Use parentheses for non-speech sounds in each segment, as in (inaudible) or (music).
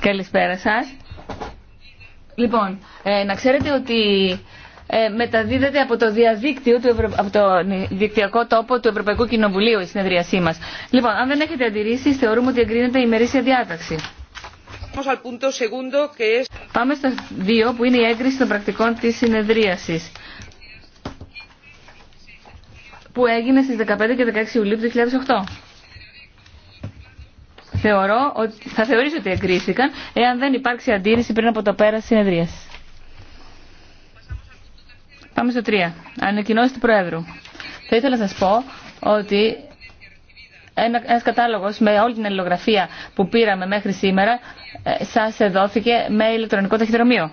Καλησπέρα σας. Λοιπόν, ε, να ξέρετε ότι ε, μεταδίδεται από το διαδίκτυο, του από το δικτυακό τόπο του Ευρωπαϊκού Κοινοβουλίου η συνεδρίασή μα. Λοιπόν, αν δεν έχετε αντιρρήσεις, θεωρούμε ότι εγκρίνεται η ημερήσια διάταξη. Πάμε στο 2 που είναι η έγκριση των πρακτικών της συνεδρίασης που έγινε στις 15 και 16 Ιουλίου του 2008. Θεωρώ ότι, θα θεωρήσω ότι εγκρίθηκαν εάν δεν υπάρξει αντίρρηση πριν από το πέρας συνεδρίασης. Πάμε στο 3. Ανακοινώσει του Προέδρου. Θα ήθελα να σας πω ότι ένας κατάλογος με όλη την αλληλογραφία που πήραμε μέχρι σήμερα ε, σας δόθηκε με ηλεκτρονικό ταχυδρομείο.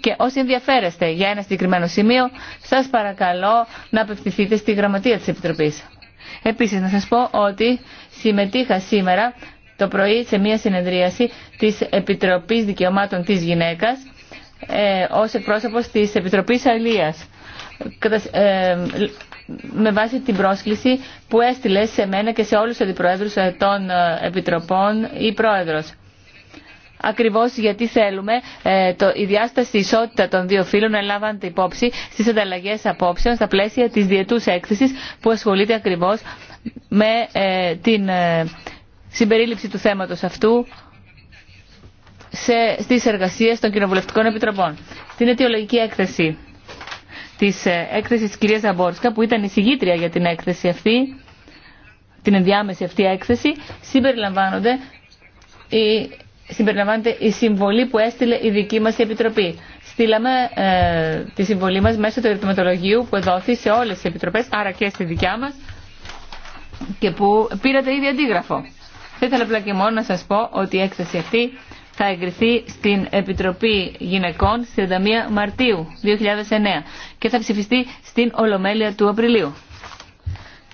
Και όσοι ενδιαφέρεστε για ένα συγκεκριμένο σημείο, σας παρακαλώ να απευθυνθείτε στη γραμματεία της Επιτροπής. Επίσης, να σας πω ότι συμμετείχα σήμερα το πρωί σε μια συνεδρίαση της Επιτροπής Δικαιωμάτων της Γυναίκας ε, ως εκπρόσωπος της Επιτροπής Αλίας. Ε, με βάση την πρόσκληση που έστειλε σε μένα και σε όλους τους αντιπροέδρους ε, των ε, επιτροπών ή πρόεδρος. Ακριβώς γιατί θέλουμε ε, το, η διάσταση ισότητα των δύο φύλων να λάβανται υπόψη στις ανταλλαγές απόψεων στα πλαίσια της διετούς έκθεσης που ασχολείται ακριβώς με την συμπερίληψη του θέματος αυτού σε, στις εργασίες των κοινοβουλευτικών επιτροπών. Στην αιτιολογική έκθεση της ε, έκθεσης της κυρίας Ζαμπόρσκα που ήταν η συγγήτρια για την έκθεση αυτή, την ενδιάμεση αυτή έκθεση, συμπεριλαμβάνονται η, συμπεριλαμβάνεται η συμβολή που έστειλε η δική μας Επιτροπή. Στείλαμε ε, τη συμβολή μας μέσω του ερωτηματολογίου που εδόθη σε όλες τις επιτροπές, άρα και στη δικιά μας, και που πήρατε ήδη αντίγραφο. Θα ήθελα απλά και μόνο να σας πω ότι η έκθεση αυτή θα εγκριθεί στην Επιτροπή Γυναικών στις 31 Μαρτίου 2009 και θα ψηφιστεί στην Ολομέλεια του Απριλίου.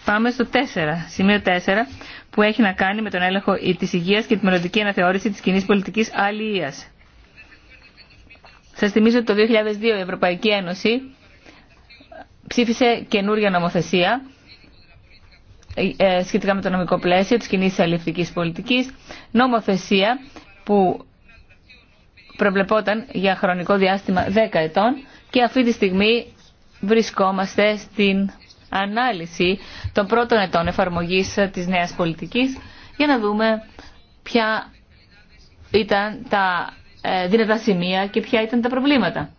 Πάμε στο 4, σημείο 4, που έχει να κάνει με τον έλεγχο της υγείας και τη μελλοντική αναθεώρηση της κοινή πολιτικής αλληλείας. Σας θυμίζω ότι το 2002 η Ευρωπαϊκή Ένωση ψήφισε καινούρια νομοθεσία ε, ε, σχετικά με το νομικό πλαίσιο της κοινή αλληλευτικής πολιτικής, νομοθεσία που προβλεπόταν για χρονικό διάστημα 10 ετών και αυτή τη στιγμή βρισκόμαστε στην ανάλυση των πρώτων ετών εφαρμογής της νέας πολιτικής για να δούμε ποια ήταν τα ε, δυνατά σημεία και ποια ήταν τα προβλήματα.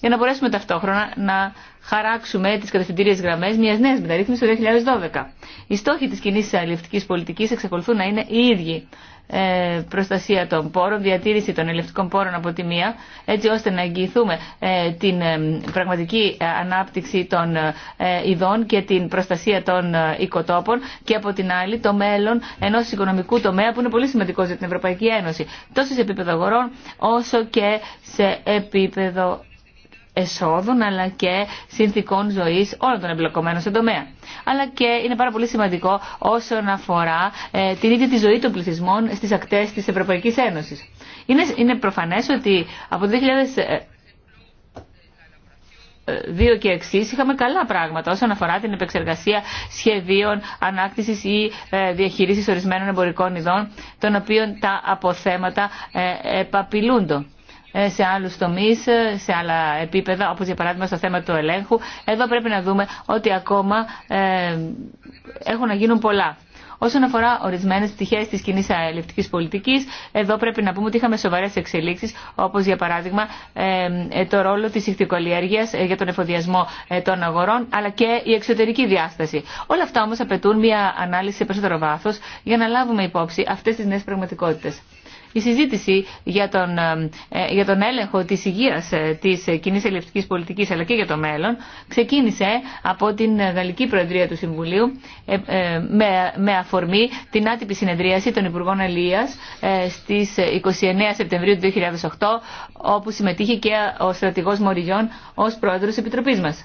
Για να μπορέσουμε ταυτόχρονα να χαράξουμε τις κατευθυντήριες γραμμές μιας νέας μεταρρύθμισης το 2012. Οι στόχοι της κοινή αλληλευτικής πολιτικής εξακολουθούν να είναι οι ίδιοι. Ε, προστασία των πόρων, διατήρηση των ελευτικών πόρων από τη μία, έτσι ώστε να εγγυηθούμε ε, την ε, πραγματική ανάπτυξη των ειδών και την προστασία των οικοτόπων και από την άλλη το μέλλον ενός οικονομικού τομέα που είναι πολύ σημαντικός για την Ευρωπαϊκή Ένωση, τόσο σε επίπεδο αγορών όσο και σε επίπεδο εσόδων αλλά και συνθήκων ζωή όλων των εμπλεκομένων στον τομέα. Αλλά και είναι πάρα πολύ σημαντικό όσον αφορά ε, την ίδια τη ζωή των πληθυσμών στι ακτέ τη Ευρωπαϊκή Ένωση. Είναι, είναι προφανέ ότι από το 2000 ε, ε, και εξή είχαμε καλά πράγματα όσον αφορά την επεξεργασία σχεδίων ανάκτηση ή ε, διαχείρισης ορισμένων εμπορικών ειδών, των οποίων τα αποθέματα επαπειλούνται. Ε, σε άλλους τομείς, ε, σε άλλα επίπεδα, όπως για παράδειγμα στο θέμα του ελέγχου. Εδώ πρέπει να δούμε ότι ακόμα ε, έχουν να γίνουν πολλά. Όσον αφορά ορισμένε πτυχέ τη κοινή αλληλευτική πολιτική, εδώ πρέπει να πούμε ότι είχαμε σοβαρέ εξελίξει, όπω για παράδειγμα το ρόλο τη ηχθικολιέργεια για τον εφοδιασμό των αγορών, αλλά και η εξωτερική διάσταση. Όλα αυτά όμω απαιτούν μια ανάλυση σε περισσότερο βάθο για να λάβουμε υπόψη αυτέ τι νέε πραγματικότητε. Η συζήτηση για τον, ε, ε, για τον έλεγχο της υγείας ε, της κοινής ελευθερικής πολιτικής αλλά και για το μέλλον ξεκίνησε από την Γαλλική Προεδρία του Συμβουλίου με, με αφορμή την άτυπη συνεδρίαση των Υπουργών Αλίας στις 29 Σεπτεμβρίου 2008 όπου συμμετείχε και ο στρατηγός Μοριγιών ως πρόεδρος της Επιτροπής μας.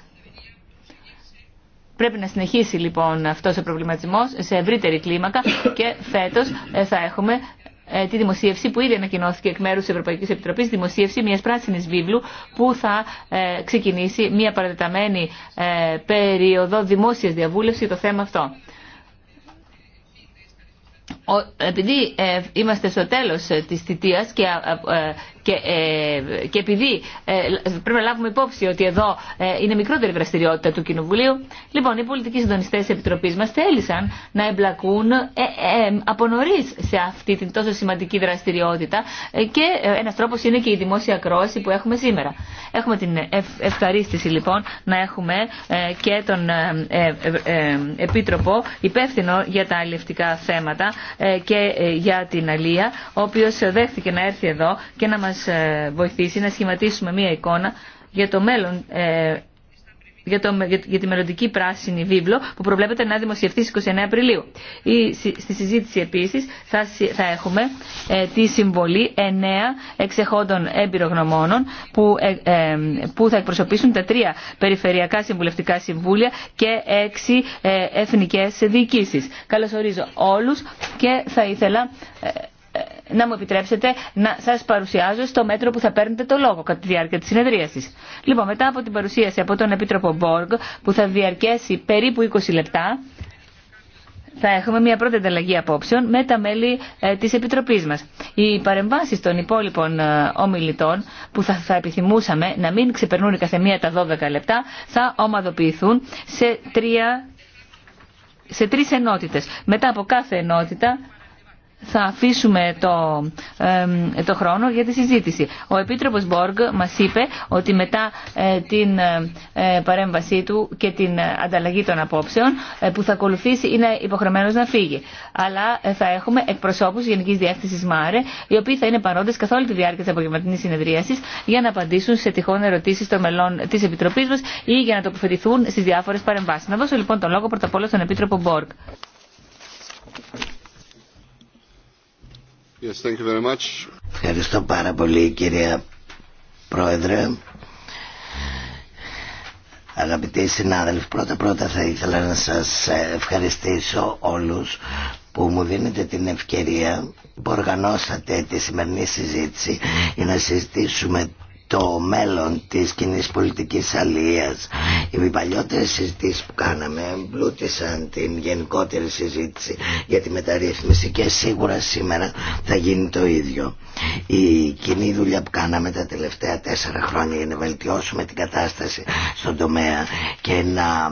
Πρέπει να συνεχίσει λοιπόν αυτό ο προβληματισμός σε ευρύτερη κλίμακα και φέτος θα έχουμε ε, τη δημοσίευση που ήδη ανακοινώθηκε εκ μέρου τη Ευρωπαϊκή Επιτροπή, δημοσίευση μια πράσινη βίβλου που θα ε, ξεκινήσει μια παρατεταμένη ε, περίοδο δημόσια διαβούλευση το θέμα αυτό. Επειδή είμαστε στο τέλος της θητείας και ε, και, επειδή ε, πρέπει να λάβουμε υπόψη ότι εδώ ε, είναι μικρότερη δραστηριότητα του Κοινοβουλίου, λοιπόν, οι πολιτικοί συντονιστέ τη Επιτροπή μα θέλησαν να εμπλακούν από νωρί σε αυτή την τόσο σημαντική δραστηριότητα και ένα τρόπο είναι και η δημόσια κρόση που έχουμε σήμερα. Έχουμε την ευχαρίστηση λοιπόν να έχουμε και τον Επίτροπο υπεύθυνο για τα αλληλευτικά θέματα και για την Αλία, ο οποίο δέχτηκε να έρθει εδώ και να μα μας ε, βοηθήσει να σχηματίσουμε μία εικόνα για το μέλλον ε, για, το, για, τη μελλοντική πράσινη βίβλο που προβλέπεται να δημοσιευτεί στις 29 Απριλίου. Η, στη συζήτηση επίσης θα, θα έχουμε ε, τη συμβολή εννέα εξεχόντων εμπειρογνωμόνων που, ε, που θα εκπροσωπήσουν τα τρία περιφερειακά συμβουλευτικά συμβούλια και έξι ε, εθνικές διοικήσεις. Καλωσορίζω όλους και θα ήθελα... Ε, να μου επιτρέψετε να σας παρουσιάζω στο μέτρο που θα παίρνετε το λόγο κατά τη διάρκεια της συνεδρίασης. Λοιπόν, μετά από την παρουσίαση από τον Επίτροπο Μπόργκ που θα διαρκέσει περίπου 20 λεπτά, θα έχουμε μια πρώτη ανταλλαγή απόψεων με τα μέλη ε, της Επιτροπής μας. Οι παρεμβάσεις των υπόλοιπων ε, ομιλητών που θα, θα επιθυμούσαμε να μην ξεπερνούν κάθε μία τα 12 λεπτά θα ομαδοποιηθούν σε, τρία, σε τρεις ενότητες. Μετά από κάθε ενότητα θα αφήσουμε το, το χρόνο για τη συζήτηση. Ο Επίτροπος Μπόργκ μας είπε ότι μετά ε, την ε, παρέμβασή του και την ανταλλαγή των απόψεων ε, που θα ακολουθήσει είναι υποχρεωμένος να φύγει. Αλλά θα έχουμε εκπροσώπους Γενικής Διεύθυνσης ΜΑΡΕ οι οποίοι θα είναι παρόντες καθ' όλη τη διάρκεια της απογευματινής συνεδρίασης για να απαντήσουν σε τυχόν ερωτήσεις των μελών της Επιτροπής μας ή για να τοποθετηθούν στις διάφορες παρεμβάσεις. Να δώσω λοιπόν τον λόγο πρώτα απ' όλα στον Επίτροπο Μποργ. Ευχαριστώ πάρα πολύ κυρία Πρόεδρε. Αγαπητοί συνάδελφοι, πρώτα-πρώτα θα ήθελα να σας ε, ευχαριστήσω όλους που μου δίνετε την ευκαιρία που οργανώσατε τη σημερινή συζήτηση για να συζητήσουμε το μέλλον της κοινή πολιτικής αλληλείας. Οι παλιότερες συζητήσεις που κάναμε εμπλούτησαν την γενικότερη συζήτηση για τη μεταρρύθμιση και σίγουρα σήμερα θα γίνει το ίδιο. Η κοινή δουλειά που κάναμε τα τελευταία τέσσερα χρόνια για να βελτιώσουμε την κατάσταση στον τομέα και να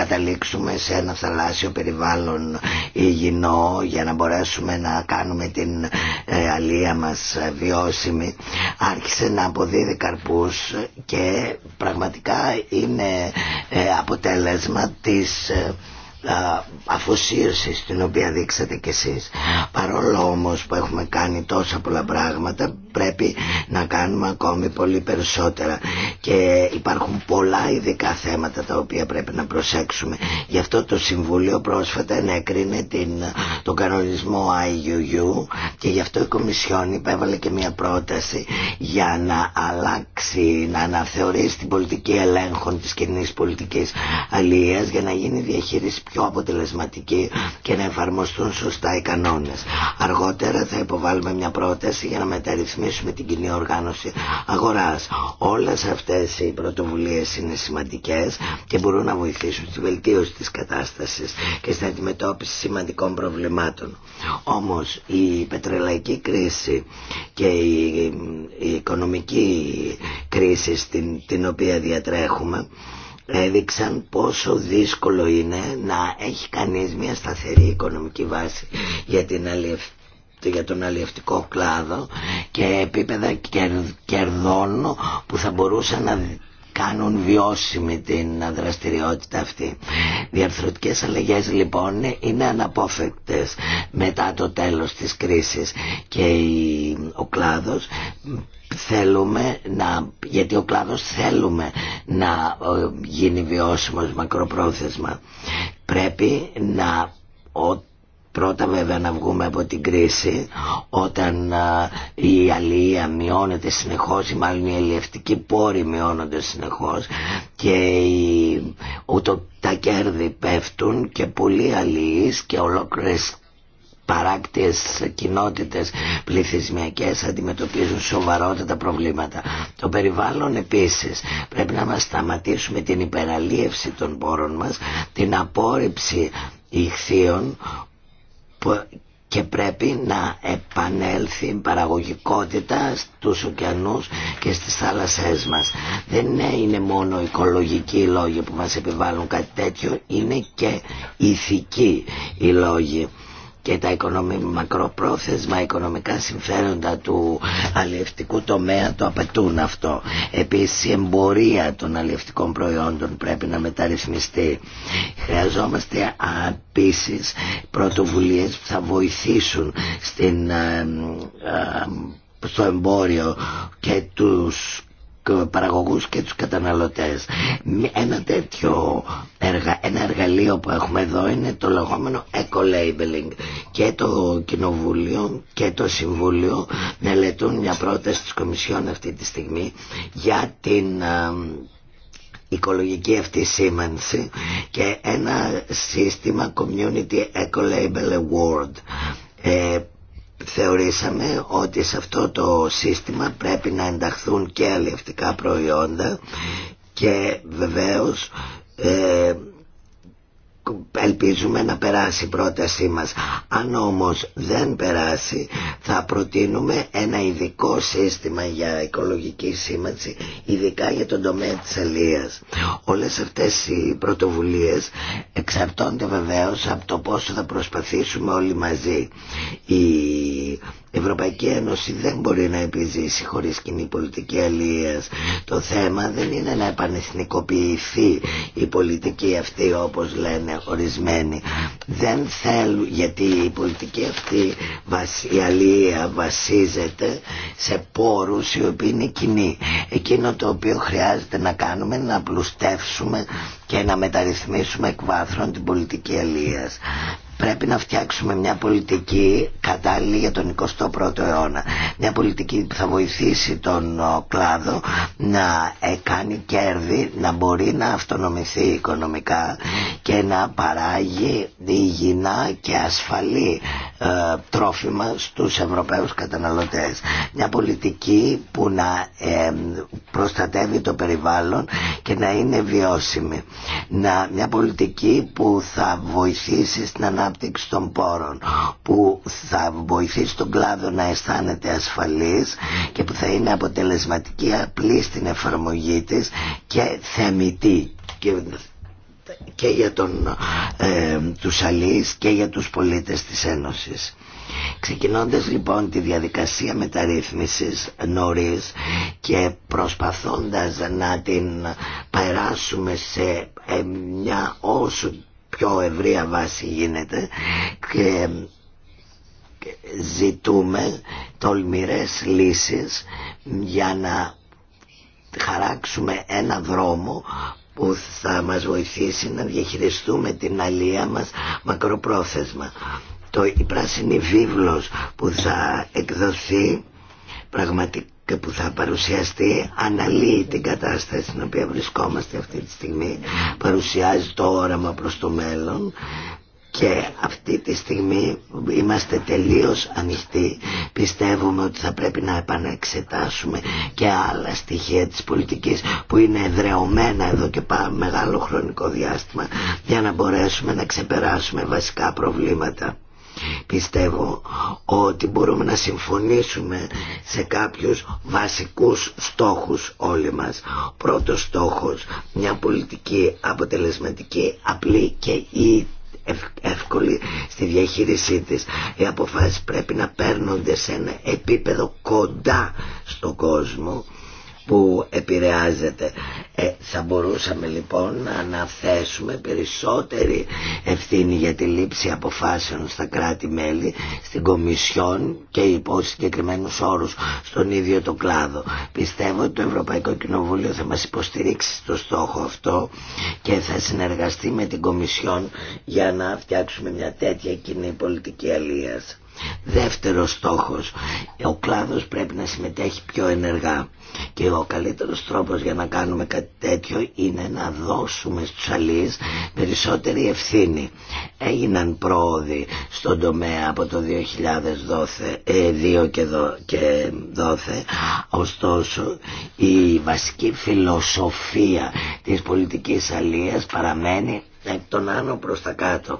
καταλήξουμε σε ένα θαλάσσιο περιβάλλον υγιεινό για να μπορέσουμε να κάνουμε την ε, αλία μας βιώσιμη άρχισε να αποδίδει καρπούς και πραγματικά είναι ε, αποτέλεσμα της ε, αφοσίωση την οποία δείξατε κι εσείς παρόλο όμως που έχουμε κάνει τόσα πολλά πράγματα πρέπει να κάνουμε ακόμη πολύ περισσότερα και υπάρχουν πολλά ειδικά θέματα τα οποία πρέπει να προσέξουμε. Γι' αυτό το Συμβούλιο πρόσφατα ενέκρινε την, τον κανονισμό IUU και γι' αυτό η Κομισιόν υπέβαλε και μια πρόταση για να αλλάξει, να αναθεωρήσει την πολιτική ελέγχων της κοινή πολιτικής αλληλείας για να γίνει η διαχείριση πιο αποτελεσματική και να εφαρμοστούν σωστά οι κανόνες. Αργότερα θα υποβάλουμε μια πρόταση για να μεταρρυθμίσουμε ρυθμίσουμε την κοινή οργάνωση αγοράς. Όλες αυτές οι πρωτοβουλίες είναι σημαντικές και μπορούν να βοηθήσουν στη βελτίωση της κατάστασης και στην αντιμετώπιση σημαντικών προβλημάτων. Όμως η πετρελαϊκή κρίση και η, οικονομική κρίση στην, την οποία διατρέχουμε έδειξαν πόσο δύσκολο είναι να έχει κανείς μια σταθερή οικονομική βάση για την για τον αλλιευτικό κλάδο και επίπεδα κερδών που θα μπορούσαν να κάνουν βιώσιμη την δραστηριότητα αυτή. Διαρθρωτικές αλλαγές λοιπόν είναι αναπόφευκτες μετά το τέλος της κρίσης και ο κλάδος θέλουμε να, γιατί ο κλάδος θέλουμε να γίνει βιώσιμος μακροπρόθεσμα. Πρέπει να Πρώτα βέβαια να βγούμε από την κρίση όταν η αλληλεία μειώνεται συνεχώς ή μάλλον οι αλληλευτικοί πόροι μειώνονται συνεχώς και ούτω τα κέρδη πέφτουν και πολλοί αλληλείς και ολόκληρες παράκτιες κοινότητες πληθυσμιακές αντιμετωπίζουν σοβαρότατα προβλήματα. Το περιβάλλον επίσης πρέπει να μας σταματήσουμε την υπεραλίευση των πόρων μας, την απόρριψη ηχθείων και πρέπει να επανέλθει η παραγωγικότητα στους ωκεανούς και στις θάλασσές μας. Δεν ναι, είναι μόνο οικολογικοί οι λόγοι που μας επιβάλλουν κάτι τέτοιο, είναι και ηθικοί οι λόγοι και τα μακροπρόθεσμα οικονομικά συμφέροντα του αλλιευτικού τομέα το απαιτούν αυτό. Επίσης η εμπορία των αλλιευτικών προϊόντων πρέπει να μεταρρυθμιστεί. Χρειαζόμαστε επίση πρωτοβουλίες που θα βοηθήσουν στην, ε, ε, στο εμπόριο και τους παραγωγούς και τους καταναλωτές. Ένα τέτοιο εργα, εργαλείο που έχουμε εδώ είναι το λεγόμενο eco-labeling και το Κοινοβούλιο και το Συμβούλιο μελετούν μια πρόταση της Κομισιόν αυτή τη στιγμή για την οικολογική αυτή σήμανση και ένα σύστημα Community Eco-Label Award ε, θεωρήσαμε ότι σε αυτό το σύστημα πρέπει να ενταχθούν και αλληλευτικά προϊόντα και βεβαίως ε, ελπίζουμε να περάσει η πρότασή μας αν όμως δεν περάσει θα προτείνουμε ένα ειδικό σύστημα για οικολογική σήμανση ειδικά για τον τομέα της όλες αυτές οι πρωτοβουλίες εξαρτώνται βεβαίως από το πόσο θα προσπαθήσουμε όλοι μαζί η η Ευρωπαϊκή Ένωση δεν μπορεί να επιζήσει χωρίς κοινή πολιτική αλληλείας. Το θέμα δεν είναι να επανεθνικοποιηθεί η πολιτική αυτή όπως λένε ορισμένοι. Δεν θέλουν, γιατί η πολιτική αυτή, η αλληλεία βασίζεται σε πόρους οι οποίοι είναι κοινοί. Εκείνο το οποίο χρειάζεται να κάνουμε είναι να πλουστεύσουμε και να μεταρρυθμίσουμε εκ βάθρων την πολιτική αλληλείας πρέπει να φτιάξουμε μια πολιτική κατάλληλη για τον 21ο αιώνα. Μια πολιτική που θα βοηθήσει τον κλάδο να ε, κάνει κέρδη, να μπορεί να αυτονομηθεί οικονομικά και να παράγει υγιεινά και ασφαλή ε, τρόφιμα στους Ευρωπαίους καταναλωτές. Μια πολιτική που να προστατεύει το περιβάλλον και να είναι βιώσιμη. Να, μια πολιτική που θα βοηθήσει στην ανάπτυξη ανάπτυξη των που θα βοηθήσει τον κλάδο να αισθάνεται ασφαλής και που θα είναι αποτελεσματική απλή στην εφαρμογή της και θεμητή και, και για τον, ε, τους αλείς και για τους πολίτες της Ένωσης. Ξεκινώντας λοιπόν τη διαδικασία μεταρρύθμισης νωρίς και προσπαθώντας να την περάσουμε σε ε, μια όσο πιο ευρεία βάση γίνεται και ζητούμε τολμηρές λύσεις για να χαράξουμε ένα δρόμο που θα μας βοηθήσει να διαχειριστούμε την αλία μας μακροπρόθεσμα. Το, η πράσινη βίβλος που θα εκδοθεί πραγματικά και που θα παρουσιαστεί αναλύει την κατάσταση στην οποία βρισκόμαστε αυτή τη στιγμή παρουσιάζει το όραμα προς το μέλλον και αυτή τη στιγμή είμαστε τελείως ανοιχτοί πιστεύουμε ότι θα πρέπει να επανεξετάσουμε και άλλα στοιχεία της πολιτικής που είναι εδρεωμένα εδώ και μεγάλο χρονικό διάστημα για να μπορέσουμε να ξεπεράσουμε βασικά προβλήματα Πιστεύω ότι μπορούμε να συμφωνήσουμε σε κάποιους βασικούς στόχους όλοι μας. Πρώτος στόχος, μια πολιτική αποτελεσματική, απλή και η εύκολη στη διαχείρισή της. Οι αποφάσεις πρέπει να παίρνονται σε ένα επίπεδο κοντά στον κόσμο που επηρεάζεται. Ε, θα μπορούσαμε λοιπόν να αναθέσουμε περισσότερη ευθύνη για τη λήψη αποφάσεων στα κράτη-μέλη, στην Κομισιόν και υπό συγκεκριμένου όρους στον ίδιο το κλάδο. Πιστεύω ότι το Ευρωπαϊκό Κοινοβούλιο θα μας υποστηρίξει στο στόχο αυτό και θα συνεργαστεί με την Κομισιόν για να φτιάξουμε μια τέτοια κοινή πολιτική αλίας. Δεύτερος στόχος, ο κλάδος πρέπει να συμμετέχει πιο ενεργά και ο καλύτερος τρόπος για να κάνουμε κάτι τέτοιο είναι να δώσουμε στους αλείς περισσότερη ευθύνη. Έγιναν πρόοδοι στον τομέα από το 2002 ε, και δόθε ωστόσο η βασική φιλοσοφία της πολιτικής αλίας παραμένει εκ των άνω προς τα κάτω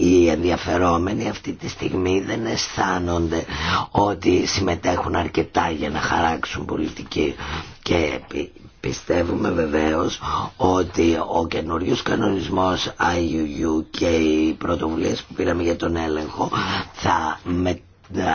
οι ενδιαφερόμενοι αυτή τη στιγμή δεν αισθάνονται ότι συμμετέχουν αρκετά για να χαράξουν πολιτική και Πιστεύουμε βεβαίως ότι ο καινούριο κανονισμός IUU και οι πρωτοβουλίες που πήραμε για τον έλεγχο θα με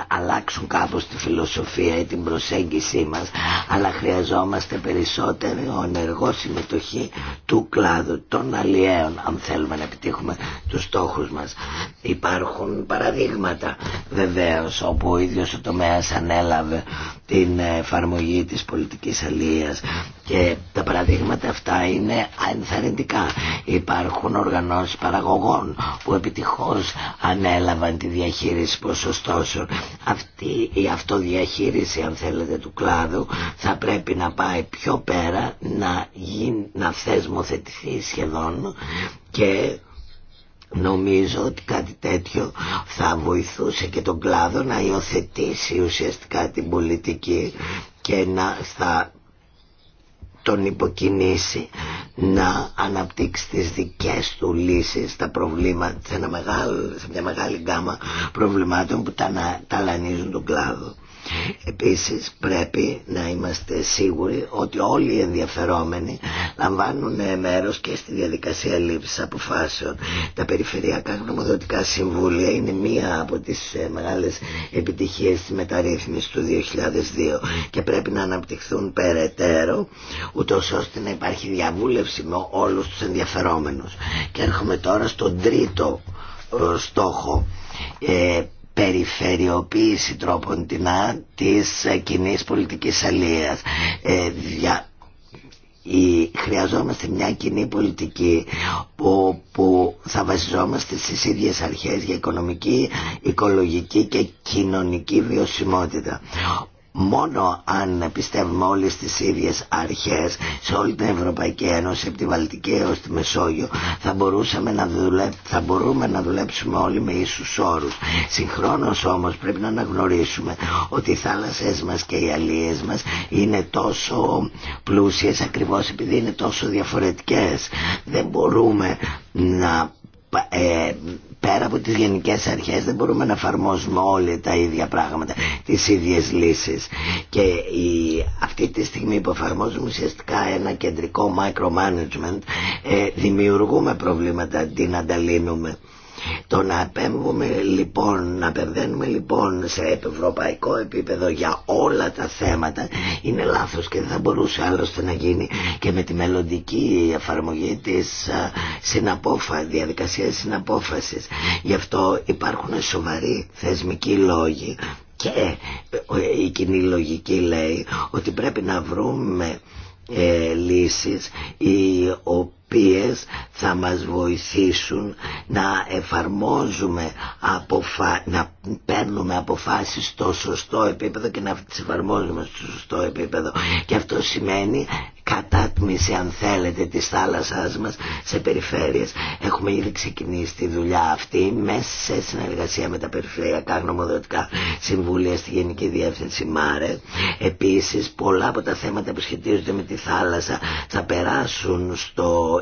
αλλάξουν κάπως τη φιλοσοφία ή την προσέγγιση μας αλλά χρειαζόμαστε περισσότερη ενεργό συμμετοχή του κλάδου των αλλιέων αν θέλουμε να επιτύχουμε τους στόχους μας υπάρχουν παραδείγματα βεβαίως όπου ο ίδιος ο τομέας ανέλαβε την εφαρμογή της πολιτικής αλλίας και τα παραδείγματα αυτά είναι ενθαρρυντικά. Υπάρχουν οργανώσεις παραγωγών που επιτυχώς ανέλαβαν τη διαχείριση ποσοστώσεων. Αυτή η αυτοδιαχείριση αν θέλετε του κλάδου θα πρέπει να πάει πιο πέρα να, γι, να θεσμοθετηθεί σχεδόν και Νομίζω ότι κάτι τέτοιο θα βοηθούσε και τον κλάδο να υιοθετήσει ουσιαστικά την πολιτική και να θα τον υποκινήσει να αναπτύξει τις δικές του λύσεις στα προβλήματα σε, ένα μια μεγάλη γκάμα προβλημάτων που ταλανίζουν τον κλάδο. Επίσης πρέπει να είμαστε σίγουροι ότι όλοι οι ενδιαφερόμενοι λαμβάνουν μέρος και στη διαδικασία λήψης αποφάσεων. Τα περιφερειακά γνωμοδοτικά συμβούλια είναι μία από τις ε, μεγάλες επιτυχίες της μεταρρύθμισης του 2002 και πρέπει να αναπτυχθούν περαιτέρω ούτως ώστε να υπάρχει διαβούλευση με όλους τους ενδιαφερόμενους. Και έρχομαι τώρα στον τρίτο ε, στόχο. Ε, περιφερειοποίηση τρόπον την της ε, κοινή πολιτικής αλίας. Ε, δια, η, χρειαζόμαστε μια κοινή πολιτική όπου θα βασιζόμαστε στις ίδιες αρχές για οικονομική, οικολογική και κοινωνική βιωσιμότητα μόνο αν πιστεύουμε όλες τις ίδιες αρχές σε όλη την Ευρωπαϊκή Ένωση από τη Βαλτική έως τη Μεσόγειο θα, μπορούσαμε να θα μπορούμε να δουλέψουμε όλοι με ίσους όρους συγχρόνως όμως πρέπει να αναγνωρίσουμε ότι οι θάλασσές μας και οι αλίες μας είναι τόσο πλούσιες ακριβώς επειδή είναι τόσο διαφορετικές δεν μπορούμε να ε, πέρα από τις γενικές αρχές δεν μπορούμε να εφαρμόζουμε όλα τα ίδια πράγματα, τις ίδιες λύσεις. Και η, αυτή τη στιγμή που εφαρμόζουμε ουσιαστικά ένα κεντρικό micromanagement ε, δημιουργούμε προβλήματα, αντί να τα λύνουμε. Το να επέμβουμε λοιπόν, να περδένουμε λοιπόν σε ευρωπαϊκό επίπεδο για όλα τα θέματα είναι λάθος και δεν θα μπορούσε άλλωστε να γίνει και με τη μελλοντική εφαρμογή της συναπόφα, διαδικασίας συναπόφασης. Γι' αυτό υπάρχουν σοβαροί θεσμικοί λόγοι και ε, η κοινή λογική λέει ότι πρέπει να βρούμε ε, λύσεις οι οποίες θα μας βοηθήσουν να εφαρμόζουμε αποφα... να παίρνουμε αποφάσεις στο σωστό επίπεδο και να τις εφαρμόζουμε στο σωστό επίπεδο και αυτό σημαίνει κατάτμιση αν θέλετε της θάλασσας μας σε περιφέρειες. Έχουμε ήδη ξεκινήσει τη δουλειά αυτή μέσα σε συνεργασία με τα περιφερειακά γνωμοδοτικά συμβούλια στη Γενική Διεύθυνση ΜΑΡΕ. Επίσης πολλά από τα θέματα που σχετίζονται με τη θάλασσα θα περάσουν στο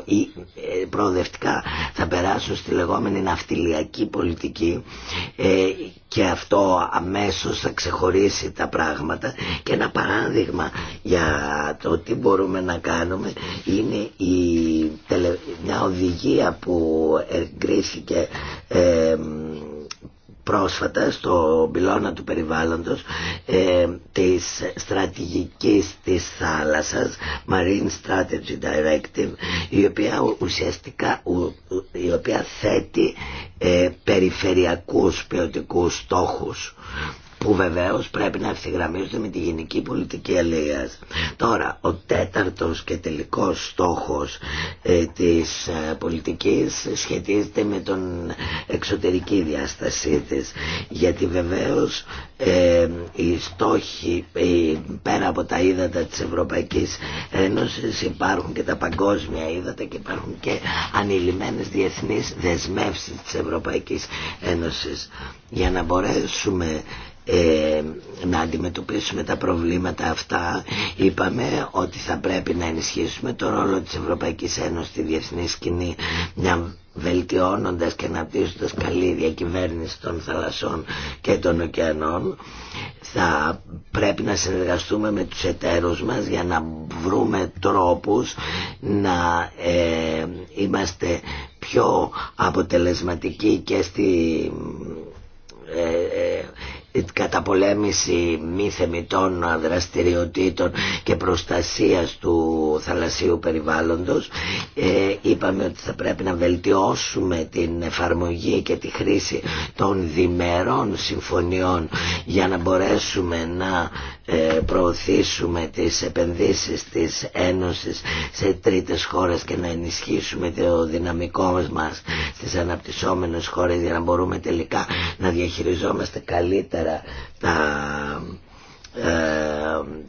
ε, προοδευτικά θα περάσουν στη λεγόμενη ναυτιλιακή πολιτική ε, και αυτό αμέσως θα ξεχωρίσει τα πράγματα και ένα παράδειγμα για το τι μπορούμε να κάνουμε είναι η, μια οδηγία που εγκρίθηκε ε, πρόσφατα στο πυλώνα του περιβάλλοντος ε, της στρατηγικής της θάλασσας Marine Strategy Directive η οποία ουσιαστικά η οποία θέτει ε, περιφερειακούς ποιοτικούς στόχους που βεβαίω πρέπει να ευθυγραμμίζονται με τη γενική πολιτική αλληλεία. Τώρα, ο τέταρτο και τελικός στόχο ε, της ε, πολιτικής σχετίζεται με τον εξωτερική διάστασή τη. γιατί βεβαίω ε, οι στόχοι πέρα από τα ύδατα της Ευρωπαϊκής Ένωσης υπάρχουν και τα παγκόσμια ύδατα και υπάρχουν και ανηλυμένες διεθνείς δεσμεύσεις της Ευρωπαϊκής Ένωσης. Για να μπορέσουμε ε, να αντιμετωπίσουμε τα προβλήματα αυτά είπαμε ότι θα πρέπει να ενισχύσουμε το ρόλο της Ευρωπαϊκής Ένωσης στη διεθνή σκηνή μια βελτιώνοντας και αναπτύσσοντας καλή διακυβέρνηση των θαλασσών και των ωκεανών θα πρέπει να συνεργαστούμε με τους εταίρους μας για να βρούμε τρόπους να ε, είμαστε πιο αποτελεσματικοί και στη ε, καταπολέμηση μη θεμητών δραστηριοτήτων και προστασίας του θαλασσίου περιβάλλοντος ε, είπαμε ότι θα πρέπει να βελτιώσουμε την εφαρμογή και τη χρήση των διμερών συμφωνιών για να μπορέσουμε να ε, προωθήσουμε τις επενδύσεις της Ένωσης σε τρίτες χώρες και να ενισχύσουμε το δυναμικό μας στις αναπτυσσόμενες χώρες για να μπορούμε τελικά να διαχειριζόμαστε καλύτερα τα ε,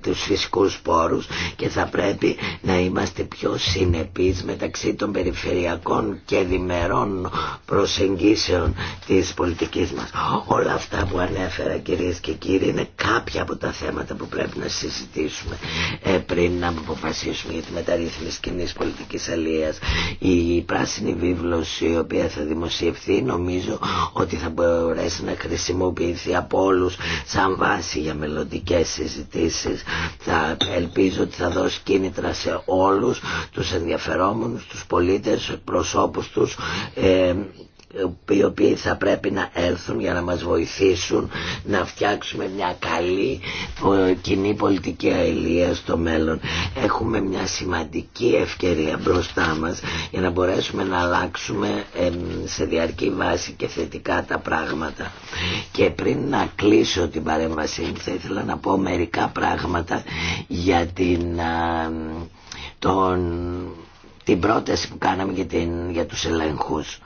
τους φυσικούς πόρους και θα πρέπει να είμαστε πιο συνεπείς μεταξύ των περιφερειακών και διμερών προσεγγίσεων της πολιτικής μας. Όλα αυτά που ανέφερα κυρίες και κύριοι είναι κάποια από τα θέματα που πρέπει να συζητήσουμε ε, πριν να αποφασίσουμε για τη μεταρρύθμιση κοινή πολιτικής αλίας. Η πράσινη βίβλωση η οποία θα δημοσιευθεί νομίζω ότι θα μπορέσει να χρησιμοποιηθεί από όλους σαν βάση για μελλοντικές πολιτικές συζητήσεις θα ελπίζω ότι θα δώσει κίνητρα σε όλους τους ενδιαφερόμενους, τους πολίτες, προσώπους τους ε, οι οποίοι θα πρέπει να έρθουν για να μας βοηθήσουν να φτιάξουμε μια καλή ε, κοινή πολιτική αηλία στο μέλλον. Έχουμε μια σημαντική ευκαιρία μπροστά μας για να μπορέσουμε να αλλάξουμε σε διαρκή βάση και θετικά τα πράγματα. Και πριν να κλείσω την παρέμβασή μου θα ήθελα να πω μερικά πράγματα για την, τον, την πρόταση που κάναμε για, την, για τους ελέγχους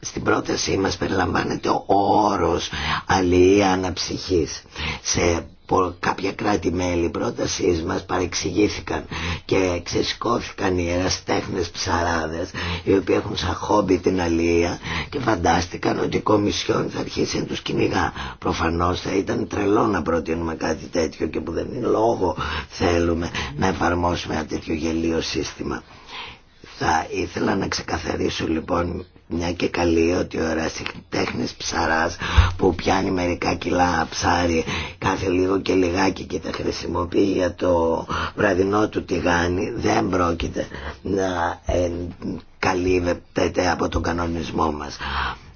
στην πρότασή μας περιλαμβάνεται ο όρος αλληλεία αναψυχής. Σε κάποια κράτη-μέλη πρότασής μας παρεξηγήθηκαν και ξεσηκώθηκαν οι εραστέχνες ψαράδες οι οποίοι έχουν σαν χόμπι την αλία και φαντάστηκαν ότι η Κομισιόν θα αρχίσει να τους κυνηγά. Προφανώς θα ήταν τρελό να προτείνουμε κάτι τέτοιο και που δεν είναι λόγο θέλουμε να εφαρμόσουμε ένα τέτοιο γελίο σύστημα. Θα ήθελα να ξεκαθαρίσω λοιπόν μια και καλή ότι ο ερασιτέχνης ψαράς που πιάνει μερικά κιλά ψάρι κάθε λίγο και λιγάκι και τα χρησιμοποιεί για το βραδινό του τηγάνι δεν πρόκειται να ε, καλύβεται από τον κανονισμό μας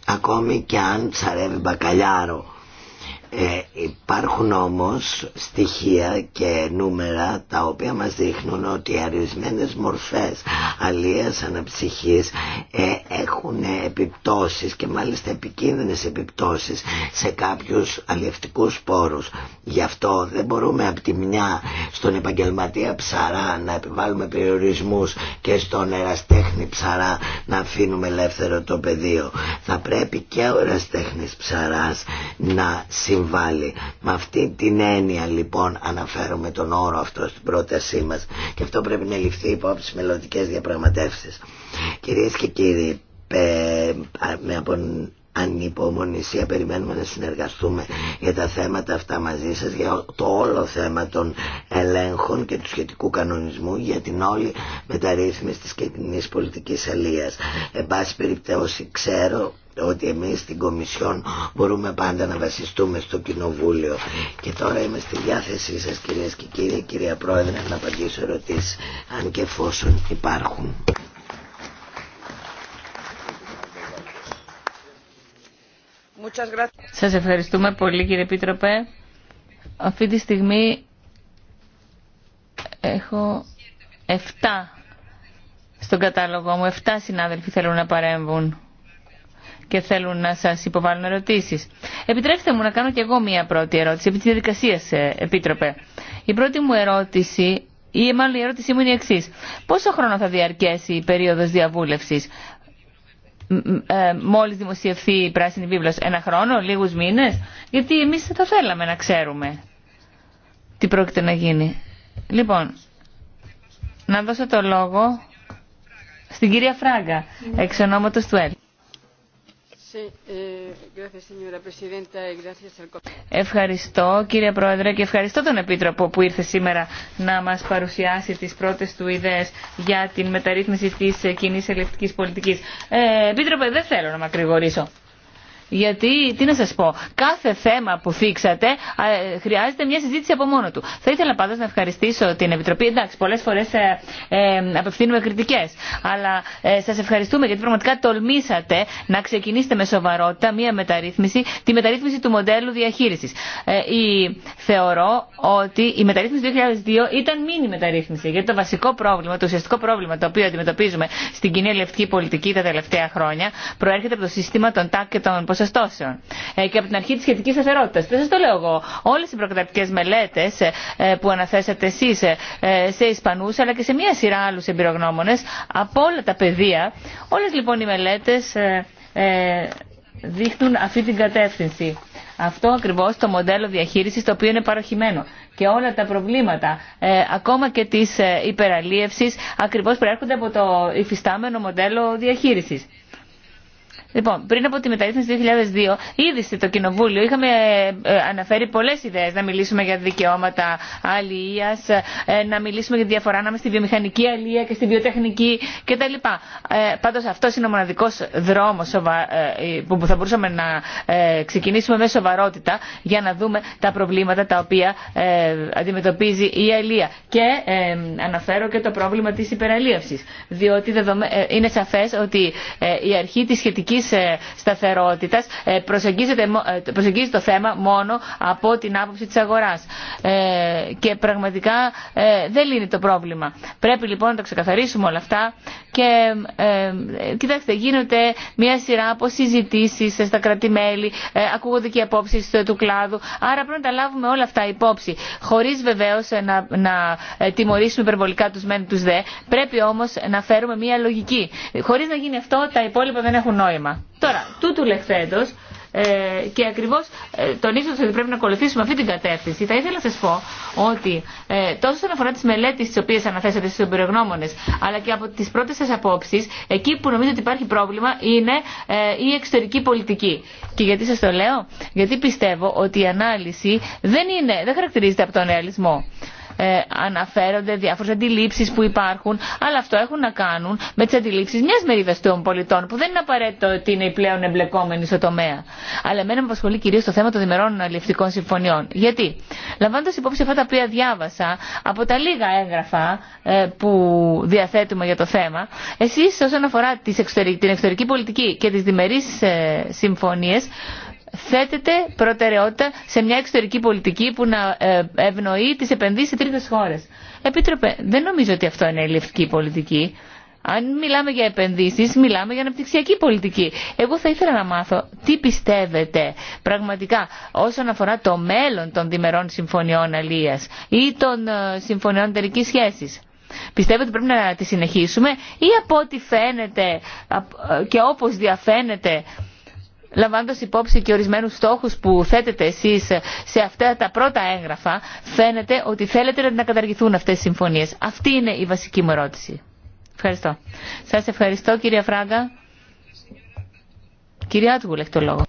ακόμη και αν ψαρεύει μπακαλιάρο ε, υπάρχουν όμως στοιχεία και νούμερα τα οποία μας δείχνουν ότι αρισμένες μορφές αλίας αναψυχής ε, έχουν επιπτώσεις και μάλιστα επικίνδυνες επιπτώσεις σε κάποιους αλλιευτικούς πόρους. Γι' αυτό δεν μπορούμε από τη μια στον επαγγελματία ψαρά να επιβάλλουμε περιορισμούς και στον εραστέχνη ψαρά να αφήνουμε ελεύθερο το πεδίο. Θα πρέπει και ο εραστέχνης ψαράς να συμβαίνει συμβάλλει. Με αυτή την έννοια λοιπόν αναφέρουμε τον όρο αυτό στην πρότασή μας και αυτό πρέπει να ληφθεί υπόψη στις μελλοντικές διαπραγματεύσεις. Κυρίες και κύριοι, με από ανυπομονησία περιμένουμε να συνεργαστούμε για τα θέματα αυτά μαζί σας για το όλο θέμα των ελέγχων και του σχετικού κανονισμού για την όλη μεταρρύθμιση της κοινής πολιτικής αλίας. Εν πάση περιπτώσει ξέρω ότι εμείς στην Κομισιόν μπορούμε πάντα να βασιστούμε στο Κοινοβούλιο και τώρα είμαι στη διάθεσή σας κυρίες και κύριοι, κυρία Πρόεδρε να απαντήσω ερωτήσεις αν και εφόσον υπάρχουν. Σας ευχαριστούμε πολύ κύριε Επίτροπε. Αυτή τη στιγμή έχω 7 στον κατάλογο μου. 7 συνάδελφοι θέλουν να παρέμβουν και θέλουν να σα υποβάλουν ερωτήσει. Επιτρέψτε μου να κάνω κι εγώ μία πρώτη ερώτηση, επί τη διαδικασία, ε, Επίτροπε. Η πρώτη μου ερώτηση, ή μάλλον η ερώτησή μου είναι η εξή. Πόσο χρόνο θα διαρκέσει η περίοδος διαβούλευσης, ε, μόλις δημοσιευθεί η πράσινη βίβλος, ένα χρόνο, λίγους μήνες, γιατί εμείς θα διαρκεσει η περιοδο διαβουλευση ε μολις δημοσιευθει η πρασινη βιβλο ενα χρονο λίγου μήνε, γιατι εμεις θα θελαμε να ξέρουμε τι πρόκειται να γίνει. Λοιπόν, να δώσω το λόγο στην κυρία Φράγκα, ναι. εξ ονόματος του ΕΛ. Eh, ευχαριστώ κύριε Πρόεδρε και ευχαριστώ τον Επίτροπο που ήρθε σήμερα να μας παρουσιάσει τις πρώτες του ιδέες για την μεταρρύθμιση της ε, κοινή ελευθερικής πολιτικής. Ε, Επίτροπε δεν θέλω να μακρηγορήσω. Γιατί, τι να σας πω, κάθε θέμα που θίξατε χρειάζεται μια συζήτηση από μόνο του. Θα ήθελα πάντως να ευχαριστήσω την Επιτροπή. Εντάξει, πολλές φορές ε, ε, απευθύνουμε κριτικές. Αλλά ε, σας ευχαριστούμε γιατί πραγματικά τολμήσατε να ξεκινήσετε με σοβαρότητα μια μεταρρύθμιση, τη μεταρρύθμιση του μοντέλου διαχείρισης. Ε, θεωρώ ότι η μεταρρύθμιση του 2002 ήταν μήνυ μεταρρύθμιση. Γιατί το βασικό πρόβλημα, το ουσιαστικό πρόβλημα το οποίο αντιμετωπίζουμε στην κοινή πολιτική τα τελευταία χρόνια προέρχεται από το σύστημα των ΤΑΚ και ποσοστώσεων ε, και από την αρχή τη σχετική σταθερότητα. Δεν σα το λέω εγώ. Όλε οι προκαταρκτικέ μελέτε ε, ε, που αναθέσατε εσεί σε Ισπανού αλλά και σε μία σειρά άλλου εμπειρογνώμονε από όλα τα πεδία, όλε λοιπόν οι μελέτε δείχνουν αυτή την κατεύθυνση. Αυτό ακριβώ το μοντέλο διαχείριση το οποίο είναι παροχημένο. Και όλα τα προβλήματα, ακόμα και τη ε, υπεραλίευση, ακριβώ προέρχονται από το υφιστάμενο μοντέλο διαχείριση. Λοιπόν, πριν από τη μεταρρύθμιση 2002, ήδη στο Κοινοβούλιο είχαμε ε, ε, αναφέρει πολλέ ιδέε. Να μιλήσουμε για δικαιώματα αλληλεία, ε, να μιλήσουμε για τη διαφορά ανάμεσα στη βιομηχανική αλληλεία και στη βιοτεχνική κτλ. Πάντω αυτό είναι ο μοναδικό δρόμο που θα μπορούσαμε να ξεκινήσουμε με σοβαρότητα για να δούμε τα προβλήματα τα οποία αντιμετωπίζει η αλληλεία. Και αναφέρω και το πρόβλημα τη υπεραλίευση. Διότι είναι σαφέ ότι η αρχή τη σχετική οικονομικής ε, σταθερότητας ε, ε, προσεγγίζει το θέμα μόνο από την άποψη της αγοράς. Και πραγματικά δεν λύνει το πρόβλημα. Πρέπει λοιπόν να τα ξεκαθαρίσουμε όλα αυτά και κοιτάξτε γίνονται μια σειρά από συζητήσεις στα κρατημέλη, ακούγονται και οι απόψεις του κλάδου, άρα πρέπει να τα λάβουμε όλα αυτά υπόψη. Χωρίς βεβαίως να, να τιμωρήσουμε υπερβολικά τους μεν τους δε, πρέπει όμως να φέρουμε μια λογική. Χωρίς να γίνει αυτό τα υπόλοιπα δεν έχουν νόημα. Τώρα, τούτου λεχθέντος, ε, και ακριβώ ε, τονίζω ότι πρέπει να ακολουθήσουμε αυτή την κατεύθυνση. Θα ήθελα να σα πω ότι ε, τόσο όσον αφορά τι μελέτε τι οποίε αναθέσατε στου εμπειρογνώμονε, αλλά και από τι πρώτε σα απόψει, εκεί που νομίζω ότι υπάρχει πρόβλημα είναι ε, η εξωτερική πολιτική. Και γιατί σα το λέω, Γιατί πιστεύω ότι η ανάλυση δεν, δεν χαρακτηρίζεται από τον ρεαλισμό. Ε, αναφέρονται διάφορε αντιλήψει που υπάρχουν, αλλά αυτό έχουν να κάνουν με τι αντιλήψει μια μερίδα των πολιτών, που δεν είναι απαραίτητο ότι είναι οι πλέον εμπλεκόμενοι στο τομέα. Αλλά εμένα με απασχολεί κυρίω το θέμα των διμερών αλληλευτικών συμφωνιών. Γιατί, λαμβάνοντα υπόψη αυτά τα οποία διάβασα από τα λίγα έγγραφα ε, που διαθέτουμε για το θέμα, εσεί όσον αφορά την εξωτερική πολιτική και τι διμερεί ε, συμφωνίε, θέτεται προτεραιότητα σε μια εξωτερική πολιτική που να ε, ευνοεί τις επενδύσεις σε τρίτες χώρες. Επίτροπε, δεν νομίζω ότι αυτό είναι η πολιτική. Αν μιλάμε για επενδύσεις, μιλάμε για αναπτυξιακή πολιτική. Εγώ θα ήθελα να μάθω τι πιστεύετε πραγματικά όσον αφορά το μέλλον των διμερών συμφωνιών αλίας ή των ε, συμφωνιών εταιρικής σχέσης. Πιστεύετε ότι πρέπει να τη συνεχίσουμε ή από ό,τι φαίνεται ε, και όπως διαφαίνεται λαμβάνοντα υπόψη και ορισμένου στόχου που θέτετε εσεί σε αυτά τα πρώτα έγγραφα, φαίνεται ότι θέλετε να καταργηθούν αυτέ οι συμφωνίε. Αυτή είναι η βασική μου ερώτηση. Ευχαριστώ. Σα ευχαριστώ, κυρία Φράγκα. Κυρία Άτγουλ, έχει το λόγο.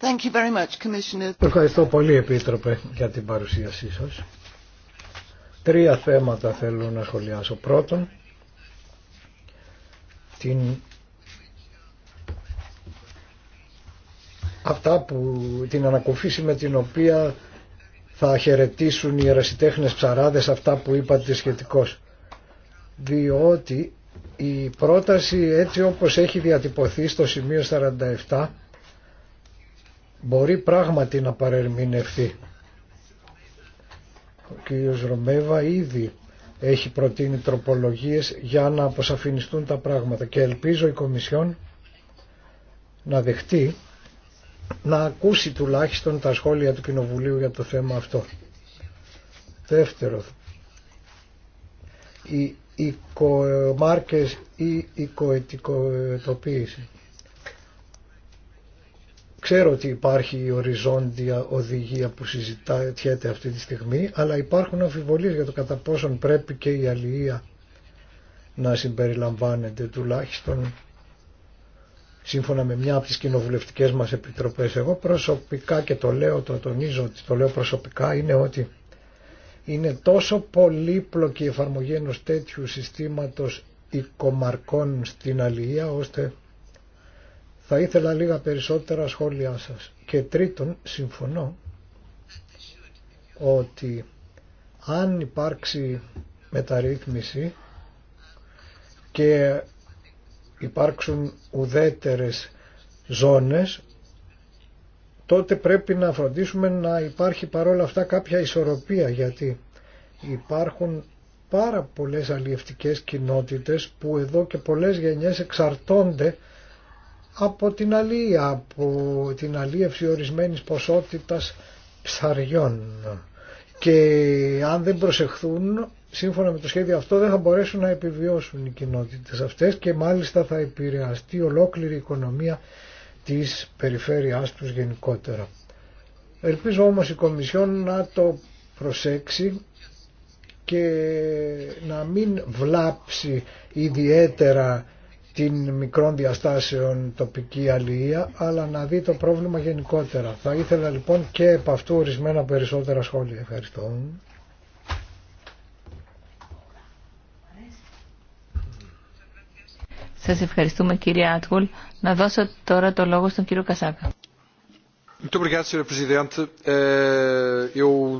Thank you very much, Ευχαριστώ πολύ, Επίτροπε, για την παρουσίασή σας. Τρία θέματα θέλω να σχολιάσω. Πρώτον, την αυτά που την ανακουφίση με την οποία θα χαιρετήσουν οι ερασιτέχνες ψαράδες αυτά που είπατε σχετικώς. Διότι η πρόταση έτσι όπως έχει διατυπωθεί στο σημείο 47 μπορεί πράγματι να παρερμηνευτεί. Ο κ. Ρωμέβα ήδη έχει προτείνει τροπολογίες για να αποσαφινιστούν τα πράγματα και ελπίζω η Κομισιόν να δεχτεί να ακούσει τουλάχιστον τα σχόλια του Κοινοβουλίου για το θέμα αυτό. Δεύτερο, οι οικομάρκες ή οικοετικοτοποίηση. Ξέρω ότι υπάρχει η οριζόντια οδηγία που συζητάται αυτή τη στιγμή, αλλά υπάρχουν αμφιβολίες για το κατά πόσον πρέπει και η αλληλεία να συμπεριλαμβάνεται τουλάχιστον σύμφωνα με μια από τις κοινοβουλευτικές μας επιτροπές. Εγώ προσωπικά και το λέω, το τονίζω ότι το λέω προσωπικά είναι ότι είναι τόσο πολύπλοκη η εφαρμογή ενός τέτοιου συστήματος οικομαρκών στην αλληλεία ώστε θα ήθελα λίγα περισσότερα σχόλιά σας. Και τρίτον, συμφωνώ ότι αν υπάρξει μεταρρύθμιση και υπάρξουν ουδέτερες ζώνες τότε πρέπει να φροντίσουμε να υπάρχει παρόλα αυτά κάποια ισορροπία γιατί υπάρχουν πάρα πολλές αλλιευτικές κοινότητες που εδώ και πολλές γενιές εξαρτώνται από την αλία, από την αλλίευση ορισμένης ποσότητας ψαριών και αν δεν προσεχθούν σύμφωνα με το σχέδιο αυτό δεν θα μπορέσουν να επιβιώσουν οι κοινότητες αυτές και μάλιστα θα επηρεαστεί ολόκληρη η οικονομία της περιφέρειάς τους γενικότερα. Ελπίζω όμως η Κομισιόν να το προσέξει και να μην βλάψει ιδιαίτερα την μικρών διαστάσεων τοπική αλληλεία, αλλά να δει το πρόβλημα γενικότερα. Θα ήθελα λοιπόν και από αυτού ορισμένα περισσότερα σχόλια. Ευχαριστώ. Σας ευχαριστούμε κύριε Άτγουλ. Να δώσω τώρα το λόγο στον κύριο Κασάκα. Eh,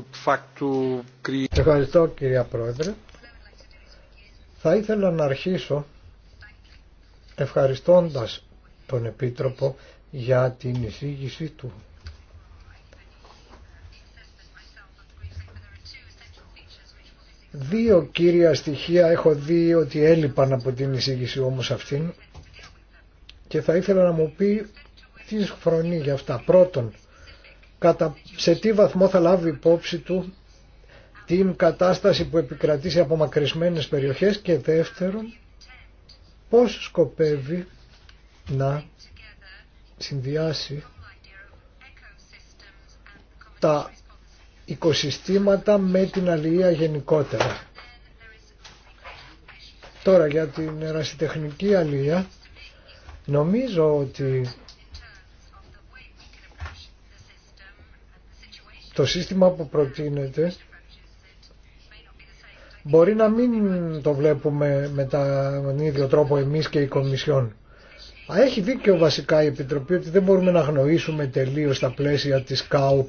Ευχαριστώ κύριε Πρόεδρε. Θα ήθελα να αρχίσω ευχαριστώντας τον Επίτροπο για την εισήγησή του Δύο κύρια στοιχεία έχω δει ότι έλειπαν από την εισήγηση όμως αυτήν και θα ήθελα να μου πει τι φρονεί για αυτά. Πρώτον, κατά, σε τι βαθμό θα λάβει υπόψη του την κατάσταση που επικρατεί σε απομακρυσμένες περιοχές και δεύτερον, πώς σκοπεύει να συνδυάσει τα οικοσυστήματα με την αλληλεία γενικότερα. Τώρα για την ερασιτεχνική αλληλεία νομίζω ότι το σύστημα που προτείνεται μπορεί να μην το βλέπουμε με, τον ίδιο τρόπο εμείς και η Κομισιόν. Α, έχει δίκιο βασικά η Επιτροπή ότι δεν μπορούμε να γνωρίσουμε τελείως τα πλαίσια της ΚΑΟΠ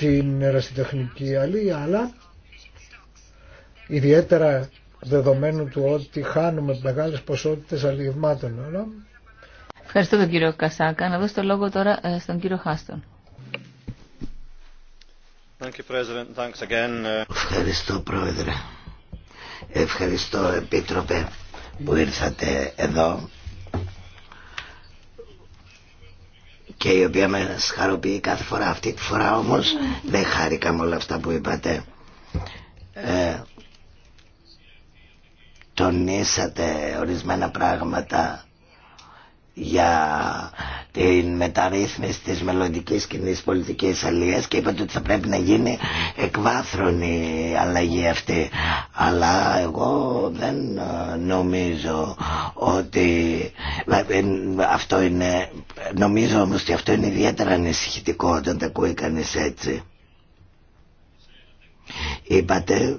την ερασιτεχνική αλή, αλλά ιδιαίτερα δεδομένου του ότι χάνουμε μεγάλες ποσότητες αλληλευμάτων. Ευχαριστώ τον κύριο Κασάκα. Να δώσω το λόγο τώρα ε, στον κύριο Χάστον. Ε. Ευχαριστώ πρόεδρε. Ευχαριστώ επίτροπε που ήρθατε εδώ και η οποία με χαροποιεί κάθε φορά αυτή τη φορά όμως ναι. δεν χάρηκα με όλα αυτά που είπατε ε, τονίσατε ορισμένα πράγματα για την μεταρρύθμιση της μελλοντική κοινή πολιτική αλληλείας και είπατε ότι θα πρέπει να γίνει εκβάθρονη αλλαγή αυτή. Αλλά εγώ δεν ε, νομίζω ότι ε, ε, αυτό είναι, νομίζω όμως ότι αυτό είναι ιδιαίτερα ανησυχητικό όταν τα ακούει κανείς έτσι. Είπατε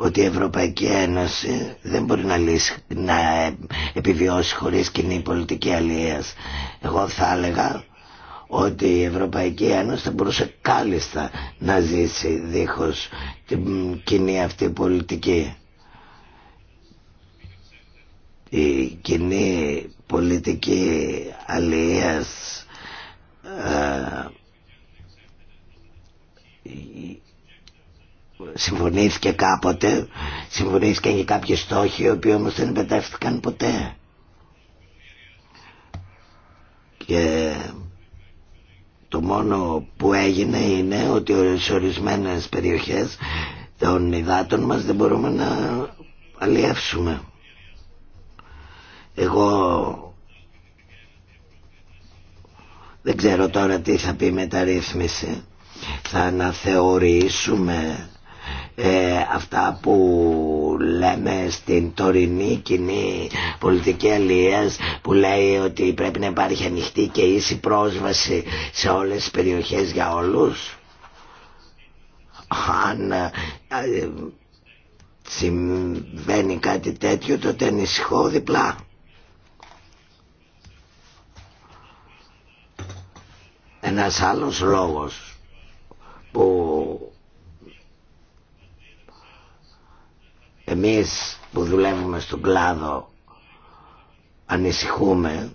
ότι η Ευρωπαϊκή Ένωση δεν μπορεί να, λύσει, να επιβιώσει χωρίς κοινή πολιτική αλληλείας. Εγώ θα έλεγα ότι η Ευρωπαϊκή Ένωση θα μπορούσε κάλλιστα να ζήσει δίχως την κοινή αυτή πολιτική. Η κοινή πολιτική αλληλείας ε, συμφωνήθηκε κάποτε, συμφωνήθηκαν και κάποιοι στόχοι οι οποίοι όμως δεν ποτέ. Και το μόνο που έγινε είναι ότι σε ορισμένε περιοχές των υδάτων μας δεν μπορούμε να αλλιεύσουμε. Εγώ δεν ξέρω τώρα τι θα πει μεταρρύθμιση. Θα αναθεωρήσουμε ε, αυτά που λέμε στην τωρινή κοινή πολιτική αλληλείας που λέει ότι πρέπει να υπάρχει ανοιχτή και ίση πρόσβαση σε όλες τις περιοχές για όλους αν ε, συμβαίνει κάτι τέτοιο τότε ανησυχώ διπλά ένας άλλος λόγος που Εμείς που δουλεύουμε στον κλάδο ανησυχούμε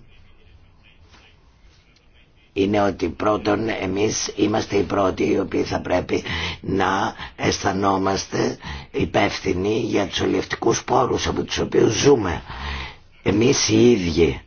είναι ότι πρώτον εμείς είμαστε οι πρώτοι οι οποίοι θα πρέπει να αισθανόμαστε υπεύθυνοι για τους ολιευτικούς πόρους από τους οποίους ζούμε. Εμείς οι ίδιοι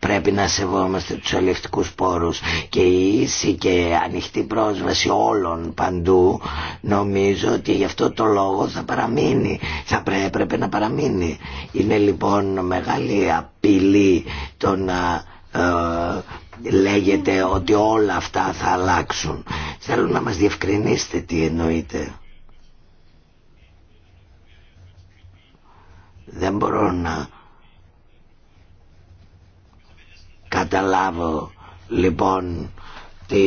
πρέπει να σεβόμαστε τους αλληλευτικούς πόρους και η ίση και ανοιχτή πρόσβαση όλων παντού νομίζω ότι γι' αυτό το λόγο θα παραμείνει θα πρέπει να παραμείνει είναι λοιπόν μεγάλη απειλή το να ε, λέγεται ότι όλα αυτά θα αλλάξουν θέλω να μας διευκρινίσετε τι εννοείτε δεν μπορώ να καταλάβω λοιπόν τι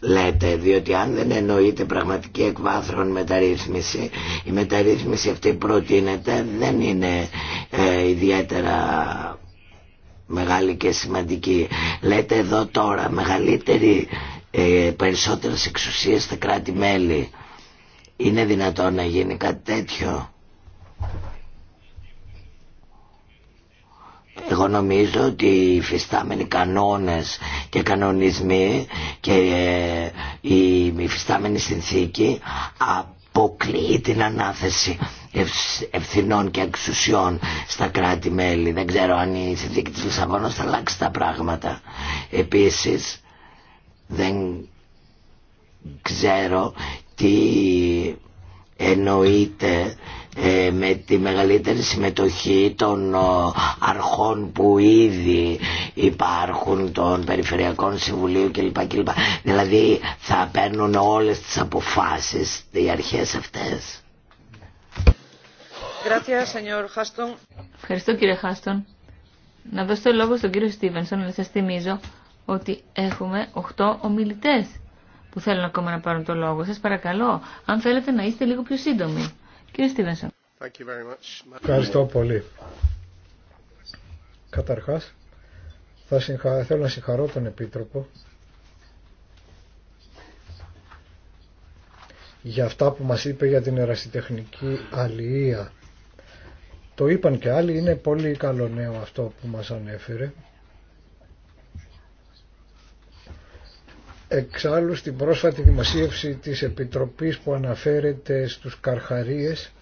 λέτε διότι αν δεν εννοείται πραγματική εκβάθρον μεταρρύθμιση η μεταρρύθμιση αυτή προτείνεται δεν είναι ε, ιδιαίτερα μεγάλη και σημαντική λέτε εδώ τώρα μεγαλύτερη ε, περισσότερες εξουσίες στα κράτη-μέλη είναι δυνατόν να γίνει κάτι τέτοιο εγώ νομίζω ότι οι φυστάμενοι κανόνες και κανονισμοί και ε, η φυστάμενη συνθήκη αποκλείει την ανάθεση ευθυνών και εξουσιών στα κράτη-μέλη. Δεν ξέρω αν η συνθήκη της Λισαβόνας θα αλλάξει τα πράγματα. Επίσης, δεν ξέρω τι εννοείται ε, με τη μεγαλύτερη συμμετοχή των αρχών που ήδη υπάρχουν των περιφερειακών συμβουλίων κλπ. κλπ. Δηλαδή θα παίρνουν όλες τις αποφάσεις οι αρχές αυτές. Ευχαριστώ κύριε Χάστον. Να δώσω το λόγο στον κύριο Στίβενσον, να σας θυμίζω ότι έχουμε 8 ομιλητές που θέλουν ακόμα να πάρουν το λόγο. Σας παρακαλώ, αν θέλετε να είστε λίγο πιο σύντομοι. Κύριε Στίβενσον. Ευχαριστώ πολύ. Καταρχάς, θα θέλω να συγχαρώ τον Επίτροπο για αυτά που μας είπε για την ερασιτεχνική αλληλεία. Το είπαν και άλλοι, είναι πολύ καλό νέο αυτό που μας ανέφερε Εξάλλου στην πρόσφατη δημοσίευση της Επιτροπής που αναφέρεται στους Καρχαρίες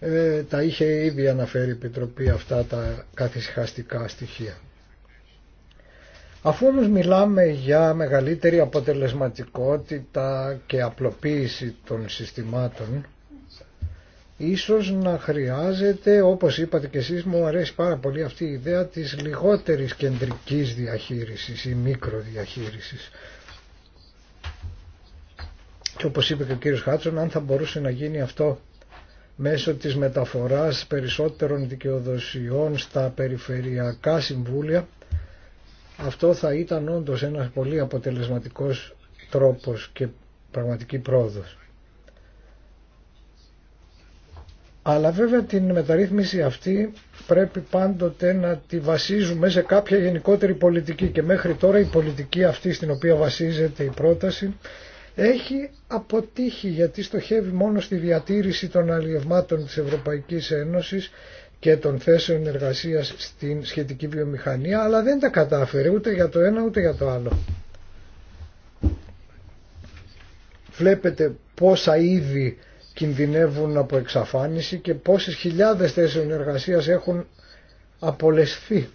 ε, τα είχε ήδη αναφέρει η Επιτροπή αυτά τα καθησυχαστικά στοιχεία. Αφού όμως μιλάμε για μεγαλύτερη αποτελεσματικότητα και απλοποίηση των συστημάτων, ίσως να χρειάζεται, όπως είπατε και εσείς, μου αρέσει πάρα πολύ αυτή η ιδέα της λιγότερης κεντρικής διαχείρισης ή μικροδιαχείρισης και όπως είπε και ο κύριος Χάτσον αν θα μπορούσε να γίνει αυτό μέσω της μεταφοράς περισσότερων δικαιοδοσιών στα περιφερειακά συμβούλια αυτό θα ήταν όντως ένας πολύ αποτελεσματικός τρόπος και πραγματική πρόοδος. Αλλά βέβαια την μεταρρύθμιση αυτή πρέπει πάντοτε να τη βασίζουμε σε κάποια γενικότερη πολιτική και μέχρι τώρα η πολιτική αυτή στην οποία βασίζεται η πρόταση έχει αποτύχει γιατί στοχεύει μόνο στη διατήρηση των αλλιευμάτων της Ευρωπαϊκής Ένωσης και των θέσεων εργασίας στην σχετική βιομηχανία αλλά δεν τα κατάφερε ούτε για το ένα ούτε για το άλλο. Βλέπετε πόσα είδη κινδυνεύουν από εξαφάνιση και πόσες χιλιάδες θέσεων εργασίας έχουν απολεσθεί.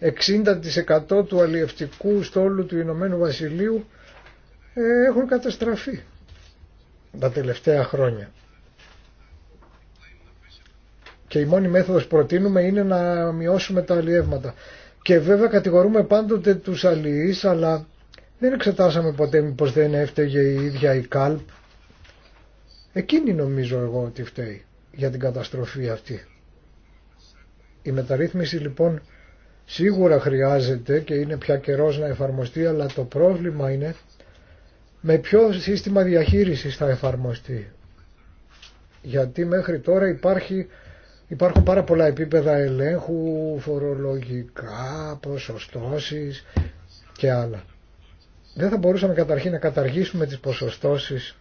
60% του αλλιευτικού στόλου του Ηνωμένου Βασιλείου ε, έχουν καταστραφεί τα τελευταία χρόνια. Και η μόνη μέθοδος που προτείνουμε είναι να μειώσουμε τα αλλιεύματα. Και βέβαια κατηγορούμε πάντοτε τους αλληλείς, αλλά δεν εξετάσαμε ποτέ μήπως δεν έφταιγε η ίδια η ΚΑΛΠ. Εκείνη νομίζω εγώ ότι φταίει για την καταστροφή αυτή. Η μεταρρύθμιση λοιπόν σίγουρα χρειάζεται και είναι πια καιρός να εφαρμοστεί, αλλά το πρόβλημα είναι με ποιο σύστημα διαχείρισης θα εφαρμοστεί. Γιατί μέχρι τώρα υπάρχει, υπάρχουν πάρα πολλά επίπεδα ελέγχου, φορολογικά, ποσοστώσεις και άλλα. Δεν θα μπορούσαμε καταρχήν να καταργήσουμε τις ποσοστώσεις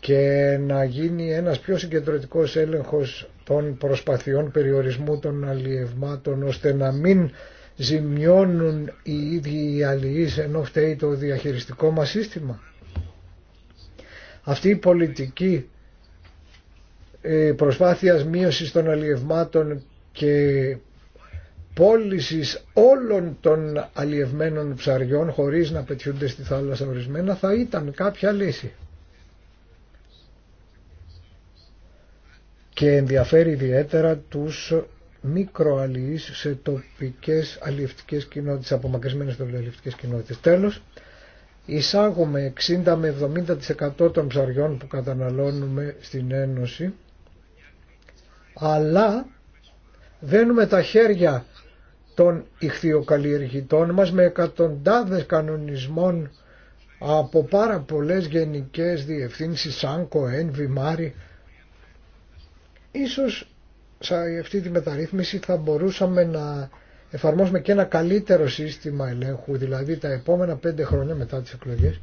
και να γίνει ένας πιο συγκεντρωτικός έλεγχος των προσπαθειών περιορισμού των αλλιευμάτων ώστε να μην ζημιώνουν οι ίδιοι οι αλληλείς ενώ φταίει το διαχειριστικό μας σύστημα. Αυτή η πολιτική ε, προσπάθειας μείωσης των αλλιευμάτων και πώληση όλων των αλλιευμένων ψαριών χωρίς να πετιούνται στη θάλασσα ορισμένα θα ήταν κάποια λύση. Και ενδιαφέρει ιδιαίτερα τους μικροαλληλεί σε τοπικές αλληλευτικές κοινότητες, απομακρυσμένες αλληλευτικές κοινότητες. Τέλος, εισάγουμε 60 με 70% των ψαριών που καταναλώνουμε στην Ένωση, αλλά δένουμε τα χέρια των ηχθειοκαλλιεργητών μας με εκατοντάδες κανονισμών από πάρα πολλές γενικές διευθύνσεις, ΣΑΝΚΟ, ΕΝΒΙ, ΜΑΡΙ. Ίσως αυτή τη μεταρρύθμιση θα μπορούσαμε να εφαρμόσουμε και ένα καλύτερο σύστημα ελέγχου, δηλαδή τα επόμενα πέντε χρόνια μετά τις εκλογές,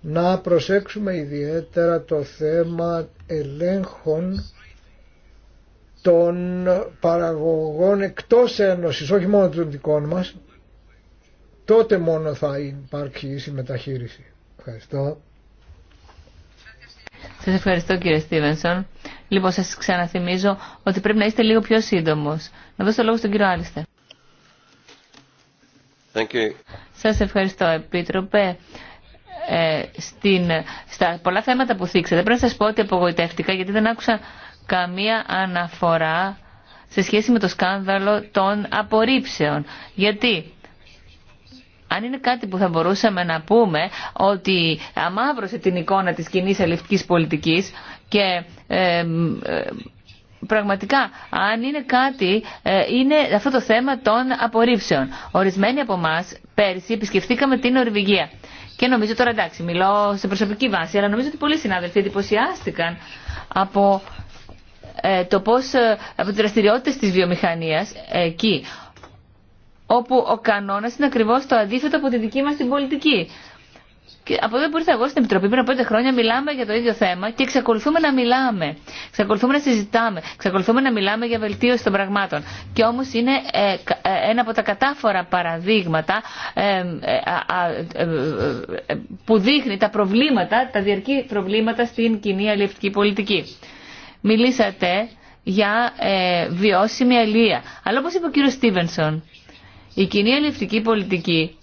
να προσέξουμε ιδιαίτερα το θέμα ελέγχων των παραγωγών εκτός ένωσης, όχι μόνο των δικών μας, τότε μόνο θα υπάρχει η συμμεταχείριση. Ευχαριστώ. Σας ευχαριστώ κύριε Στίβενσον. Λοιπόν, σα ξαναθυμίζω ότι πρέπει να είστε λίγο πιο σύντομο. Να δώσω το λόγο στον κύριο Άλιστερ. Σα ευχαριστώ, Επίτροπε. Ε, στην, στα πολλά θέματα που θίξατε, πρέπει να σα πω ότι απογοητεύτηκα γιατί δεν άκουσα καμία αναφορά σε σχέση με το σκάνδαλο των απορρίψεων. Γιατί αν είναι κάτι που θα μπορούσαμε να πούμε ότι αμάβρωσε την εικόνα της κοινή αλληλευτικής πολιτικής, και ε, Πραγματικά, αν είναι κάτι, ε, είναι αυτό το θέμα των απορρίψεων. Ορισμένοι από εμά πέρσι επισκεφθήκαμε την Νορβηγία. Και νομίζω τώρα εντάξει, μιλώ σε προσωπική βάση, αλλά νομίζω ότι πολλοί συνάδελφοι εντυπωσιάστηκαν από ε, το πώς, από τις δραστηριότητες της βιομηχανίας εκεί, όπου ο κανόνας είναι ακριβώς το αντίθετο από τη δική μας την πολιτική από εδώ που ήρθα εγώ στην Επιτροπή πριν από πέντε χρόνια μιλάμε για το ίδιο θέμα και εξακολουθούμε να μιλάμε. Εξακολουθούμε να συζητάμε. Εξακολουθούμε να μιλάμε για βελτίωση των πραγμάτων. Και όμω είναι ε, ε, ένα από τα κατάφορα παραδείγματα ε, που δείχνει τα προβλήματα, τα διαρκή προβλήματα στην κοινή αλληλευτική πολιτική. Μιλήσατε για βιώσιμη αλληλεία. Αλλά όπω είπε ο κύριο Στίβενσον, η κοινή αλληλευτική πολιτική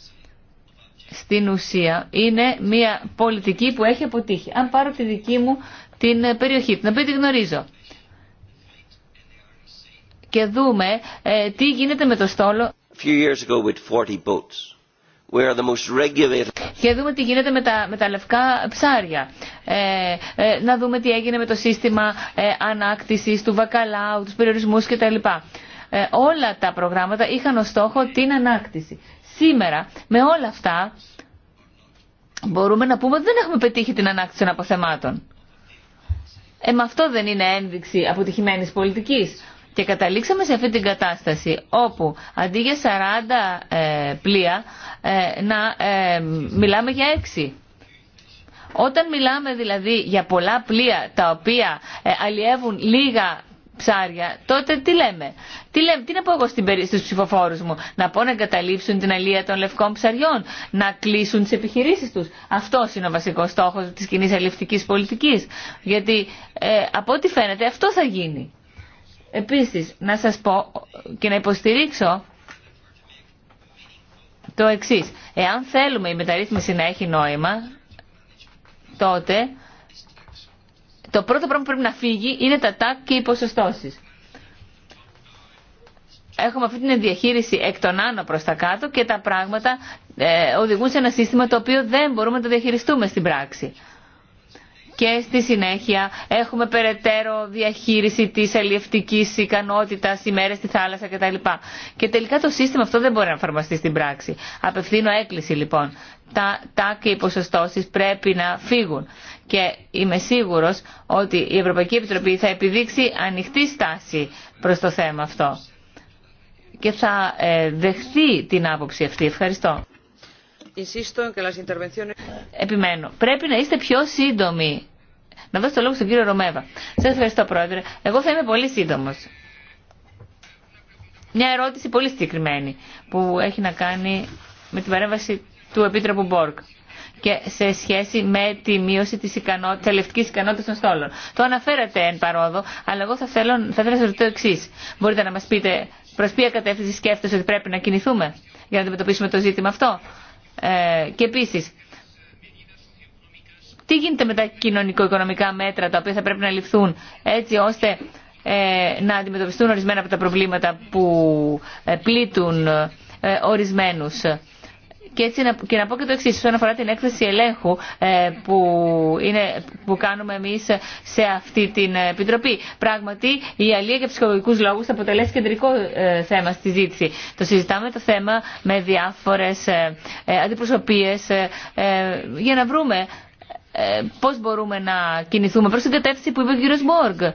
στην ουσία είναι μια πολιτική που έχει αποτύχει. Αν πάρω τη δική μου την ε, περιοχή, να οποία τη γνωρίζω, και δούμε ε, τι γίνεται με το στόλο. Και δούμε τι γίνεται με τα, με λευκά ψάρια. Ε, να δούμε τι έγινε με το σύστημα ανάκτησης του βακαλάου, τους περιορισμούς κτλ. όλα τα προγράμματα είχαν ως στόχο την ανάκτηση. Σήμερα με όλα αυτά μπορούμε να πούμε ότι δεν έχουμε πετύχει την ανάκτηση των αποθεμάτων. Ε, με αυτό δεν είναι ένδειξη αποτυχημένης πολιτικής. Και καταλήξαμε σε αυτή την κατάσταση όπου αντί για 40 ε, πλοία ε, να ε, μιλάμε για 6. Όταν μιλάμε δηλαδή για πολλά πλοία τα οποία αλλιεύουν λίγα ψάρια, τότε τι λέμε. Τι, λέμε, τι να πω εγώ στους ψηφοφόρους μου, να πω να εγκαταλείψουν την αλία των λευκών ψαριών, να κλείσουν τις επιχειρήσεις τους. Αυτό είναι ο βασικός στόχος της κοινή αλληλευτικής πολιτικής. Γιατί ε, από ό,τι φαίνεται αυτό θα γίνει. Επίσης, να σας πω και να υποστηρίξω το εξής. Εάν θέλουμε η μεταρρύθμιση να έχει νόημα, τότε το πρώτο πράγμα που πρέπει να φύγει είναι τα τάκ και οι ποσοστώσεις. Έχουμε αυτή την διαχείριση εκ των άνω προς τα κάτω και τα πράγματα ε, οδηγούν σε ένα σύστημα το οποίο δεν μπορούμε να το διαχειριστούμε στην πράξη. Και στη συνέχεια έχουμε περαιτέρω διαχείριση της αλλιευτικής ικανότητας, ημέρες στη θάλασσα κτλ. Και τελικά το σύστημα αυτό δεν μπορεί να εφαρμοστεί στην πράξη. Απευθύνω έκκληση λοιπόν. Τα, τα και οι ποσοστώσεις πρέπει να φύγουν. Και είμαι σίγουρος ότι η Ευρωπαϊκή Επιτροπή θα επιδείξει ανοιχτή στάση προς το θέμα αυτό και θα ε, δεχθεί την άποψη αυτή. Ευχαριστώ. Επιμένω. Πρέπει να είστε πιο σύντομοι. Να δώσω το λόγο στον κύριο Ρωμέβα. Σας ευχαριστώ πρόεδρε. Εγώ θα είμαι πολύ σύντομος. Μια ερώτηση πολύ συγκεκριμένη που έχει να κάνει με την παρέμβαση του Επίτροπου Μπόρκ και σε σχέση με τη μείωση της ικανότητας, ελευτικής ικανότητας των στόλων. Το αναφέρατε εν παρόδο, αλλά εγώ θα θέλω, θα να σας ρωτήσω το εξή. Μπορείτε να μας πείτε προς ποια κατεύθυνση σκέφτεστε ότι πρέπει να κινηθούμε για να αντιμετωπίσουμε το ζήτημα αυτό. Ε, και επίσης, τι γίνεται με τα κοινωνικο-οικονομικά μέτρα τα οποία θα πρέπει να ληφθούν έτσι ώστε ε, να αντιμετωπιστούν ορισμένα από τα προβλήματα που ε, πλήττουν ε, ορισμένους. Και, έτσι να, και να πω και το εξή, όσον αφορά την έκθεση ελέγχου ε, που, είναι, που κάνουμε εμεί σε αυτή την επιτροπή. Πράγματι, η αλία για ψυχολογικού λόγου θα αποτελέσει κεντρικό ε, θέμα στη ζήτηση. Το συζητάμε το θέμα με διάφορε ε, ε αντιπροσωπείε για να βρούμε πώς μπορούμε να κινηθούμε προς την κατεύθυνση που είπε ο κ. Μόργκ.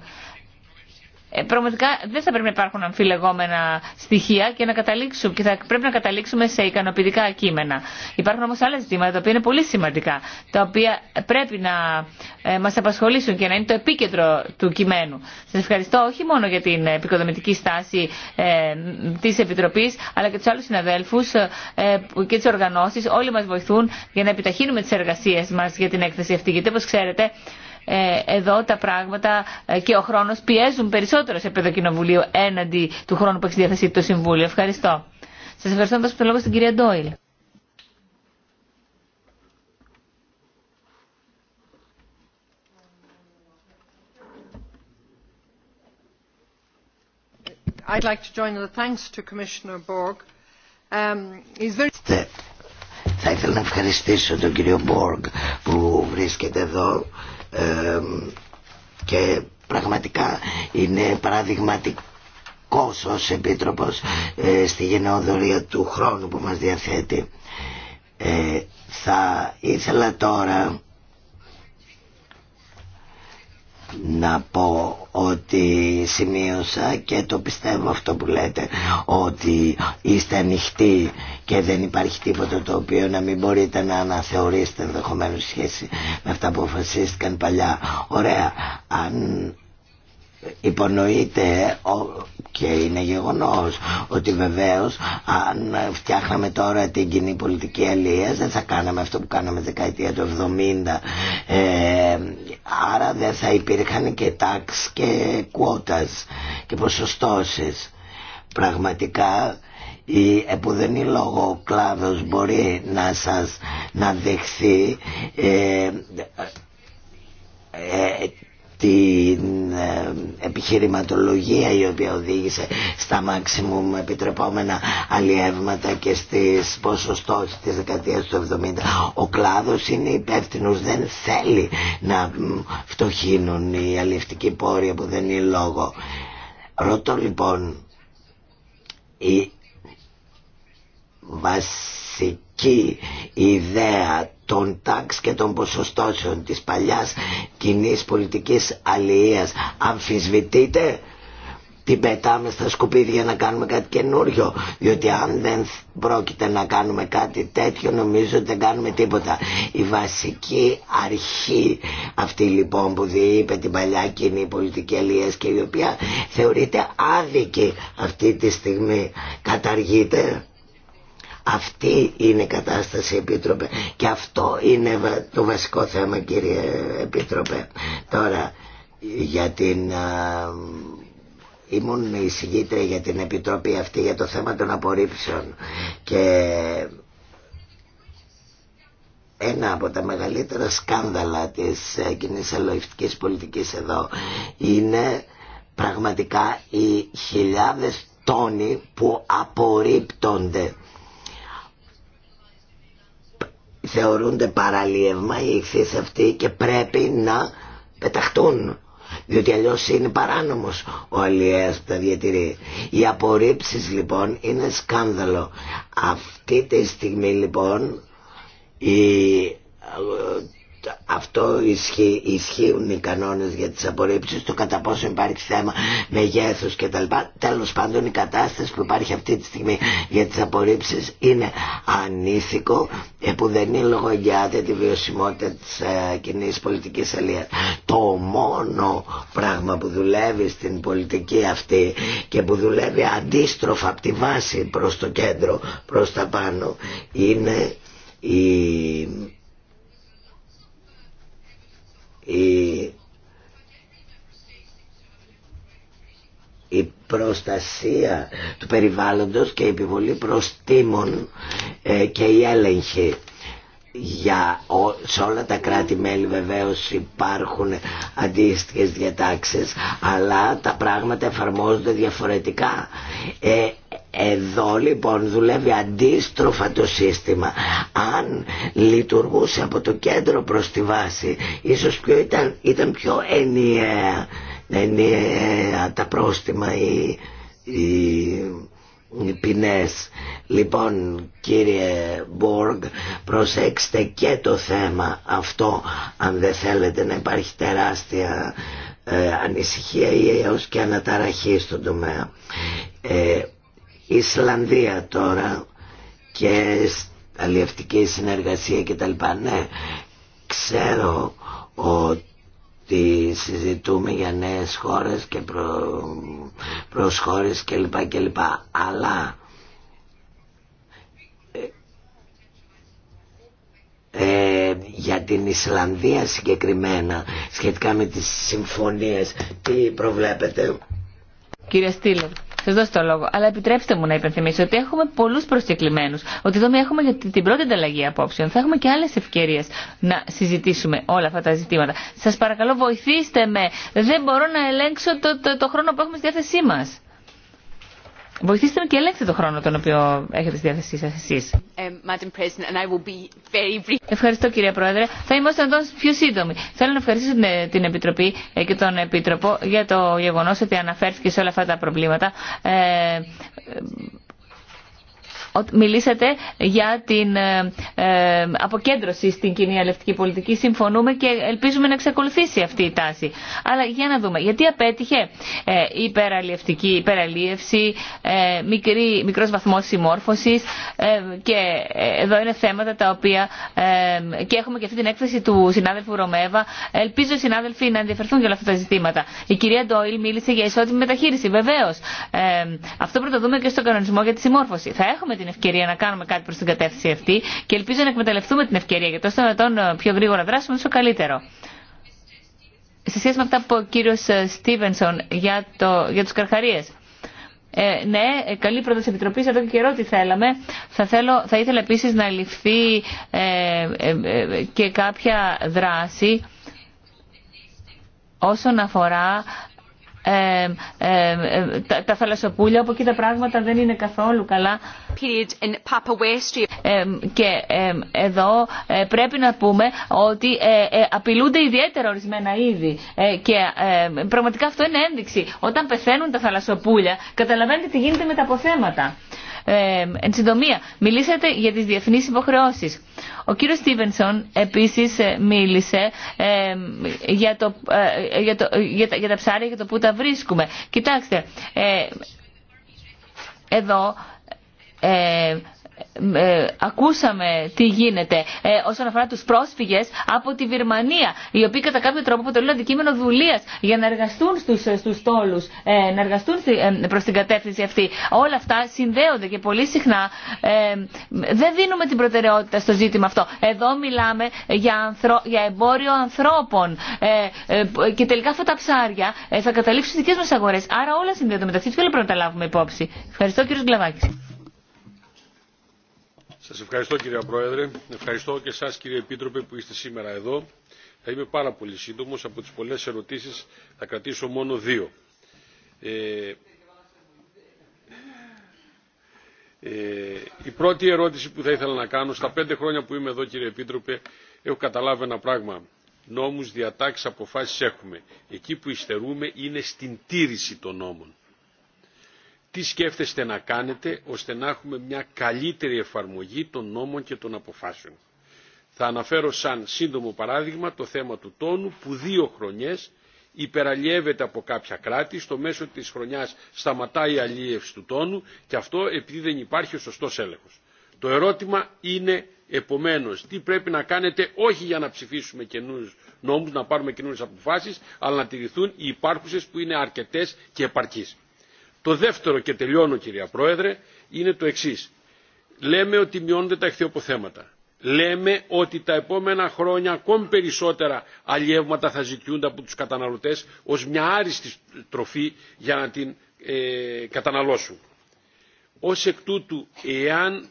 Ε, πραγματικά δεν θα πρέπει να υπάρχουν αμφιλεγόμενα στοιχεία και, να καταλήξουμε, και θα πρέπει να καταλήξουμε σε ικανοποιητικά κείμενα. Υπάρχουν όμως άλλα ζητήματα τα οποία είναι πολύ σημαντικά, τα οποία πρέπει να ε, μα απασχολήσουν και να είναι το επίκεντρο του κειμένου. Σας ευχαριστώ όχι μόνο για την επικοδομητική στάση ε, τη Επιτροπή, αλλά και του άλλου συναδέλφους ε, και τι οργανώσει. Όλοι μα βοηθούν για να επιταχύνουμε τις εργασίες μας για την έκθεση αυτή. Γιατί όπως ξέρετε, ε, εδώ τα πράγματα ε, και ο χρόνος πιέζουν περισσότερο σε παιδοκοινοβουλίο έναντι του χρόνου που έχει διαθέσει το Συμβούλιο. Ευχαριστώ. Σας ευχαριστώ να δώσω το λόγο στην κυρία Ντόιλ. I'd like to join the thanks to Commissioner Borg. Um, is ναι. Θα ήθελα να ευχαριστήσω τον κύριο Μπόργκ που βρίσκεται εδώ και πραγματικά είναι παραδειγματικός ως Επίτροπος ε, στη γενναιοδορία του χρόνου που μας διαθέτει. Ε, θα ήθελα τώρα να πω ότι σημείωσα και το πιστεύω αυτό που λέτε ότι είστε ανοιχτοί και δεν υπάρχει τίποτα το οποίο να μην μπορείτε να αναθεωρήσετε ενδεχομένω σχέση με αυτά που αποφασίστηκαν παλιά. Ωραία, αν Υπονοείται και είναι γεγονός ότι βεβαίως αν φτιάχναμε τώρα την κοινή πολιτική αλληλείας δεν θα κάναμε αυτό που κάναμε δεκαετία του 70 ε, άρα δεν θα υπήρχαν και τάξ και κουότας και ποσοστώσεις πραγματικά η επουδενή λόγο ο κλάδος μπορεί να σας να δεχθεί ε, ε, την ε, επιχειρηματολογία η οποία οδήγησε στα maximum επιτρεπόμενα αλλιεύματα και στις ποσοστώσεις της δεκαετίας του 70. Ο κλάδος είναι υπεύθυνος, δεν θέλει να φτωχύνουν οι αλλιευτικοί πόροι που δεν είναι λόγο. Ρωτώ λοιπόν, η βασική ιδέα των τάξ και των ποσοστώσεων της παλιάς κοινής πολιτικής αλληλείας Αμφισβητείτε την πετάμε στα σκουπίδια να κάνουμε κάτι καινούριο διότι αν δεν πρόκειται να κάνουμε κάτι τέτοιο νομίζω ότι δεν κάνουμε τίποτα η βασική αρχή αυτή λοιπόν που διείπε την παλιά κοινή πολιτική αλληλείας και η οποία θεωρείται άδικη αυτή τη στιγμή καταργείται αυτή είναι η κατάσταση Επίτροπε και αυτό είναι το βασικό θέμα κύριε Επίτροπε. Τώρα για την... ήμουν εισηγήτρια για την Επιτροπή αυτή για το θέμα των απορρίψεων και ένα από τα μεγαλύτερα σκάνδαλα της ε, κοινή αλλοευτικής πολιτικής εδώ είναι πραγματικά οι χιλιάδες τόνοι που απορρίπτονται θεωρούνται παραλίευμα οι ηχθείς αυτοί και πρέπει να πεταχτούν διότι αλλιώς είναι παράνομος ο αλλιέας που τα διατηρεί. Οι απορρίψεις λοιπόν είναι σκάνδαλο. Αυτή τη στιγμή λοιπόν η ε, αυτό ισχύουν οι κανόνες για τις απορρίψεις, το κατά πόσο υπάρχει θέμα μεγέθους και τα Τέλος πάντων η κατάσταση που υπάρχει αυτή τη στιγμή για τις απορρίψεις είναι ανήθικο που δεν είναι λογογιάται τη βιωσιμότητα της ε, κοινή πολιτικής αλλία. Το μόνο πράγμα που δουλεύει στην πολιτική αυτή και που δουλεύει αντίστροφα από τη βάση προς το κέντρο, προς τα πάνω είναι η η η προστασία του περιβάλλοντος και η επιβολή προστήμων ε, και η έλεγχη για ό, σε όλα τα κράτη-μέλη βεβαίως υπάρχουν αντίστοιχες διατάξεις αλλά τα πράγματα εφαρμόζονται διαφορετικά ε, εδώ λοιπόν δουλεύει αντίστροφα το σύστημα. Αν λειτουργούσε από το κέντρο προς τη βάση, ίσως πιο ήταν, ήταν πιο ενιαία, ενιαία τα πρόστιμα ή οι, οι ποινές. Λοιπόν κύριε Μποργ προσέξτε και το θέμα αυτό αν δεν θέλετε να υπάρχει τεράστια ε, ανησυχία ή έως και αναταραχή στον τομέα. Ε, Ισλανδία τώρα και αλλιευτική συνεργασία κτλ. Ναι, ξέρω ότι συζητούμε για νέες χώρες και προ, προς χώρες και λοιπά Αλλά ε, για την Ισλανδία συγκεκριμένα σχετικά με τις συμφωνίες τι προβλέπετε Κύριε Στήλερ σα δώσω το λόγο. Αλλά επιτρέψτε μου να υπενθυμίσω ότι έχουμε πολλού προσκεκλημένου. Ότι εδώ έχουμε για την πρώτη ανταλλαγή απόψεων. Θα έχουμε και άλλε ευκαιρίε να συζητήσουμε όλα αυτά τα ζητήματα. Σα παρακαλώ, βοηθήστε με. Δεν μπορώ να ελέγξω το, το, το χρόνο που έχουμε στη διάθεσή μα. Βοηθήστε με και ελέγξτε τον χρόνο τον οποίο έχετε στη διάθεσή σα εσεί. Ε, Ευχαριστώ κυρία Πρόεδρε. Θα είμαστε εδώ πιο σύντομοι. Θέλω να ευχαριστήσω την ε, Επιτροπή ε, και τον Επίτροπο για το γεγονό ότι αναφέρθηκε σε όλα αυτά τα προβλήματα. Μιλήσατε για την ε, ε, αποκέντρωση στην κοινή αλευτική πολιτική. Συμφωνούμε και ελπίζουμε να εξακολουθήσει αυτή η τάση. Αλλά για να δούμε. Γιατί απέτυχε η ε, υπεραλιευτική υπεραλίευση, μικρή, μικρός βαθμός συμμόρφωσης και εδώ είναι θέματα τα οποία και έχουμε και αυτή την έκθεση του συνάδελφου Ρωμέβα. Ελπίζω οι συνάδελφοι να ενδιαφερθούν για όλα αυτά τα ζητήματα. Η κυρία Ντόιλ μίλησε για ισότιμη μεταχείριση. Βεβαίω. αυτό πρέπει το δούμε και στον κανονισμό για τη συμμόρφωση. Θα έχουμε την ευκαιρία να κάνουμε κάτι προ την κατεύθυνση αυτή και ελπίζω να εκμεταλλευτούμε την ευκαιρία γιατί όσο τον ε, πιο γρήγορα δράσουμε, τόσο καλύτερο. Σε σχέση με αυτά που ο κύριο ε, Στίβενσον για, το, για του καρχαρίε. Ε, ναι, καλή πρόταση επιτροπή, εδώ και καιρό τι θέλαμε. Θα, θέλω, θα ήθελα επίση να ληφθεί και κάποια δράση όσον αφορά ε, ε, ε τα, θαλασσοπούλια όπου εκεί τα πράγματα δεν είναι καθόλου καλά ε, και ε, εδώ πρέπει να πούμε ότι απειλούνται ιδιαίτερα ορισμένα είδη και πραγματικά αυτό είναι ένδειξη όταν πεθαίνουν τα θαλασσοπούλια καταλαβαίνετε τι γίνεται με τα αποθέματα ε, εν συντομία, μιλήσατε για τις διεθνείς υποχρεώσεις. Ο κύριος Στίβενσον επίσης ε, μίλησε ε, για, το, για, το, για, τα, για τα ψάρια και το πού τα βρίσκουμε. Κοιτάξτε, εδώ ε, ε, ακούσαμε τι γίνεται ε, όσον αφορά τους πρόσφυγες από τη Βιρμανία, οι οποίοι κατά κάποιο τρόπο αποτελούν αντικείμενο δουλεία για να εργαστούν στους, ε, στους τόλους, να εργαστούν προς την κατεύθυνση αυτή. Όλα αυτά συνδέονται και πολύ συχνά δεν δίνουμε την προτεραιότητα στο ζήτημα αυτό. Εδώ μιλάμε για, εμπόριο ανθρώπων και τελικά αυτά τα ψάρια θα καταλήξουν στις δικές μας αγορές. Άρα όλα συνδέονται μεταξύ τους και όλα πρέπει να τα λάβουμε υπόψη. Ευχαριστώ κύριο Γκλαβάκης. Σας ευχαριστώ κύριε Πρόεδρε. Ευχαριστώ και εσάς κύριε Επίτροπε που είστε σήμερα εδώ. Θα είμαι πάρα πολύ σύντομος. Από τις πολλές ερωτήσεις θα κρατήσω μόνο δύο. Ε, ε, η πρώτη ερώτηση που θα ήθελα να κάνω, στα πέντε χρόνια που είμαι εδώ κύριε Επίτροπε, έχω καταλάβει ένα πράγμα. Νόμους, διατάξεις, αποφάσεις έχουμε. Εκεί που υστερούμε είναι στην τήρηση των νόμων τι σκέφτεστε να κάνετε ώστε να έχουμε μια καλύτερη εφαρμογή των νόμων και των αποφάσεων. Θα αναφέρω σαν σύντομο παράδειγμα το θέμα του τόνου που δύο χρονιές υπεραλλιεύεται από κάποια κράτη, στο μέσο της χρονιάς σταματάει η αλλίευση του τόνου και αυτό επειδή δεν υπάρχει ο σωστός έλεγχος. Το ερώτημα είναι επομένως τι πρέπει να κάνετε όχι για να ψηφίσουμε καινούριους νόμους, να πάρουμε καινούριε αποφάσεις, αλλά να τηρηθούν οι υπάρχουσες που είναι αρκετές και επαρκείς το δεύτερο και τελειώνω κυρία πρόεδρε είναι το εξής λέμε ότι μειώνονται τα εχθειοποθέματα λέμε ότι τα επόμενα χρόνια ακόμη περισσότερα αλλιεύματα θα ζητιούνται από τους καταναλωτές ως μια άριστη τροφή για να την ε, καταναλώσουν. Ως εκ τούτου, εάν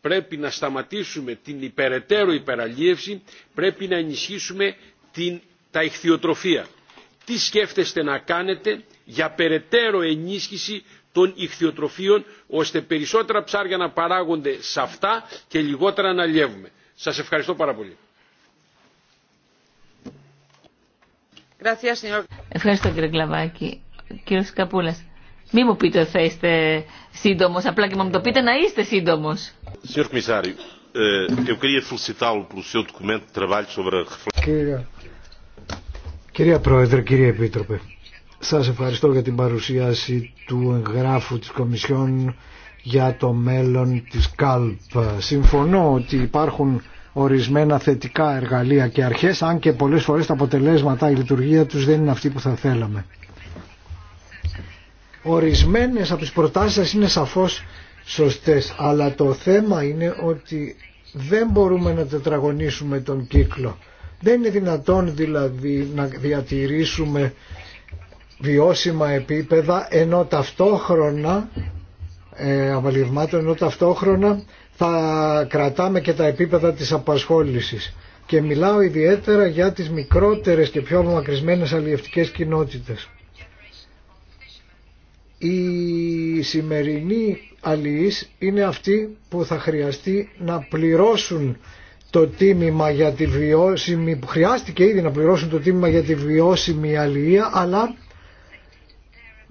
πρέπει να σταματήσουμε την υπεραιτέρω υπεραλίευση, πρέπει να ενισχύσουμε την, τα ηχθειοτροφία. Τι σκέφτεστε να κάνετε για περαιτέρω ενίσχυση των ιχθυοτροφίων ώστε περισσότερα ψάρια να παράγονται σε αυτά και λιγότερα να λιεύουμε. Σας ευχαριστώ πάρα πολύ. Ευχαριστώ κύριε Κλαβάκη. Κύριο Καπούλα, μην μου πείτε ότι θα είστε σύντομο, απλά και μου το πείτε να είστε σύντομο. Eh, κύριε... Κυρία Πρόεδρε, κύριε Επίτροπε, σας ευχαριστώ για την παρουσίαση του εγγράφου της Κομισιόν για το μέλλον της ΚΑΛΠ. Συμφωνώ ότι υπάρχουν ορισμένα θετικά εργαλεία και αρχές, αν και πολλές φορές τα αποτελέσματα, η λειτουργία τους δεν είναι αυτή που θα θέλαμε. Ορισμένες από τις προτάσεις σας είναι σαφώς σωστές, αλλά το θέμα είναι ότι δεν μπορούμε να τετραγωνίσουμε τον κύκλο. Δεν είναι δυνατόν δηλαδή να διατηρήσουμε βιώσιμα επίπεδα ενώ ταυτόχρονα ε, ενώ ταυτόχρονα θα κρατάμε και τα επίπεδα της απασχόλησης. Και μιλάω ιδιαίτερα για τις μικρότερες και πιο απομακρυσμένες αλλιευτικές κοινότητες. η σημερινή αλληλείς είναι αυτή που θα χρειαστεί να πληρώσουν το τίμημα για τη βιώσιμη, που χρειάστηκε ήδη να πληρώσουν το τίμημα για τη βιώσιμη αλληλεία, αλλά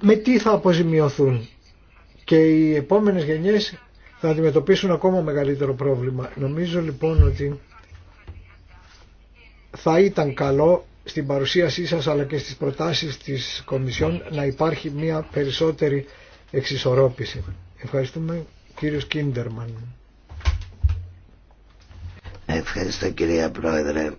με τι θα αποζημιωθούν και οι επόμενες γενιές θα αντιμετωπίσουν ακόμα μεγαλύτερο πρόβλημα. Νομίζω λοιπόν ότι θα ήταν καλό στην παρουσίασή σας αλλά και στις προτάσεις της Κομισιόν να υπάρχει μια περισσότερη εξισορρόπηση. Ευχαριστούμε κύριος Κίντερμαν. Ευχαριστώ κυρία Πρόεδρε.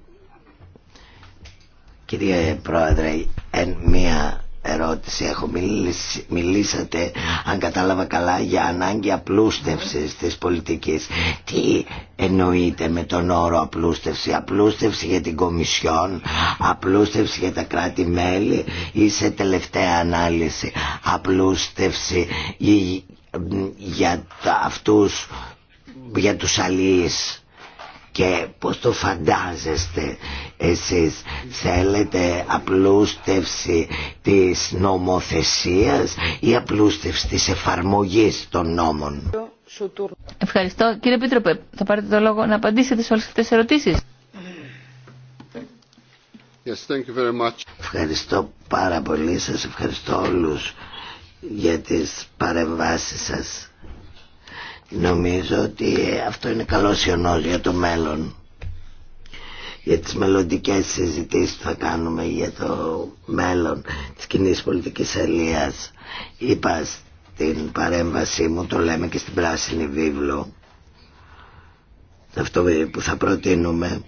Κυρία Πρόεδρε, εν μία ερώτηση έχω μιλήσει, μιλήσατε αν κατάλαβα καλά για ανάγκη απλούστευσης της πολιτικής τι εννοείται με τον όρο απλούστευση απλούστευση για την Κομισιόν απλούστευση για τα κράτη-μέλη ή σε τελευταία ανάλυση απλούστευση για αυτούς για τους αλλοίς και πως το φαντάζεστε εσείς θέλετε απλούστευση της νομοθεσίας ή απλούστευση της εφαρμογής των νόμων. Ευχαριστώ. Κύριε Πίτροπε, θα πάρετε το λόγο να απαντήσετε σε όλες αυτές τις ερωτήσεις. Ευχαριστώ πάρα πολύ. Σας ευχαριστώ όλους για τις παρεμβάσεις σας. Νομίζω ότι αυτό είναι καλό σιωνός για το μέλλον για τις μελλοντικέ συζητήσεις που θα κάνουμε για το μέλλον της κοινή πολιτικής αλίας. Είπα στην παρέμβασή μου, το λέμε και στην πράσινη βίβλο, αυτό που θα προτείνουμε,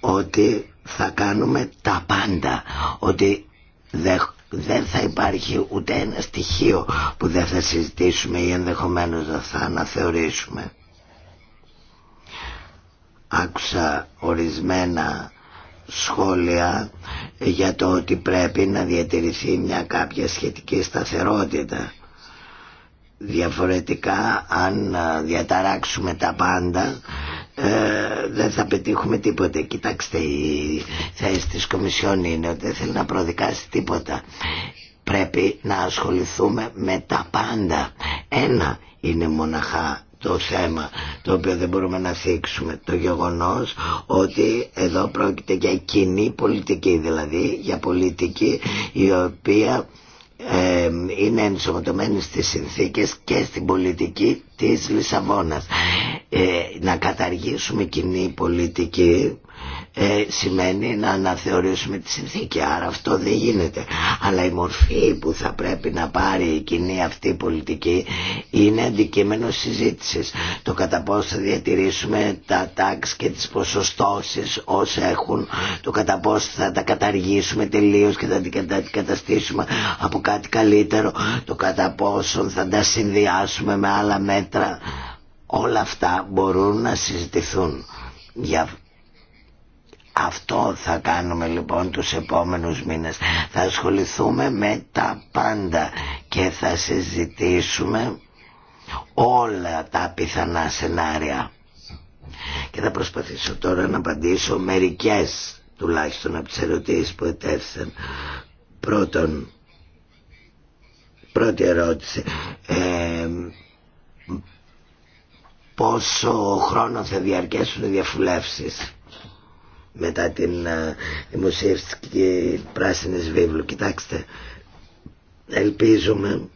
ότι θα κάνουμε τα πάντα, ότι δεν θα υπάρχει ούτε ένα στοιχείο που δεν θα συζητήσουμε ή ενδεχομένως θα αναθεωρήσουμε άκουσα ορισμένα σχόλια για το ότι πρέπει να διατηρηθεί μια κάποια σχετική σταθερότητα. Διαφορετικά αν διαταράξουμε τα πάντα ε, δεν θα πετύχουμε τίποτε. Κοιτάξτε η θέση της Κομισιόν είναι ότι δεν θέλει να προδικάσει τίποτα. Πρέπει να ασχοληθούμε με τα πάντα. Ένα είναι μοναχά το θέμα το οποίο δεν μπορούμε να θίξουμε το γεγονός ότι εδώ πρόκειται για κοινή πολιτική δηλαδή για πολιτική η οποία είναι ενσωματωμένη στις συνθήκες και στην πολιτική της Λισαβόνας ε, να καταργήσουμε κοινή πολιτική ε, σημαίνει να αναθεωρήσουμε τη συνθήκη άρα αυτό δεν γίνεται αλλά η μορφή που θα πρέπει να πάρει η κοινή αυτή πολιτική είναι αντικείμενο συζήτησης το κατά πώ θα διατηρήσουμε τα τάξ και τις ποσοστώσεις όσα έχουν το κατά πώ θα τα καταργήσουμε τελείως και θα την καταστήσουμε από κάτι καλύτερο το κατά πόσο θα τα συνδυάσουμε με άλλα μέτρα όλα αυτά μπορούν να συζητηθούν για αυτό θα κάνουμε λοιπόν τους επόμενους μήνες. Θα ασχοληθούμε με τα πάντα και θα συζητήσουμε όλα τα πιθανά σενάρια. Και θα προσπαθήσω τώρα να απαντήσω μερικές τουλάχιστον από τις ερωτήσεις που ετέθησαν. Πρώτον, πρώτη ερώτηση, ε, πόσο χρόνο θα διαρκέσουν οι διαφουλεύσεις μετά την ε, δημοσίευση πράσινης βίβλου. Κοιτάξτε, ελπίζουμε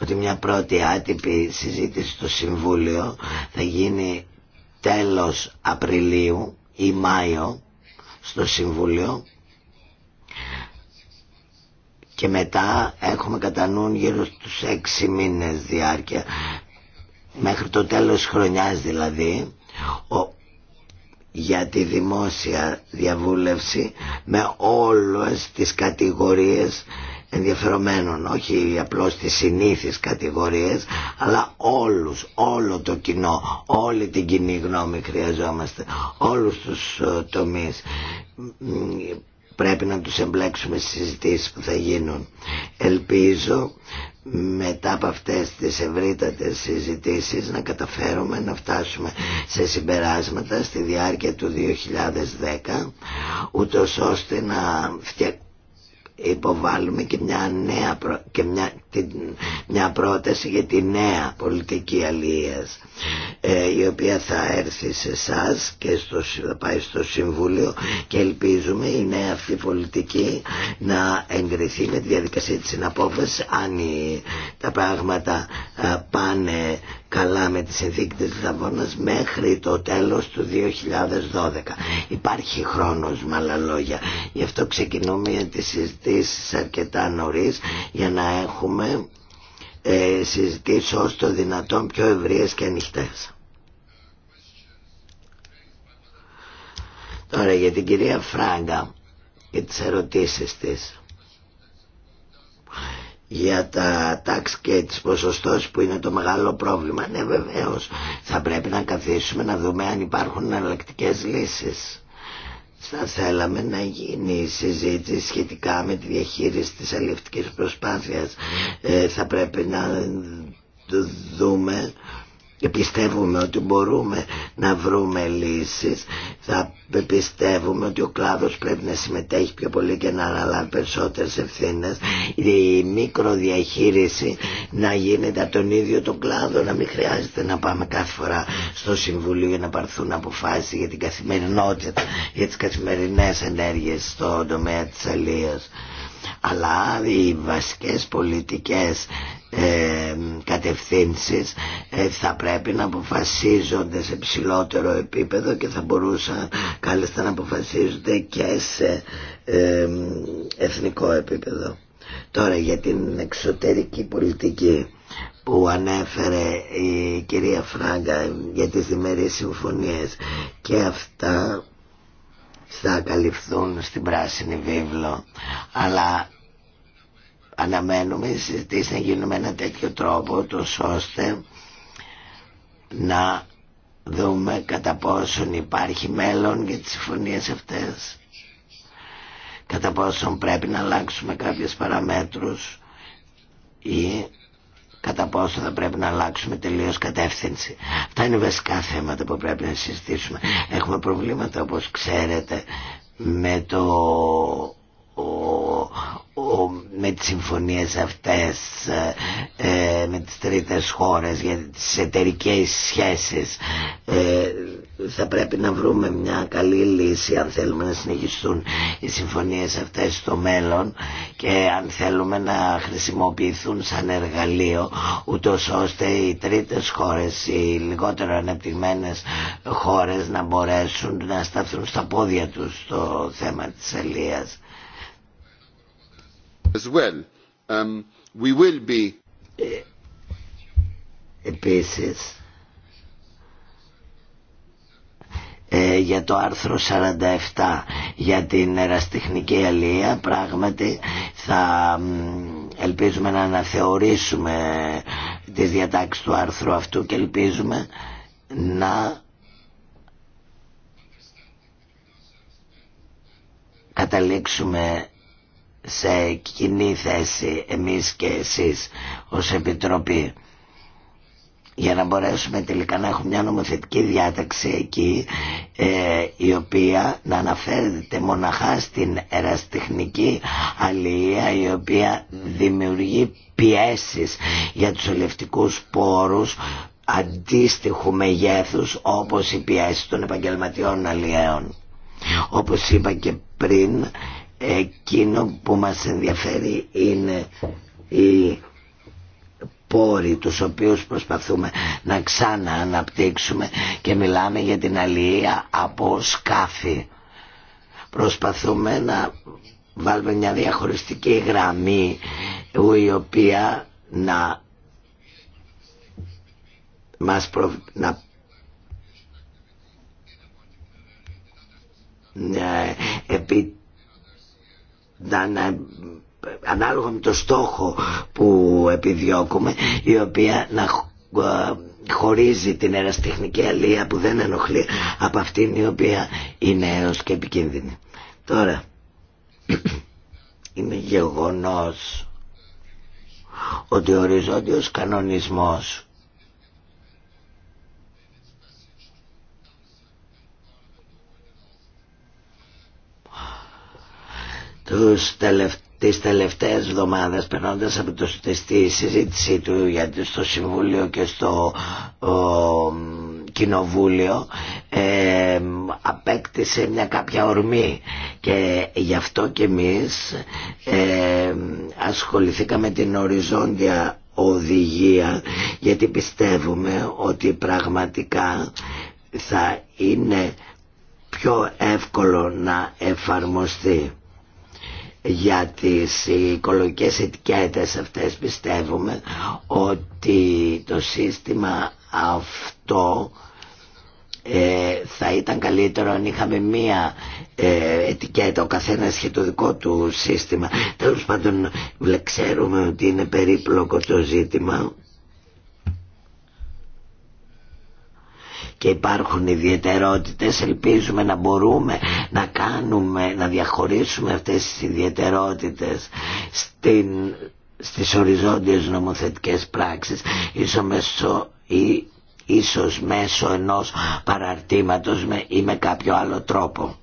ότι μια πρώτη άτυπη συζήτηση στο Συμβούλιο θα γίνει τέλος Απριλίου ή Μάιο στο Συμβούλιο και μετά έχουμε κατά νου γύρω στους έξι μήνες διάρκεια μέχρι το τέλος χρονιάς δηλαδή ο, για τη δημόσια διαβούλευση με όλες τις κατηγορίες ενδιαφερομένων όχι απλώς τις συνήθεις κατηγορίες αλλά όλους, όλο το κοινό όλη την κοινή γνώμη χρειαζόμαστε όλους τους ε, τομείς πρέπει να τους εμπλέξουμε στις συζητήσεις που θα γίνουν ελπίζω μετά από αυτές τις ευρύτατες συζητήσεις να καταφέρουμε να φτάσουμε σε συμπεράσματα στη διάρκεια του 2010 ούτως ώστε να φτιάξουμε υποβάλουμε και μια νέα και μια, την... μια πρόταση για τη νέα πολιτική αλίας ε, η οποία θα έρθει σε εσά και στο, θα πάει στο Συμβούλιο και ελπίζουμε η νέα αυτή πολιτική να εγκριθεί με τη διαδικασία της συναπόφασης αν τα πράγματα ε, πάνε καλά με τις ενδείκτες της Λαβώνας μέχρι το τέλος του 2012. Υπάρχει χρόνος με άλλα λόγια. Γι' αυτό ξεκινούμε τις συζητήσεις αρκετά νωρίς για να έχουμε ε, συζητήσεις ως το δυνατόν πιο ευρείες και ανοιχτές. Τώρα για την κυρία Φράγκα και τις ερωτήσεις της για τα τάξη και τις που είναι το μεγάλο πρόβλημα. Ναι βεβαίως θα πρέπει να καθίσουμε να δούμε αν υπάρχουν εναλλακτικέ λύσεις. Θα θέλαμε να γίνει συζήτηση σχετικά με τη διαχείριση της αλληλευτικής προσπάθειας. Ε, θα πρέπει να δούμε και πιστεύουμε ότι μπορούμε να βρούμε λύσεις θα πιστεύουμε ότι ο κλάδος πρέπει να συμμετέχει πιο πολύ και να αναλάβει περισσότερες ευθύνες η μικροδιαχείριση να γίνεται από τον ίδιο τον κλάδο να μην χρειάζεται να πάμε κάθε φορά στο Συμβουλίο για να πάρθουν αποφάσεις για την καθημερινότητα για τις καθημερινές ενέργειες στον τομέα της αλίας αλλά οι βασικές πολιτικές ε, κατευθύνσεις θα πρέπει να αποφασίζονται σε ψηλότερο επίπεδο και θα μπορούσαν κάλλιστα να αποφασίζονται και σε εθνικό επίπεδο. Τώρα για την εξωτερική πολιτική που ανέφερε η κυρία Φράγκα για τις διμερείς συμφωνίες και αυτά θα καλυφθούν στην πράσινη βίβλο αλλά αναμένουμε οι συζητήσεις να γίνουν με ένα τέτοιο τρόπο το ώστε να δούμε κατά πόσον υπάρχει μέλλον για τις συμφωνίες αυτές κατά πόσον πρέπει να αλλάξουμε κάποιες παραμέτρους ή κατά πόσο θα πρέπει να αλλάξουμε τελείως κατεύθυνση. Αυτά είναι βασικά θέματα που πρέπει να συζητήσουμε. Έχουμε προβλήματα όπως ξέρετε με το ο, με τις συμφωνίες αυτές ε, με τις τρίτες χώρες για τις εταιρικές σχέσεις ε, θα πρέπει να βρούμε μια καλή λύση αν θέλουμε να συνεχιστούν οι συμφωνίες αυτές στο μέλλον και αν θέλουμε να χρησιμοποιηθούν σαν εργαλείο ούτω ώστε οι τρίτες χώρες, οι λιγότερο ανεπτυγμένες χώρες να μπορέσουν να σταθούν στα πόδια τους στο θέμα της Ελίας. As well. Um, we ε, ε, για το άρθρο 47 για την εραστιχνική αλληλεία πράγματι θα ελπίζουμε να αναθεωρήσουμε τις διατάξεις του άρθρου αυτού και ελπίζουμε να καταλήξουμε σε κοινή θέση εμείς και εσείς ως Επιτροπή για να μπορέσουμε τελικά να έχουμε μια νομοθετική διάταξη εκεί ε, η οποία να αναφέρεται μοναχά στην εραστεχνική αλληλεία η οποία δημιουργεί πιέσεις για τους ελευτικούς πόρους αντίστοιχου μεγέθους όπως οι πιέσεις των επαγγελματιών αλλιέων. Όπως είπα και πριν Εκείνο που μας ενδιαφέρει είναι οι πόροι τους οποίους προσπαθούμε να ξανααναπτύξουμε και μιλάμε για την αλληλεία από σκάφη. Προσπαθούμε να βάλουμε μια διαχωριστική γραμμή η οποία να μας προ... να... Ναι, επι ανάλογα με το στόχο που επιδιώκουμε η οποία να ε, χωρίζει την εραστεχνική αλία που δεν ενοχλεί από αυτήν η οποία είναι έως και επικίνδυνη. Τώρα, (clears throat) είναι γεγονός ότι ο οριζόντιος κανονισμός τους τελευταίους τις τελευταίες εβδομάδες περνώντας από το, στη συζήτησή του για, στο Συμβούλιο και στο Κοινοβούλιο ε, απέκτησε μια κάποια ορμή και γι' αυτό και εμείς ε, ασχοληθήκαμε την οριζόντια οδηγία γιατί πιστεύουμε ότι πραγματικά θα είναι πιο εύκολο να εφαρμοστεί για τις οικολογικές ετικέτες αυτές πιστεύουμε ότι το σύστημα αυτό ε, θα ήταν καλύτερο αν είχαμε μία ε, ετικέτα, ο καθένας είχε το δικό του σύστημα. Τέλος πάντων ξέρουμε ότι είναι περίπλοκο το ζήτημα και υπάρχουν ιδιαιτερότητες ελπίζουμε να μπορούμε να κάνουμε να διαχωρίσουμε αυτές τις ιδιαιτερότητες στην, στις οριζόντιες νομοθετικές πράξεις ίσως μέσω, ή, ίσως μέσω ενός παραρτήματος με, ή με κάποιο άλλο τρόπο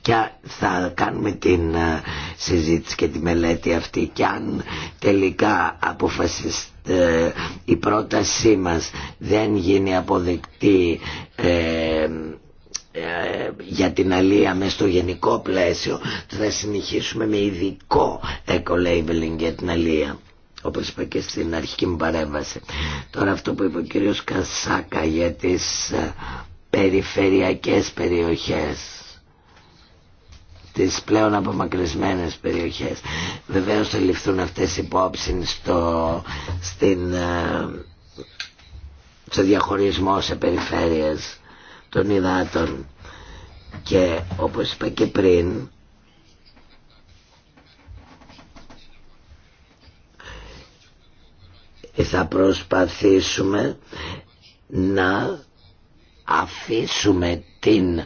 και θα κάνουμε την ε, συζήτηση και τη μελέτη αυτή και αν τελικά αποφασιστεί ε, η πρότασή μας δεν γίνει αποδεκτή ε, για την αλία μες στο γενικό πλαίσιο θα συνεχίσουμε με ειδικό eco-labeling για την αλία όπως είπα και στην αρχική μου παρέμβαση τώρα αυτό που είπε ο κύριος Κασάκα για τις περιφερειακές περιοχές τις πλέον απομακρυσμένες περιοχές. Βεβαίως θα ληφθούν αυτές υπόψη στο, στην, ε, στο διαχωρισμό σε περιφέρειες των υδάτων και όπως είπα και πριν θα προσπαθήσουμε να αφήσουμε την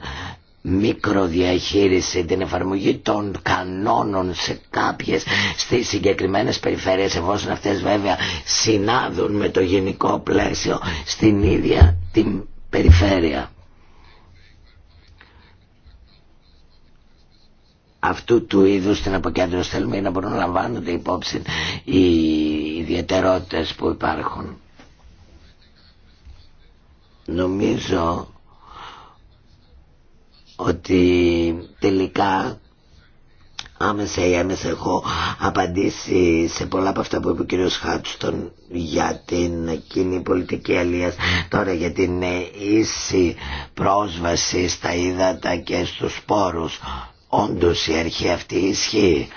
μικροδιαχείριση, την εφαρμογή των κανόνων σε κάποιες στις συγκεκριμένες περιφέρειες εφόσον αυτές βέβαια συνάδουν με το γενικό πλαίσιο στην ίδια την περιφέρεια. αυτού του είδους στην αποκέντρωση θέλουμε να μπορούν να λαμβάνονται υπόψη οι ιδιαιτερότητες που υπάρχουν. Νομίζω ότι τελικά άμεσα ή έμεσα έχω απαντήσει σε πολλά από αυτά που είπε ο κύριος Χάτστον για την κοινή πολιτική αλίας τώρα για την ίση πρόσβαση στα ύδατα και στους πόρους όντως η αρχή αυτή ισχύει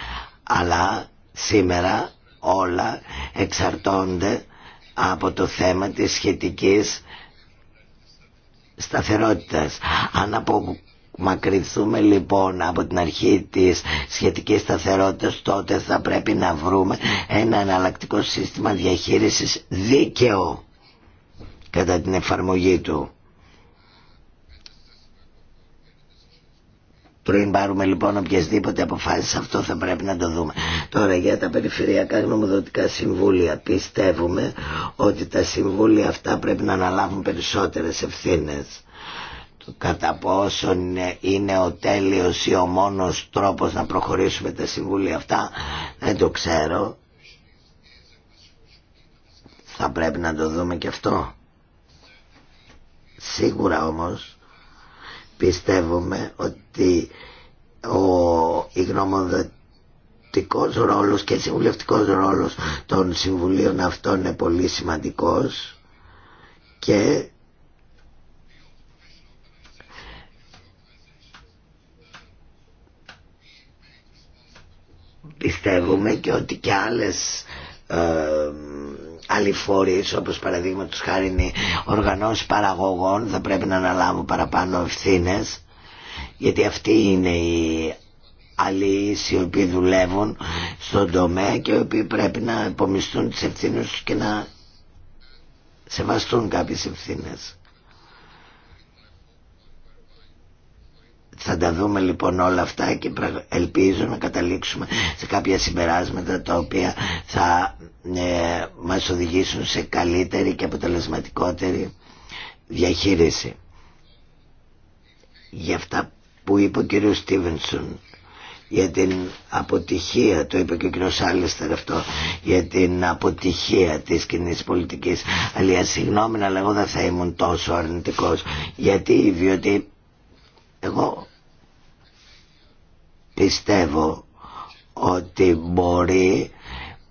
αλλά σήμερα όλα εξαρτώνται από το θέμα της σχετικής σταθερότητας αν από Μακριθούμε λοιπόν από την αρχή της σχετικής σταθερότητας τότε θα πρέπει να βρούμε ένα εναλλακτικό σύστημα διαχείρισης δίκαιο κατά την εφαρμογή του. Πριν πάρουμε λοιπόν οποιασδήποτε αποφάσεις αυτό θα πρέπει να το δούμε. Τώρα για τα περιφερειακά γνωμοδοτικά συμβούλια πιστεύουμε ότι τα συμβούλια αυτά πρέπει να αναλάβουν περισσότερες ευθύνες κατά πόσον είναι ο τέλειος ή ο μόνος τρόπος να προχωρήσουμε τα συμβούλια αυτά δεν το ξέρω θα πρέπει να το δούμε και αυτό σίγουρα όμως πιστεύουμε ότι ο, η ρόλος και συμβουλευτικός ρόλος των συμβουλίων αυτών είναι πολύ σημαντικός και πιστεύουμε και ότι και άλλες ε, άλλοι φορείς όπως παραδείγματος χάρη είναι οργανώσεις παραγωγών θα πρέπει να αναλάβουν παραπάνω ευθύνε, γιατί αυτοί είναι οι αλληλείς οι οποίοι δουλεύουν στον τομέα και οι οποίοι πρέπει να υπομισθούν τις ευθύνες τους και να σεβαστούν κάποιες ευθύνες. Θα τα δούμε λοιπόν όλα αυτά και ελπίζω να καταλήξουμε σε κάποια συμπεράσματα τα οποία θα ε, μας οδηγήσουν σε καλύτερη και αποτελεσματικότερη διαχείριση. Για αυτά που είπε ο κ. Στίβενσον για την αποτυχία, το είπε και ο κ. Σάλιστερ αυτό, για την αποτυχία της κοινή πολιτικής. Αλλά συγγνώμη, αλλά εγώ δεν θα ήμουν τόσο αρνητικός, γιατί, διότι εγώ πιστεύω ότι μπορεί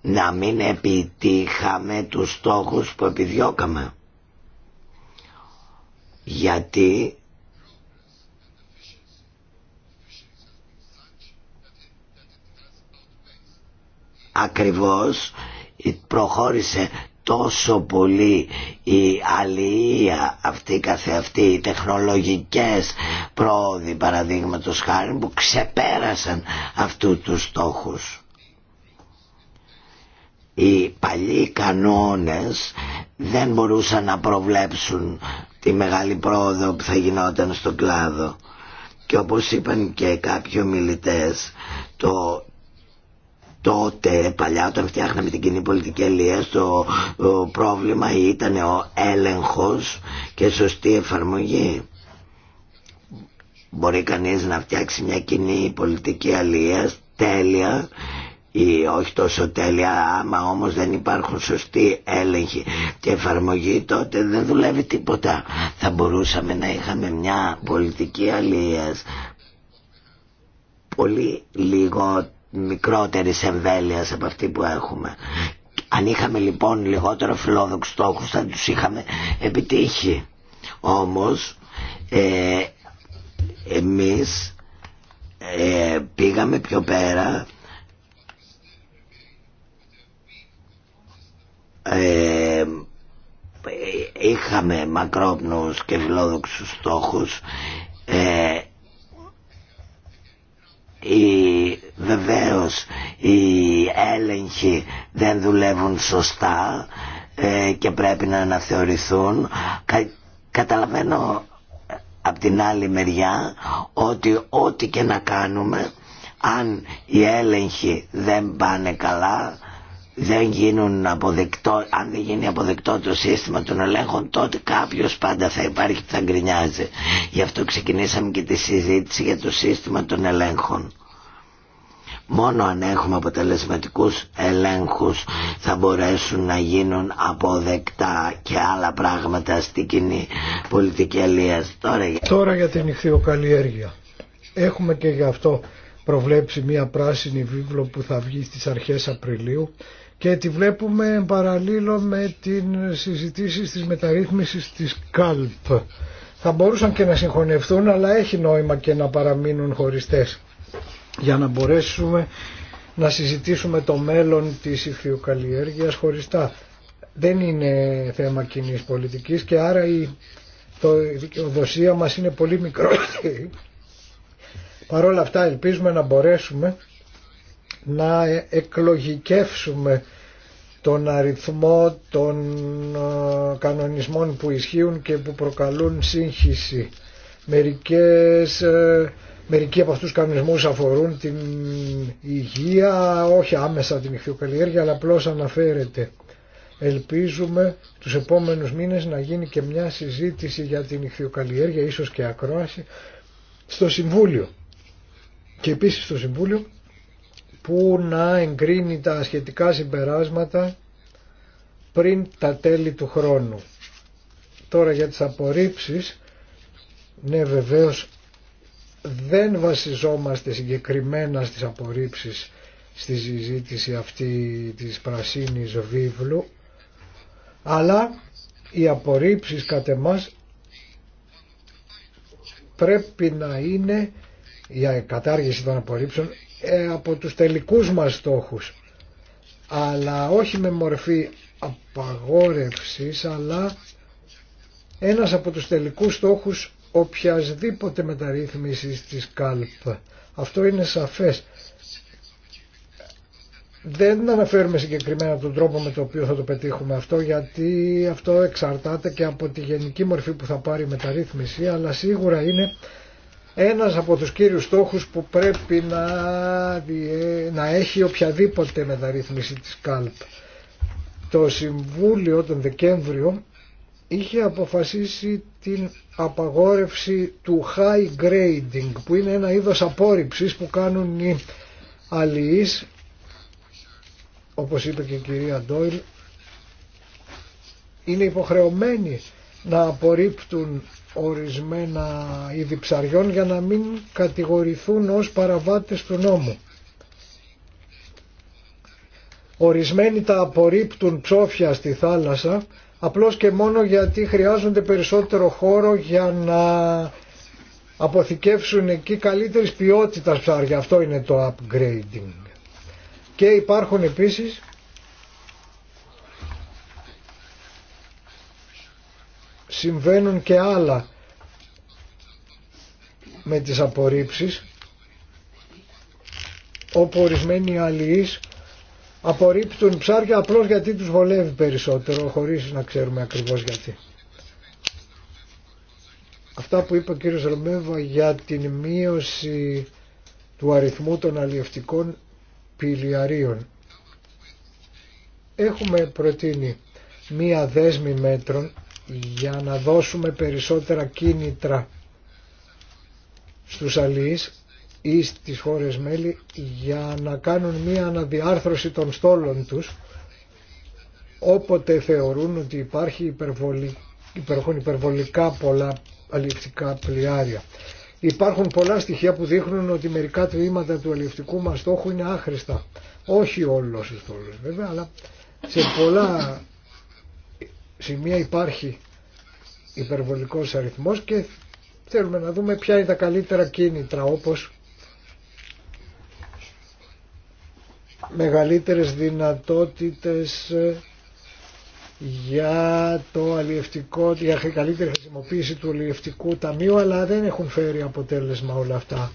να μην επιτύχαμε τους στόχους που επιδιώκαμε. Γιατί ακριβώς προχώρησε τόσο πολύ η αλληλεία αυτή καθεαυτή οι τεχνολογικές πρόοδοι παραδείγματος χάρη που ξεπέρασαν αυτού τους στόχους οι παλιοί κανόνες δεν μπορούσαν να προβλέψουν τη μεγάλη πρόοδο που θα γινόταν στον κλάδο και όπως είπαν και κάποιοι ομιλητές το τότε παλιά όταν φτιάχναμε την κοινή πολιτική αλληλεία το πρόβλημα ήταν ο έλεγχος και σωστή εφαρμογή. Μπορεί κανείς να φτιάξει μια κοινή πολιτική αλληλεία τέλεια ή όχι τόσο τέλεια άμα όμως δεν υπάρχουν σωστοί έλεγχοι και εφαρμογή τότε δεν δουλεύει τίποτα. Θα μπορούσαμε να είχαμε μια πολιτική αλληλείας πολύ λιγότερο μικρότερης εμβέλειας από αυτή που έχουμε. Αν είχαμε λοιπόν λιγότερο φιλόδοξους στόχους θα τους είχαμε επιτύχει. Όμως ε, εμείς ε, πήγαμε πιο πέρα ε, είχαμε μακρόπνους και φιλόδοξους στόχους ε, οι, βεβαίως οι έλεγχοι δεν δουλεύουν σωστά ε, και πρέπει να αναθεωρηθούν Κα, καταλαβαίνω ε, από την άλλη μεριά ότι ό,τι και να κάνουμε αν οι έλεγχοι δεν πάνε καλά δεν γίνουν αποδεκτό, αν δεν γίνει αποδεκτό το σύστημα των ελέγχων τότε κάποιος πάντα θα υπάρχει που θα γκρινιάζει. Γι' αυτό ξεκινήσαμε και τη συζήτηση για το σύστημα των ελέγχων. Μόνο αν έχουμε αποτελεσματικούς ελέγχους θα μπορέσουν να γίνουν αποδεκτά και άλλα πράγματα στην κοινή πολιτική αλίας. Τώρα, Τώρα για την ηχθειοκαλλιέργεια. Έχουμε και γι' αυτό προβλέψει μια πράσινη βίβλο που θα βγει στις αρχές Απριλίου και τη βλέπουμε παραλίλω με την συζητήση της μεταρρύθμισης της ΚΑΛΠ. Θα μπορούσαν και να συγχωνευτούν αλλά έχει νόημα και να παραμείνουν χωριστές για να μπορέσουμε να συζητήσουμε το μέλλον της ηχθειοκαλλιέργειας χωριστά. Δεν είναι θέμα κοινή πολιτικής και άρα η, το, η δικαιοδοσία μας είναι πολύ μικρότερη. Παρ' αυτά ελπίζουμε να μπορέσουμε να ε, εκλογικεύσουμε τον αριθμό των ε, κανονισμών που ισχύουν και που προκαλούν σύγχυση. Μερικές, ε, μερικοί από αυτούς τους κανονισμούς αφορούν την υγεία, όχι άμεσα την ηχθειοκαλλιέργεια, αλλά απλώ αναφέρεται. Ελπίζουμε τους επόμενους μήνες να γίνει και μια συζήτηση για την ηχθειοκαλλιέργεια, ίσως και ακρόαση, στο Συμβούλιο. Και επίσης στο Συμβούλιο που να εγκρίνει τα σχετικά συμπεράσματα πριν τα τέλη του χρόνου. Τώρα για τις απορρίψεις, ναι βεβαίως δεν βασιζόμαστε συγκεκριμένα στις απορρίψεις στη συζήτηση αυτή της πρασίνης βίβλου, αλλά οι απορρίψεις κατ' εμάς πρέπει να είναι, η κατάργηση των απορρίψεων, ε, από τους τελικούς μας στόχους αλλά όχι με μορφή απαγόρευσης αλλά ένας από τους τελικούς στόχους οποιασδήποτε μεταρρύθμισης της ΚΑΛΠ. Αυτό είναι σαφές. Δεν αναφέρουμε συγκεκριμένα τον τρόπο με τον οποίο θα το πετύχουμε αυτό γιατί αυτό εξαρτάται και από τη γενική μορφή που θα πάρει η μεταρρύθμιση αλλά σίγουρα είναι ένας από τους κύριους στόχους που πρέπει να, να έχει οποιαδήποτε μεταρρύθμιση της ΚΑΛΠ. Το Συμβούλιο τον Δεκέμβριο είχε αποφασίσει την απαγόρευση του high grading που είναι ένα είδος απόρριψης που κάνουν οι αλληλείς όπως είπε και η κυρία Ντόιλ είναι υποχρεωμένοι να απορρίπτουν ορισμένα είδη ψαριών για να μην κατηγορηθούν ως παραβάτες του νόμου. Ορισμένοι τα απορρίπτουν ψόφια στη θάλασσα απλώς και μόνο γιατί χρειάζονται περισσότερο χώρο για να αποθηκεύσουν εκεί καλύτερης ποιότητας ψάρια. Αυτό είναι το upgrading. Και υπάρχουν επίσης συμβαίνουν και άλλα με τις απορρίψεις όπου ορισμένοι αλληλείς απορρίπτουν ψάρια απλώς γιατί τους βολεύει περισσότερο χωρίς να ξέρουμε ακριβώς γιατί. Αυτά που είπε ο κύριος Ρωμέβα για την μείωση του αριθμού των αλλιευτικών πηλιαρίων. Έχουμε προτείνει μία δέσμη μέτρων για να δώσουμε περισσότερα κίνητρα στους αλείς ή στις χώρες μέλη για να κάνουν μία αναδιάρθρωση των στόλων τους όποτε θεωρούν ότι υπάρχει υπάρχουν υπερβολικά πολλά αλληλευτικά πλοιάρια. Υπάρχουν πολλά στοιχεία που δείχνουν ότι μερικά τμήματα του αλληλευτικού μας στόχου είναι άχρηστα. Όχι όλος ο στόλος βέβαια, αλλά σε πολλά σημεία υπάρχει υπερβολικός αριθμός και θέλουμε να δούμε ποια είναι τα καλύτερα κίνητρα όπως μεγαλύτερες δυνατότητες για το αλλιευτικό, για καλύτερη χρησιμοποίηση του αλλιευτικού ταμείου αλλά δεν έχουν φέρει αποτέλεσμα όλα αυτά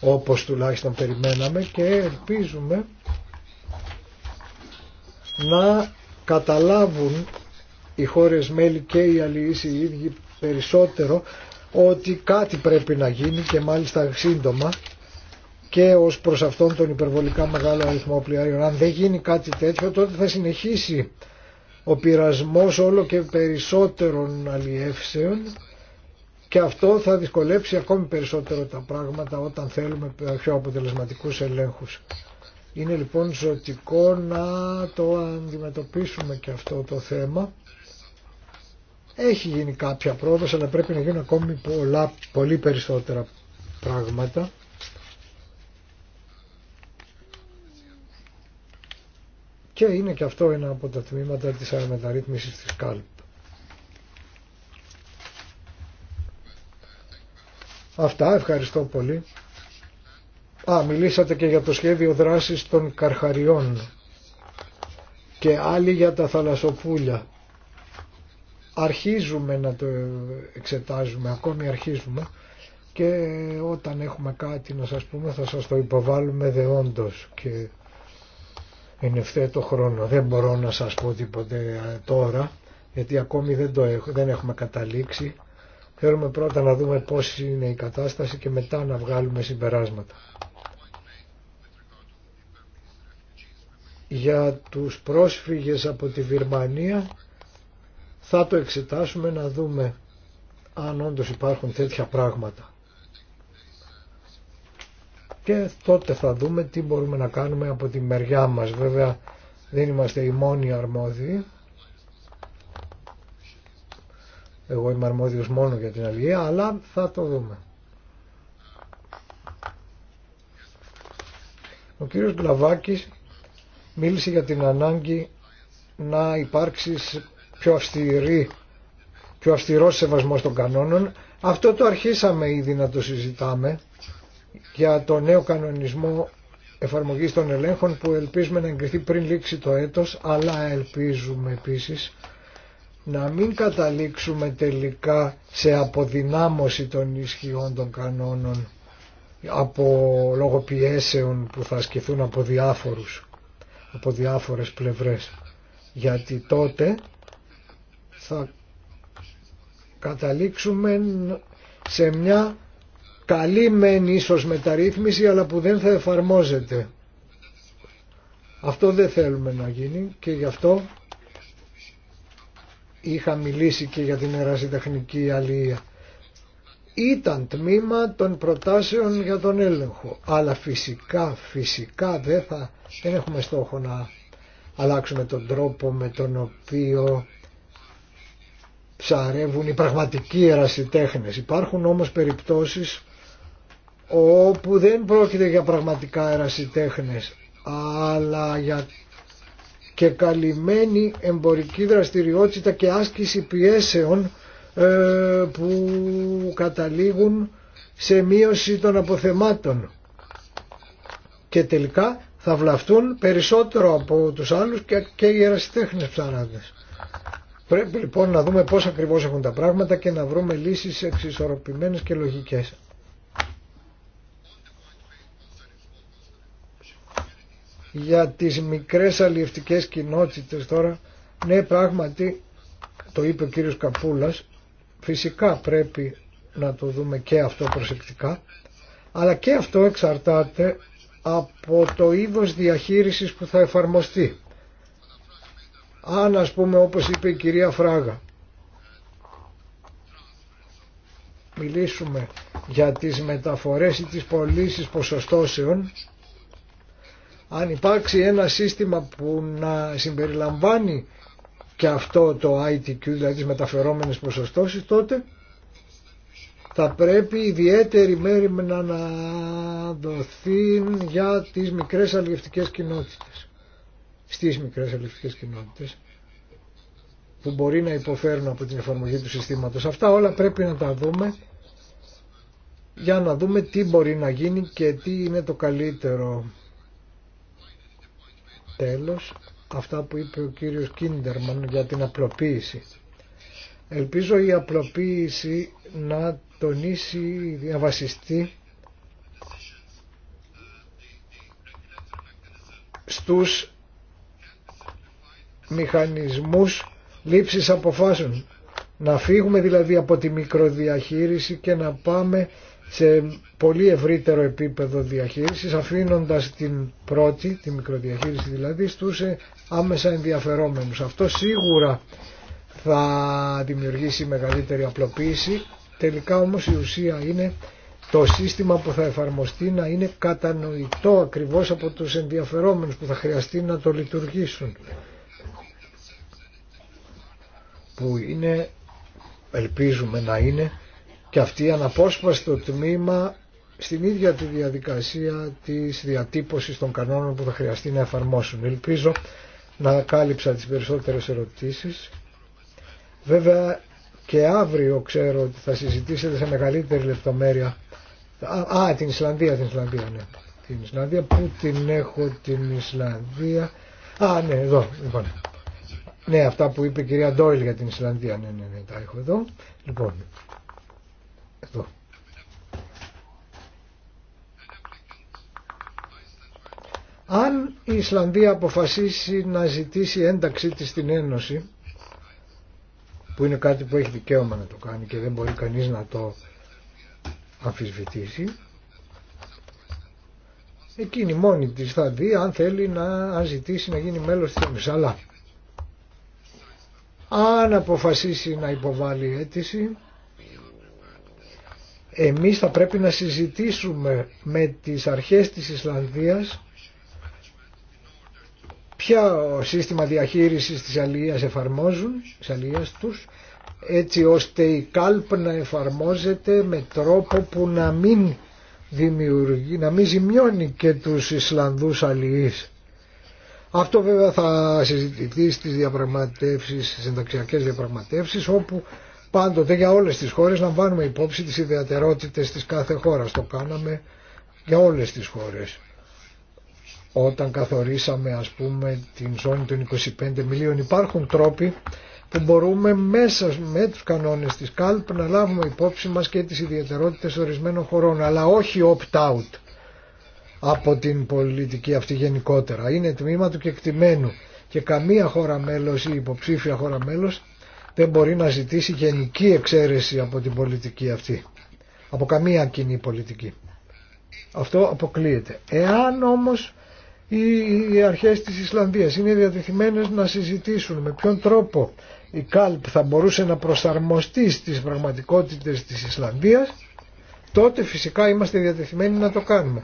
όπως τουλάχιστον περιμέναμε και ελπίζουμε να καταλάβουν οι χώρες μέλη και οι αλληλείς οι ίδιοι περισσότερο ότι κάτι πρέπει να γίνει και μάλιστα σύντομα και ως προς αυτόν τον υπερβολικά μεγάλο αριθμό πλειάριων Αν δεν γίνει κάτι τέτοιο τότε θα συνεχίσει ο πειρασμός όλο και περισσότερων αλλιεύσεων και αυτό θα δυσκολέψει ακόμη περισσότερο τα πράγματα όταν θέλουμε πιο αποτελεσματικούς ελέγχους. Είναι λοιπόν ζωτικό να το αντιμετωπίσουμε και αυτό το θέμα έχει γίνει κάποια πρόοδος αλλά πρέπει να γίνουν ακόμη πολλά, πολύ περισσότερα πράγματα. Και είναι και αυτό ένα από τα τμήματα της αερομεταρρύθμισης της ΚΑΛΠ. Αυτά, ευχαριστώ πολύ. Α, μιλήσατε και για το σχέδιο δράσης των καρχαριών και άλλοι για τα θαλασσοπούλια αρχίζουμε να το εξετάζουμε, ακόμη αρχίζουμε και όταν έχουμε κάτι να σας πούμε θα σας το υποβάλουμε δεόντως και είναι ευθέτω χρόνο. Δεν μπορώ να σας πω τίποτε τώρα γιατί ακόμη δεν, έχουμε καταλήξει. Θέλουμε πρώτα να δούμε πώς είναι η κατάσταση και μετά να βγάλουμε συμπεράσματα. Για τους πρόσφυγες από τη Βυρμανία θα το εξετάσουμε να δούμε αν όντως υπάρχουν τέτοια πράγματα. Και τότε θα δούμε τι μπορούμε να κάνουμε από τη μεριά μας. Βέβαια δεν είμαστε οι μόνοι αρμόδιοι. Εγώ είμαι αρμόδιος μόνο για την αλληλεία, αλλά θα το δούμε. Ο κύριος Γκλαβάκης μίλησε για την ανάγκη να υπάρξει πιο, αυστηρή, πιο αυστηρός των κανόνων. Αυτό το αρχίσαμε ήδη να το συζητάμε για το νέο κανονισμό εφαρμογή των ελέγχων που ελπίζουμε να εγκριθεί πριν λήξει το έτος αλλά ελπίζουμε επίσης να μην καταλήξουμε τελικά σε αποδυνάμωση των ισχυών των κανόνων από λόγω πιέσεων που θα ασκηθούν από διάφορους από διάφορες πλευρές γιατί τότε θα καταλήξουμε σε μια καλή μεν ίσως μεταρρύθμιση αλλά που δεν θα εφαρμόζεται. Αυτό δεν θέλουμε να γίνει και γι' αυτό είχα μιλήσει και για την ερασιτεχνική αλληλεία. Ήταν τμήμα των προτάσεων για τον έλεγχο, αλλά φυσικά, φυσικά δεν, θα, δεν έχουμε στόχο να αλλάξουμε τον τρόπο με τον οποίο ψαρεύουν οι πραγματικοί ερασιτέχνες. Υπάρχουν όμως περιπτώσεις όπου δεν πρόκειται για πραγματικά ερασιτέχνες αλλά για και καλυμμένη εμπορική δραστηριότητα και άσκηση πιέσεων ε, που καταλήγουν σε μείωση των αποθεμάτων και τελικά θα βλαφτούν περισσότερο από τους άλλους και, και οι ερασιτέχνες ψαράδες. Πρέπει λοιπόν να δούμε πώς ακριβώς έχουν τα πράγματα και να βρούμε λύσεις εξισορροπημένες και λογικές. Για τις μικρές αλλιευτικές κοινότητες τώρα, ναι πράγματι, το είπε ο κύριος Καπούλας, φυσικά πρέπει να το δούμε και αυτό προσεκτικά, αλλά και αυτό εξαρτάται από το είδος διαχείρισης που θα εφαρμοστεί αν ας πούμε όπως είπε η κυρία Φράγα μιλήσουμε για τις μεταφορές ή τις πωλήσει ποσοστώσεων αν υπάρξει ένα σύστημα που να συμπεριλαμβάνει και αυτό το ITQ, δηλαδή τις μεταφερόμενες ποσοστώσεις, τότε θα πρέπει ιδιαίτερη μέρη να δοθεί για τις μικρές αλληλευτικές κοινότητες στις μικρές ελευθερικές κοινότητες που μπορεί να υποφέρουν από την εφαρμογή του συστήματος. Αυτά όλα πρέπει να τα δούμε για να δούμε τι μπορεί να γίνει και τι είναι το καλύτερο. Τέλος, αυτά που είπε ο κύριος Κίντερμαν για την απλοποίηση. Ελπίζω η απλοποίηση να τονίσει, να βασιστεί στους μηχανισμούς λήψης αποφάσεων. Να φύγουμε δηλαδή από τη μικροδιαχείριση και να πάμε σε πολύ ευρύτερο επίπεδο διαχείρισης αφήνοντας την πρώτη, τη μικροδιαχείριση δηλαδή, στους ε, άμεσα ενδιαφερόμενους. Αυτό σίγουρα θα δημιουργήσει μεγαλύτερη απλοποίηση. Τελικά όμως η ουσία είναι το σύστημα που θα εφαρμοστεί να είναι κατανοητό ακριβώς από τους ενδιαφερόμενους που θα χρειαστεί να το λειτουργήσουν που είναι, ελπίζουμε να είναι, και αυτή αναπόσπαστο τμήμα στην ίδια τη διαδικασία της διατύπωσης των κανόνων που θα χρειαστεί να εφαρμόσουν. Ελπίζω να κάλυψα τις περισσότερες ερωτήσεις. Βέβαια και αύριο ξέρω ότι θα συζητήσετε σε μεγαλύτερη λεπτομέρεια. Α, α την Ισλανδία, την Ισλανδία, ναι. Την Ισλανδία, πού την έχω την Ισλανδία. Α, ναι, εδώ, λοιπόν. Ναι, αυτά που είπε η κυρία Ντόιλ για την Ισλανδία. Ναι, ναι, ναι, τα έχω εδώ. Λοιπόν, εδώ. Αν η Ισλανδία αποφασίσει να ζητήσει ένταξή της στην Ένωση, που είναι κάτι που έχει δικαίωμα να το κάνει και δεν μπορεί κανείς να το αμφισβητήσει, εκείνη μόνη της θα δει αν θέλει να ζητήσει να γίνει μέλος της Ένωσης. Αλλά αν αποφασίσει να υποβάλει αίτηση, εμείς θα πρέπει να συζητήσουμε με τις αρχές της Ισλανδίας ποιο σύστημα διαχείρισης της αλίας εφαρμόζουν, της αλίας τους, έτσι ώστε η κάλπ να εφαρμόζεται με τρόπο που να μην δημιουργεί, να μην ζημιώνει και τους Ισλανδούς αλληλείς. Αυτό βέβαια θα συζητηθεί στις διαπραγματεύσεις, στις συνταξιακές διαπραγματεύσεις όπου πάντοτε για όλες τις χώρες λαμβάνουμε υπόψη τις ιδιαιτερότητες της κάθε χώρας. Το κάναμε για όλες τις χώρες. Όταν καθορίσαμε ας πούμε την ζώνη των 25 μιλίων υπάρχουν τρόποι που μπορούμε μέσα με τους κανόνες της ΚΑΛΠ να λάβουμε υπόψη μας και τις ιδιαιτερότητες ορισμένων χωρών αλλά όχι opt-out από την πολιτική αυτή γενικότερα. Είναι τμήμα του κεκτημένου και καμία χώρα μέλος ή υποψήφια χώρα μέλος δεν μπορεί να ζητήσει γενική εξαίρεση από την πολιτική αυτή. Από καμία κοινή πολιτική. Αυτό αποκλείεται. Εάν όμως οι αρχές της Ισλανδίας είναι διατεθειμένες να συζητήσουν με ποιον τρόπο η ΚΑΛΠ θα μπορούσε να προσαρμοστεί στις πραγματικότητες της Ισλανδίας, τότε φυσικά είμαστε διατεθειμένοι να το κάνουμε.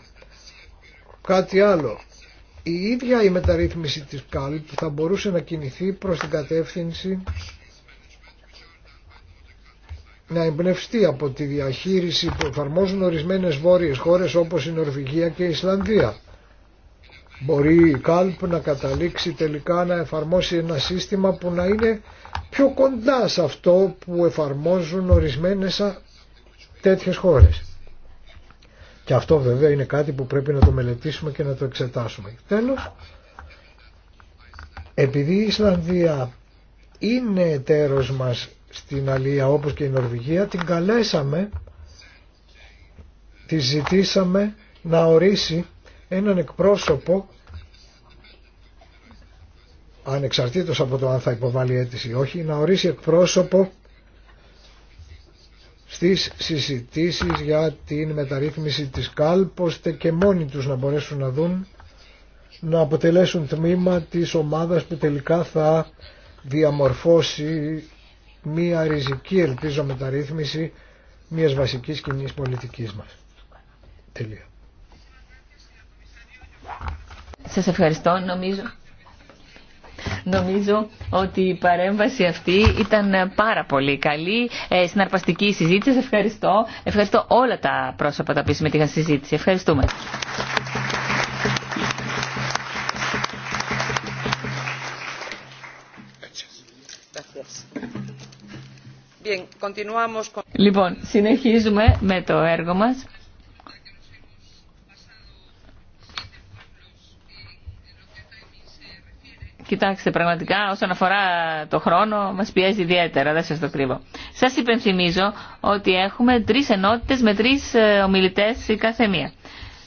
Κάτι άλλο. Η ίδια η μεταρρύθμιση της που θα μπορούσε να κινηθεί προς την κατεύθυνση να εμπνευστεί από τη διαχείριση που εφαρμόζουν ορισμένες βόρειες χώρες όπως η Νορβηγία και η Ισλανδία. Μπορεί η ΚΑΛΠ να καταλήξει τελικά να εφαρμόσει ένα σύστημα που να είναι πιο κοντά σε αυτό που εφαρμόζουν ορισμένες τέτοιες χώρες. Και αυτό βέβαια είναι κάτι που πρέπει να το μελετήσουμε και να το εξετάσουμε. Τέλος, επειδή η Ισλανδία είναι εταίρος μας στην Αλία όπως και η Νορβηγία, την καλέσαμε, τη ζητήσαμε να ορίσει έναν εκπρόσωπο ανεξαρτήτως από το αν θα υποβάλει αίτηση ή όχι, να ορίσει εκπρόσωπο στις συζητήσεις για την μεταρρύθμιση της ΚΑΛΠ ώστε και μόνοι τους να μπορέσουν να δουν να αποτελέσουν τμήμα της ομάδας που τελικά θα διαμορφώσει μία ριζική ελπίζω μεταρρύθμιση μίας βασικής κοινής πολιτικής μας. Τελεία. Σας ευχαριστώ. Νομίζω Νομίζω ότι η παρέμβαση αυτή ήταν πάρα πολύ καλή. Ε, συναρπαστική συζήτηση. Σας ευχαριστώ. Ευχαριστώ όλα τα πρόσωπα τα οποία συμμετείχαν στη συζήτηση. Ευχαριστούμε. Λοιπόν, συνεχίζουμε με το έργο μας. Κοιτάξτε, πραγματικά όσον αφορά το χρόνο μας πιέζει ιδιαίτερα, δεν σας το κρύβω. Σας υπενθυμίζω ότι έχουμε τρεις ενότητες με τρεις ε, ομιλητές κάθε μία.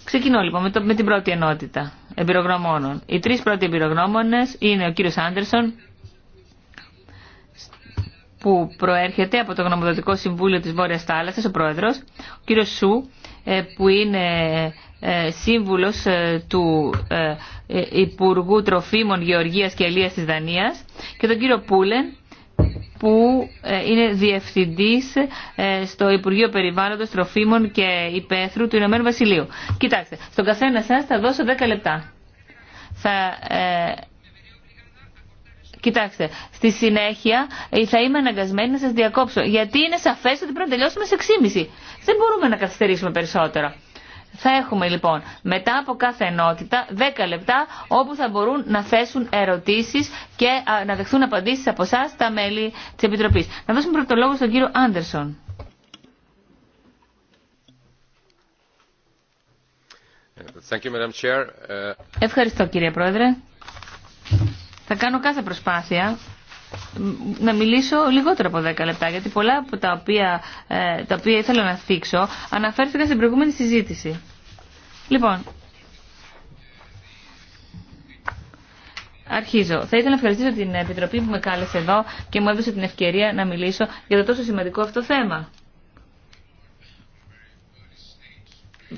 Ξεκινώ λοιπόν με, με την πρώτη ενότητα εμπειρογνωμόνων. Οι τρεις πρώτοι εμπειρογνώμονες είναι ο κύριος Άντερσον, που προέρχεται από το Γνωμοδοτικό Συμβούλιο της Βόρειας Θάλασσας, ο πρόεδρος, ο κύριος Σου, ε, που είναι ε, σύμβουλος του Υπουργού Τροφίμων Γεωργίας και Ελίας της Δανίας και τον κύριο Πούλεν που ε, είναι διευθυντής ε, στο Υπουργείο Περιβάλλοντος Τροφίμων και Υπέθρου του Ηνωμένου Βασιλείου. Κοιτάξτε, στον καθένα σας θα δώσω 10 λεπτά. Ε, κοιτάξτε, στη συνέχεια θα είμαι αναγκασμένη να σας διακόψω, γιατί είναι σαφές ότι πρέπει να τελειώσουμε σε 6.30. Δεν μπορούμε να καθυστερήσουμε περισσότερο. Θα έχουμε λοιπόν μετά από κάθε ενότητα 10 λεπτά όπου θα μπορούν να θέσουν ερωτήσεις και να δεχθούν απαντήσεις από εσά τα μέλη της Επιτροπής. Να δώσουμε πρώτο λόγο στον κύριο Άντερσον. Ε, Ευχαριστώ κύριε Πρόεδρε. Θα κάνω κάθε προσπάθεια να μιλήσω λιγότερο από 10 λεπτά, γιατί πολλά από τα οποία, ε, τα οποία ήθελα να θίξω αναφέρθηκαν στην προηγούμενη συζήτηση. Λοιπόν, Αρχίζω. Θα ήθελα να ευχαριστήσω την Επιτροπή που με κάλεσε εδώ και μου έδωσε την ευκαιρία να μιλήσω για το τόσο σημαντικό αυτό θέμα.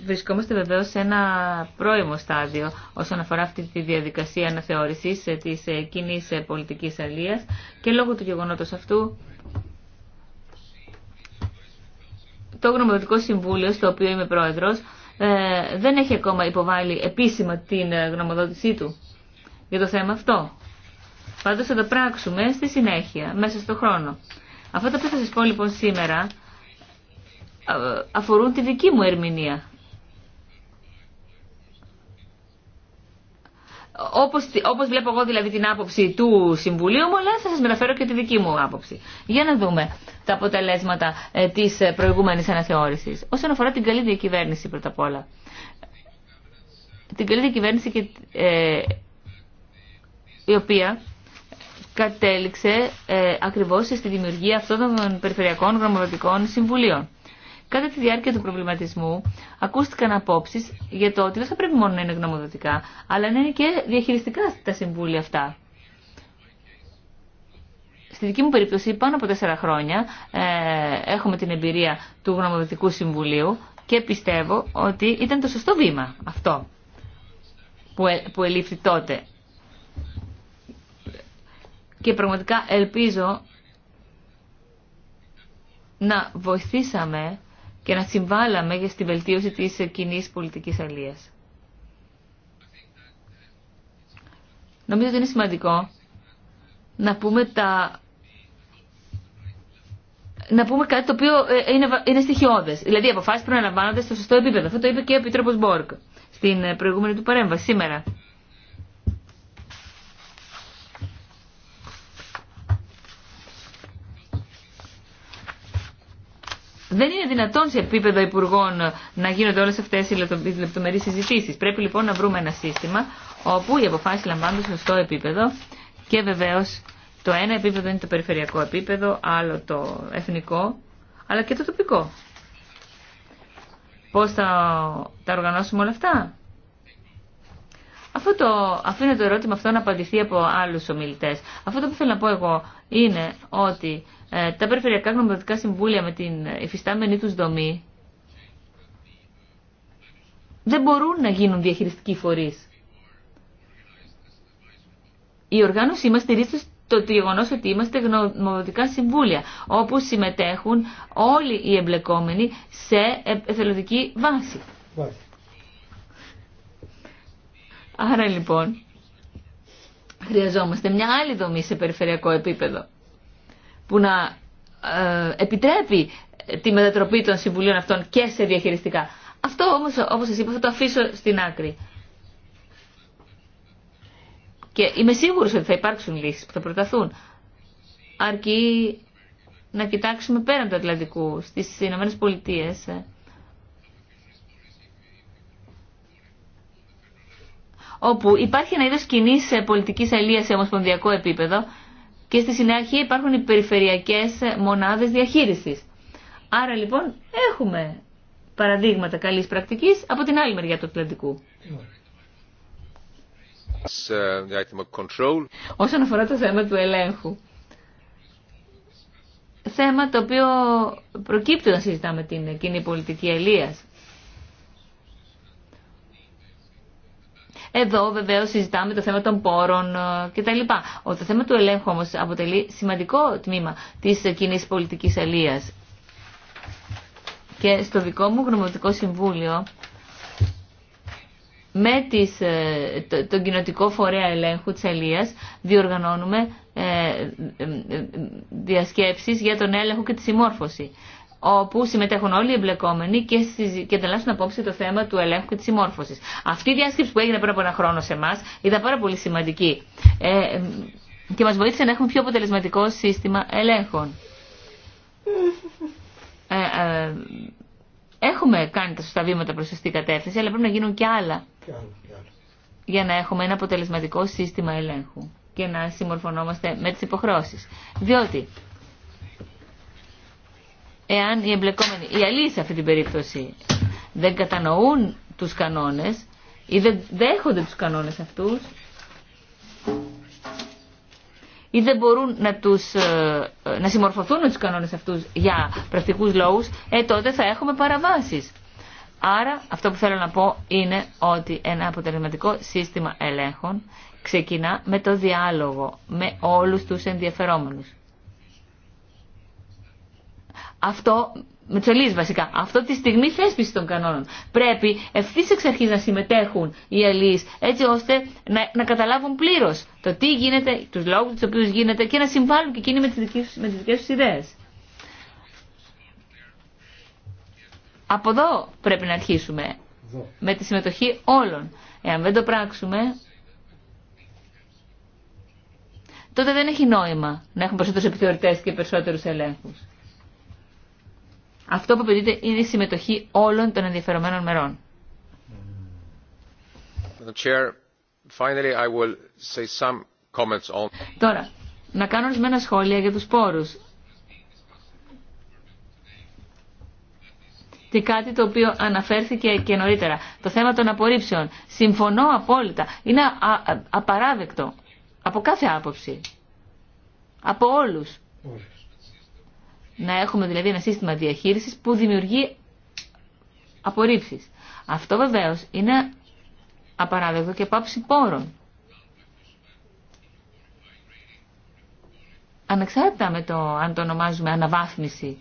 Βρισκόμαστε βεβαίως σε ένα πρώιμο στάδιο όσον αφορά αυτή τη διαδικασία αναθεώρησης ε, της ε, κοινή ε, πολιτικής αλίας και λόγω του γεγονότος αυτού το Γνωμοδοτικό Συμβούλιο, στο οποίο είμαι πρόεδρος, δεν έχει ακόμα υποβάλει επίσημα την γνωμοδότησή του για το θέμα αυτό. Πάντως θα το πράξουμε στη συνέχεια, μέσα στο χρόνο. Αυτά τα θα σας πω λοιπόν σήμερα αφορούν τη δική μου ερμηνεία όπως, όπως βλέπω εγώ δηλαδή την άποψη του Συμβουλίου μου, αλλά θα σας μεταφέρω και τη δική μου άποψη. Για να δούμε τα αποτελέσματα ε, της ε, προηγούμενης αναθεώρησης. Όσον αφορά την καλή διακυβέρνηση πρώτα απ' όλα. Την καλή διακυβέρνηση ε, η οποία κατέληξε ε, ακριβώς στη δημιουργία αυτών των περιφερειακών γραμματικών συμβουλίων. Κατά τη διάρκεια του προβληματισμού ακούστηκαν απόψει για το ότι δεν θα πρέπει μόνο να είναι γνωμοδοτικά, αλλά να είναι και διαχειριστικά τα συμβούλια αυτά. Στη δική μου περίπτωση, πάνω από τέσσερα χρόνια ε, έχουμε την εμπειρία του γνωμοδοτικού συμβουλίου και πιστεύω ότι ήταν το σωστό βήμα αυτό που, ε, που ελήφθη τότε. Και πραγματικά ελπίζω να βοηθήσαμε και να συμβάλαμε για στην βελτίωση της κοινή πολιτικής αλίας. Νομίζω ότι είναι σημαντικό να πούμε τα... Να πούμε κάτι το οποίο ε, είναι, είναι στοιχειώδες. Δηλαδή, οι αποφάσεις πρέπει στο σωστό επίπεδο. Αυτό το είπε και ο Επίτροπος Μπόρκ στην ε, προηγούμενη του παρέμβαση σήμερα. Δεν είναι δυνατόν σε επίπεδο υπουργών να γίνονται όλε αυτέ οι λεπτομερεί συζητήσει. Πρέπει λοιπόν να βρούμε ένα σύστημα όπου οι αποφάσει λαμβάνονται στο σωστό επίπεδο και βεβαίω το ένα επίπεδο είναι το περιφερειακό επίπεδο, άλλο το εθνικό, αλλά και το τοπικό. Πώ θα τα οργανώσουμε όλα αυτά. Αυτό το, αφήνω το ερώτημα αυτό να απαντηθεί από άλλους ομιλητές. Αυτό που θέλω να πω εγώ είναι ότι ε, τα περιφερειακά γνωμοδοτικά συμβούλια με την εφιστάμενη τους δομή δεν μπορούν να γίνουν διαχειριστικοί φορείς. Η οργάνωσή μας στηρίζεται το γεγονό ότι είμαστε γνωμοδοτικά συμβούλια, όπου συμμετέχουν όλοι οι εμπλεκόμενοι σε εθελοντική Βάση. Άρα λοιπόν, χρειαζόμαστε μια άλλη δομή σε περιφερειακό επίπεδο που να ε, επιτρέπει τη μετατροπή των συμβουλίων αυτών και σε διαχειριστικά. Αυτό όμως, όπως σας είπα, θα το αφήσω στην άκρη. Και είμαι σίγουρος ότι θα υπάρξουν λύσεις που θα προταθούν. Αρκεί να κοιτάξουμε πέραν του Ατλαντικού, στις Ηνωμένες Πολιτείες. Ε. Όπου υπάρχει ένα είδος κοινή ε, πολιτικής αλίας σε ομοσπονδιακό επίπεδο, και στη συνέχεια υπάρχουν οι περιφερειακές μονάδες διαχείρισης. Άρα λοιπόν έχουμε παραδείγματα καλής πρακτικής από την άλλη μεριά του Ατλαντικού. Όσον αφορά το θέμα του ελέγχου, θέμα το οποίο προκύπτει να συζητάμε την κοινή πολιτική ελίας. Εδώ βεβαίω συζητάμε το θέμα των πόρων ε, κτλ. Το θέμα του ελέγχου όμω αποτελεί σημαντικό τμήμα τη κοινή πολιτική αλεία. Και στο δικό μου γνωμοτικό συμβούλιο, με τις, ε, τον κοινοτικό φορέα ελέγχου της Αλίας διοργανώνουμε ε, διασκέψεις για τον έλεγχο και τη συμμόρφωση όπου συμμετέχουν όλοι οι εμπλεκόμενοι και, συζη... και ανταλλάσσουν απόψη το θέμα του ελέγχου και τη συμμόρφωση. Αυτή η διάσκεψη που έγινε πριν από ένα χρόνο σε εμά ήταν πάρα πολύ σημαντική ε, και μα βοήθησε να έχουμε πιο αποτελεσματικό σύστημα ελέγχων. Ε, ε, έχουμε κάνει τα σωστά βήματα προ σωστή κατεύθυνση, αλλά πρέπει να γίνουν και άλλα. Και άλλα, και άλλα. Για να έχουμε ένα αποτελεσματικό σύστημα ελέγχου και να συμμορφωνόμαστε με τι υποχρεώσει. Διότι εάν οι εμπλεκόμενοι, οι αλλοί σε αυτή την περίπτωση δεν κατανοούν τους κανόνες ή δεν δέχονται τους κανόνες αυτούς ή δεν μπορούν να, τους, ε, ε, να συμμορφωθούν τους κανόνες αυτούς για πρακτικούς λόγους, ε, τότε θα έχουμε παραβάσεις. Άρα αυτό που θέλω να πω είναι ότι ένα αποτελεσματικό σύστημα ελέγχων ξεκινά με το διάλογο με όλους τους ενδιαφερόμενους. Αυτό με τσολίζει βασικά. Αυτό τη στιγμή θέσπιση των κανόνων. Πρέπει ευθύ εξ αρχή να συμμετέχουν οι αλληλεί, έτσι ώστε να, να καταλάβουν πλήρω το τι γίνεται, του λόγου του οποίου γίνεται και να συμβάλλουν και εκείνοι με τι δικέ του ιδέε. Από εδώ πρέπει να αρχίσουμε. Με τη συμμετοχή όλων. Εάν δεν το πράξουμε, τότε δεν έχει νόημα να έχουμε περισσότερους επιθεωρητές και περισσότερους ελέγχους. Αυτό που απαιτείται είναι η συμμετοχή όλων των ενδιαφερομένων μερών. Τώρα, να κάνω ορισμένα σχόλια για τους πόρους. Και κάτι το οποίο αναφέρθηκε και νωρίτερα. Το θέμα των απορρίψεων. Συμφωνώ απόλυτα. Είναι απαράδεκτο. Από κάθε άποψη. Από όλους. Να έχουμε δηλαδή ένα σύστημα διαχείρισης που δημιουργεί απορρίψει. Αυτό βεβαίως είναι απαράδεκτο και πάψη πόρων. Ανεξάρτητα με το αν το ονομάζουμε αναβάθμιση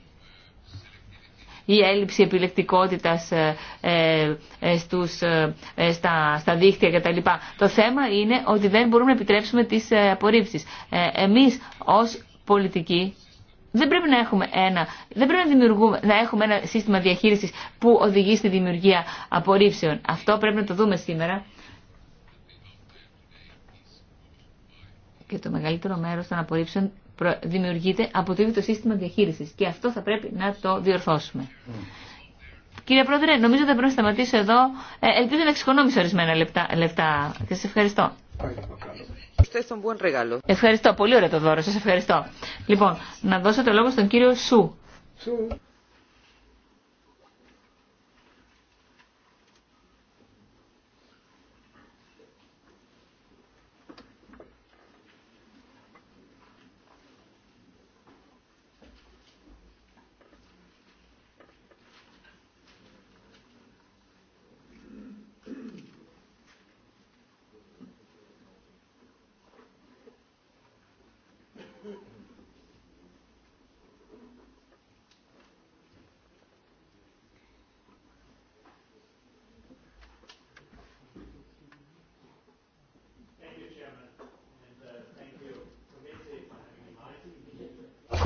ή έλλειψη επιλεκτικότητας ε, ε, ε στους, ε, στα, στα δίχτυα κτλ. Το θέμα είναι ότι δεν μπορούμε να επιτρέψουμε τις απορρίψεις. Εμείς ως πολιτικοί δεν πρέπει να έχουμε ένα, δεν πρέπει να, δημιουργούμε, να έχουμε ένα σύστημα διαχείρισης που οδηγεί στη δημιουργία απορρίψεων. Αυτό πρέπει να το δούμε σήμερα. Και το μεγαλύτερο μέρος των απορρίψεων δημιουργείται από το ίδιο το σύστημα διαχείρισης. Και αυτό θα πρέπει να το διορθώσουμε. Mm. Κύριε Πρόεδρε, νομίζω ότι πρέπει να σταματήσω εδώ. Ε, ελπίζω να εξοικονόμησα ορισμένα λεπτά, λεπτά. ευχαριστώ. Ευχαριστώ. Πολύ ωραίο το δώρο σας. Ευχαριστώ. Λοιπόν, να δώσω το λόγο στον κύριο Σου. Σου.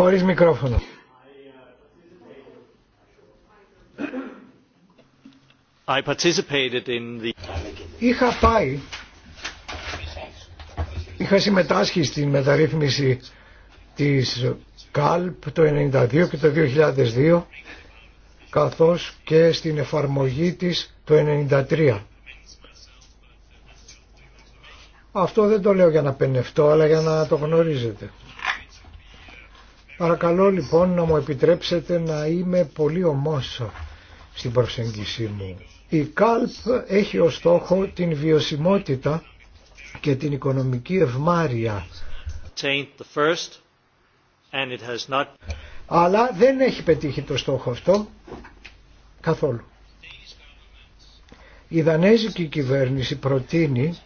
Χωρίς μικρόφωνο. I participated in the... Είχα πάει, είχα συμμετάσχει στην μεταρρύθμιση της ΚΑΛΠ το 1992 και το 2002 καθώς και στην εφαρμογή της το 1993. Αυτό δεν το λέω για να πενευτώ αλλά για να το γνωρίζετε. Παρακαλώ λοιπόν να μου επιτρέψετε να είμαι πολύ ομόσο στην προσέγγιση μου. Η ΚΑΛΠ έχει ως στόχο την βιωσιμότητα και την οικονομική ευμάρεια. Αλλά δεν έχει πετύχει το στόχο αυτό καθόλου. Η Δανέζικη κυβέρνηση προτείνει,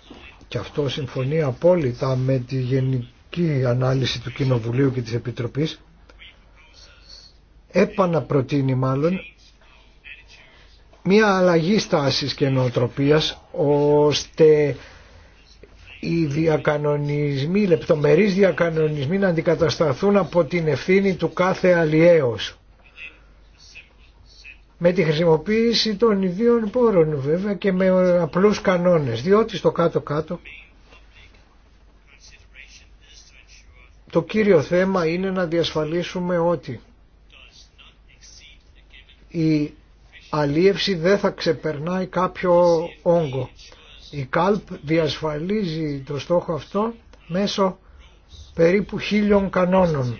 και αυτό συμφωνεί απόλυτα με τη γενική και η ανάλυση του Κοινοβουλίου και της Επιτροπής επαναπροτείνει μάλλον μία αλλαγή στάσης και νοοτροπίας ώστε οι διακανονισμοί, οι λεπτομερείς διακανονισμοί να αντικατασταθούν από την ευθύνη του κάθε αλλιέως. Με τη χρησιμοποίηση των ιδίων πόρων βέβαια και με απλούς κανόνες, διότι στο κάτω-κάτω το κύριο θέμα είναι να διασφαλίσουμε ότι η αλίευση δεν θα ξεπερνάει κάποιο όγκο. Η ΚΑΛΠ διασφαλίζει το στόχο αυτό μέσω περίπου χίλιων κανόνων,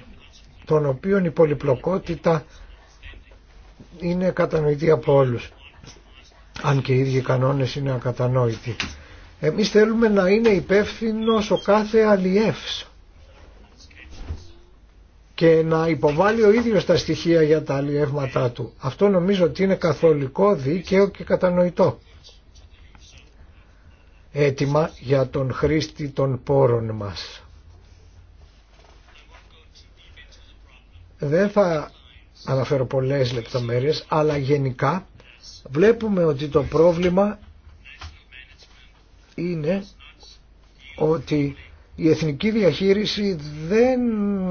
των οποίων η πολυπλοκότητα είναι κατανοητή από όλους, αν και οι ίδιοι κανόνες είναι ακατανόητοι. Εμείς θέλουμε να είναι υπεύθυνος ο κάθε αλιεύς και να υποβάλει ο ίδιος τα στοιχεία για τα αλλιεύματά του. Αυτό νομίζω ότι είναι καθολικό, δίκαιο και κατανοητό. Έτοιμα για τον χρήστη των πόρων μας. Δεν θα αναφέρω πολλές λεπτομέρειες, αλλά γενικά βλέπουμε ότι το πρόβλημα είναι ότι η εθνική διαχείριση δεν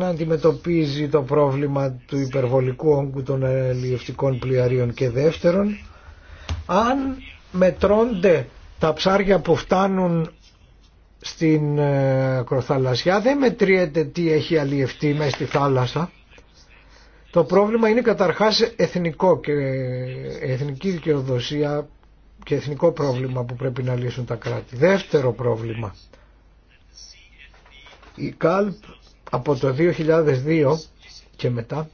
αντιμετωπίζει το πρόβλημα του υπερβολικού όγκου των αλλιευτικών πλοιαρίων και δεύτερον αν μετρώνται τα ψάρια που φτάνουν στην ε, ακροθαλασσιά δεν μετριέται τι έχει αλλιευτεί μέσα στη θάλασσα το πρόβλημα είναι καταρχάς εθνικό και εθνική δικαιοδοσία και εθνικό πρόβλημα που πρέπει να λύσουν τα κράτη. Δεύτερο πρόβλημα η ΚΑΛΠ από το 2002 και μετά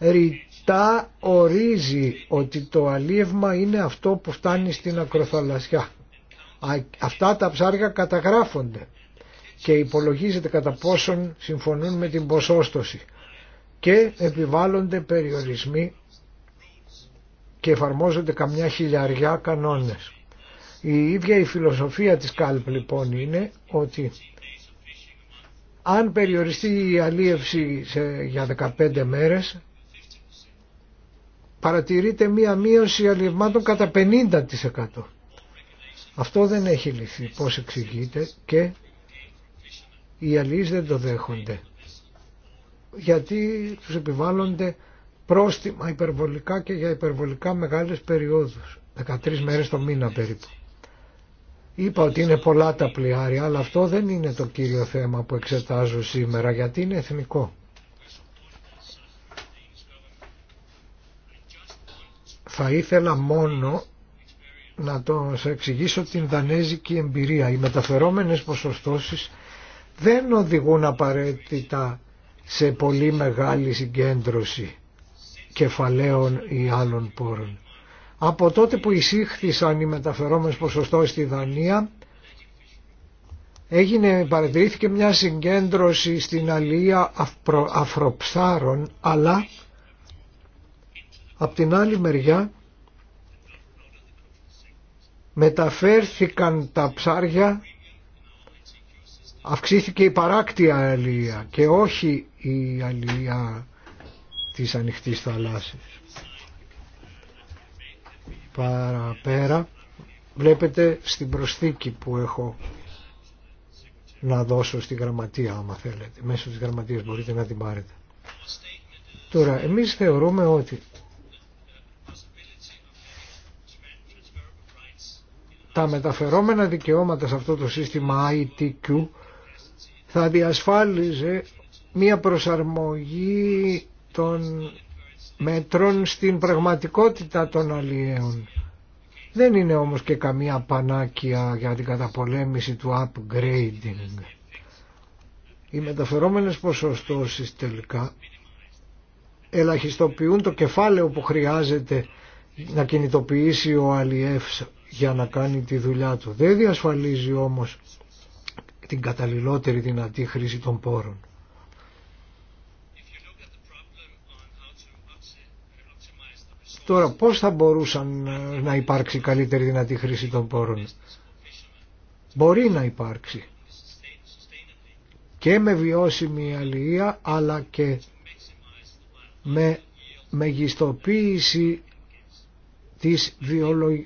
ρητά ορίζει ότι το αλίευμα είναι αυτό που φτάνει στην ακροθαλασσιά. Αυτά τα ψάρια καταγράφονται και υπολογίζεται κατά πόσον συμφωνούν με την ποσόστοση και επιβάλλονται περιορισμοί και εφαρμόζονται καμιά χιλιαριά κανόνες. Η ίδια η φιλοσοφία της ΚΑΛΠ λοιπόν είναι ότι αν περιοριστεί η αλίευση για 15 μέρες, παρατηρείται μία μείωση αλλιευμάτων κατά 50%. Αυτό δεν έχει λυθεί, πώς εξηγείται, και οι αλληλείς δεν το δέχονται. Γιατί τους επιβάλλονται πρόστιμα υπερβολικά και για υπερβολικά μεγάλες περιόδους. 13 μέρες το μήνα περίπου. Είπα ότι είναι πολλά τα πλοιάρια, αλλά αυτό δεν είναι το κύριο θέμα που εξετάζω σήμερα, γιατί είναι εθνικό. Θα ήθελα μόνο να το εξηγήσω την δανέζικη εμπειρία. Οι μεταφερόμενες ποσοστώσεις δεν οδηγούν απαραίτητα σε πολύ μεγάλη συγκέντρωση κεφαλαίων ή άλλων πόρων. Από τότε που εισήχθησαν οι μεταφερόμενες ποσοστό στη Δανία έγινε, παρατηρήθηκε μια συγκέντρωση στην αλία αφρο, αφροψάρων αλλά από την άλλη μεριά μεταφέρθηκαν τα ψάρια αυξήθηκε η παράκτια αλία και όχι η αλία της ανοιχτής θαλάσσης παραπέρα βλέπετε στην προσθήκη που έχω να δώσω στη γραμματεία άμα θέλετε. Μέσω της γραμματείας μπορείτε να την πάρετε. Τώρα, εμείς θεωρούμε ότι τα μεταφερόμενα δικαιώματα σε αυτό το σύστημα ITQ θα διασφάλιζε μία προσαρμογή των μέτρων στην πραγματικότητα των αλλιέων. Δεν είναι όμως και καμία πανάκια για την καταπολέμηση του upgrading. Οι μεταφερόμενες ποσοστώσεις τελικά ελαχιστοποιούν το κεφάλαιο που χρειάζεται να κινητοποιήσει ο αλλιεύς για να κάνει τη δουλειά του. Δεν διασφαλίζει όμως την καταλληλότερη δυνατή χρήση των πόρων. Τώρα πώς θα μπορούσαν ε, να υπάρξει καλύτερη δυνατή χρήση των πόρων. Μπορεί να υπάρξει και με βιώσιμη αλληλεία αλλά και με μεγιστοποίηση της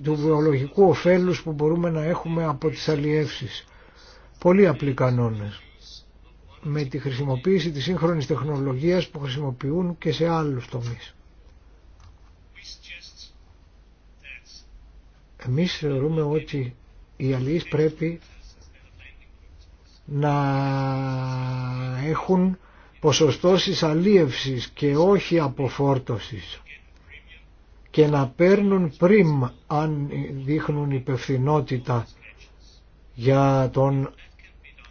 του βιολογικού ωφέλους που μπορούμε να έχουμε από τις αλλιεύσεις. Πολύ απλοί κανόνες με τη χρησιμοποίηση της σύγχρονης τεχνολογίας που χρησιμοποιούν και σε άλλους τομείς. Εμείς θεωρούμε ότι οι αλληλείς πρέπει να έχουν ποσοστώσεις αλίευσης και όχι αποφόρτωσης και να παίρνουν πριμ αν δείχνουν υπευθυνότητα για τον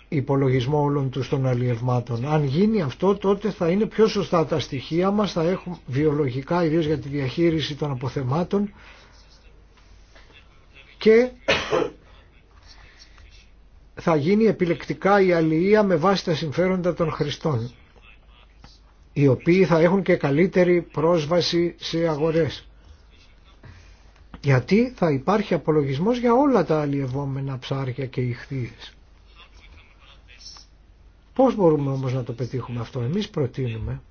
υπολογισμό όλων τους των αλλιευμάτων. Αν γίνει αυτό τότε θα είναι πιο σωστά τα στοιχεία μας, θα έχουν βιολογικά ιδίως για τη διαχείριση των αποθεμάτων και θα γίνει επιλεκτικά η αλληλεία με βάση τα συμφέροντα των χρηστών οι οποίοι θα έχουν και καλύτερη πρόσβαση σε αγορές. Γιατί θα υπάρχει απολογισμός για όλα τα αλλιευόμενα ψάρια και ηχθείες. Πώς μπορούμε όμως να το πετύχουμε αυτό. Εμείς προτείνουμε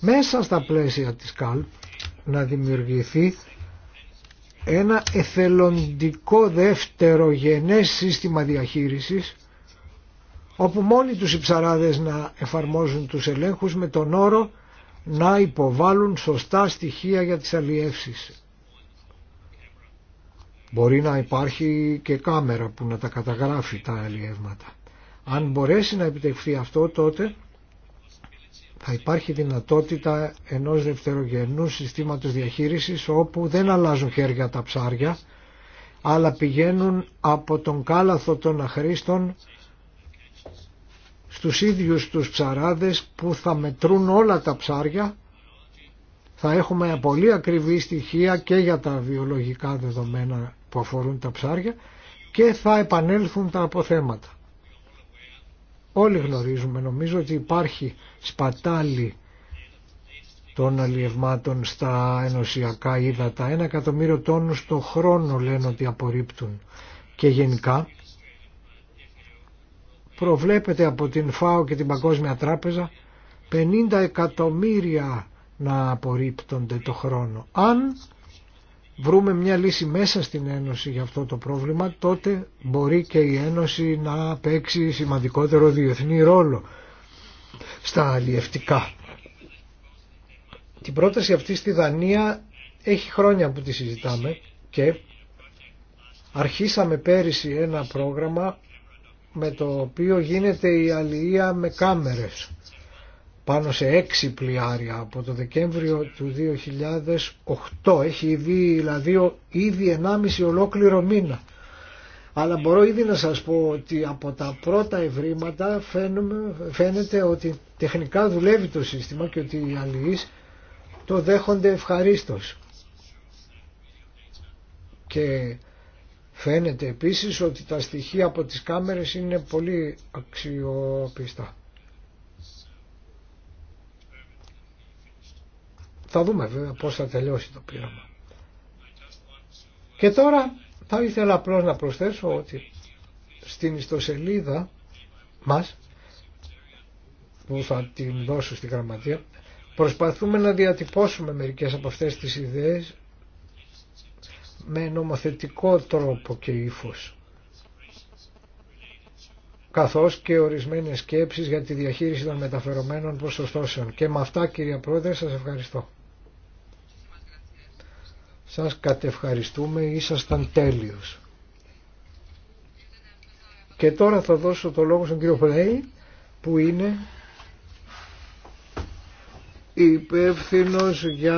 μέσα στα πλαίσια της ΚΑΛΠ να δημιουργηθεί ένα εθελοντικό δεύτερο γενές σύστημα διαχείρισης όπου μόνοι τους οι ψαράδες να εφαρμόζουν τους ελέγχους με τον όρο να υποβάλουν σωστά στοιχεία για τις αλλιεύσεις. Μπορεί να υπάρχει και κάμερα που να τα καταγράφει τα αλλιεύματα. Αν μπορέσει να επιτευχθεί αυτό τότε θα υπάρχει δυνατότητα ενός δευτερογενούς συστήματος διαχείρισης όπου δεν αλλάζουν χέρια τα ψάρια αλλά πηγαίνουν από τον κάλαθο των αχρήστων στους ίδιους τους ψαράδες που θα μετρούν όλα τα ψάρια θα έχουμε πολύ ακριβή στοιχεία και για τα βιολογικά δεδομένα που αφορούν τα ψάρια και θα επανέλθουν τα αποθέματα. Όλοι γνωρίζουμε νομίζω ότι υπάρχει σπατάλη των αλλιευμάτων στα ενωσιακά ύδατα. Ένα εκατομμύριο τόνους το χρόνο λένε ότι απορρίπτουν. Και γενικά προβλέπεται από την ΦΑΟ και την Παγκόσμια Τράπεζα 50 εκατομμύρια να απορρίπτονται το χρόνο. Αν βρούμε μια λύση μέσα στην Ένωση για αυτό το πρόβλημα, τότε μπορεί και η Ένωση να παίξει σημαντικότερο διεθνή ρόλο στα αλλιευτικά. Την πρόταση αυτή στη Δανία έχει χρόνια που τη συζητάμε και αρχίσαμε πέρυσι ένα πρόγραμμα με το οποίο γίνεται η αλληλεία με κάμερες πάνω σε έξι πλοιάρια από το Δεκέμβριο του 2008. Έχει ήδη, δηλαδή ήδη 1,5 ολόκληρο μήνα. Αλλά μπορώ ήδη να σας πω ότι από τα πρώτα ευρήματα φαίνεται ότι τεχνικά δουλεύει το σύστημα και ότι οι αλληλείς το δέχονται ευχαρίστως. Και φαίνεται επίσης ότι τα στοιχεία από τις κάμερες είναι πολύ αξιόπιστα. Θα δούμε βέβαια πώς θα τελειώσει το πείραμα. Και τώρα θα ήθελα απλώς να προσθέσω ότι στην ιστοσελίδα μας που θα την δώσω στην γραμματεία προσπαθούμε να διατυπώσουμε μερικές από αυτές τις ιδέες με νομοθετικό τρόπο και ύφος καθώς και ορισμένες σκέψεις για τη διαχείριση των μεταφερομένων προσωστώσεων. Και με αυτά κύριε Πρόεδρε σας ευχαριστώ. Σας κατευχαριστούμε, ήσασταν τέλειος. Και τώρα θα δώσω το λόγο στον κύριο Πλέη που είναι υπεύθυνο για,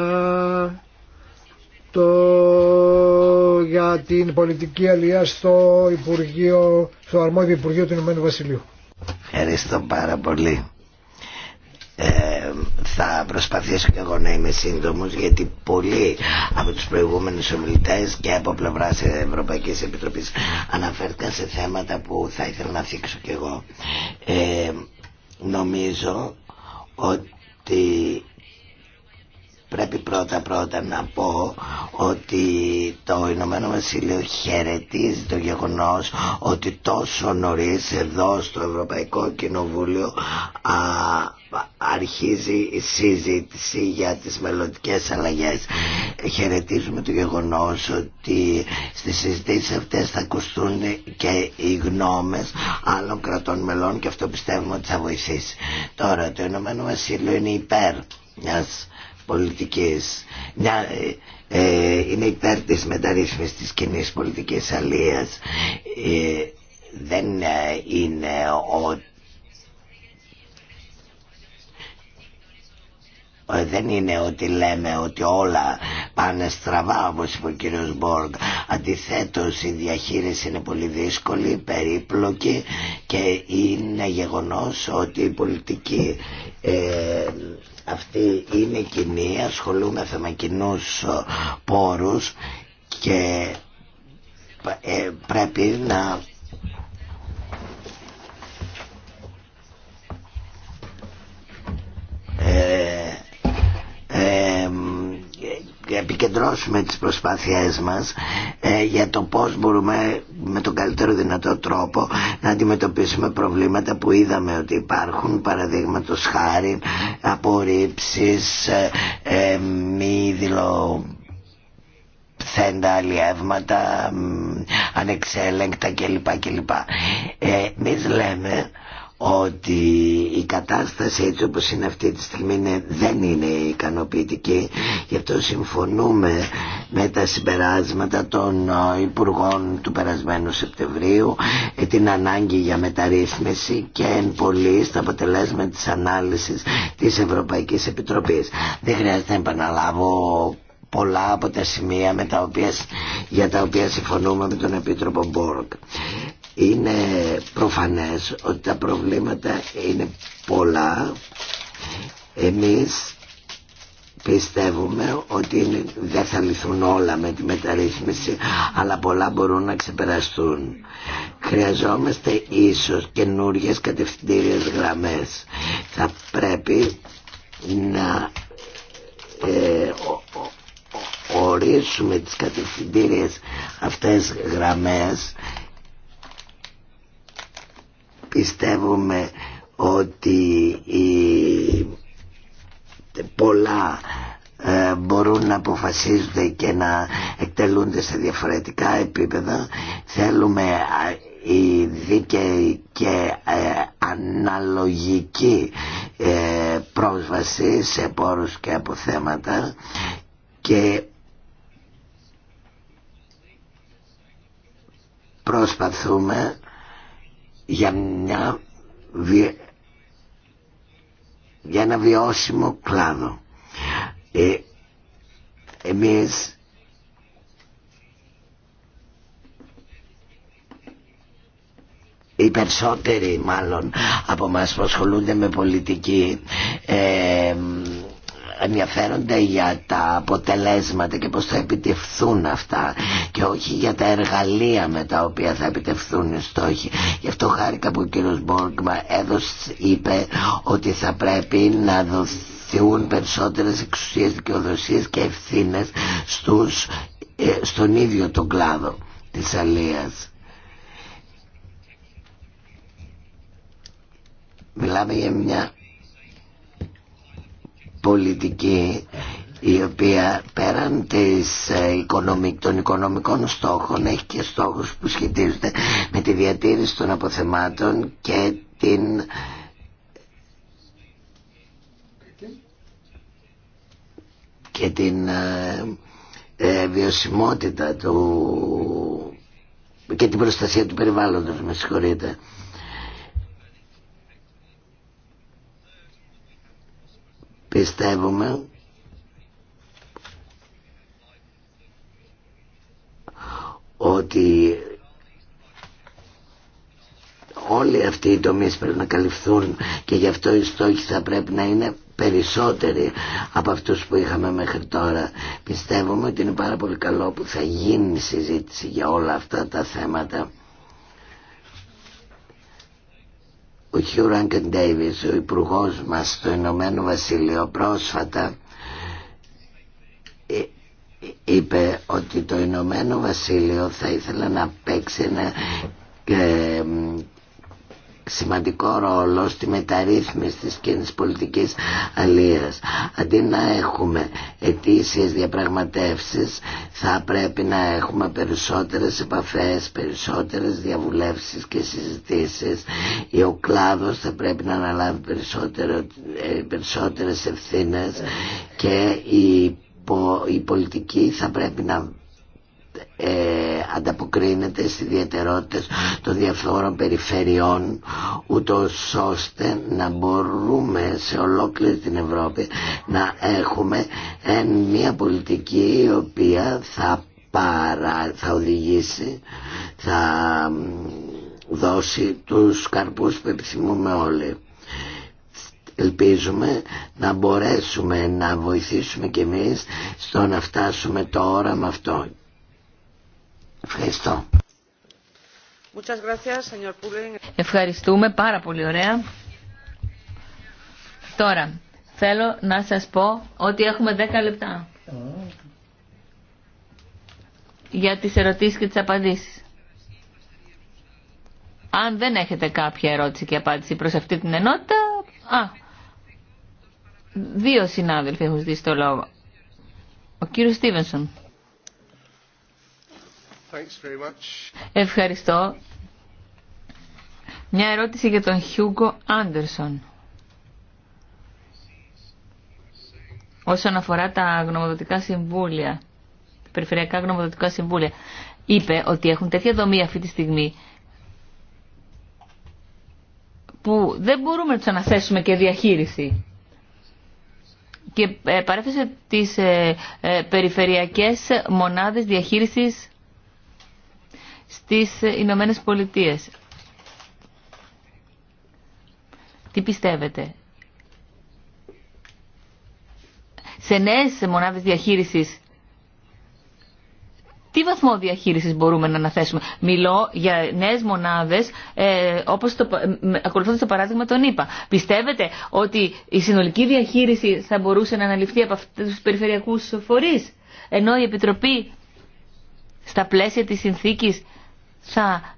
το... για την πολιτική αλληλεία στο, Υπουργείο, στο αρμόδιο Υπουργείο του Ηνωμένου Βασιλείου. Ευχαριστώ πάρα πολύ θα προσπαθήσω και εγώ να είμαι σύντομο γιατί πολλοί από τους προηγούμενους ομιλητές και από πλευρά Ευρωπαϊκής Επιτροπής αναφέρθηκαν σε θέματα που θα ήθελα να θίξω και εγώ. Ε, νομίζω ότι πρέπει πρώτα πρώτα να πω ότι το Ηνωμένο Βασίλειο χαιρετίζει το γεγονός ότι τόσο νωρίς εδώ στο Ευρωπαϊκό Κοινοβούλιο α, αρχίζει η συζήτηση για τις μελλοντικέ αλλαγές. Χαιρετίζουμε το γεγονός ότι στις συζητήσεις αυτές θα ακουστούν και οι γνώμες άλλων κρατών μελών και αυτό πιστεύουμε ότι θα βοηθήσει. Τώρα το Ηνωμένο Βασίλειο είναι υπέρ μιας πολιτικής, μια, ε, ε είναι υπέρ της μεταρρύθμισης της κοινής πολιτικής αλίας. Ε, δεν ε, είναι ότι Ε, δεν είναι ότι λέμε ότι όλα πάνε στραβά όπως είπε ο κύριος Μπόργκ αντιθέτως η διαχείριση είναι πολύ δύσκολη, περίπλοκη και είναι γεγονός ότι η πολιτική ε, αυτή είναι κοινή ασχολούμεθα με κοινού ε, πόρους και πρέπει να επικεντρώσουμε τις προσπάθειές μας ε, για το πώς μπορούμε με τον καλύτερο δυνατό τρόπο να αντιμετωπίσουμε προβλήματα που είδαμε ότι υπάρχουν παραδείγματος χάρη απορρίψεις ε, ε, μη δηλω θέντα αλλιεύματα ανεξέλεγκτα κλπ. Ε, εμείς λέμε ότι η κατάσταση έτσι όπως είναι αυτή τη στιγμή δεν είναι ικανοποιητική γι' αυτό συμφωνούμε με τα συμπεράσματα των ε, Υπουργών του περασμένου Σεπτεμβρίου ε, την ανάγκη για μεταρρύθμιση και εν πολύ στα αποτελέσματα της ανάλυσης της Ευρωπαϊκής Επιτροπής δεν χρειάζεται να επαναλάβω πολλά από τα σημεία με τα για τα οποία συμφωνούμε με τον Επίτροπο Μπόρκ. Είναι προφανές ότι τα προβλήματα είναι πολλά. Εμείς πιστεύουμε ότι είναι, δεν θα λυθούν όλα με τη μεταρρύθμιση αλλά πολλά μπορούν να ξεπεραστούν χρειαζόμαστε ίσως καινούριε κατευθυντήριες γραμμές θα πρέπει να ε, ορίσουμε τις κατευθυντήριες αυτές γραμμές Πιστεύουμε ότι οι πολλά ε, μπορούν να αποφασίζονται και να εκτελούνται σε διαφορετικά επίπεδα. Θέλουμε η δίκαιη και ε, αναλογική ε, πρόσβαση σε πόρους και αποθέματα και προσπαθούμε για μια για ένα βιώσιμο κλάδο. Ε, εμείς οι περισσότεροι μάλλον από μας που ασχολούνται με πολιτική ε, ενδιαφέρονται για τα αποτελέσματα και πώς θα επιτευθούν αυτά και όχι για τα εργαλεία με τα οποία θα επιτευθούν οι στόχοι. Γι' αυτό χάρηκα που ο κύριος Μπόρκμα έδωσε, είπε ότι θα πρέπει να δοθούν περισσότερες εξουσίες, δικαιοδοσίες και ευθύνες ε, στον ίδιο τον κλάδο της αλίας. Μιλάμε για μια πολιτική η οποία πέραν της ε, των οικονομικών στόχων έχει και στόχους που σχετίζονται με τη διατήρηση των αποθεμάτων και την και την ε, ε, βιωσιμότητα του και την προστασία του περιβάλλοντος με πιστεύουμε ότι όλοι αυτοί οι τομείς πρέπει να καλυφθούν και γι' αυτό οι στόχοι θα πρέπει να είναι περισσότεροι από αυτούς που είχαμε μέχρι τώρα. Πιστεύουμε ότι είναι πάρα πολύ καλό που θα γίνει συζήτηση για όλα αυτά τα θέματα ο Χιούρανκεν Ντέιβις, ο υπουργό μας στο Ηνωμένο Βασίλειο πρόσφατα ε, είπε ότι το Ηνωμένο Βασίλειο θα ήθελε να παίξει ένα ε, σημαντικό ρόλο στη μεταρρύθμιση της κοινής πολιτικής αλίας. Αντί να έχουμε ετήσιες διαπραγματεύσεις θα πρέπει να έχουμε περισσότερες επαφές, περισσότερες διαβουλεύσεις και συζητήσεις. Ο κλάδος θα πρέπει να αναλάβει ε, περισσότερες ευθύνες και η η πολιτική θα πρέπει να ε, ανταποκρίνεται στις ιδιαιτερότητες των διαφόρων περιφερειών ούτω ώστε να μπορούμε σε ολόκληρη την Ευρώπη να έχουμε μια πολιτική η οποία θα, παρα, θα οδηγήσει, θα δώσει τους καρπούς που επιθυμούμε όλοι. Ελπίζουμε να μπορέσουμε να βοηθήσουμε κι εμείς στο να φτάσουμε το όραμα αυτό Ευχαριστώ. Ευχαριστούμε πάρα πολύ ωραία. Τώρα, θέλω να σας πω ότι έχουμε 10 λεπτά για τις ερωτήσεις και τις απαντήσεις. Αν δεν έχετε κάποια ερώτηση και απάντηση προς αυτή την ενότητα, α, δύο συνάδελφοι έχουν ζητήσει το λόγο. Ο κύριος Στίβενσον. Ευχαριστώ. Μια ερώτηση για τον Χιούγκο Άντερσον. Όσον αφορά τα γνωμοδοτικά συμβούλια, τα περιφερειακά γνωμοδοτικά συμβούλια, είπε ότι έχουν τέτοια δομή αυτή τη στιγμή που δεν μπορούμε να του αναθέσουμε και διαχείριση. Και ε, παρέθεσε τις ε, ε, περιφερειακές μονάδες διαχείρισης στις Ηνωμένε Πολιτείε. Τι πιστεύετε. Σε νέες μονάδες διαχείρισης τι βαθμό διαχείρισης μπορούμε να αναθέσουμε. Μιλώ για νέες μονάδες, ε, όπως το, ε, ακολουθώντας το παράδειγμα τον είπα. Πιστεύετε ότι η συνολική διαχείριση θα μπορούσε να αναλυφθεί από αυτούς τους περιφερειακούς φορείς, ενώ η Επιτροπή στα πλαίσια της συνθήκης θα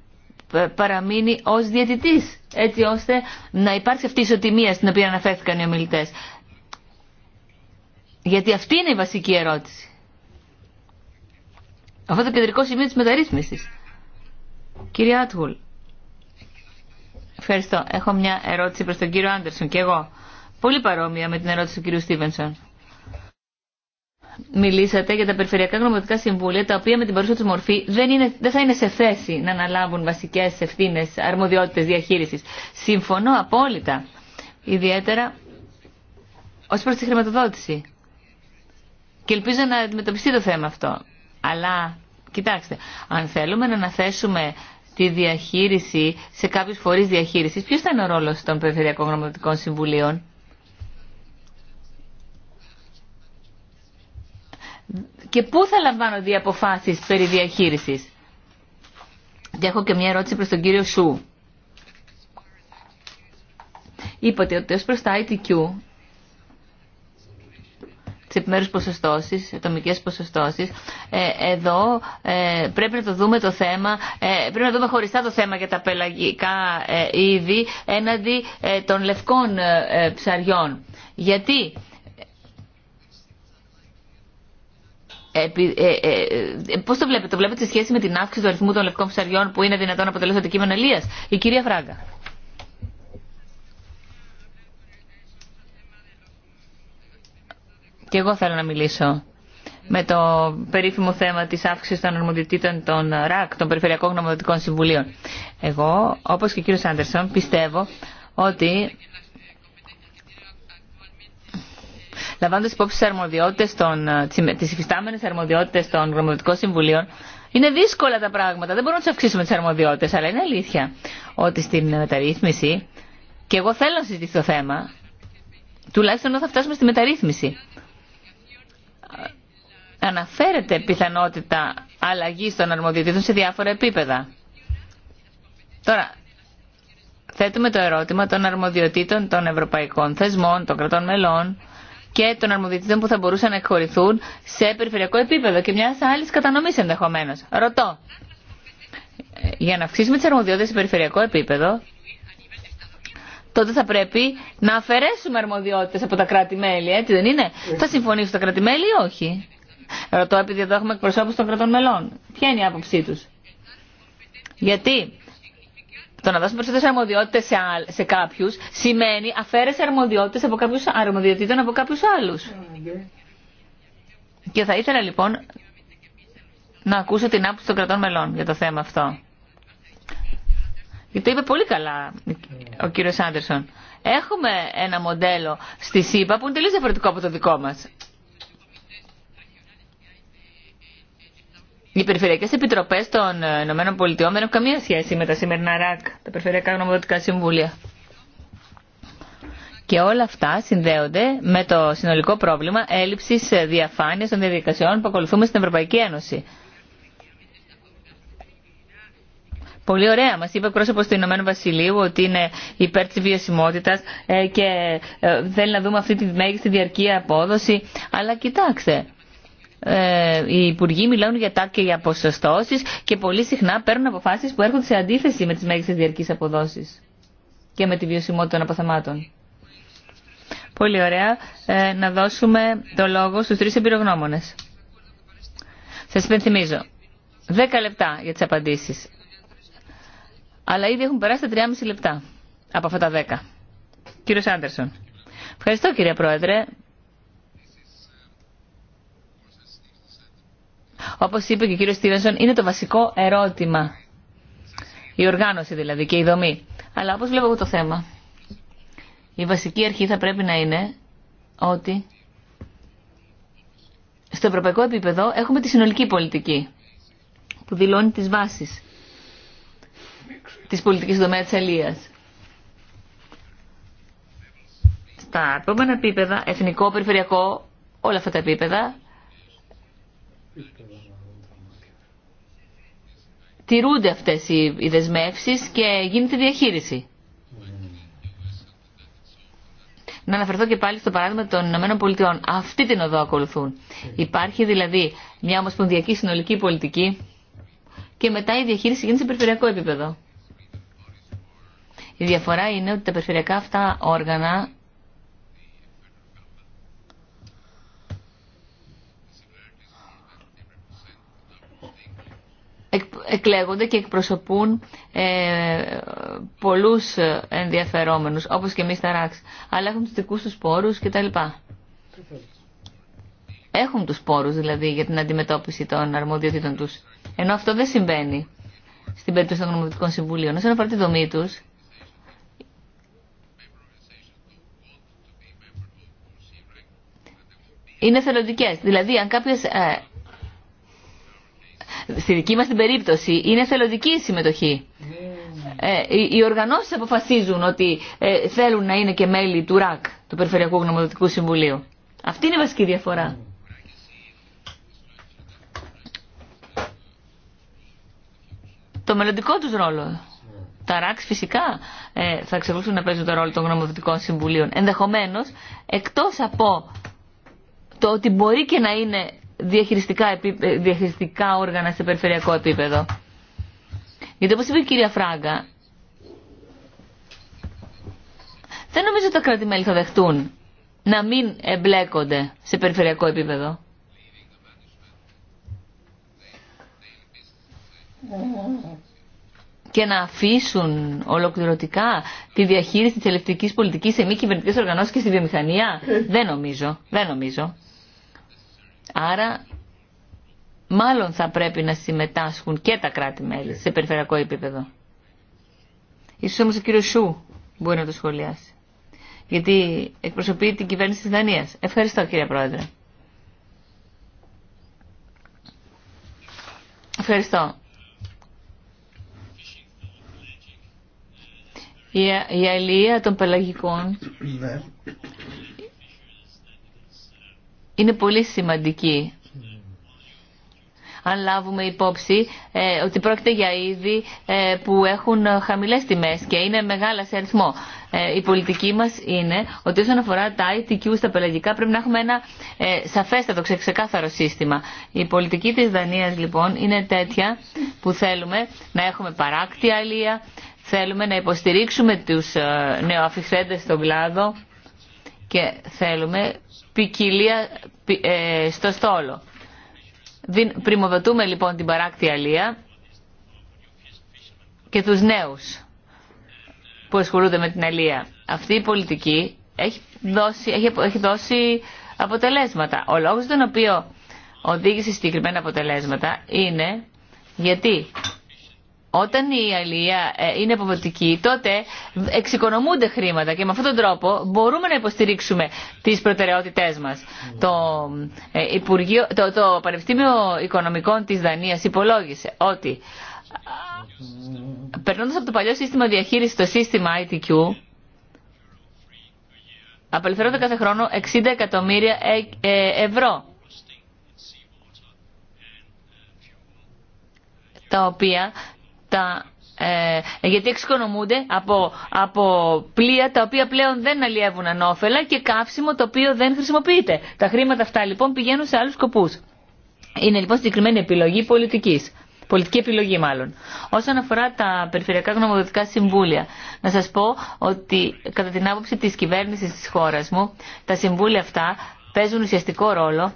ε, παραμείνει ως διαιτητής, έτσι ώστε να υπάρξει αυτή η ισοτιμία στην οποία αναφέρθηκαν οι ομιλητές. Γιατί αυτή είναι η βασική ερώτηση. Αυτό το κεντρικό σημείο της μεταρρύθμισης. Κύριε Άτγουλ, ευχαριστώ. Έχω μια ερώτηση προς τον κύριο Άντερσον και εγώ. Πολύ παρόμοια με την ερώτηση του κύριου Στίβενσον μιλήσατε για τα περιφερειακά γνωμοτικά συμβούλια, τα οποία με την παρουσία του μορφή δεν, θα είναι σε θέση να αναλάβουν βασικέ ευθύνε, αρμοδιότητε διαχείριση. Συμφωνώ απόλυτα. Ιδιαίτερα ω προ τη χρηματοδότηση. Και ελπίζω να αντιμετωπιστεί το θέμα αυτό. Αλλά, κοιτάξτε, αν θέλουμε να αναθέσουμε τη διαχείριση σε κάποιου φορεί διαχείριση, ποιο θα είναι ο ρόλο των περιφερειακών γνωμοτικών συμβουλίων. και πού θα λαμβάνω δύο αποφάσει περί διαχείριση. Και έχω και μια ερώτηση προ τον κύριο Σου. Είπατε ότι ω προ τα ITQ, Τι επιμέρους ποσοστώσεις, ατομικές ποσοστώσεις, ε, εδώ ε, πρέπει να το δούμε το θέμα, ε, πρέπει να δούμε χωριστά το θέμα για τα πελαγικά είδη έναντι των λευκών ψαριών. Γιατί ε, ε, ε, πώς το βλέπετε, το βλέπετε σε σχέση με την αύξηση του αριθμού των λευκών ψαριών που είναι δυνατόν να αποτελέσει αντικείμενο ελίας. Η κυρία Φράγκα. Και εγώ θέλω να μιλήσω με το περίφημο θέμα της αύξησης των αρμοδιοτήτων των ΡΑΚ, των Περιφερειακών Γνωμοδοτικών Συμβουλίων. Εγώ, όπως και ο κύριος Άντερσον, πιστεύω ότι λαμβάνοντα υπόψη τι αρμοδιότητε τι υφιστάμενε αρμοδιότητε των γνωμοδοτικών ε, συμβουλίων, είναι δύσκολα τα πράγματα. Δεν μπορούμε να του αυξήσουμε τι αρμοδιότητε. Αλλά είναι αλήθεια ότι στην μεταρρύθμιση, και εγώ θέλω να συζητήσω το θέμα, τουλάχιστον όταν θα φτάσουμε στη μεταρρύθμιση. Ε, αναφέρεται πιθανότητα αλλαγή των αρμοδιοτήτων σε διάφορα επίπεδα. Τώρα, θέτουμε το ερώτημα των αρμοδιοτήτων των ευρωπαϊκών θεσμών, των κρατών μελών, και των αρμοδιοτήτων που θα μπορούσαν να εκχωρηθούν σε περιφερειακό επίπεδο και μια άλλη κατανομή ενδεχομένω. Ρωτώ, για να αυξήσουμε τι αρμοδιότητε σε περιφερειακό επίπεδο, τότε θα πρέπει να αφαιρέσουμε αρμοδιότητε από τα κράτη-μέλη, έτσι δεν είναι. Θα συμφωνήσουν τα κράτη-μέλη ή όχι. Ρωτώ, επειδή εδώ έχουμε εκπροσώπου των κρατών μελών. Ποια είναι η άποψή του. Γιατί το να δώσουμε περισσότερε αρμοδιότητε σε, σε κάποιου σημαίνει αφαίρεση αρμοδιότητε από κάποιου αρμοδιοτήτων από κάποιου άλλου. Και θα ήθελα λοιπόν να ακούσω την άποψη των κρατών μελών για το θέμα αυτό. Γιατί το είπε πολύ καλά ο κύριος Άντερσον. Έχουμε ένα μοντέλο στη ΣΥΠΑ που είναι τελείως διαφορετικό από το δικό μας. Οι περιφερειακέ επιτροπέ των ε, ΗΠΑ δεν έχουν καμία σχέση με τα σημερινά ΡΑΚ, τα περιφερειακά γνωμοδοτικά συμβούλια. Και όλα αυτά συνδέονται με το συνολικό πρόβλημα έλλειψη ε, διαφάνεια των διαδικασιών που ακολουθούμε στην Ευρωπαϊκή Ένωση. Πολύ ωραία. Μα είπε ο πρόσωπο του Ηνωμένου Βασιλείου ότι είναι υπέρ τη βιωσιμότητα ε, και θέλει να δούμε αυτή τη μέγιστη διαρκή απόδοση. Αλλά κοιτάξτε, ε, οι υπουργοί μιλούν για τάκ και για ποσοστώσει και πολύ συχνά παίρνουν αποφάσει που έρχονται σε αντίθεση με τι μέγιστε διαρκεί αποδόσει και με τη βιωσιμότητα των αποθεμάτων. Πολύ ωραία. Ε, να δώσουμε το λόγο στου τρει εμπειρογνώμονε. Σα υπενθυμίζω. Δέκα λεπτά για τι απαντήσει. Αλλά ήδη έχουν περάσει τα 3,5 λεπτά από αυτά τα 10. Κύριο Άντερσον. Ευχαριστώ κύριε Πρόεδρε. όπως είπε και ο κύριος Στίβενσον, είναι το βασικό ερώτημα. Η οργάνωση δηλαδή και η δομή. Αλλά όπως βλέπω εγώ το θέμα, η βασική αρχή θα πρέπει να είναι ότι στο ευρωπαϊκό επίπεδο έχουμε τη συνολική πολιτική που δηλώνει τις βάσεις της πολιτικής δομέας της Αλίας. Στα επόμενα επίπεδα, εθνικό, περιφερειακό, όλα αυτά τα επίπεδα, τηρούνται αυτές οι δεσμεύσεις και γίνεται διαχείριση. Να αναφερθώ και πάλι στο παράδειγμα των Ηνωμένων Πολιτειών. Αυτή την οδό ακολουθούν. Υπάρχει δηλαδή μια ομοσπονδιακή συνολική πολιτική και μετά η διαχείριση γίνεται σε περιφερειακό επίπεδο. Η διαφορά είναι ότι τα περιφερειακά αυτά όργανα εκλέγονται και εκπροσωπούν ε, πολλούς ενδιαφερόμενους, όπως και εμείς τα ΡΑΞ, αλλά έχουν τους δικούς τους πόρους κτλ. Έχουν τους πόρους δηλαδή για την αντιμετώπιση των αρμοδιοτήτων τους. Ενώ αυτό δεν συμβαίνει στην περίπτωση των νομοθετικών συμβουλίων. Όσον αφορά τη δομή τους, είναι θελοντικές. Δηλαδή, αν κάποιες ε, στη δική μας την περίπτωση είναι θελοντική η συμμετοχή. Ε, οι, οργανώσεις αποφασίζουν ότι ε, θέλουν να είναι και μέλη του ΡΑΚ, του Περιφερειακού Γνωμοδοτικού Συμβουλίου. Αυτή είναι η βασική διαφορά. Το μελλοντικό τους ρόλο. Τα ΡΑΚ φυσικά ε, θα εξακολουθούν να παίζουν το ρόλο των γνωμοδοτικών συμβουλίων. Ενδεχομένως, εκτός από το ότι μπορεί και να είναι διαχειριστικά, ε, διαχειριστικά όργανα σε περιφερειακό επίπεδο. Γιατί όπως είπε η κυρία Φράγκα, δεν νομίζω ότι τα κράτη-μέλη θα δεχτούν να μην εμπλέκονται σε περιφερειακό επίπεδο. και να αφήσουν ολοκληρωτικά τη διαχείριση της ελευθερικής πολιτικής σε μη κυβερνητικές οργανώσεις και στη βιομηχανία. δεν νομίζω. Δεν νομίζω. Άρα μάλλον θα πρέπει να συμμετάσχουν και τα κράτη-μέλη ναι. σε περιφερειακό επίπεδο. Ίσως όμως ο κύριος Σου μπορεί να το σχολιάσει. Γιατί εκπροσωπεί την κυβέρνηση της Δανίας. Ευχαριστώ κύριε Πρόεδρε. Ευχαριστώ. Η, η αλληλεία των πελαγικών ναι είναι πολύ σημαντική. Αν λάβουμε υπόψη ε, ότι πρόκειται για είδη ε, που έχουν χαμηλές τιμές και είναι μεγάλα σε αριθμό. Ε, η πολιτική μας είναι ότι όσον αφορά τα ITQ στα πελαγικά πρέπει να έχουμε ένα σαφέστατο, ξεκάθαρο σύστημα. Η πολιτική της Δανίας λοιπόν είναι τέτοια που θέλουμε να έχουμε παράκτη αλία, θέλουμε να υποστηρίξουμε τους νεοαφιχθέντες στον κλάδο και θέλουμε ποικιλία ε, στο στόλο. Πριμοδοτούμε λοιπόν την παράκτη αλία και τους νέους που ασχολούνται με την αλία. Αυτή η πολιτική έχει δώσει, έχει δώσει αποτελέσματα. Ο λόγος τον οποίο οδήγησε συγκεκριμένα αποτελέσματα είναι γιατί όταν η αλληλεία ε, είναι αποδοτική, τότε εξοικονομούνται χρήματα και με αυτόν τον τρόπο μπορούμε να υποστηρίξουμε τι προτεραιότητέ μα. Ναι. Το, ε, Υπουργείο, το, το Πανεπιστήμιο Οικονομικών τη Δανία υπολόγισε ότι περνώντα από το παλιό σύστημα διαχείριση το σύστημα ITQ, απελευθερώνται κάθε χρόνο 60 εκατομμύρια ε, ευρώ. τα οποία τα ε, γιατί εξοικονομούνται από, από πλοία τα οποία πλέον δεν αλλιεύουν ανώφελα και καύσιμο το οποίο δεν χρησιμοποιείται. Τα χρήματα αυτά λοιπόν πηγαίνουν σε άλλους σκοπούς. Είναι λοιπόν συγκεκριμένη επιλογή πολιτικής. Πολιτική επιλογή μάλλον. Όσον αφορά τα περιφερειακά γνωμοδοτικά συμβούλια, να σας πω ότι κατά την άποψη της κυβέρνησης της χώρας μου, τα συμβούλια αυτά παίζουν ουσιαστικό ρόλο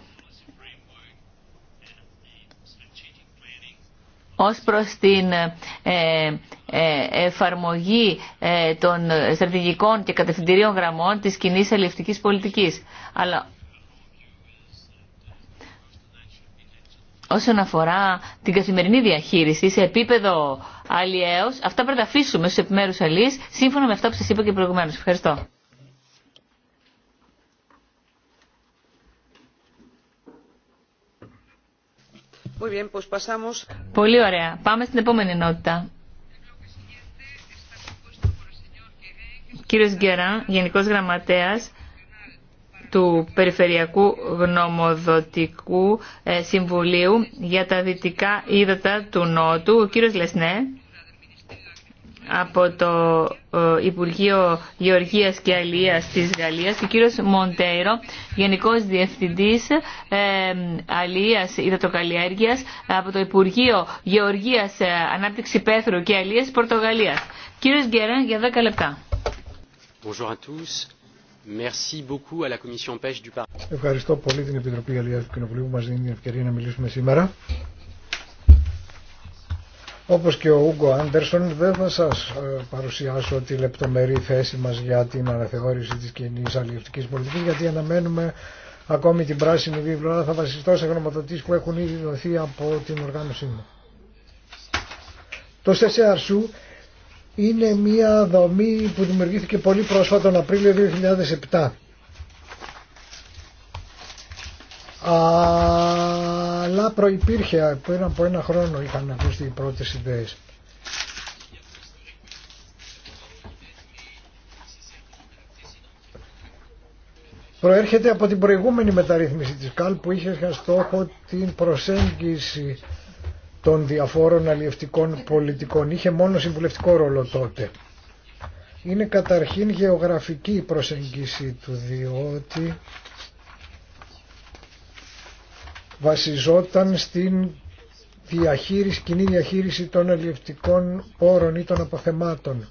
ως προς την ε, ε, ε, εφαρμογή των στρατηγικών και κατευθυντηρίων γραμμών της κοινή ελληνικής πολιτικής. Αλλά όσον αφορά την καθημερινή διαχείριση σε επίπεδο αλλιέως, αυτά πρέπει να αφήσουμε στους επιμέρους αλλιείς, σύμφωνα με αυτά που σας είπα και προηγουμένως. Ευχαριστώ. Πολύ ωραία. Πάμε στην επόμενη ενότητα. Κύριος Γκεράν, Γενικός Γραμματέας του Περιφερειακού Γνωμοδοτικού ε, Συμβουλίου για τα Δυτικά Ήδατα του Νότου. Ο κύριος Λεσνέ από το ε, Υπουργείο Γεωργίας και Αλίας της Γαλλίας και ο κύριος Μοντέιρο, Γενικός Διευθυντής ε, Αλίας Ιδατοκαλλιέργειας από το Υπουργείο Γεωργίας ε, Ανάπτυξη Πέθρου και Αλίας Πορτογαλίας. Κύριος Γκέραν για 10 λεπτά. Ευχαριστώ πολύ την Επιτροπή Αλίας του Κοινοβουλίου που μας δίνει την ευκαιρία να μιλήσουμε σήμερα. Όπως και ο Ούγκο Άντερσον δεν θα σας ε, παρουσιάσω τη λεπτομερή θέση μας για την αναθεώρηση της κοινή αλληλευτικής πολιτικής γιατί αναμένουμε ακόμη την πράσινη βίβλο αλλά θα βασιστώ σε γνωματοτήσεις που έχουν ήδη δοθεί από την οργάνωσή μου. Το ΣΕΣΕΑΡΣΟΥ είναι μια δομή που δημιουργήθηκε πολύ πρόσφατα τον Απρίλιο 2007 αλλά προϋπήρχε πριν από ένα χρόνο είχαν ακούσει οι πρώτες ιδέες. Προέρχεται από την προηγούμενη μεταρρύθμιση της ΚΑΛ που είχε σαν στόχο την προσέγγιση των διαφόρων αλλιευτικών πολιτικών. Είχε μόνο συμβουλευτικό ρόλο τότε. Είναι καταρχήν γεωγραφική η προσέγγιση του διότι βασιζόταν στην διαχείριση, κοινή διαχείριση των ελληνικών πόρων ή των αποθεμάτων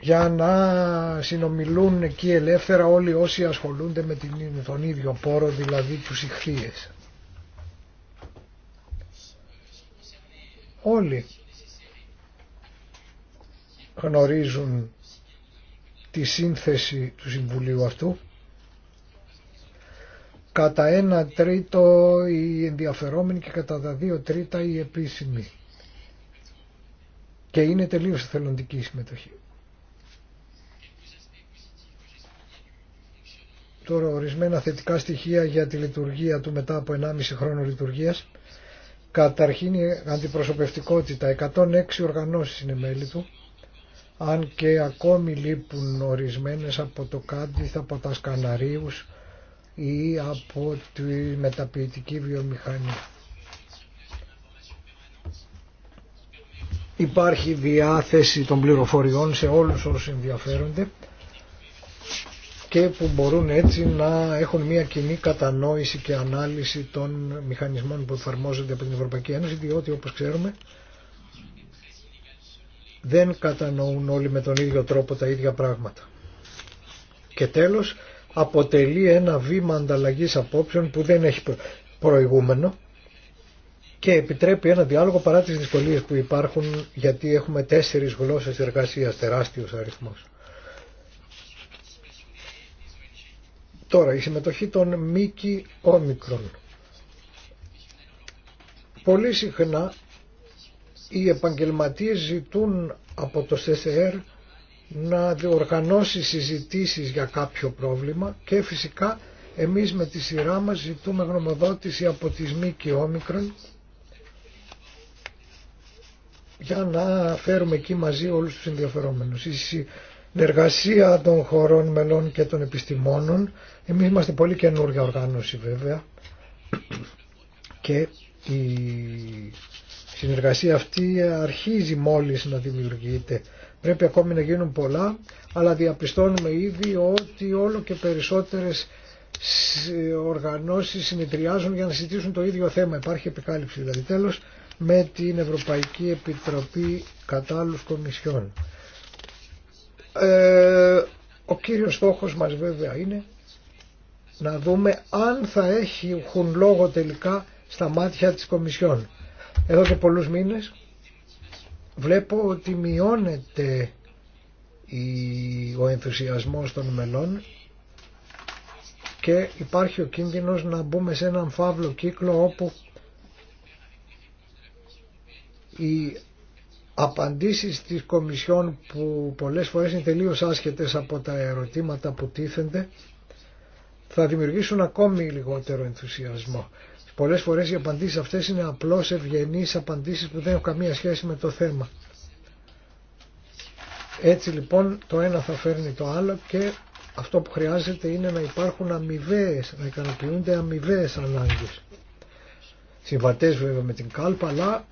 για να συνομιλούν εκεί ελεύθερα όλοι όσοι ασχολούνται με τον ίδιο πόρο, δηλαδή τους ηχθείες. Όλοι γνωρίζουν τη σύνθεση του Συμβουλίου αυτού κατά ένα τρίτο οι ενδιαφερόμενοι και κατά τα δύο τρίτα οι επίσημοι. Και είναι τελείως θελοντική η συμμετοχή. Τώρα ορισμένα θετικά στοιχεία για τη λειτουργία του μετά από 1,5 χρόνο λειτουργίας. Καταρχήν η αντιπροσωπευτικότητα. 106 οργανώσεις είναι μέλη του. Αν και ακόμη λείπουν ορισμένες από το Κάντιθ, από τα Σκαναρίους, ή από τη μεταποιητική βιομηχανία. Υπάρχει διάθεση των πληροφοριών σε όλους όσους ενδιαφέρονται και που μπορούν έτσι να έχουν μια κοινή κατανόηση και ανάλυση των μηχανισμών που εφαρμόζονται από την Ευρωπαϊκή Ένωση διότι όπως ξέρουμε δεν κατανοούν όλοι με τον ίδιο τρόπο τα ίδια πράγματα. Και τέλος αποτελεί ένα βήμα ανταλλαγή απόψεων που δεν έχει προηγούμενο και επιτρέπει ένα διάλογο παρά τις δυσκολίες που υπάρχουν γιατί έχουμε τέσσερις γλώσσες εργασίας, τεράστιος αριθμός. Τώρα, η συμμετοχή των μίκη ομικρόν. Πολύ συχνά οι επαγγελματίες ζητούν από το ΣΕΣΕΡ να διοργανώσει συζητήσεις για κάποιο πρόβλημα και φυσικά εμείς με τη σειρά μας ζητούμε γνωμοδότηση από τη ΜΚΟ όμικρον για να φέρουμε εκεί μαζί όλους τους ενδιαφερόμενους. Η συνεργασία των χωρών μελών και των επιστημόνων, εμείς είμαστε πολύ καινούργια οργάνωση βέβαια και η συνεργασία αυτή αρχίζει μόλις να δημιουργείται Πρέπει ακόμη να γίνουν πολλά, αλλά διαπιστώνουμε ήδη ότι όλο και περισσότερες οργανώσεις συνεδριάζουν για να συζητήσουν το ίδιο θέμα. Υπάρχει επικάλυψη δηλαδή τέλος με την Ευρωπαϊκή Επιτροπή Κατάλληλους Κομισιών. Ε, ο κύριος στόχος μας βέβαια είναι να δούμε αν θα έχουν λόγο τελικά στα μάτια της Κομισιόν. Εδώ και πολλούς μήνες βλέπω ότι μειώνεται ο ενθουσιασμός των μελών και υπάρχει ο κίνδυνος να μπούμε σε έναν φαύλο κύκλο όπου οι απαντήσεις της Κομισιόν που πολλές φορές είναι τελείως άσχετες από τα ερωτήματα που τίθενται θα δημιουργήσουν ακόμη λιγότερο ενθουσιασμό. Πολλές φορές οι απαντήσεις αυτές είναι απλώς ευγενείς απαντήσεις που δεν έχουν καμία σχέση με το θέμα. Έτσι λοιπόν το ένα θα φέρνει το άλλο και αυτό που χρειάζεται είναι να υπάρχουν αμοιβέ, να ικανοποιούνται αμοιβέ ανάγκες. Συμβατέ βέβαια με την κάλπα, αλλά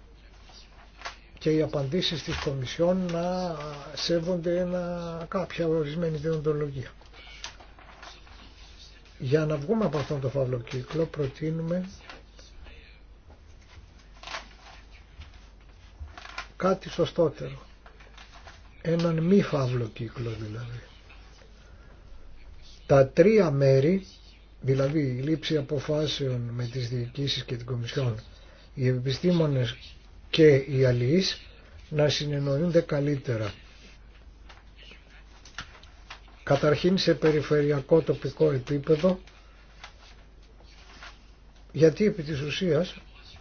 και οι απαντήσεις τη Κομισιόν να σέβονται ένα, κάποια ορισμένη διοντολογία. Για να βγούμε από αυτόν τον φαύλο κύκλο προτείνουμε κάτι σωστότερο. Έναν μη φαύλο κύκλο δηλαδή. Τα τρία μέρη, δηλαδή η λήψη αποφάσεων με τις διοικήσεις και την Κομισιόν, οι επιστήμονες και οι αλληλείς, να συνεννοούνται καλύτερα. Καταρχήν σε περιφερειακό τοπικό επίπεδο, γιατί επί της ουσίας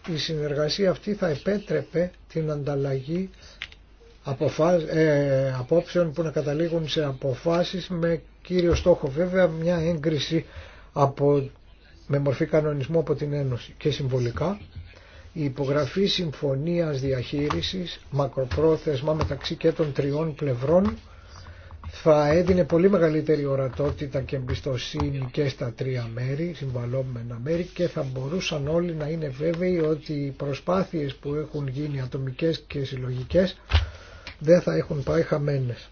η συνεργασία αυτή θα επέτρεπε την ανταλλαγή ε, απόψεων που να καταλήγουν σε αποφάσεις με κύριο στόχο βέβαια μια έγκριση από, με μορφή κανονισμού από την Ένωση και συμβολικά η υπογραφή συμφωνίας διαχείρισης μακροπρόθεσμα μεταξύ και των τριών πλευρών θα έδινε πολύ μεγαλύτερη ορατότητα και εμπιστοσύνη και στα τρία μέρη, συμβαλόμενα μέρη και θα μπορούσαν όλοι να είναι βέβαιοι ότι οι προσπάθειες που έχουν γίνει ατομικές και συλλογικές δεν θα έχουν πάει χαμένες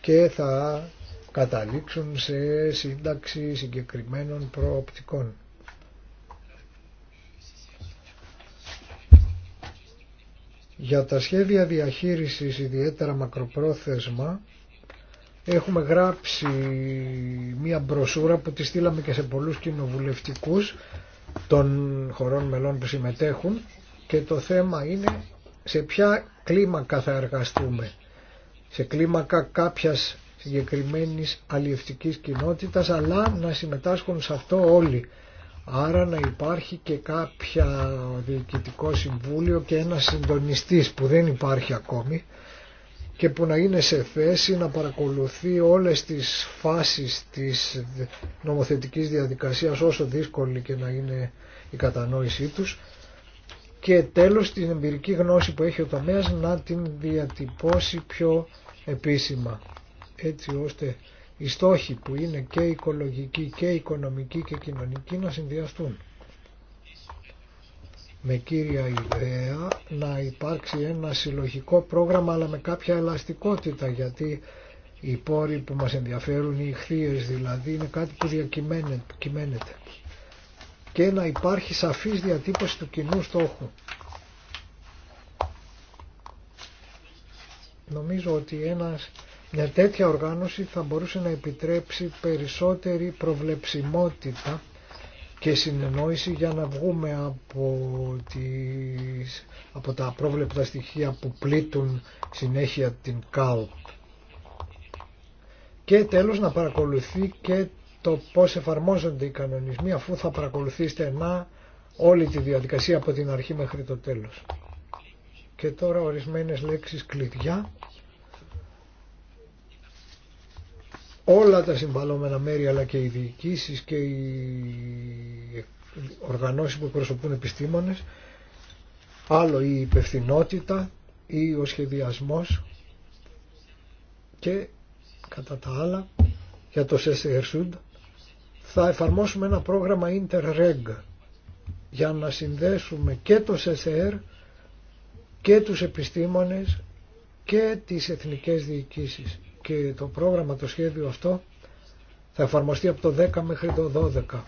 και θα καταλήξουν σε σύνταξη συγκεκριμένων προοπτικών. Για τα σχέδια διαχείρισης ιδιαίτερα μακροπρόθεσμα Έχουμε γράψει μία μπροσούρα που τη στείλαμε και σε πολλούς κοινοβουλευτικούς των χωρών μελών που συμμετέχουν και το θέμα είναι σε ποια κλίμακα θα εργαστούμε. Σε κλίμακα κάποιας συγκεκριμένης αλλιευτικής κοινότητας αλλά να συμμετάσχουν σε αυτό όλοι. Άρα να υπάρχει και κάποια διοικητικό συμβούλιο και ένα συντονιστή που δεν υπάρχει ακόμη και που να είναι σε θέση να παρακολουθεί όλες τις φάσεις της νομοθετικής διαδικασίας όσο δύσκολη και να είναι η κατανόησή τους και τέλος την εμπειρική γνώση που έχει ο τομέας να την διατυπώσει πιο επίσημα έτσι ώστε οι στόχοι που είναι και οικολογικοί και οικονομικοί και κοινωνικοί να συνδυαστούν με κύρια ιδέα να υπάρξει ένα συλλογικό πρόγραμμα αλλά με κάποια ελαστικότητα γιατί οι πόροι που μας ενδιαφέρουν, οι ηχθείες δηλαδή είναι κάτι που διακυμαίνεται και να υπάρχει σαφής διατύπωση του κοινού στόχου. Νομίζω ότι ένας, μια τέτοια οργάνωση θα μπορούσε να επιτρέψει περισσότερη προβλεψιμότητα και συνεννόηση για να βγούμε από, τις, από τα απρόβλεπτα στοιχεία που πλήττουν συνέχεια την ΚΑΟΠ. Και τέλος να παρακολουθεί και το πώς εφαρμόζονται οι κανονισμοί αφού θα παρακολουθεί στενά όλη τη διαδικασία από την αρχή μέχρι το τέλος. Και τώρα ορισμένες λέξεις κλειδιά όλα τα συμβαλώμενα μέρη αλλά και οι διοικήσεις και οι οργανώσεις που εκπροσωπούν επιστήμονες άλλο η υπευθυνότητα ή ο σχεδιασμός και κατά τα άλλα για το ΣΕΣΕΡΣΟΥΝΤ θα εφαρμόσουμε ένα πρόγραμμα Interreg για να συνδέσουμε και το ΣΕΣΕΡ και τους επιστήμονες και τις εθνικές διοικήσεις και το πρόγραμμα, το σχέδιο αυτό θα εφαρμοστεί από το 10 μέχρι το 12.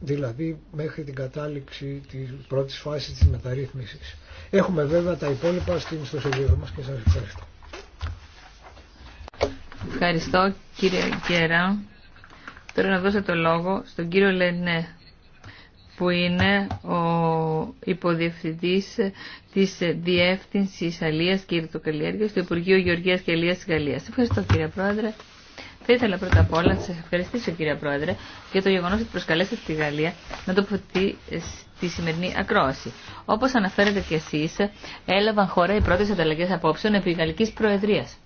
Δηλαδή μέχρι την κατάληξη της πρώτης φάσης της μεταρρύθμισης. Έχουμε βέβαια τα υπόλοιπα στην ιστοσελίδα μας και σας ευχαριστώ. Ευχαριστώ κύριε Γκέρα. Τώρα να δώσω το λόγο στον κύριο Λενέ που είναι ο υποδιευθυντής της Διεύθυνσης Αλίας και Ιρδοκαλλιέργειας του Υπουργείου Γεωργίας και Αλίας της Γαλλίας. Ευχαριστώ κύριε Πρόεδρε. Θα ήθελα πρώτα απ' όλα να σας ευχαριστήσω κύριε Πρόεδρε για το γεγονός ότι προσκαλέσατε τη Γαλλία να τοποθετεί στη σημερινή ακρόαση. Όπως αναφέρετε κι εσείς, έλαβαν χώρα οι πρώτες ανταλλαγές απόψεων επί Γαλλικής Προεδρίας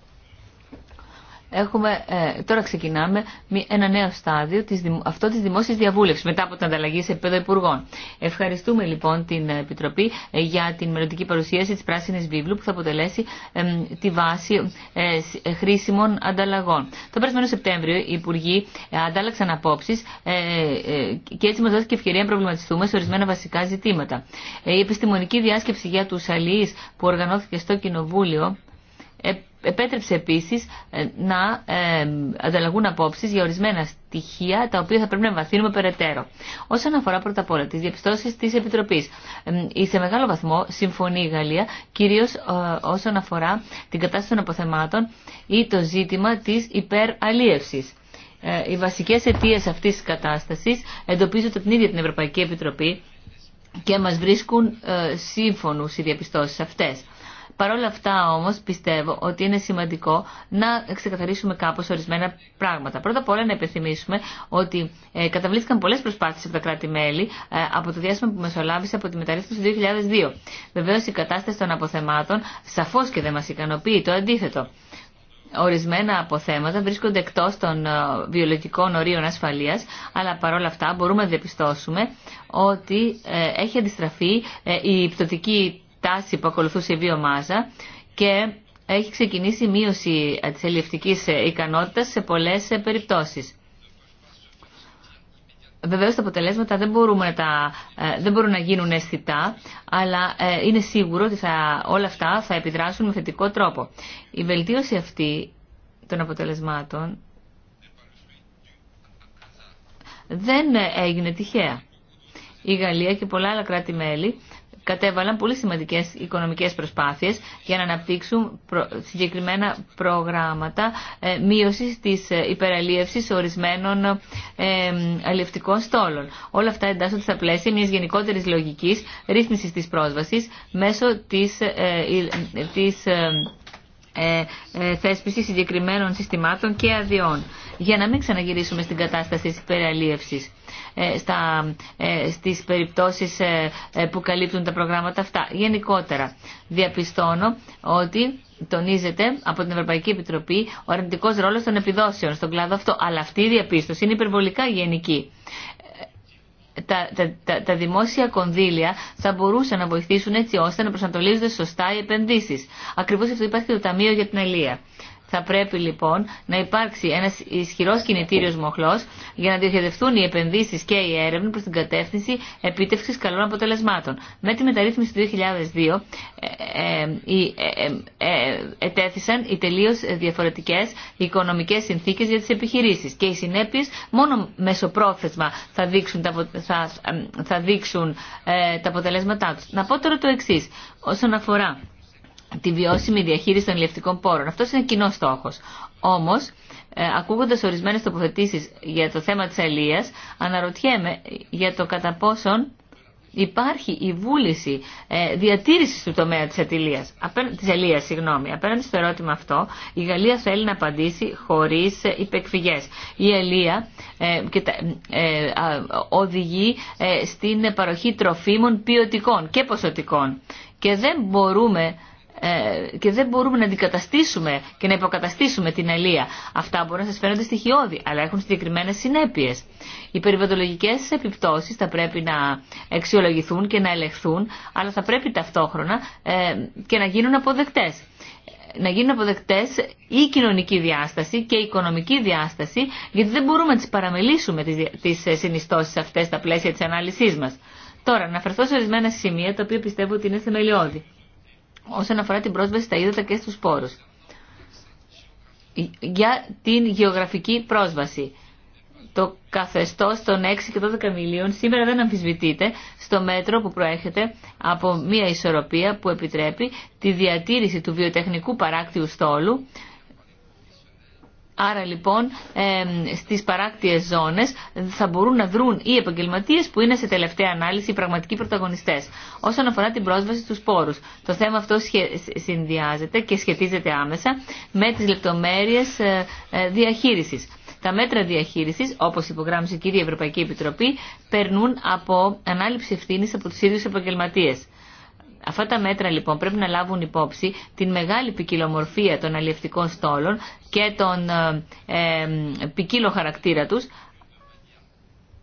έχουμε, ε, τώρα ξεκινάμε ένα νέο στάδιο, της, αυτό της δημόσιας διαβούλευσης μετά από την ανταλλαγή σε επίπεδο υπουργών. Ευχαριστούμε λοιπόν την Επιτροπή ε, για την μελλοντική παρουσίαση της Πράσινης Βίβλου που θα αποτελέσει τη βάση ε, ε, χρήσιμων ανταλλαγών. Το περασμένο Σεπτέμβριο οι Υπουργοί αντάλλαξαν απόψεις και έτσι μας δόθηκε ευκαιρία να προβληματιστούμε σε ορισμένα βασικά ζητήματα. η επιστημονική διάσκεψη για τους αλληλείς που οργανώθηκε στο Κοινοβούλιο επέτρεψε επίσης ε, να ε, ανταλλαγούν απόψεις για ορισμένα στοιχεία τα οποία θα πρέπει να βαθύνουμε περαιτέρω. Όσον αφορά πρώτα απ' όλα τις διαπιστώσεις της Επιτροπής, σε μεγάλο βαθμό συμφωνεί η Γαλλία, κυρίως ε, όσον αφορά την κατάσταση των αποθεμάτων ή το ζήτημα της υπεραλίευσης. Οι βασικές αιτίες αυτής της κατάστασης εντοπίζονται την ίδια την Ευρωπαϊκή Επιτροπή και μας βρίσκουν σύμφωνους οι διαπιστώσεις αυτές. Παρ' όλα αυτά όμως πιστεύω ότι είναι σημαντικό να ξεκαθαρίσουμε κάπως ορισμένα πράγματα. Πρώτα απ' όλα να υπενθυμίσουμε ότι ε, καταβλήθηκαν πολλές προσπάθειες από τα κράτη-μέλη ε, από το διάστημα που μεσολάβησε από τη μεταρρύθμιση του 2002. Βεβαίως η κατάσταση των αποθεμάτων σαφώς και δεν μας ικανοποιεί, το αντίθετο. Ορισμένα αποθέματα βρίσκονται εκτός των ε, βιολογικών ορίων ασφαλείας, αλλά παρόλα αυτά μπορούμε να διαπιστώσουμε ότι ε, έχει αντιστραφεί η πτωτική τάση που ακολουθούσε η βιομάζα και έχει ξεκινήσει η μείωση της ελληνικής ικανότητας σε πολλές περιπτώσεις. Βεβαίως τα αποτελέσματα δεν, τα, ε, δεν μπορούν να γίνουν αισθητά, αλλά ε, είναι σίγουρο ότι θα, όλα αυτά θα επιδράσουν με θετικό τρόπο. Η βελτίωση αυτή των αποτελεσμάτων δεν έγινε τυχαία. Η Γαλλία και πολλά άλλα κράτη-μέλη κατέβαλαν πολύ σημαντικέ οικονομικέ προσπάθειε για να αναπτύξουν συγκεκριμένα προγράμματα ε, μείωση τη ε, υπεραλίευση ορισμένων ε, αλλιευτικών στόλων. Όλα αυτά εντάσσονται στα πλαίσια μια γενικότερη λογική ρύθμισης τη πρόσβαση μέσω της, ε, ε, θέσπιση συγκεκριμένων συστημάτων και αδειών για να μην ξαναγυρίσουμε στην κατάσταση της υπεραλίευσης. Ε, στα, ε, στις περιπτώσεις ε, που καλύπτουν τα προγράμματα αυτά. Γενικότερα, διαπιστώνω ότι τονίζεται από την Ευρωπαϊκή Επιτροπή ο αρνητικός ρόλος των επιδόσεων στον κλάδο αυτό. Αλλά αυτή η διαπίστωση είναι υπερβολικά γενική. Τα, τα, τα, τα δημόσια κονδύλια θα μπορούσαν να βοηθήσουν έτσι ώστε να προσανατολίζονται σωστά οι επενδύσεις. Ακριβώς αυτό υπάρχει το Ταμείο για την Αλία. Θα πρέπει λοιπόν να υπάρξει ένα ισχυρό κινητήριο μοχλό για να διοχετευτούν οι επενδύσει και οι έρευνε προ την κατεύθυνση επίτευξη καλών αποτελεσμάτων. Με τη μεταρρύθμιση του 2002 ε, ε, ε, ετέθησαν οι τελείω διαφορετικέ οικονομικέ συνθήκε για τι επιχειρήσει και οι συνέπειε μόνο μεσοπρόθεσμα θα δείξουν τα, θα, δείξουν, τα αποτελέσματά του. Να πω τώρα το εξή όσον αφορά τη βιώσιμη διαχείριση των ηλεκτρικών πόρων. Αυτό είναι κοινό στόχο. Όμω, ε, ακούγοντα ορισμένε τοποθετήσει για το θέμα τη αλληλεία, αναρωτιέμαι για το κατά πόσον υπάρχει η βούληση ε, διατήρηση του τομέα τη αλεία, συγγνώμη. Απέναντι στο ερώτημα αυτό, η Γαλλία θέλει να απαντήσει χωρί υπεκφυγέ. Η αλληλεία ε, ε, οδηγεί ε, στην παροχή τροφίμων ποιοτικών και ποσοτικών. Και δεν μπορούμε ε, και δεν μπορούμε να αντικαταστήσουμε και να υποκαταστήσουμε την αλεία. Αυτά μπορεί να σα φαίνονται στοιχειώδη, αλλά έχουν συγκεκριμένε συνέπειε. Οι περιβαλλοντολογικέ επιπτώσει θα πρέπει να αξιολογηθούν και να ελεγχθούν, αλλά θα πρέπει ταυτόχρονα ε, και να γίνουν αποδεκτέ να γίνουν αποδεκτέ η κοινωνική διάσταση και η οικονομική διάσταση, γιατί δεν μπορούμε να τι παραμελήσουμε τι συνιστώσει αυτέ στα πλαίσια τη ανάλυση μα. Τώρα, να αναφερθώ σε ορισμένα σημεία τα οποία πιστεύω ότι είναι θεμελιώδη όσον αφορά την πρόσβαση στα ύδατα και στους πόρους. Για την γεωγραφική πρόσβαση. Το καθεστώς των 6 και 12 μιλίων σήμερα δεν αμφισβητείται στο μέτρο που προέρχεται από μια ισορροπία που επιτρέπει τη διατήρηση του βιοτεχνικού παράκτιου στόλου Άρα λοιπόν στις παράκτιες ζώνες θα μπορούν να δρουν οι επαγγελματίες που είναι σε τελευταία ανάλυση οι πραγματικοί πρωταγωνιστές. Όσον αφορά την πρόσβαση στους πόρους, το θέμα αυτό συνδυάζεται και σχετίζεται άμεσα με τις λεπτομέρειες ε, ε, διαχείρισης. Τα μέτρα διαχείριση, όπω υπογράμμισε η κύρια Ευρωπαϊκή Επιτροπή, περνούν από ανάληψη ευθύνη από του ίδιου επαγγελματίε. Αυτά τα μέτρα λοιπόν πρέπει να λάβουν υπόψη την μεγάλη ποικιλομορφία των αλλιευτικών στόλων και τον ε, ε, ποικίλο χαρακτήρα τους,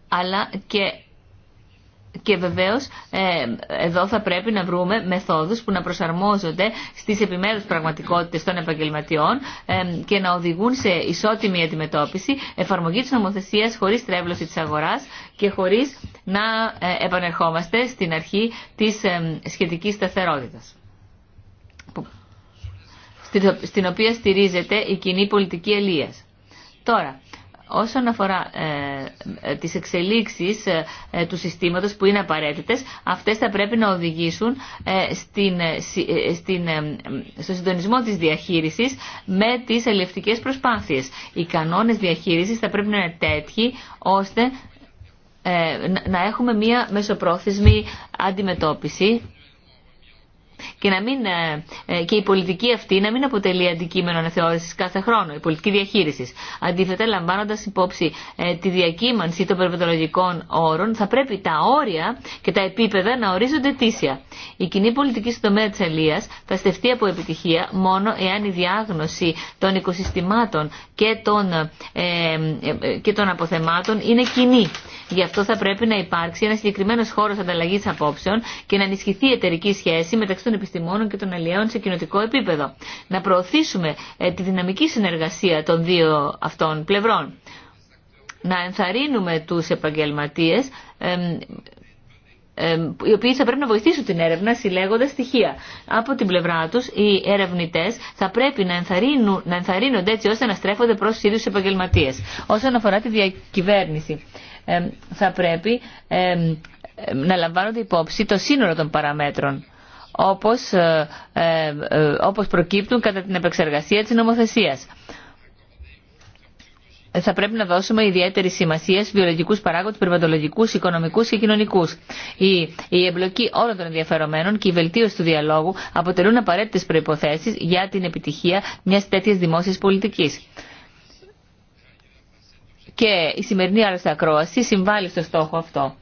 αλλά και και βεβαίως ε, εδώ θα πρέπει να βρούμε μεθόδους που να προσαρμόζονται στις επιμέρους πραγματικότητες των επαγγελματιών ε, και να οδηγούν σε ισότιμη αντιμετώπιση, εφαρμογή της νομοθεσίας χωρίς τρέβλωση της αγοράς και χωρίς να ε, επανερχόμαστε στην αρχή της ε, σχετικής σταθερότητας στην οποία στηρίζεται η κοινή πολιτική ελίας. Τώρα, όσον αφορά ε, ε τις εξελίξεις του συστήματος που είναι απαραίτητες, αυτές θα πρέπει να οδηγήσουν στην, στην, στο συντονισμό της διαχείρισης με τις ελευτικές προσπάθειες. Οι κανόνες διαχείρισης θα πρέπει να είναι τέτοιοι ώστε ε, να έχουμε μία μεσοπρόθεσμη αντιμετώπιση και, ε, ε, και η πολιτική αυτή να μην αποτελεί αντικείμενο αναθεώρηση κάθε χρόνο, η πολιτική διαχείριση. Αντίθετα, λαμβάνοντα υπόψη ε, τη διακύμανση των περιβαλλοντολογικών όρων, θα πρέπει τα όρια και τα επίπεδα να ορίζονται τήσια. Η κοινή πολιτική στο τομέα τη Αλία θα στεφτεί από επιτυχία μόνο εάν η διάγνωση των οικοσυστημάτων και των, και των αποθεμάτων είναι κοινή. Γι' αυτό θα πρέπει να υπάρξει ένα συγκεκριμένο χώρο ανταλλαγή απόψεων και να ενισχυθεί η εταιρική σχέση μεταξύ των επιστημόνων και των αλλιέων σε κοινοτικό επίπεδο. Να προωθήσουμε ε, τη δυναμική συνεργασία των δύο αυτών πλευρών. Να ενθαρρύνουμε τους επαγγελματίες οι οποίοι θα πρέπει να βοηθήσουν την έρευνα συλλέγοντας στοιχεία. Από την πλευρά τους οι ερευνητές θα πρέπει να, ενθαρρύνουν, να ενθαρρύνονται έτσι ώστε να στρέφονται προς ίδιους επαγγελματίες. Όσον αφορά τη διακυβέρνηση θα πρέπει να λαμβάνονται υπόψη το σύνολο των παραμέτρων όπως, ε, ε, ε, όπως προκύπτουν κατά την επεξεργασία της νομοθεσίας. Θα πρέπει να δώσουμε ιδιαίτερη σημασία στους βιολογικού παράγοντες, περιβαλλοντολογικού, οικονομικού και κοινωνικούς. Η, η εμπλοκή όλων των ενδιαφερομένων και η βελτίωση του διαλόγου αποτελούν απαραίτητες προϋποθέσεις για την επιτυχία μιας τέτοιας δημόσιας πολιτικής. Και η σημερινή άλλωστε ακρόαση συμβάλλει στο στόχο αυτό.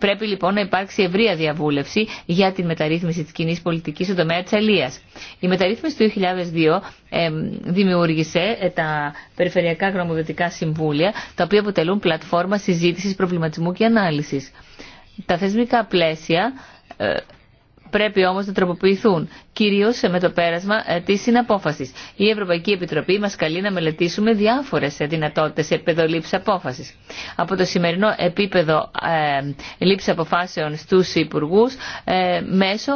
Πρέπει λοιπόν να υπάρξει ευρεία διαβούλευση για τη μεταρρύθμιση τη κοινή πολιτική στον τομέα τη Αλία. Η μεταρρύθμιση του 2002 δημιούργησε ε, τα περιφερειακά γνωμοδοτικά συμβούλια, τα οποία αποτελούν πλατφόρμα συζήτηση, προβληματισμού και ανάλυση. Τα θεσμικά πλαίσια ε, πρέπει όμως να τροποποιηθούν κυρίω με το πέρασμα ε, τη συναπόφαση. Η Ευρωπαϊκή Επιτροπή μα καλεί να μελετήσουμε διάφορε δυνατότητε επίπεδο λήψη απόφαση. Από το σημερινό επίπεδο ε, λήψη αποφάσεων στου υπουργού ε, μέσω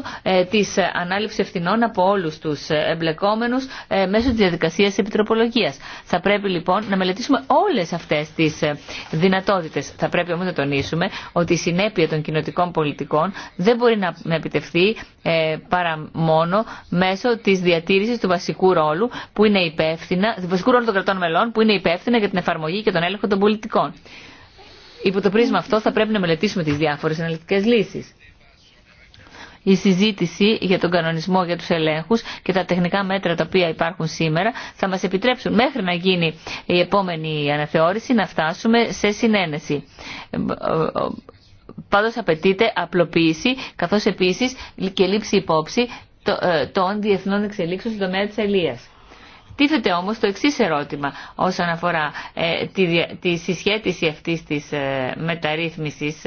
τη ανάληψη ευθυνών από όλου του εμπλεκόμενου μέσω τη διαδικασία επιτροπολογία. Θα πρέπει λοιπόν να μελετήσουμε όλε αυτέ τι δυνατότητε. Θα πρέπει όμω να τονίσουμε ότι η συνέπεια των κοινοτικών πολιτικών δεν μπορεί να επιτευχθεί παρά μόνο μέσω τη διατήρηση του βασικού ρόλου που είναι υπεύθυνα, του βασικού ρόλου των κρατών μελών που είναι υπεύθυνα για την εφαρμογή και τον έλεγχο των πολιτικών. Υπό το πρίσμα αυτό θα πρέπει να μελετήσουμε τι διάφορε αναλυτικέ λύσει. Η συζήτηση για τον κανονισμό για τους ελέγχους και τα τεχνικά μέτρα τα οποία υπάρχουν σήμερα θα μας επιτρέψουν μέχρι να γίνει η επόμενη αναθεώρηση να φτάσουμε σε συνένεση. Πάντως απαιτείται απλοποίηση καθώς επίσης και λήψη υπόψη ε, των διεθνών εξελίξεων στον τομέα της Ελίας. Τίθεται όμως το εξής ερώτημα όσον αφορά ε, τη, τη συσχέτιση αυτής της ε, μεταρρύθμισης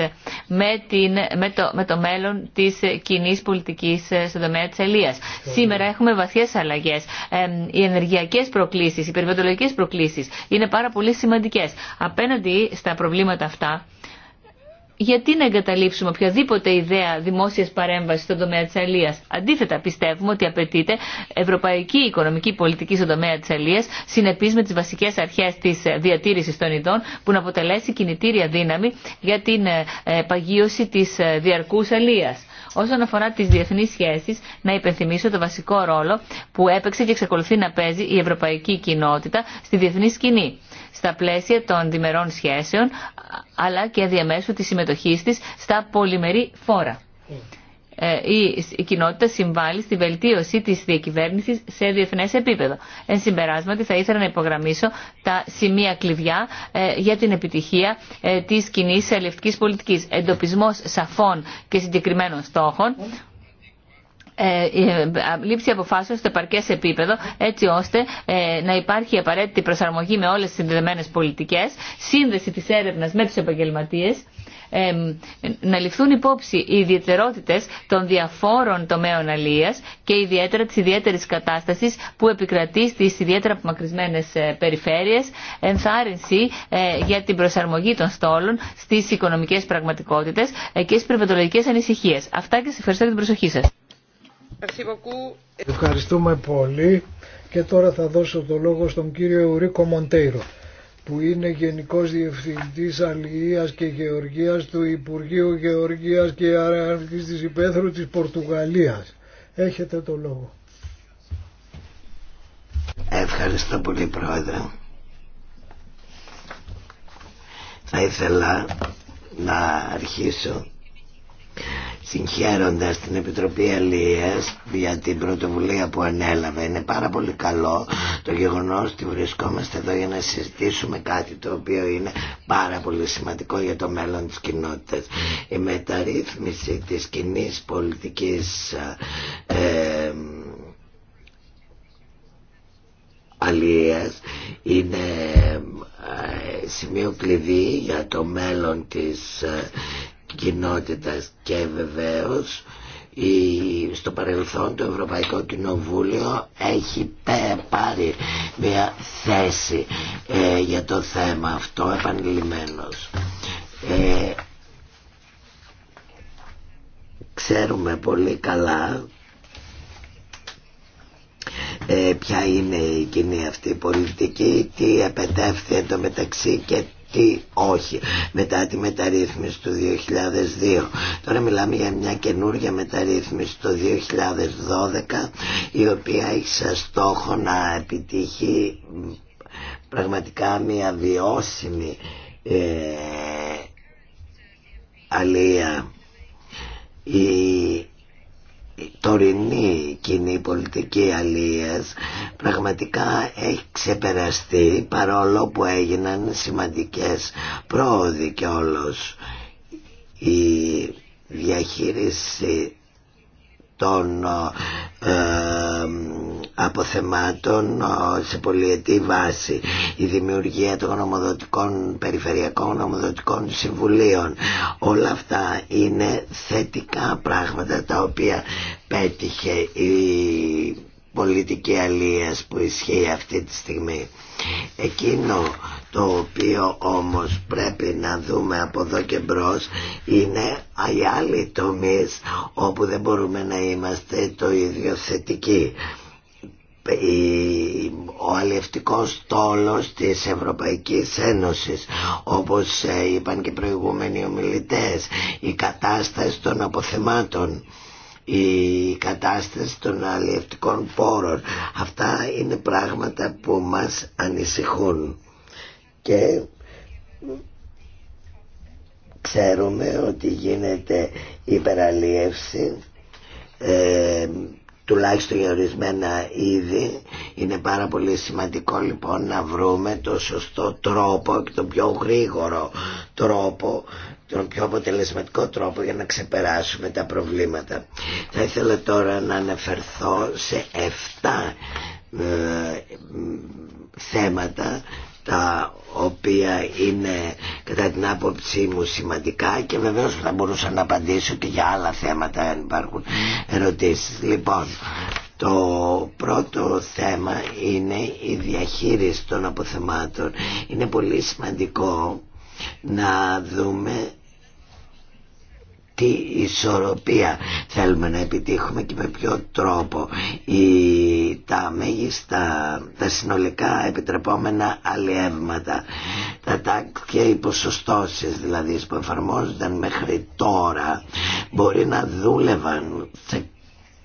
με, την, με, το, με το μέλλον της κοινή πολιτικής στον τομέα της Ελίας. Σήμερα έχουμε βαθιές αλλαγές. Οι ενεργειακές προκλήσεις, οι περιβαλλοντικές προκλήσεις είναι πάρα πολύ σημαντικές. Απέναντι στα προβλήματα αυτά γιατί να εγκαταλείψουμε οποιαδήποτε ιδέα δημόσια παρέμβαση στον τομέα τη αλεία. Αντίθετα, πιστεύουμε ότι απαιτείται ευρωπαϊκή οικονομική πολιτική στον τομέα τη αλεία, συνεπή με τι βασικέ αρχέ τη ε, διατήρηση των ειδών, που να αποτελέσει κινητήρια δύναμη για την ε, ε, παγίωση τη διαρκού αλεία. Όσον αφορά τι διεθνεί σχέσει, να υπενθυμίσω το βασικό ρόλο που έπαιξε και εξακολουθεί να παίζει η ευρωπαϊκή κοινότητα στη διεθνή σκηνή στα πλαίσια των διμερών σχέσεων, αλλά και διαμέσου της συμμετοχής της στα πολυμερή φόρα. Ε, η κοινότητα συμβάλλει στη βελτίωση της διακυβέρνησης σε διεθνές επίπεδο. Εν συμπεράσματι θα ήθελα να υπογραμμίσω τα σημεία κλειδιά ε, για την επιτυχία ε, της κοινής αλληλευτικής πολιτικής. Εντοπισμός σαφών και συγκεκριμένων στόχων ε, ε, λήψη αποφάσεων στο επαρκέ επίπεδο, έτσι ώστε ε, να υπάρχει απαραίτητη προσαρμογή με όλε τι συνδεδεμένε πολιτικέ, σύνδεση τη έρευνα με του επαγγελματίε, να ληφθούν υπόψη οι ιδιαίτερότητε των διαφόρων τομέων αλίας και ιδιαίτερα τη ιδιαίτερη κατάσταση που επικρατεί στις ιδιαίτερα απομακρυσμένε περιφέρειες, ενθάρρυνση για την προσαρμογή των στόλων στις οικονομικές πραγματικότητε και στι περιβαλλοντικέ ανησυχίε. Αυτά και σα ευχαριστώ για την προσοχή σα. Ευχαριστούμε πολύ και τώρα θα δώσω το λόγο στον κύριο Ουρίκο Μοντέιρο που είναι Γενικός Διευθυντής Αλληλείας και Γεωργίας του Υπουργείου Γεωργίας και Αρχής της Υπέθρου της Πορτογαλίας. Έχετε το λόγο. Ευχαριστώ πολύ Πρόεδρε. Θα ήθελα να αρχίσω συγχαίροντας την Επιτροπή Αλίας για την πρωτοβουλία που ανέλαβε. Είναι πάρα πολύ καλό το γεγονός ότι βρισκόμαστε εδώ για να συζητήσουμε κάτι το οποίο είναι πάρα πολύ σημαντικό για το μέλλον της κοινότητας. Η μεταρρύθμιση της κοινή πολιτικής ε, είναι ε, σημείο κλειδί για το μέλλον της ε, κοινότητας και βεβαίως στο παρελθόν το Ευρωπαϊκό Κοινοβούλιο έχει πάρει μια θέση ε, για το θέμα αυτό επανειλημμένος. Ε, ξέρουμε πολύ καλά ε, ποια είναι η κοινή αυτή πολιτική, τι επετεύχθη το μεταξύ και τι όχι μετά τη μεταρρύθμιση του 2002. Τώρα μιλάμε για μια καινούργια μεταρρύθμιση το 2012 η οποία έχει σαν στόχο να επιτύχει πραγματικά μια βιώσιμη ε, αλία. Η τωρινή κοινή πολιτική αλίας πραγματικά έχει ξεπεραστεί παρόλο που έγιναν σημαντικές πρόοδοι και όλος η διαχείριση των ε, αποθεμάτων ε, σε πολυετή βάση, η δημιουργία των γνωμοδοτικών, περιφερειακών γνωμοδοτικών συμβουλίων. Όλα αυτά είναι θετικά πράγματα τα οποία πέτυχε η πολιτική αλίας που ισχύει αυτή τη στιγμή. Εκείνο το οποίο όμως πρέπει να δούμε από εδώ και μπρος είναι οι άλλοι τομείς όπου δεν μπορούμε να είμαστε το ίδιο θετικοί ο αλευτικός τόλος της Ευρωπαϊκής Ένωσης όπως ε, είπαν και προηγούμενοι ομιλητές η κατάσταση των αποθεμάτων η κατάσταση των αλληλευτικών πόρων αυτά είναι πράγματα που μας ανησυχούν και ξέρουμε ότι γίνεται υπεραλίευση ε, τουλάχιστον για ορισμένα είδη. Είναι πάρα πολύ σημαντικό λοιπόν να βρούμε το σωστό τρόπο και τον πιο γρήγορο τρόπο τον πιο αποτελεσματικό τρόπο για να ξεπεράσουμε τα προβλήματα. Θα ήθελα τώρα να αναφερθώ σε 7 ε, θέματα τα οποία είναι κατά την άποψή μου σημαντικά και βεβαίως θα μπορούσα να απαντήσω και για άλλα θέματα αν υπάρχουν ερωτήσεις. Λοιπόν, το πρώτο θέμα είναι η διαχείριση των αποθεμάτων. Είναι πολύ σημαντικό να δούμε τι ισορροπία θέλουμε να επιτύχουμε και με ποιο τρόπο η, τα μέγιστα, τα συνολικά επιτρεπόμενα αλλιεύματα, τα τάκ και δηλαδή που εφαρμόζονταν μέχρι τώρα μπορεί να δούλευαν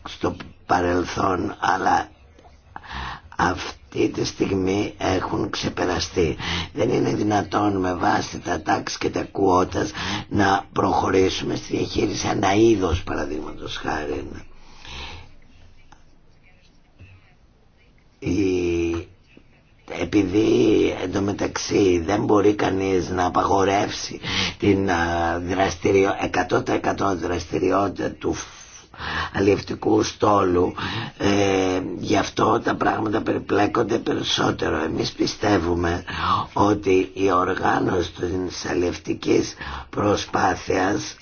στο παρελθόν αλλά αυτό τι τη στιγμή έχουν ξεπεραστεί. Δεν είναι δυνατόν με βάση τα τάξη και τα κουότας να προχωρήσουμε στη διαχείριση ένα είδος παραδείγματος χάρη. Η... Επειδή εντωμεταξύ δεν μπορεί κανείς να απαγορεύσει την ε, δραστηριο... 100% δραστηριότητα του αλλιευτικού στόλου ε, γι' αυτό τα πράγματα περιπλέκονται περισσότερο εμείς πιστεύουμε ότι η οργάνωση της αλλιευτικής προσπάθειας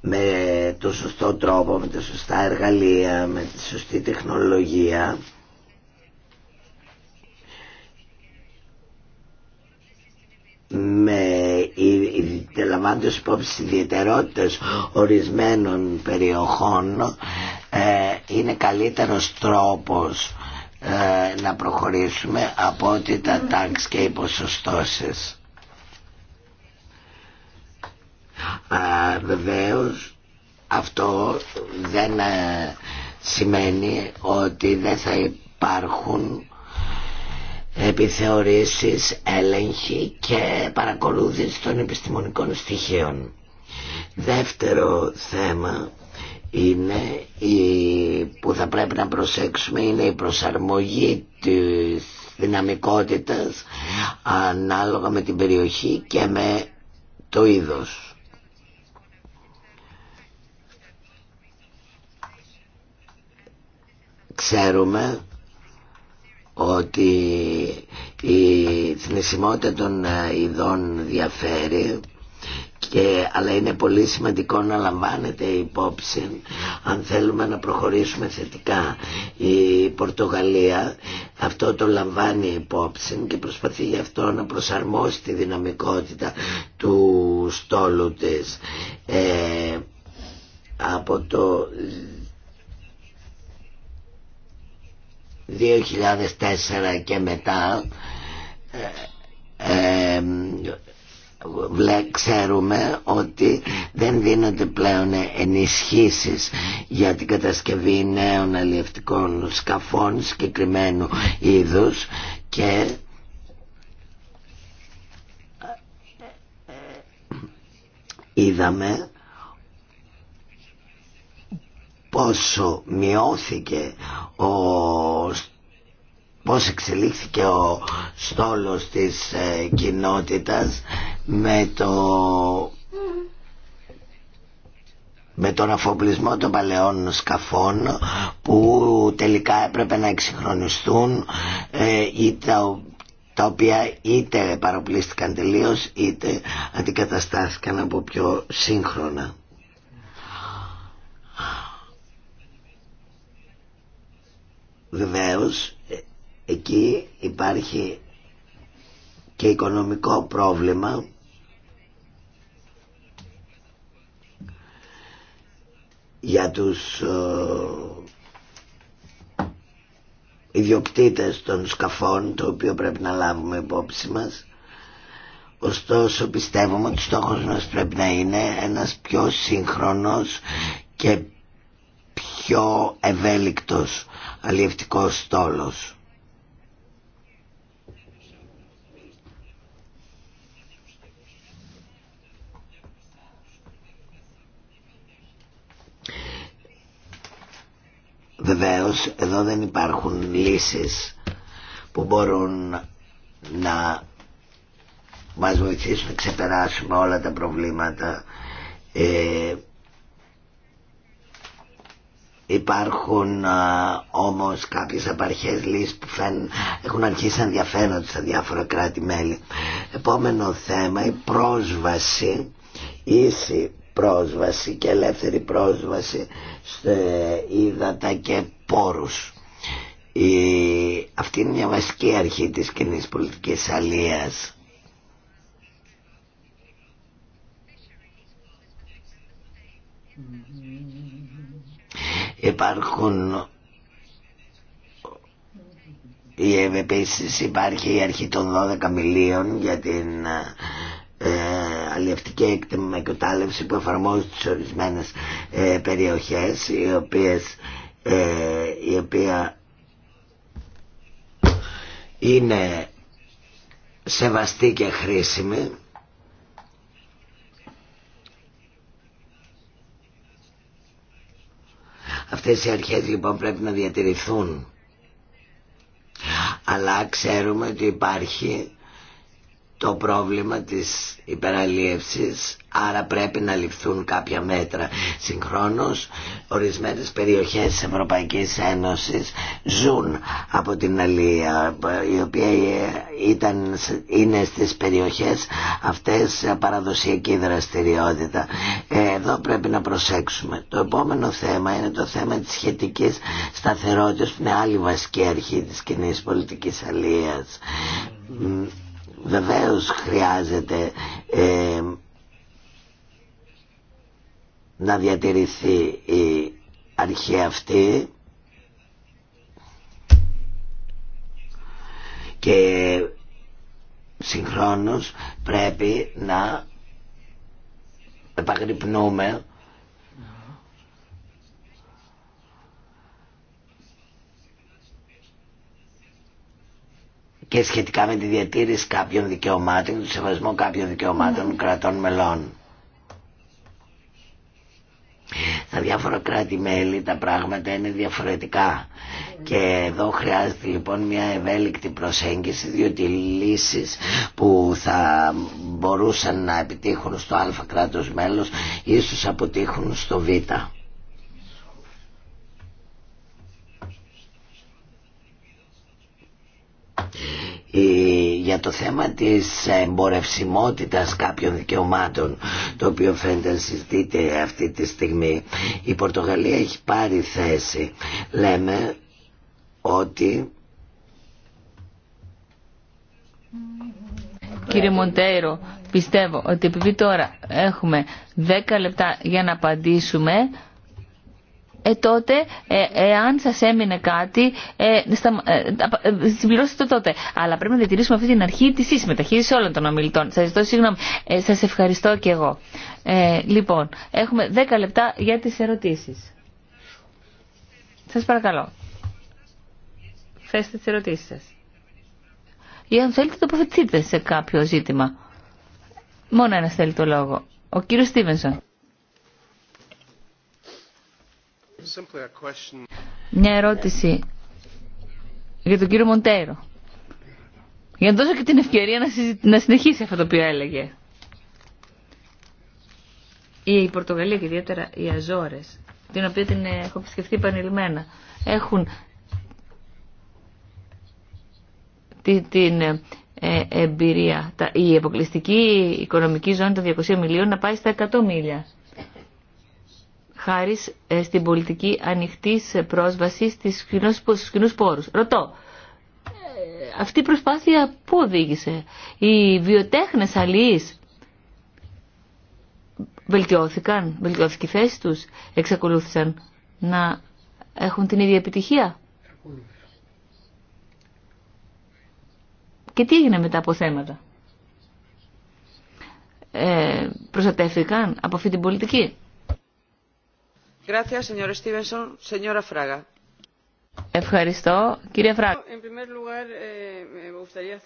με το σωστό τρόπο, με τα σωστά εργαλεία, με τη σωστή τεχνολογία με λαμβάνοντας υπόψη ιδιαιτερότητες ορισμένων περιοχών ε, είναι καλύτερος τρόπος ε, να προχωρήσουμε από ότι τα τάξ και οι ποσοστώσεις. Βεβαίω αυτό δεν ε, σημαίνει ότι δεν θα υπάρχουν επιθεωρήσεις, έλεγχη και παρακολούθηση των επιστημονικών στοιχείων. Δεύτερο θέμα είναι η, που θα πρέπει να προσέξουμε είναι η προσαρμογή της δυναμικότητας ανάλογα με την περιοχή και με το είδος. Ξέρουμε ότι η θνησιμότητα των ε, ειδών διαφέρει και, αλλά είναι πολύ σημαντικό να λαμβάνετε υπόψη αν θέλουμε να προχωρήσουμε θετικά η Πορτογαλία αυτό το λαμβάνει υπόψη και προσπαθεί γι' αυτό να προσαρμόσει τη δυναμικότητα του στόλου της ε, από το 2004 και μετά ε, ε ξέρουμε ότι δεν δίνονται πλέον ενισχύσεις για την κατασκευή νέων αλλιευτικών σκαφών συγκεκριμένου είδους και ε, ε, είδαμε πόσο μειώθηκε ο πώς εξελίχθηκε ο στόλος της ε, κοινότητας με το με τον αφοπλισμό των παλαιών σκαφών που τελικά έπρεπε να εξυγχρονιστούν ε, τα, τα οποία είτε παροπλίστηκαν τελείως είτε αντικαταστάθηκαν από πιο σύγχρονα. βεβαίως ε, εκεί υπάρχει και οικονομικό πρόβλημα για τους ε, ιδιοκτήτες των σκαφών το οποίο πρέπει να λάβουμε υπόψη μας ωστόσο πιστεύουμε ότι στόχος μας πρέπει να είναι ένας πιο σύγχρονος και πιο ευέλικτος αλλιευτικός στόλος. Βεβαίως εδώ δεν υπάρχουν λύσεις που μπορούν να μας βοηθήσουν να ξεπεράσουμε όλα τα προβλήματα ε, Υπάρχουν α, όμως κάποιες απαρχές λύσεις που έχουν αρχίσει να ενδιαφέρονται στα διάφορα κράτη-μέλη. Επόμενο θέμα, η πρόσβαση, ίση πρόσβαση και ελεύθερη πρόσβαση σε ύδατα και πόρους. Η, αυτή είναι μια βασική αρχή της κοινή πολιτικής αλίας υπάρχουν επίσης υπάρχει η αρχή των 12 μιλίων για την ε, αλλιευτική έκτημα που εφαρμόζει στις ορισμένες ε, περιοχές οι οποίες ε, οποία είναι σεβαστή και χρήσιμη Αυτές οι αρχές λοιπόν πρέπει να διατηρηθούν. Αλλά ξέρουμε ότι υπάρχει το πρόβλημα της υπεραλίευσης άρα πρέπει να ληφθούν κάποια μέτρα συγχρόνως ορισμένες περιοχές της Ευρωπαϊκής Ένωσης ζουν από την αλία η οποία ήταν, είναι στις περιοχές αυτές παραδοσιακή δραστηριότητα εδώ πρέπει να προσέξουμε το επόμενο θέμα είναι το θέμα της σχετικής σταθερότητας που είναι άλλη βασική αρχή της κοινή πολιτικής αλίας βεβαίως χρειάζεται ε, να διατηρηθεί η αρχή αυτή και συγχρόνως πρέπει να επαγρυπνούμε και σχετικά με τη διατήρηση κάποιων δικαιωμάτων, του σεβασμό κάποιων δικαιωμάτων ναι. κρατών μελών. Στα διάφορα κράτη-μέλη τα πράγματα είναι διαφορετικά και εδώ χρειάζεται λοιπόν μια ευέλικτη προσέγγιση διότι οι λύσεις που θα μπορούσαν να επιτύχουν στο α κράτος μέλος ίσως αποτύχουν στο β. Ε, για το θέμα της εμπορευσιμότητας κάποιων δικαιωμάτων το οποίο φαίνεται να συζητείται αυτή τη στιγμή η Πορτογαλία έχει πάρει θέση λέμε ότι Κύριε Μοντέιρο πιστεύω ότι επειδή τώρα έχουμε 10 λεπτά για να απαντήσουμε ε, τότε ε, εάν σας έμεινε κάτι, ε, στα, ε, το τότε. Αλλά πρέπει να διατηρήσουμε αυτή την αρχή της ίσης όλων των ομιλητών. Σας ζητώ συγγνώμη. Σας ευχαριστώ και εγώ. Λοιπόν, έχουμε 10 λεπτά για τις ερωτήσεις. Σας παρακαλώ. Θέστε τις ερωτήσεις σας. Ή αν θέλετε τοποθετηθείτε σε κάποιο ζήτημα. Μόνο ενα θέλει το λόγο. Ο κύριος Στίβενσον. Μια ερώτηση για τον κύριο Μοντέρο. Για να δώσω και την ευκαιρία να, συνεχίσει αυτό το οποίο έλεγε. Η Πορτογαλία και ιδιαίτερα οι Αζόρες, την οποία την έχω επισκεφθεί επανειλημμένα, έχουν την, ε, ε, εμπειρία, τα, η αποκλειστική οικονομική ζώνη των 200 μιλίων να πάει στα 100 μίλια χάρη ε, στην πολιτική ανοιχτή πρόσβαση στου κοινού πόρου. Ρωτώ, ε, αυτή η προσπάθεια πού οδήγησε. Οι βιοτέχνες αλληλείς βελτιώθηκαν, βελτιώθηκε η θέση τους, εξακολούθησαν να έχουν την ίδια επιτυχία. Και τι έγινε μετά από θέματα. Ε, από αυτή την πολιτική. Ευχαριστώ. Κύριε Φράγκα. Ε,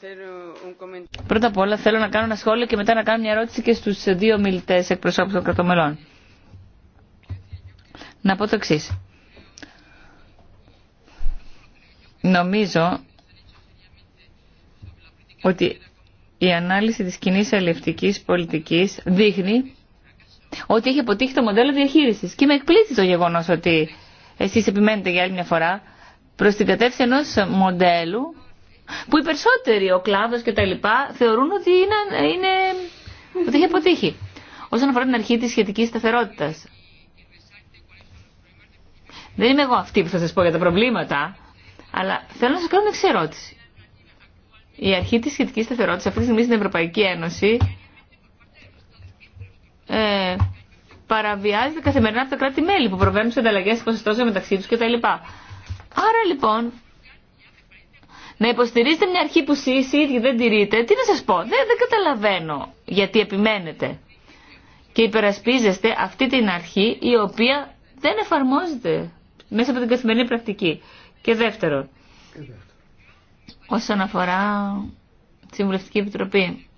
ε, ε, Πρώτα απ' όλα θέλω να κάνω ένα σχόλιο και μετά να κάνω μια ερώτηση και στους δύο μιλητές εκπροσώπους των κρατομελών. Να πω το εξή. Νομίζω ότι η ανάλυση της κοινή αλληλευτικής πολιτικής δείχνει ότι έχει αποτύχει το μοντέλο διαχείριση. Και με εκπλήσει το γεγονό ότι εσεί επιμένετε για άλλη μια φορά προ την κατεύθυνση ενό μοντέλου που οι περισσότεροι, ο κλάδο κτλ. θεωρούν ότι, είναι, είναι, ότι έχει αποτύχει. Όσον αφορά την αρχή τη σχετική σταθερότητα. Δεν είμαι εγώ αυτή που θα σα πω για τα προβλήματα, αλλά θέλω να σα κάνω μια ερώτηση. Η αρχή τη σχετική σταθερότητα αυτή τη στιγμή στην Ευρωπαϊκή Ένωση ε, παραβιάζεται καθημερινά από τα κράτη-μέλη που προβαίνουν σε ανταλλαγέ ποσοστώσεων μεταξύ του κτλ. Άρα λοιπόν, να υποστηρίζετε μια αρχή που εσείς οι ίδιοι δεν τηρείτε, τι να σας πω, δεν, δεν καταλαβαίνω γιατί επιμένετε. Και υπερασπίζεστε αυτή την αρχή η οποία δεν εφαρμόζεται μέσα από την καθημερινή πρακτική. Και δεύτερον, όσον αφορά τη Συμβουλευτική Επιτροπή,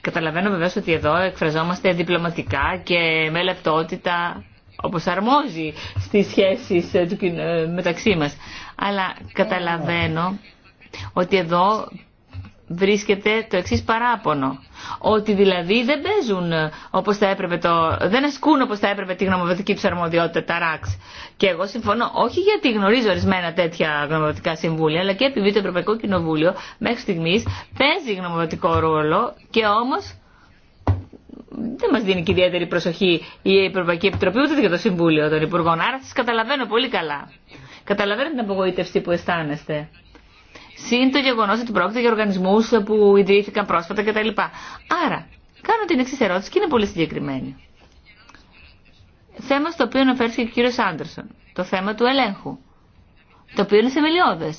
Καταλαβαίνω βεβαίω ότι εδώ εκφραζόμαστε διπλωματικά και με λεπτότητα όπως αρμόζει στις σχέσεις ε, ε, μεταξύ μα. Αλλά καταλαβαίνω ότι εδώ βρίσκεται το εξής παράπονο. Ότι δηλαδή δεν παίζουν ε, όπως θα έπρεπε το... δεν ασκούν όπως θα έπρεπε τη γνωμοδοτική του αρμοδιότητα τα ΡΑΞ. Και εγώ συμφωνώ όχι γιατί γνωρίζω ορισμένα τέτοια γνωμοδοτικά συμβούλια, αλλά και επειδή το Ευρωπαϊκό Κοινοβούλιο μέχρι στιγμής παίζει γνωμοδοτικό ρόλο και όμως δεν μα δίνει και ιδιαίτερη προσοχή η Ευρωπαϊκή Επιτροπή ούτε και το Συμβούλιο των Υπουργών. Άρα σα καταλαβαίνω πολύ καλά. Καταλαβαίνω την απογοήτευση που αισθάνεστε. Συν το γεγονό ότι πρόκειται για οργανισμού που ιδρύθηκαν πρόσφατα κτλ. Άρα, κάνω την εξή ερώτηση και είναι πολύ συγκεκριμένη. Θέμα στο οποίο αναφέρθηκε και ο κύριο Άντερσον. Το θέμα του ελέγχου. Το οποίο είναι σε μελιώδε.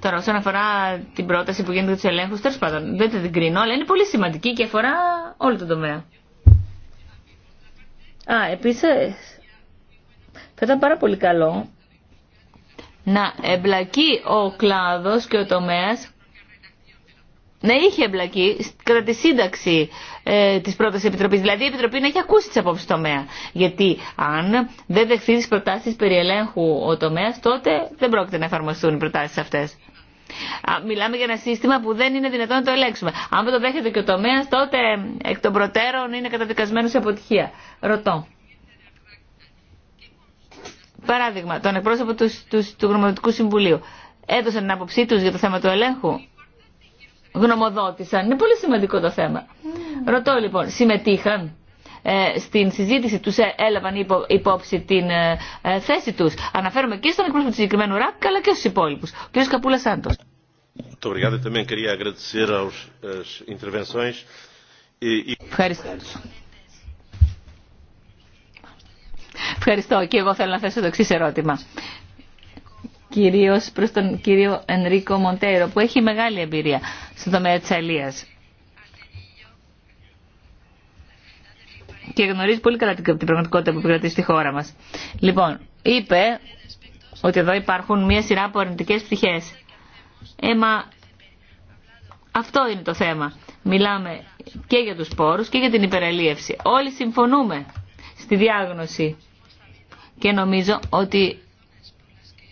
Τώρα, όσον αφορά την πρόταση που γίνεται για του ελέγχου, τέλο πάντων δεν την κρίνω, αλλά είναι πολύ σημαντική και αφορά όλο τον τομέα. Α, επίσης θα ήταν πάρα πολύ καλό να εμπλακεί ο κλάδος και ο τομέας να είχε εμπλακεί κατά τη σύνταξη ε, τη πρώτη επιτροπή. Δηλαδή η επιτροπή να έχει ακούσει τι απόψει του τομέα. Γιατί αν δεν δεχθεί τι προτάσει περί ελέγχου ο τομέα, τότε δεν πρόκειται να εφαρμοστούν οι προτάσει αυτέ. Μιλάμε για ένα σύστημα που δεν είναι δυνατόν να το ελέγξουμε. Αν δεν το δέχεται και ο τομέα, τότε ε, εκ των προτέρων είναι καταδικασμένο σε αποτυχία. Ρωτώ. Παράδειγμα, τον εκπρόσωπο του, του, του Γνωμοδοτικού Συμβουλίου έδωσαν την άποψή του για το θέμα του ελέγχου. Γνωμοδότησαν. Είναι πολύ σημαντικό το θέμα. Mm. Ρωτώ λοιπόν, συμμετείχαν ε, στην συζήτηση, του ε, έλαβαν υπόψη την ε, θέση του. Αναφέρομαι και στον εκπρόσωπο του συγκεκριμένου ΡΑΚ, αλλά και στου υπόλοιπου. Κ. Καπούλα Σάντο. E eh, e, e- Ευχαριστώ. Ευχαριστώ και εγώ θέλω να θέσω το εξή ερώτημα. Κυρίως προς τον κύριο Ενρίκο Μοντέρο που έχει μεγάλη εμπειρία στον τομέα της αλίας. και γνωρίζει πολύ καλά την πραγματικότητα που επικρατεί στη χώρα μας. Λοιπόν, είπε ότι εδώ υπάρχουν μία σειρά από αρνητικές πτυχέ. Ε, μα αυτό είναι το θέμα. Μιλάμε και για τους πόρους και για την υπεραλίευση. Όλοι συμφωνούμε στη διάγνωση και νομίζω ότι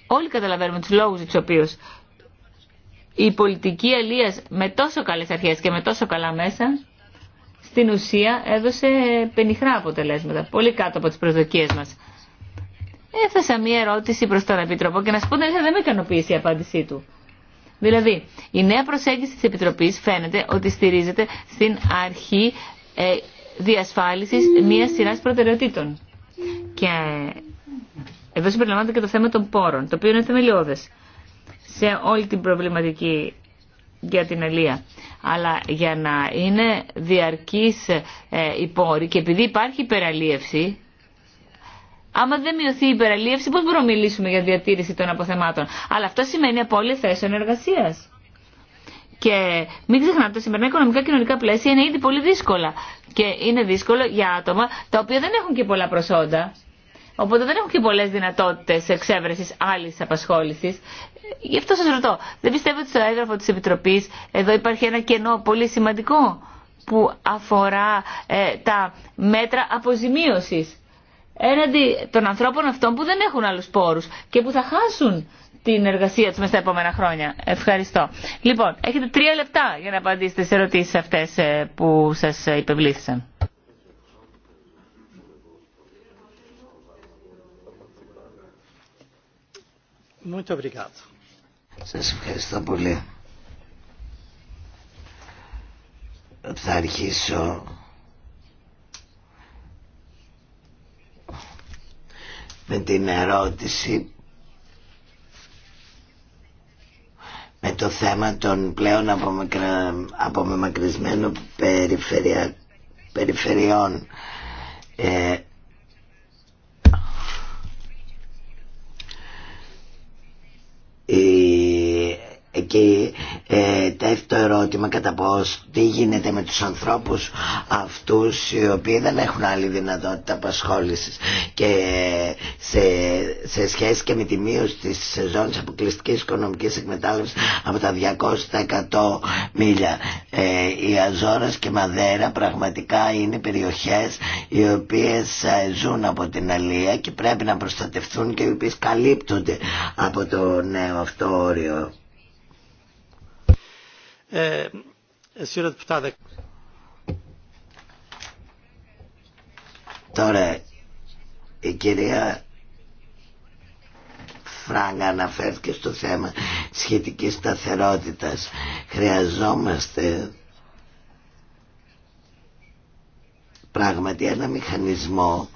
όλοι καταλαβαίνουμε τους λόγους για τους η πολιτική αλίας με τόσο καλές αρχές και με τόσο καλά μέσα στην ουσία έδωσε πενιχρά αποτελέσματα, πολύ κάτω από τις προσδοκίες μας. Έθεσα μία ερώτηση προς τον Επιτροπό και να σου πω ότι δεν με ικανοποίησε η απάντησή του. Δηλαδή, η νέα προσέγγιση της Επιτροπής φαίνεται ότι στηρίζεται στην αρχή ε, διασφάλισης μίας σειράς προτεραιοτήτων. Και εδώ συμπεριλαμβάνεται και το θέμα των πόρων, το οποίο είναι θεμελιώδε σε όλη την προβληματική για την Ελία. Αλλά για να είναι διαρκής ε, η πόρη και επειδή υπάρχει υπεραλίευση, άμα δεν μειωθεί η υπεραλίευση, πώς μπορούμε να μιλήσουμε για διατήρηση των αποθεμάτων. Αλλά αυτό σημαίνει απόλυτη θέση εργασία. Και μην ξεχνάτε, τα σημερινά οικονομικά και κοινωνικά πλαίσια είναι ήδη πολύ δύσκολα. Και είναι δύσκολο για άτομα τα οποία δεν έχουν και πολλά προσόντα. Οπότε δεν έχουν και πολλέ δυνατότητε εξέβρεση άλλη απασχόληση. Γι' αυτό σα ρωτώ, δεν πιστεύετε ότι στο έγγραφο τη Επιτροπή εδώ υπάρχει ένα κενό πολύ σημαντικό που αφορά ε, τα μέτρα αποζημίωση έναντι των ανθρώπων αυτών που δεν έχουν άλλου πόρου και που θα χάσουν την εργασία του μέσα στα επόμενα χρόνια. Ευχαριστώ. Λοιπόν, έχετε τρία λεπτά για να απαντήσετε σε ερωτήσει αυτέ ε, που σα υπευλήθησαν. Muito obrigado. ευχαριστώ πολύ. Θα αρχίσω με την ερώτηση με το θέμα των πλέον απομεμακρυσμένων περιφερειών. Ε, και ε, τέτοιο ερώτημα κατά πώς τι γίνεται με τους ανθρώπους αυτούς οι οποίοι δεν έχουν άλλη δυνατότητα απασχόλησης και σε, σε σχέση και με τη μείωση της ζώνης αποκλειστικής οικονομικής εκμετάλλευσης από τα 200 μίλια ε, οι Αζόρας και Μαδέρα πραγματικά είναι περιοχές οι οποίες ε, ζουν από την Αλία και πρέπει να προστατευτούν και οι οποίες καλύπτονται από το νέο αυτό όριο. Ε, ε, Τώρα η κυρία Φράγκα αναφέρθηκε στο θέμα σχετικής σταθερότητας. Χρειαζόμαστε πράγματι ένα μηχανισμό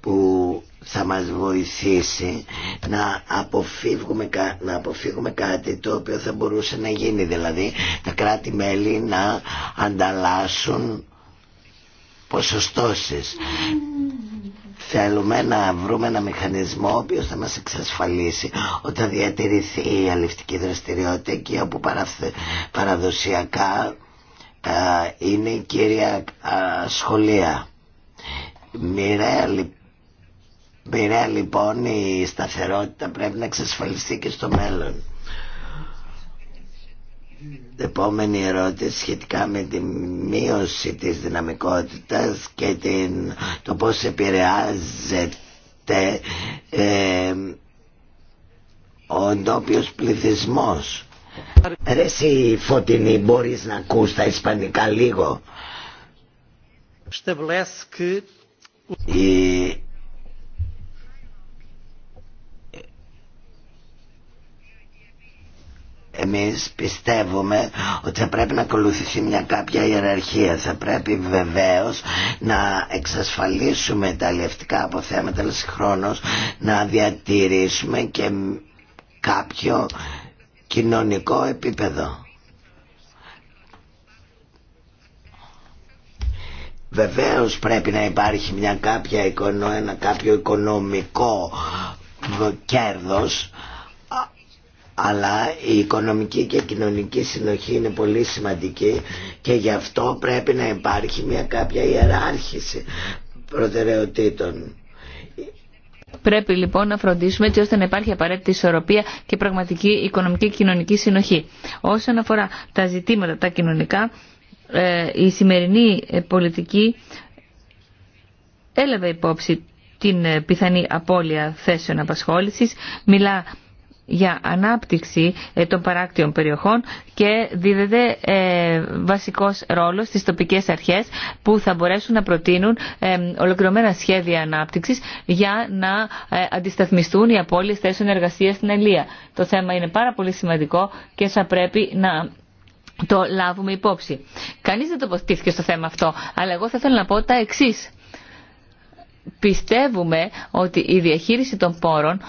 που θα μας βοηθήσει να αποφύγουμε, να κάτι το οποίο θα μπορούσε να γίνει δηλαδή τα κράτη-μέλη να ανταλλάσσουν ποσοστώσεις θέλουμε να βρούμε ένα μηχανισμό ο οποίος θα μας εξασφαλίσει όταν θα διατηρηθεί η αληφτική δραστηριότητα εκεί όπου παραδοσιακά ε, είναι η κύρια σχολεία. Μοιραία λοιπόν πειραία λοιπόν η σταθερότητα πρέπει να εξασφαλιστεί και στο μέλλον. Επόμενη ερώτηση σχετικά με τη μείωση της δυναμικότητας και την, το πώς επηρεάζεται ε, ο ντόπιος πληθυσμός. Ρε εσύ Φωτεινή μπορείς να ακούς τα ισπανικά λίγο. Η εμείς πιστεύουμε ότι θα πρέπει να ακολουθήσει μια κάποια ιεραρχία. Θα πρέπει βεβαίως να εξασφαλίσουμε τα λευτικά αποθέματα, αλλά συγχρόνως να διατηρήσουμε και κάποιο κοινωνικό επίπεδο. Βεβαίως πρέπει να υπάρχει μια κάποια, ένα κάποιο οικονομικό κέρδος αλλά η οικονομική και κοινωνική συνοχή είναι πολύ σημαντική και γι' αυτό πρέπει να υπάρχει μια κάποια ιεράρχηση προτεραιοτήτων. Πρέπει λοιπόν να φροντίσουμε έτσι ώστε να υπάρχει απαραίτητη ισορροπία και πραγματική οικονομική και κοινωνική συνοχή. Όσον αφορά τα ζητήματα τα κοινωνικά, ε, η σημερινή ε, πολιτική έλαβε υπόψη την ε, πιθανή απώλεια θέσεων απασχόλησης, μιλά για ανάπτυξη ε, των παράκτιων περιοχών και δίδεται ε, βασικός ρόλος στις τοπικές αρχές που θα μπορέσουν να προτείνουν ε, ολοκληρωμένα σχέδια ανάπτυξης για να αντισταθμιστούν οι απώλειες θέσεων εργασίας στην Ελία. Το θέμα είναι πάρα πολύ σημαντικό και θα πρέπει να το λάβουμε υπόψη. Κανείς δεν τοποθετήθηκε στο θέμα αυτό, αλλά εγώ θα ήθελα να πω τα εξής πιστεύουμε ότι η διαχείριση των πόρων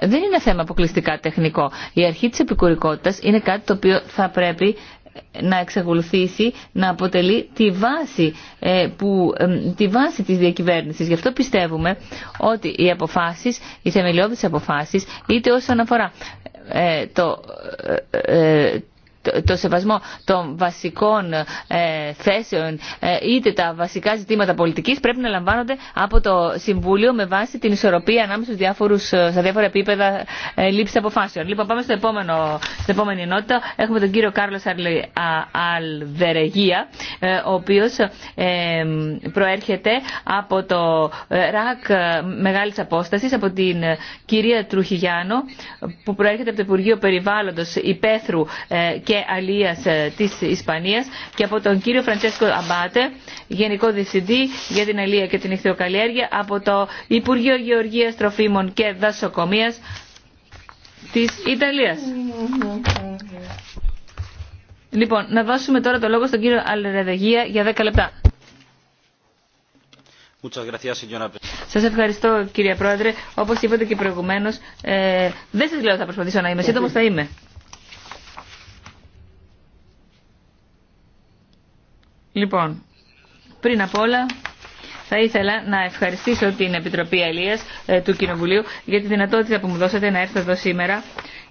δεν είναι θέμα αποκλειστικά τεχνικό. Η αρχή της επικουρικότητας είναι κάτι το οποίο θα πρέπει να εξακολουθήσει να αποτελεί τη βάση, ε, που, ε, τη βάση της διακυβέρνησης. Γι' αυτό πιστεύουμε ότι οι αποφάσεις, οι θεμελιώδεις αποφάσεις, είτε όσον αφορά ε, το, το σεβασμό των βασικών ε, θέσεων ε, είτε τα βασικά ζητήματα πολιτικής πρέπει να λαμβάνονται από το Συμβούλιο με βάση την ισορροπία ανάμεσα στους διάφορους, ε, στα διάφορα επίπεδα ε, αποφάσεων. Λοιπόν, πάμε στο επόμενο, στην επόμενη ενότητα. Έχουμε τον κύριο Κάρλος Αλβερεγία ε, ο οποίος προέρχεται από το ΡΑΚ μεγάλης απόστασης, από την κυρία Τρουχιγιάνο, που προέρχεται από το Υπουργείο Περιβάλλοντος Υπέθρου και και αλίας ε, τη Ισπανία και από τον κύριο Φραντσέσκο Αμπάτε, Γενικό Διευθυντή για την Αλία και την Ιχθυοκαλλιέργεια, από το Υπουργείο Γεωργίας Τροφίμων και Δασοκομεία τη Ιταλία. Λοιπόν, να δώσουμε τώρα το λόγο στον κύριο Αλερεδεγία για 10 λεπτά. Σα ευχαριστώ κύριε Πρόεδρε. Όπω είπατε και προηγουμένω, ε, δεν σα λέω ότι θα προσπαθήσω να είμαι σύντομο, θα είμαι. Λοιπόν, πριν από όλα θα ήθελα να ευχαριστήσω την Επιτροπή Ελίας ε, του Κοινοβουλίου για τη δυνατότητα που μου δώσατε να έρθω εδώ σήμερα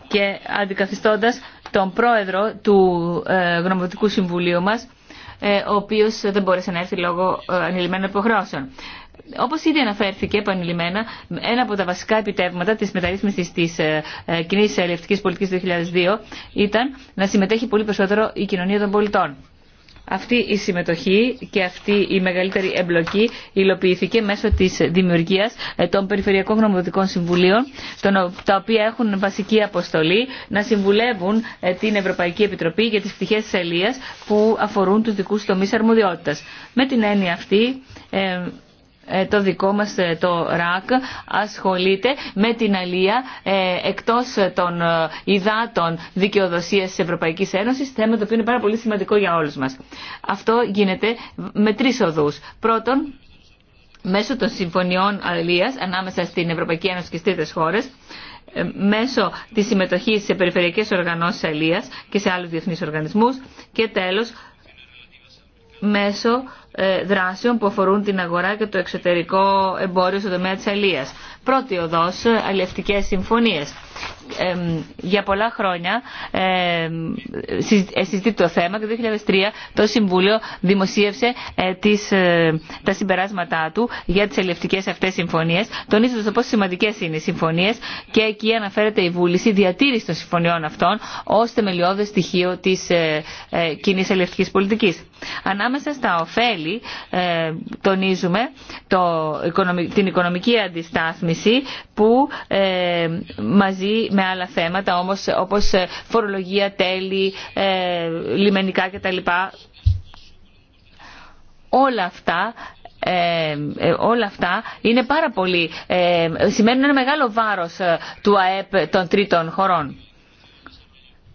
και αντικαθιστώντας τον πρόεδρο του ε, Γνωμοτικού Συμβουλίου μας, ε, ο οποίος δεν μπόρεσε να έρθει λόγω ε, ανηλυμένων υποχρεώσεων. Όπω ήδη αναφέρθηκε επανειλημμένα, ένα από τα βασικά επιτεύγματα τη μεταρρύθμιση τη κοινή ελευτική πολιτική του 2002 ήταν να συμμετέχει πολύ περισσότερο η κοινωνία των πολιτών αυτή η συμμετοχή και αυτή η μεγαλύτερη εμπλοκή υλοποιήθηκε μέσω της δημιουργίας ε, των Περιφερειακών Γνωμοδοτικών Συμβουλίων, τα οποία έχουν βασική αποστολή να συμβουλεύουν ε, την Ευρωπαϊκή Επιτροπή για τις πτυχές της Ελίας που αφορούν τους δικούς τομείς αρμοδιότητας. Με την έννοια αυτή, ε, ε, το δικό μας ε, το ΡΑΚ ασχολείται με την αλία ε, εκτός των υδάτων δικαιοδοσίας της Ευρωπαϊκής Ένωσης, θέμα το οποίο είναι πάρα πολύ σημαντικό για όλους μας. Αυτό γίνεται με τρεις οδούς. Πρώτον, μέσω των συμφωνιών αλίας ανάμεσα στην Ευρωπαϊκή Ένωση και στις τρίτες χώρες, μέσω της συμμετοχής σε περιφερειακές οργανώσεις αλίας και σε άλλους διεθνείς οργανισμούς και τέλος μέσω ε, δράσεων που αφορούν την αγορά και το εξωτερικό εμπόριο στον τομέα της αλίας. Πρώτη οδός, ε, αλλιευτικές συμφωνίες. για πολλά χρόνια ε, ε συζητεί το θέμα και το 2003 το Συμβούλιο δημοσίευσε τις, τα συμπεράσματά του για τις ελευτικές αυτές συμφωνίες τονίζοντας το πόσο σημαντικές είναι οι συμφωνίες και εκεί αναφέρεται η βούληση διατήρηση των συμφωνιών αυτών ως θεμελιώδες στοιχείο της ε, κοινής ελευτικής Ανάμεσα στα ε, τονίζουμε το, την οικονομική αντιστάθμιση που ε, μαζί με άλλα θέματα όπως ε, φορολογία, τέλη, λιμενικά κτλ. Όλα αυτά όλα αυτά είναι πάρα πολύ, ε, ένα μεγάλο βάρος του ΑΕΠ των τρίτων χωρών.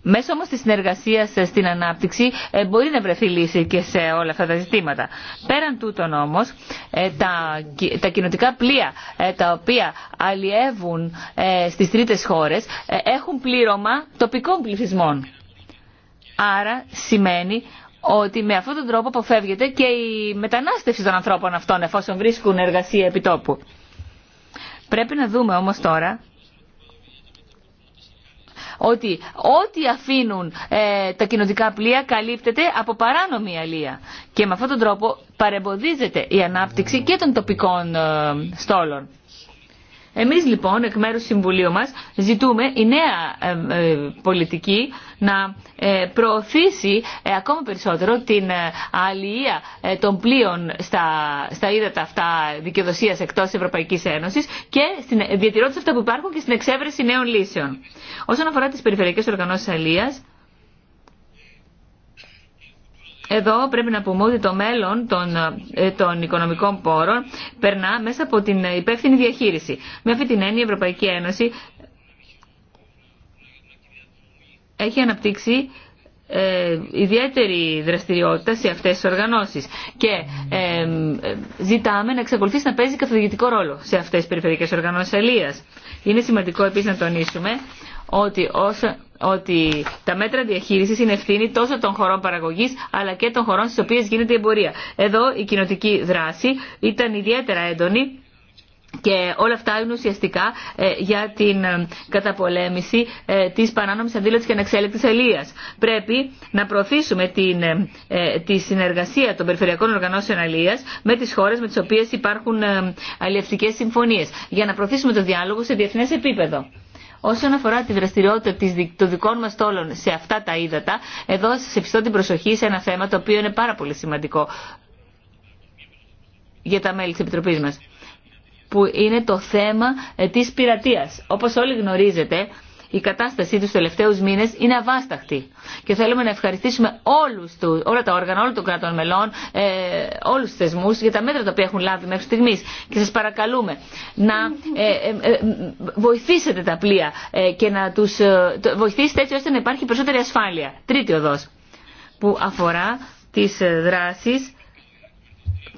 Μέσω όμω τη συνεργασία ε, στην ανάπτυξη ε, μπορεί να βρεθεί λύση και σε όλα αυτά τα ζητήματα. Πέραν τούτων όμω, ε, τα, τα κοινοτικά πλοία τα οποία αλλιεύουν στι τρίτε χώρε έχουν πλήρωμα τοπικών πληθυσμών. Άρα σημαίνει ότι με αυτόν τον τρόπο αποφεύγεται και η μετανάστευση των ανθρώπων αυτών εφόσον βρίσκουν εργασία επιτόπου. Πρέπει να δούμε όμως τώρα ότι ό,τι αφήνουν ε, τα κοινοτικά πλοία καλύπτεται από παράνομη αλεία. Και με αυτόν τον τρόπο παρεμποδίζεται η ανάπτυξη και των τοπικών ε, στόλων. Εμείς λοιπόν εκ μέρους του Συμβουλίου μας ζητούμε η νέα ε, ε, πολιτική να ε, προωθήσει ε, ακόμα περισσότερο την αλληλεία των πλοίων στα, στα τα αυτά δικαιοδοσίας εκτός Ευρωπαϊκής Ένωσης και στην διατηρώντας αυτά που υπάρχουν και στην εξέβρεση νέων λύσεων. Όσον αφορά τις περιφερειακές οργανώσεις αλληλείας, εδώ πρέπει να πούμε ότι το μέλλον των, ε, των οικονομικών πόρων περνά μέσα από την υπεύθυνη διαχείριση. Με αυτή την έννοια η Ευρωπαϊκή Ένωση έχει αναπτύξει ε, ιδιαίτερη δραστηριότητα σε αυτές τις οργανώσεις και ε, ζητάμε να εξακολουθήσει να παίζει καθοδηγητικό ρόλο σε αυτές τις περιφερειακές οργανώσεις αλίας. Είναι σημαντικό επίσης να τονίσουμε ότι, ότι τα μέτρα διαχείριση είναι ευθύνη τόσο των χωρών παραγωγή αλλά και των χωρών στι οποίε γίνεται η εμπορία. Εδώ η κοινοτική δράση ήταν ιδιαίτερα έντονη και όλα αυτά είναι ουσιαστικά ε, για την ε, καταπολέμηση ε, της παράνομης αντίληψης και ανεξέλεκτης ελίας. Πρέπει να προωθήσουμε την, τη συνεργασία των περιφερειακών οργανώσεων αλίας με τις χώρες με τις οποίες υπάρχουν αλληλευτικές συμφωνίες για να προωθήσουμε το διάλογο σε διεθνές επίπεδο. Όσον αφορά τη δραστηριότητα των δικών μας τόλων σε αυτά τα ύδατα, εδώ σα επιστώ την προσοχή σε ένα θέμα το οποίο είναι πάρα πολύ σημαντικό για τα μέλη της Επιτροπής μας, που είναι το θέμα ε, της πειρατεία. Όπως όλοι γνωρίζετε, η κατάστασή του τελευταίους μήνες είναι αβάσταχτη. Και θέλουμε να ευχαριστήσουμε όλους του, όλα τα όργανα, όλων των κρατών μελών, ε, όλους τους θεσμούς για τα μέτρα τα οποία έχουν λάβει μέχρι στιγμής. Και σας παρακαλούμε να ε, ε, ε, βοηθήσετε τα πλοία και να τους βοηθήσετε έτσι ώστε να υπάρχει περισσότερη ασφάλεια. Τρίτη οδός που αφορά τις δράσεις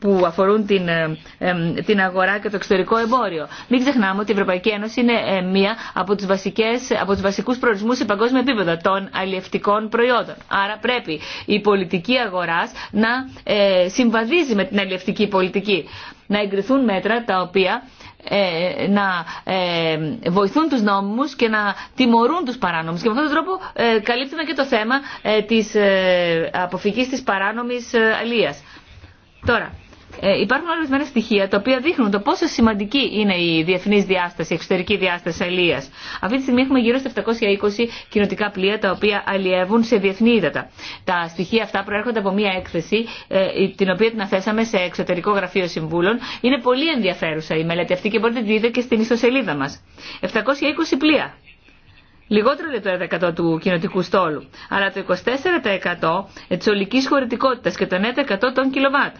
που αφορούν την, ε, ε, την αγορά και το εξωτερικό εμπόριο. Μην ξεχνάμε ότι η Ευρωπαϊκή Ένωση είναι ε, μία από τους, βασικές, από τους βασικούς προορισμούς σε παγκόσμιο επίπεδο των αλλιευτικών προϊόντων. Άρα πρέπει η πολιτική αγοράς να συμβαδίζει με την αλλιευτική πολιτική. Να εγκριθούν μέτρα τα οποία να βοηθούν τους νόμους και να τιμωρούν τους παράνομους. Και με αυτόν τον τρόπο καλύπτουμε και το θέμα της αποφυγής της παράνομης αλίας. Τώρα, ε, υπάρχουν ορισμένα στοιχεία τα οποία δείχνουν το πόσο σημαντική είναι η διεθνή διάσταση, η εξωτερική διάσταση αλληλεία. Αυτή τη στιγμή έχουμε γύρω στα 720 κοινοτικά πλοία τα οποία αλλιεύουν σε διεθνή ύδατα. Τα στοιχεία αυτά προέρχονται από μία έκθεση ε, την οποία την αφέσαμε σε εξωτερικό γραφείο συμβούλων. Είναι πολύ ενδιαφέρουσα η μελέτη αυτή και μπορείτε να τη δείτε και στην ιστοσελίδα μα. 720 πλοία λιγότερο για το 1% του κοινοτικού στόλου, αλλά το 24% τη ολική χωρητικότητας και το 9% των κιλοβάτ.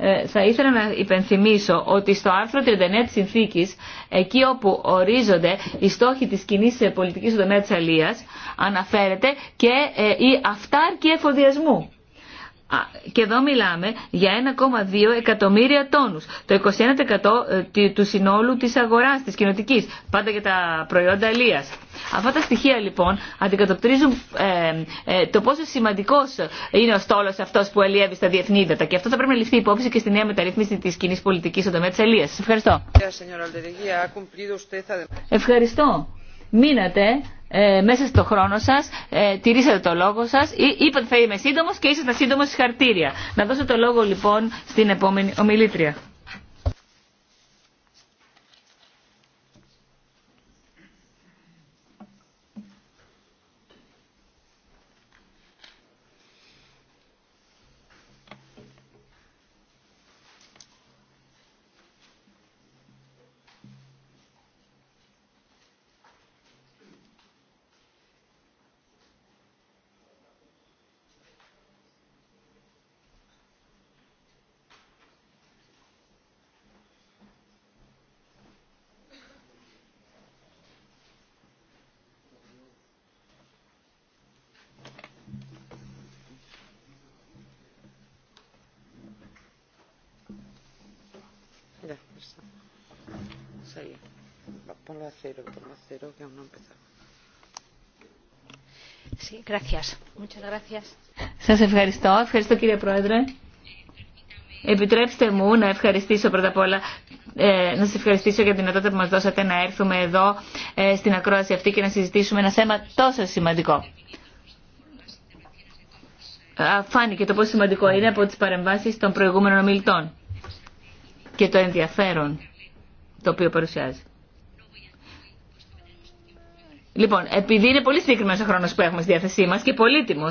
Ε, θα ήθελα να υπενθυμίσω ότι στο άρθρο 39 της συνθήκης, εκεί όπου ορίζονται οι στόχοι της κοινή ε, πολιτικής του τομέα της αναφέρεται και ε, η αυτάρκη εφοδιασμού. Και εδώ μιλάμε για 1,2 εκατομμύρια τόνους, το 21% ε, του συνόλου της αγοράς της κοινοτικής, πάντα για τα προϊόντα αλίας. Αυτά τα στοιχεία λοιπόν αντικατοπτρίζουν ε, ε, το πόσο σημαντικό είναι ο στόλο αυτό που ελιεύει στα διεθνή ύδατα. Και αυτό θα πρέπει να ληφθεί υπόψη και στη νέα μεταρρύθμιση τη κοινή πολιτική στον τομέα τη ελεία. ευχαριστώ. Ευχαριστώ. Μείνατε ε, μέσα στο χρόνο σας, ε, τηρήσατε το λόγο σας, είπατε θα είμαι σύντομος και ήσασταν σύντομος χαρτήρια Να δώσω το λόγο λοιπόν στην επόμενη ομιλήτρια. Σας ευχαριστώ. Ευχαριστώ κύριε Πρόεδρε. Επιτρέψτε μου να ευχαριστήσω πρώτα απ' όλα, ε, να σας ευχαριστήσω για την δυνατότητα που μας δώσατε να έρθουμε εδώ ε, στην ακρόαση αυτή και να συζητήσουμε ένα θέμα τόσο σημαντικό. Φάνηκε το πόσο σημαντικό είναι από τις παρεμβάσεις των προηγούμενων ομιλητών και το ενδιαφέρον το οποίο παρουσιάζει. Λοιπόν, επειδή είναι πολύ συγκεκριμένο ο χρόνο που έχουμε στη διάθεσή μα και πολύτιμο,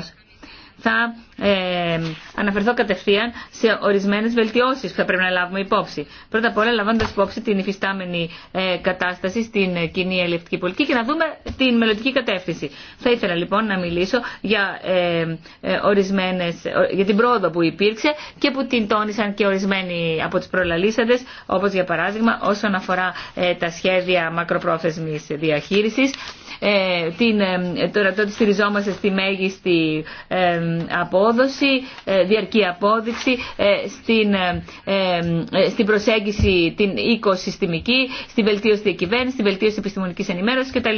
θα ε, αναφερθώ κατευθείαν σε ορισμένες βελτιώσεις που θα πρέπει να λάβουμε υπόψη. Πρώτα απ' όλα λαμβάνοντας υπόψη την υφιστάμενη ε, κατάσταση στην κοινή ελευθερική πολιτική και να δούμε την μελλοντική κατεύθυνση. Θα ήθελα λοιπόν να μιλήσω για, ε, ορισμένες, για την πρόοδο που υπήρξε και που την τόνισαν και ορισμένοι από τους προλαλήσαντες, όπως για παράδειγμα όσον αφορά τα σχέδια μακροπρόθεσμης διαχείρισης, την, τώρα τότε στηριζόμαστε στη μέγιστη απόδοση, ε, διαρκή απόδειξη ε, στην, ε, στην προσέγγιση την οικοσυστημική, στην βελτίωση της κυβέρνηση, στην βελτίωση της επιστημονικής ενημέρωσης κτλ.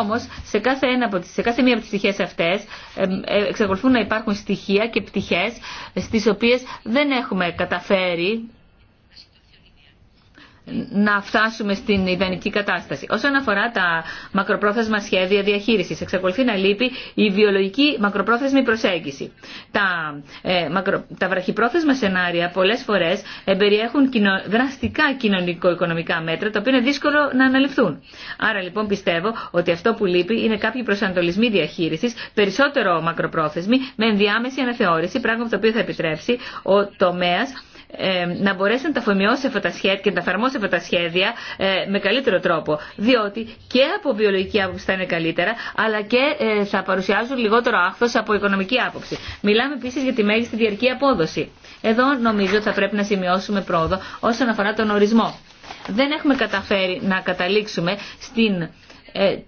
Όμως, σε κάθε, ένα από τις, σε κάθε μία από τις στοιχείες αυτές εξακολουθούν να υπάρχουν στοιχεία και πτυχές στις οποίες δεν έχουμε καταφέρει να φτάσουμε στην ιδανική κατάσταση. Όσον αφορά τα μακροπρόθεσμα σχέδια διαχείριση, εξακολουθεί να λείπει η βιολογική μακροπρόθεσμη προσέγγιση. Τα, ε, τα βραχυπρόθεσμα σενάρια πολλέ φορέ εμπεριέχουν δραστικά κοινωνικο-οικονομικά μέτρα, τα οποία είναι δύσκολο να αναλυφθούν. Άρα λοιπόν πιστεύω ότι αυτό που λείπει είναι κάποιοι προσανατολισμοί διαχείριση, περισσότερο μακροπρόθεσμοι, με ενδιάμεση αναθεώρηση, πράγμα το οποίο θα επιτρέψει ο τομέα ε, να μπορέσει να τα αφομοιώσει αυτά τα σχέδια και να τα εφαρμόσει αυτά τα σχέδια ε, με καλύτερο τρόπο. Διότι και από βιολογική άποψη θα είναι καλύτερα, αλλά και ε, θα παρουσιάζουν λιγότερο άχθο από οικονομική άποψη. Μιλάμε επίση για τη μέγιστη διαρκή απόδοση. Εδώ νομίζω ότι θα πρέπει να σημειώσουμε πρόοδο όσον αφορά τον ορισμό. Δεν έχουμε καταφέρει να καταλήξουμε στην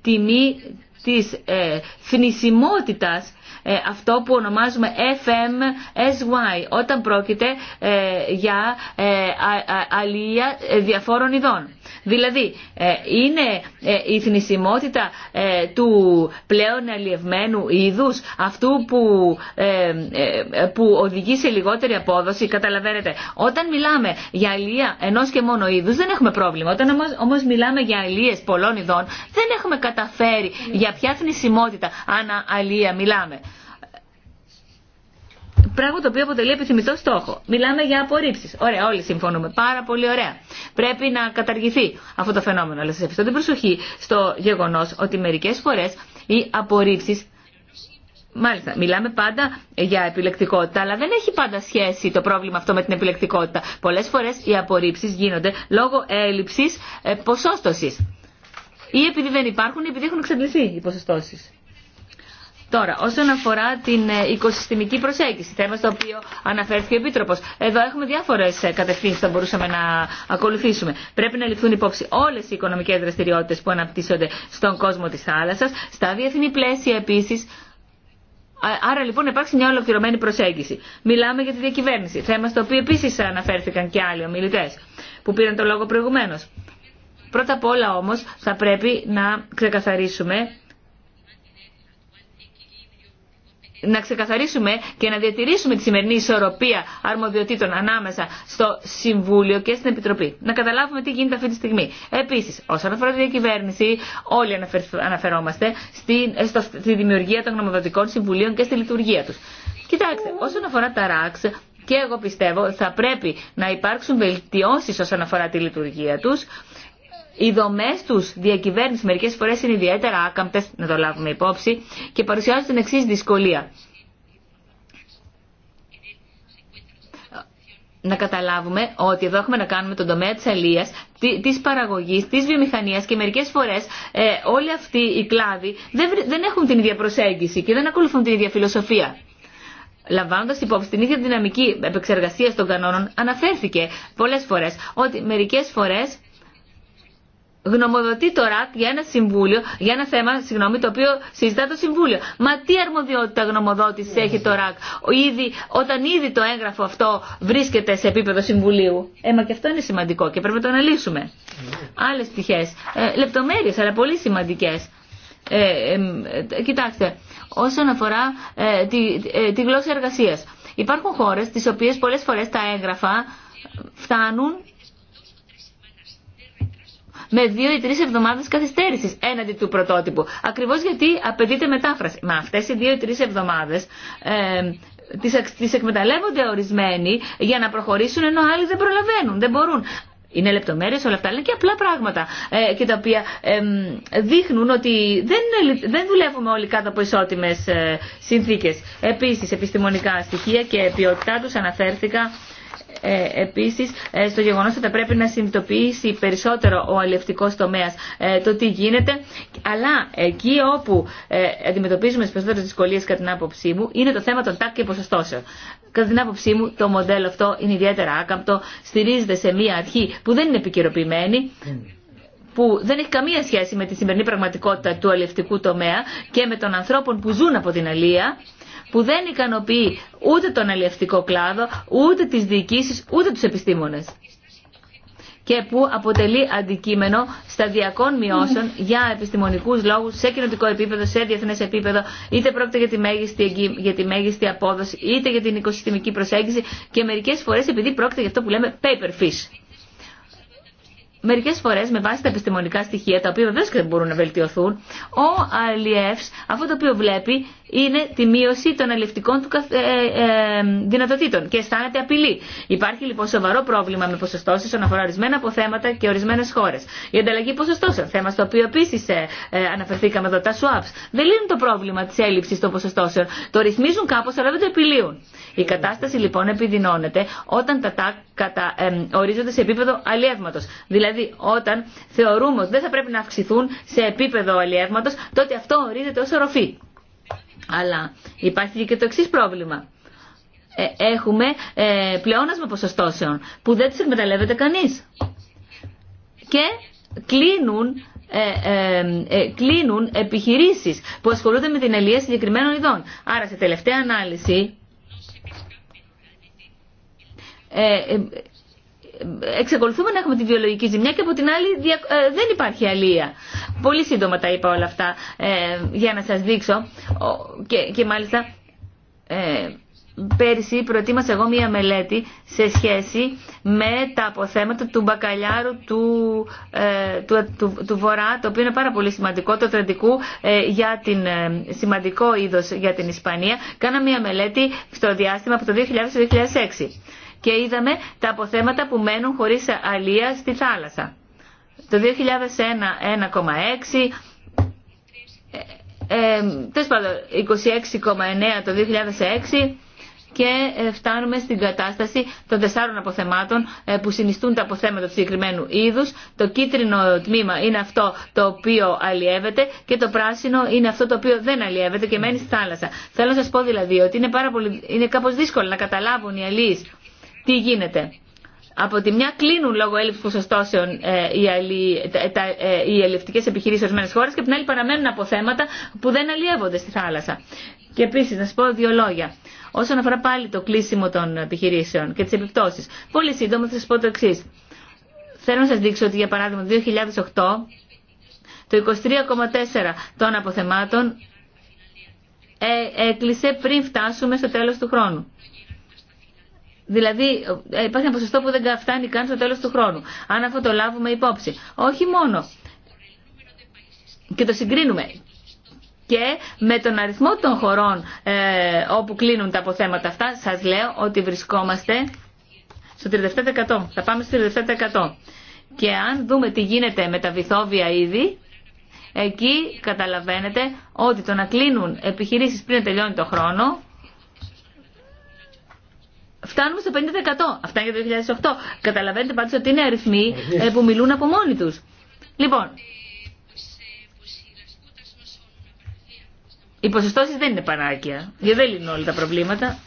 τιμή της ε, θνησιμότητας ε, αυτό που ονομάζουμε FM-SY όταν πρόκειται ε, για ε, αλληλεία διαφόρων ειδών. Δηλαδή, ε, είναι ε, η θνησιμότητα ε, του πλέον αλλιευμένου είδους αυτού που, που οδηγεί σε λιγότερη απόδοση. Καταλαβαίνετε, όταν μιλάμε για αλλία ενός και μόνο είδους δεν έχουμε πρόβλημα. Όταν όμως μιλάμε για αλλίες πολλών ειδών δεν έχουμε καταφέρει για ποια θνησιμότητα ανά αλλία μιλάμε. Πράγμα το οποίο αποτελεί επιθυμητό στόχο. Μιλάμε για απορρίψει. Ωραία, όλοι συμφωνούμε. Πάρα πολύ ωραία. Πρέπει να καταργηθεί αυτό το φαινόμενο. Αλλά σα ευχαριστώ την προσοχή στο γεγονό ότι μερικέ φορέ οι απορρίψει Μάλιστα, μιλάμε πάντα για επιλεκτικότητα, αλλά δεν έχει πάντα σχέση το πρόβλημα αυτό με την επιλεκτικότητα. Πολλέ φορέ οι απορρίψει γίνονται λόγω έλλειψη ε, ποσόστοση. Ή επειδή δεν υπάρχουν ή επειδή έχουν εξαντληθεί οι ποσοστώσεις. Τώρα, όσον αφορά την ε, οικοσυστημική προσέγγιση, θέμα στο οποίο αναφέρθηκε ο Επίτροπο, εδώ έχουμε διάφορε κατευθύνσει που θα μπορούσαμε να ακολουθήσουμε. Πρέπει να ληφθούν υπόψη όλε οι οικονομικέ δραστηριότητε που αναπτύσσονται στον κόσμο τη θάλασσα, στα διεθνή πλαίσια επίση. Άρα λοιπόν υπάρχει μια ολοκληρωμένη προσέγγιση. Μιλάμε για τη διακυβέρνηση, θέμα στο οποίο επίση αναφέρθηκαν και άλλοι ομιλητέ που πήραν το λόγο προηγουμένω. Πρώτα απ' όλα όμω θα πρέπει να ξεκαθαρίσουμε να ξεκαθαρίσουμε και να διατηρήσουμε τη σημερινή ισορροπία αρμοδιοτήτων ανάμεσα στο Συμβούλιο και στην Επιτροπή. Να καταλάβουμε τι γίνεται αυτή τη στιγμή. Επίση, όσον αφορά τη διακυβέρνηση, όλοι αναφερόμαστε στη, δημιουργία των γνωμοδοτικών συμβουλίων και στη λειτουργία του. Κοιτάξτε, όσον αφορά τα ΡΑΞ, και εγώ πιστεύω θα πρέπει να υπάρξουν βελτιώσεις όσον αφορά τη λειτουργία τους οι δομέ του διακυβέρνηση μερικέ φορέ είναι ιδιαίτερα άκαμπτε, να το λάβουμε υπόψη, και παρουσιάζουν την εξή δυσκολία. Να καταλάβουμε ότι εδώ έχουμε να κάνουμε τον τομέα της αλίας, της παραγωγής, της βιομηχανίας και μερικές φορές ε, όλοι αυτοί οι κλάδοι δεν, δεν έχουν την ίδια προσέγγιση και δεν ακολουθούν την ίδια φιλοσοφία. Λαμβάνοντα υπόψη την ίδια δυναμική επεξεργασία των κανόνων, αναφέρθηκε πολλέ φορέ ότι μερικέ φορέ γνωμοδοτεί το για ένα συμβούλιο, για ένα θέμα, συγγνώμη, το οποίο συζητά το Συμβούλιο. Μα τι αρμοδιότητα γνωμοδότηση έχει το ΡΑΚ, ήδη, όταν ήδη το έγγραφο αυτό βρίσκεται σε επίπεδο Συμβουλίου. Ε, μα και αυτό είναι σημαντικό και πρέπει να το αναλύσουμε. Άλλε πτυχέ. Ε, Λεπτομέρειε, αλλά πολύ σημαντικέ. Ε, ε, κοιτάξτε, όσον αφορά ε, τη, ε, τη γλώσσα εργασία. Υπάρχουν χώρε, τι οποίε πολλέ φορέ τα έγγραφα φτάνουν με δύο ή τρει εβδομάδε καθυστέρηση έναντι του πρωτότυπου. Ακριβώ γιατί απαιτείται μετάφραση. Μα αυτέ οι δύο ή τρει εβδομάδε ε, τις εκμεταλλεύονται ορισμένοι για να προχωρήσουν ενώ άλλοι δεν προλαβαίνουν, δεν μπορούν. Είναι λεπτομέρειες όλα αυτά, είναι και απλά πράγματα ε, και τα οποία ε, δείχνουν ότι δεν, δεν δουλεύουμε όλοι κάτω από ισότιμες ε, συνθήκες. Επίσης, επιστημονικά στοιχεία και ποιότητά τους αναφέρθηκα ε, επίσης ε, στο γεγονός ότι θα πρέπει να συνειδητοποιήσει περισσότερο ο αλληλευτικός τομέας ε, το τι γίνεται. Αλλά εκεί όπου αντιμετωπίζουμε τις περισσότερες δυσκολίες κατά την άποψή μου είναι το θέμα των τάκ και ποσοστώσεων. Κατά την άποψή μου το μοντέλο αυτό είναι ιδιαίτερα άκαμπτο, στηρίζεται σε μία αρχή που δεν είναι επικαιροποιημένη που δεν έχει καμία σχέση με τη σημερινή πραγματικότητα του αλληλευτικού τομέα και με των ανθρώπων που ζουν από την αλλία που δεν ικανοποιεί ούτε τον αλληλευτικό κλάδο, ούτε τις διοικήσεις, ούτε τους επιστήμονες και που αποτελεί αντικείμενο σταδιακών μειώσεων για επιστημονικού λόγου σε κοινοτικό επίπεδο, σε διεθνέ επίπεδο, είτε πρόκειται για τη, μέγιστη, για τη μέγιστη απόδοση, είτε για την οικοσυστημική προσέγγιση και μερικέ φορέ επειδή πρόκειται για αυτό που λέμε paper fish. Μερικέ φορέ, με βάση τα επιστημονικά στοιχεία, τα οποία βεβαίω και δεν μπορούν να βελτιωθούν, ο ΑΛΙΕΦ αυτό το οποίο βλέπει είναι τη μείωση των αλληλευτικών του ε, ε, δυνατοτήτων και αισθάνεται απειλή. Υπάρχει λοιπόν σοβαρό πρόβλημα με ποσοστό, όσον αφορά ορισμένα αποθέματα και ορισμένε χώρε. Η ανταλλαγή ποσοστώσεων, θέμα στο οποίο επίση ε, αναφερθήκαμε εδώ, τα swaps, δεν λύνουν το πρόβλημα τη έλλειψη των ποσοστώσεων. Το ρυθμίζουν κάπω αλλά δεν το επιλύουν. Η κατάσταση λοιπόν επιδεινώνεται όταν τα τάκ κατα, ορίζονται σε επίπεδο αλλιεύματο. Δηλαδή όταν θεωρούμε ότι δεν θα πρέπει να αυξηθούν σε επίπεδο αλλιεύματο, τότε αυτό ορίζεται ω οροφή. Αλλά υπάρχει και το εξή πρόβλημα. Ε, έχουμε ε, πλεόνασμα ποσοστώσεων που δεν τι εκμεταλλεύεται κανείς. Και κλείνουν ε, ε, κλείνουν επιχειρήσεις που ασχολούνται με την ελεία συγκεκριμένων ειδών. Άρα σε τελευταία ανάλυση εξακολουθούμε να έχουμε τη βιολογική ζημιά και από την άλλη ε, δεν υπάρχει αλία. Πολύ σύντομα τα είπα όλα αυτά ε, για να σας δείξω και, και μάλιστα ε, πέρσι προετοίμασα εγώ μία μελέτη σε σχέση με τα αποθέματα του μπακαλιάρου του, του, του, του, Βορρά, το οποίο είναι πάρα πολύ σημαντικό, το τραντικού για την, σημαντικό είδος για την Ισπανία. Κάνα μία μελέτη στο διάστημα από το 2000 2006 και είδαμε τα αποθέματα που μένουν χωρίς αλία στη θάλασσα. Το 2001 1,6 ε, ε πάντων 26,9 το 2006 και ε, φτάνουμε στην κατάσταση των τεσσάρων αποθεμάτων ε, που συνιστούν τα αποθέματα του συγκεκριμένου είδους. Το κίτρινο τμήμα είναι αυτό το οποίο αλλιεύεται και το πράσινο είναι αυτό το οποίο δεν αλλιεύεται και μένει στη θάλασσα. Θέλω να σας πω δηλαδή ότι είναι, πάρα είναι κάπως δύσκολο να καταλάβουν οι αλλοίες τι γίνεται. Από τη μια κλείνουν λόγω έλλειψη ποσοστώσεων ε, οι, αλλη, τα, ε, οι επιχειρήσεις ορισμένε χώρε και από την άλλη παραμένουν από θέματα που δεν αλλιεύονται στη θάλασσα. Και επίση, να σα πω δύο λόγια. Όσον αφορά πάλι το κλείσιμο των επιχειρήσεων και τι επιπτώσει. Πολύ σύντομα θα σα πω το εξή. Θέλω να σα δείξω ότι, για παράδειγμα, το 2008 το 23,4 των αποθεμάτων ε, έκλεισε πριν φτάσουμε στο τέλο του χρόνου. Δηλαδή ε, υπάρχει ένα ποσοστό που δεν φτάνει καν στο τέλος του χρόνου. Αν αυτό το λάβουμε υπόψη. Όχι μόνο. Και το συγκρίνουμε και με τον αριθμό των χωρών ε, όπου κλείνουν τα αποθέματα αυτά, σας λέω ότι βρισκόμαστε στο 37%. Θα πάμε στο 37%. Και αν δούμε τι γίνεται με τα βυθόβια ήδη, εκεί καταλαβαίνετε ότι το να κλείνουν επιχειρήσεις πριν τελειώνει το χρόνο, φτάνουμε στο 50%. Αυτά για το 2008. Καταλαβαίνετε πάντως ότι είναι αριθμοί ε, που μιλούν από μόνοι τους. Λοιπόν, οι ποσοστώσεις δεν είναι πανάκια. Γιατί δεν λύνουν όλα τα προβλήματα.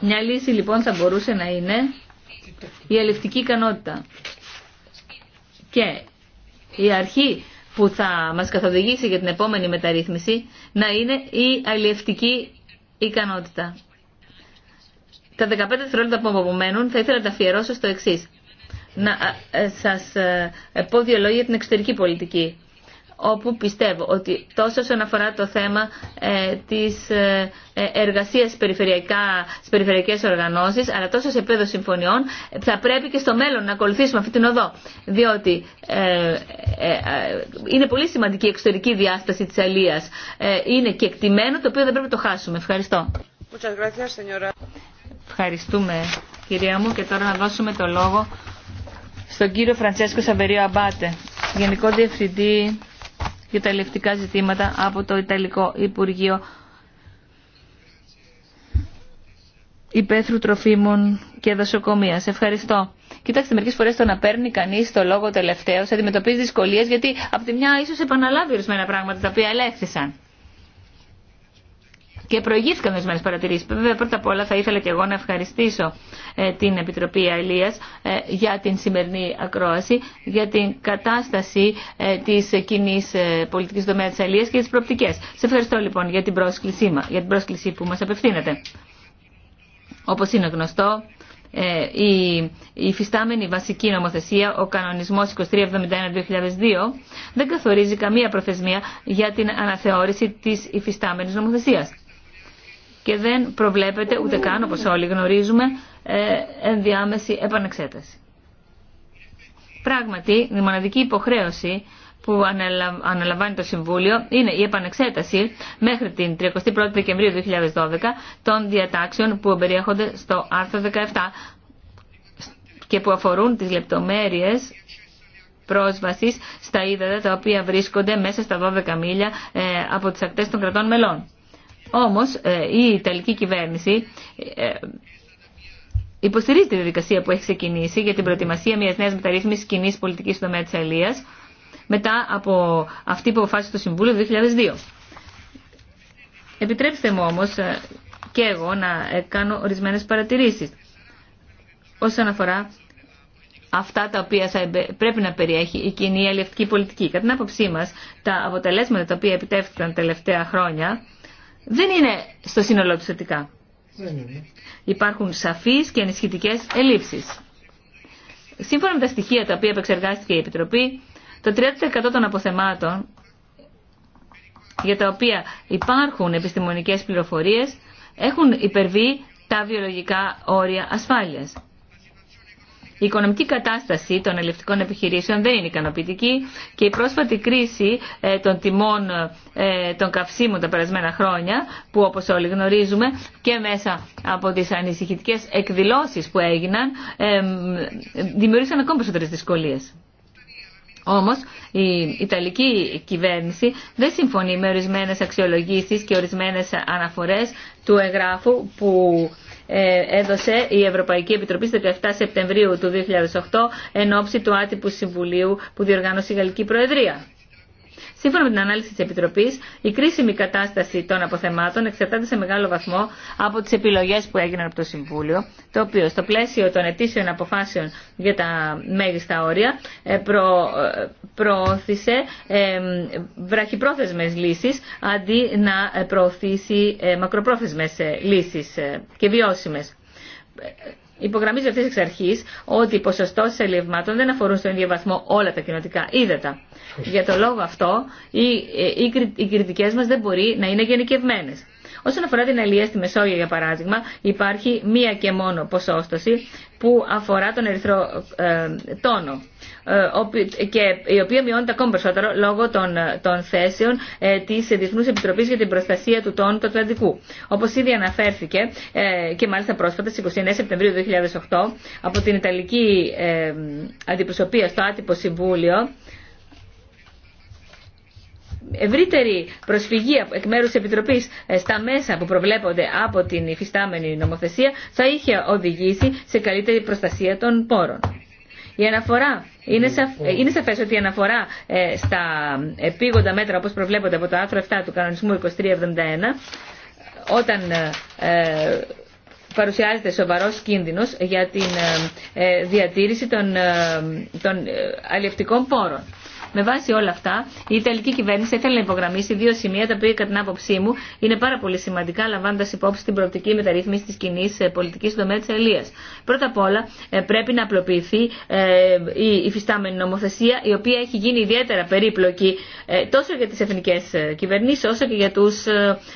Μια λύση λοιπόν θα μπορούσε να είναι η αλευτική ικανότητα. Και η αρχή που θα μας καθοδηγήσει για την επόμενη μεταρρύθμιση να είναι η αλληλευτική ικανότητα τα 15 δευτερόλεπτα που απομένουν θα ήθελα να τα αφιερώσω στο εξή. Να ε, σας ε, ε, πω δύο λόγια για την εξωτερική πολιτική όπου πιστεύω ότι τόσο όσον αφορά το θέμα ε, της ε, εργασίας περιφερειακές αλλά τόσο σε επίπεδο συμφωνιών, θα πρέπει και στο μέλλον να ακολουθήσουμε αυτή την οδό. Διότι ε, είναι πολύ σημαντική η εξωτερική διάσταση της αλίας. είναι και εκτιμένο, το οποίο δεν πρέπει να το χάσουμε. Ευχαριστώ. Ευχαριστούμε κυρία μου και τώρα να δώσουμε το λόγο στον κύριο Φραντσέσκο Σαβερίο Αμπάτε, Γενικό Διευθυντή για τα Ελευτικά Ζητήματα από το Ιταλικό Υπουργείο Υπέθρου Τροφίμων και Δασοκομεία. Ευχαριστώ. Κοιτάξτε, μερικέ φορέ το να παίρνει κανεί το λόγο τελευταίο αντιμετωπίζει δυσκολίε γιατί από τη μια ίσω επαναλάβει ορισμένα πράγματα τα οποία ελέγχθησαν και προηγήθηκαν ορισμένε παρατηρήσει. Βέβαια, πρώτα απ' όλα θα ήθελα και εγώ να ευχαριστήσω ε, την Επιτροπή Αλία ε, για την σημερινή ακρόαση, για την κατάσταση ε, τη κοινή πολιτική δομέα τη Αλία και τι προοπτικέ. Σε ευχαριστώ λοιπόν για την πρόσκλησή, για την πρόσκληση που μα απευθύνεται. Όπω είναι γνωστό, η, η βασική νομοθεσία, ο κανονισμός 2371-2002, δεν καθορίζει καμία προθεσμία για την αναθεώρηση της υφιστάμενης νομοθεσίας και δεν προβλέπεται ούτε καν, όπως όλοι γνωρίζουμε, ε, ενδιάμεση επανεξέταση. Πράγματι, η μοναδική υποχρέωση που αναλαμβάνει το Συμβούλιο είναι η επανεξέταση μέχρι την 31η Δεκεμβρίου 2012 των διατάξεων που περιέχονται στο άρθρο 17 και που αφορούν τις λεπτομέρειες πρόσβασης στα ύδατα τα οποία βρίσκονται μέσα στα 12 μίλια ε, από τις ακτές των κρατών μελών. Όμως ε, η Ιταλική κυβέρνηση ε, υποστηρίζει τη διαδικασία που έχει ξεκινήσει για την προετοιμασία μιας νέας μεταρρύθμισης κοινή πολιτικής στο τομέα της Αλίας μετά από αυτή που αποφάσισε το Συμβούλιο 2002. Επιτρέψτε μου όμως ε, και εγώ να κάνω ορισμένες παρατηρήσεις όσον αφορά αυτά τα οποία πρέπει να περιέχει η κοινή αλληλευτική πολιτική. Κατά την άποψή μας, τα αποτελέσματα τα οποία επιτεύχθηκαν τα τελευταία χρόνια δεν είναι στο σύνολό του θετικά. Υπάρχουν σαφείς και ενισχυτικές ελλείψεις. Σύμφωνα με τα στοιχεία τα οποία επεξεργάστηκε η Επιτροπή, το 30% των αποθεμάτων για τα οποία υπάρχουν επιστημονικές πληροφορίες έχουν υπερβεί τα βιολογικά όρια ασφάλειας. Η οικονομική κατάσταση των ελευτικών επιχειρήσεων δεν είναι ικανοποιητική και η πρόσφατη κρίση ε, των τιμών ε, των καυσίμων τα περασμένα χρόνια, που όπως όλοι γνωρίζουμε και μέσα από τις ανησυχητικές εκδηλώσεις που έγιναν, ε, δημιούργησαν ακόμα περισσότερες δυσκολίες. Όμως η Ιταλική κυβέρνηση δεν συμφωνεί με ορισμένες αξιολογήσεις και ορισμένες αναφορές του εγγράφου που ε, έδωσε η Ευρωπαϊκή Επιτροπή στις 17 Σεπτεμβρίου του 2008 εν ώψη του άτυπου συμβουλίου που διοργάνωσε η Γαλλική Προεδρία. Σύμφωνα με την ανάλυση τη Επιτροπή, η κρίσιμη κατάσταση των αποθεμάτων εξαρτάται σε μεγάλο βαθμό από τι επιλογέ που έγιναν από το Συμβούλιο, το οποίο στο πλαίσιο των ετήσιων αποφάσεων για τα μέγιστα όρια ε, προ, ε, προώθησε ε, βραχυπρόθεσμες λύσεις αντί να ε, προωθήσει ε, μακροπρόθεσμες λύσεις και βιώσιμες. Υπογραμμίζω αυτή εξ αρχή ότι οι ποσοστώσει ελευμάτων δεν αφορούν στον ίδιο βαθμό όλα τα κοινοτικά ύδατα. Για το λόγο αυτό, οι, οι, οι κριτικέ μα δεν μπορεί να είναι γενικευμένε. Όσον αφορά την αλληλεία στη Μεσόγειο, για παράδειγμα, υπάρχει μία και μόνο ποσόστοση που αφορά τον ερυθρό ε, τόνο ε, και η οποία μειώνεται ακόμα περισσότερο λόγω των, των θέσεων ε, τη Διεθνού Επιτροπή για την Προστασία του Τόνου του Ατλαντικού. Όπω ήδη αναφέρθηκε ε, και μάλιστα πρόσφατα στι 29 Σεπτεμβρίου 2008 από την Ιταλική ε, Αντιπροσωπεία στο Άτυπο Συμβούλιο ευρύτερη προσφυγή εκ μέρου τη Επιτροπή ε, στα μέσα που προβλέπονται από την υφιστάμενη νομοθεσία θα είχε οδηγήσει σε καλύτερη προστασία των πόρων. Η αναφορά είναι, σαφ... Ε, είναι σαφές ότι η αναφορά ε, στα επίγοντα μέτρα όπως προβλέπονται από το άρθρο 7 του κανονισμού 2371 όταν παρουσιάζεται σοβαρός κίνδυνος για την διατήρηση των, των πόρων. Με βάση όλα αυτά, η Ιταλική κυβέρνηση θέλει να υπογραμμίσει δύο σημεία τα οποία, κατά την άποψή μου, είναι πάρα πολύ σημαντικά, λαμβάνοντα υπόψη την προοπτική μεταρρύθμιση τη κοινή ε, πολιτική στον τομέα τη Ελία. Πρώτα απ' όλα, ε, πρέπει να απλοποιηθεί ε, η υφιστάμενη νομοθεσία, η οποία έχει γίνει ιδιαίτερα περίπλοκη τόσο για τι εθνικέ κυβερνήσει, όσο και για του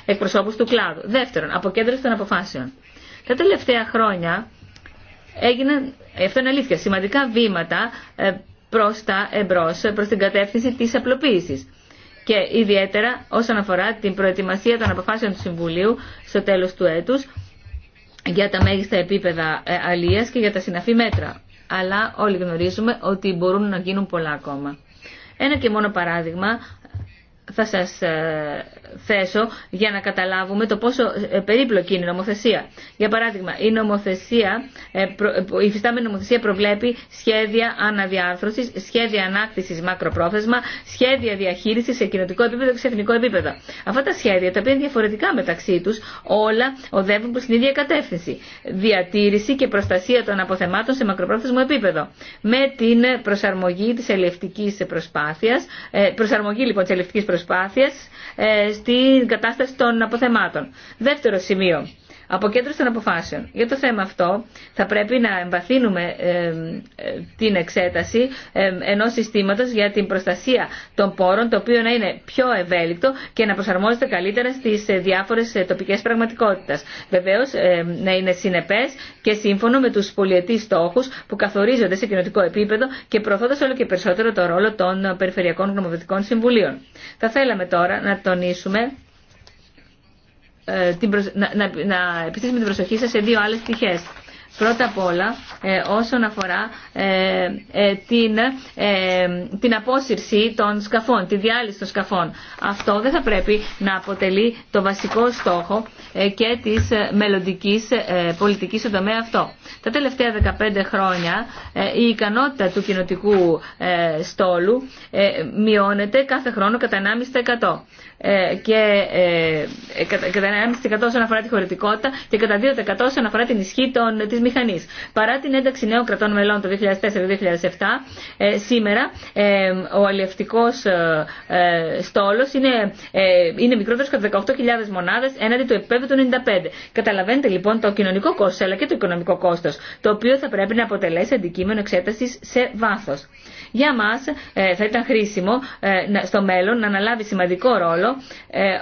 εκπροσώπου του κλάδου. Δεύτερον, αποκέντρωση των αποφάσεων. Τα τελευταία χρόνια έγιναν, αυτό είναι αλήθεια, σημαντικά βήματα προς τα εμπρός, προς την κατεύθυνση της απλοποίησης. Και ιδιαίτερα όσον αφορά την προετοιμασία των αποφάσεων του Συμβουλίου στο τέλος του έτους για τα μέγιστα επίπεδα ε, αλίας και για τα συναφή μέτρα. Αλλά όλοι γνωρίζουμε ότι μπορούν να γίνουν πολλά ακόμα. Ένα και μόνο παράδειγμα θα σας ε, θέσω για να καταλάβουμε το πόσο ε, περίπλοκη είναι η νομοθεσία. Για παράδειγμα, η, νομοθεσία, ε, ε, η υφιστάμενη νομοθεσία προβλέπει σχέδια αναδιάρθρωση, σχέδια ανάκτησης μακροπρόθεσμα, σχέδια διαχείριση σε κοινοτικό επίπεδο και σε εθνικό επίπεδο. Αυτά τα σχέδια, τα οποία είναι διαφορετικά μεταξύ του, όλα οδεύουν προ την ίδια κατεύθυνση. Διατήρηση και προστασία των αποθεμάτων σε μακροπρόθεσμο επίπεδο. Με την προσαρμογή της ελευτική προσπάθεια, προσαρμογή λοιπόν τη ελευτική προσπάθειας στην κατάσταση των αποθεμάτων. Δεύτερο σημείο αποκέντρωση των αποφάσεων. Για το θέμα αυτό θα πρέπει να εμβαθύνουμε την εξέταση ενός συστήματος για την προστασία των πόρων, το οποίο να είναι πιο ευέλικτο και να προσαρμόζεται καλύτερα στις διάφορες ε, τοπικές πραγματικότητες. Βεβαίως να είναι συνεπές και σύμφωνο με τους πολιετή στόχους που καθορίζονται σε κοινοτικό επίπεδο και προωθώντας όλο και περισσότερο το ρόλο των περιφερειακών γνωμοδοτικών συμβουλίων. Θα θέλαμε τώρα να τονίσουμε ε, να, να, να επιστήσουμε την προσοχή σας σε δύο άλλες πτυχές. Πρώτα απ' όλα ε, όσον αφορά ε, την, την απόσυρση των σκαφών, τη διάλυση των σκαφών. Αυτό δεν θα πρέπει να αποτελεί το βασικό στόχο και της μελλοντικής πολιτικής στον τομέα αυτό. Τα τελευταία 15 χρόνια η ικανότητα του κοινοτικού στόλου μειώνεται κάθε χρόνο κατά 1,5%. Ε, και ε, ε, κατά 1,5% όσον αφορά τη χωρητικότητα και κατά 2% όσον αφορά την ισχύ τη μηχανή. Παρά την ένταξη νέων κρατών μελών το 2004-2007, σήμερα ο ε, στόλος είναι, είναι μικρότερος κατά 18.000 μονάδες έναντι του επίπεδου του 95. Καταλαβαίνετε λοιπόν το κοινωνικό κόστος αλλά και το οικονομικό κόστος, το οποίο θα πρέπει να αποτελέσει αντικείμενο εξέταση σε βάθος. Για μας ε, θα ήταν χρήσιμο ε, στο μέλλον να αναλάβει σημαντικό ρόλο, ε,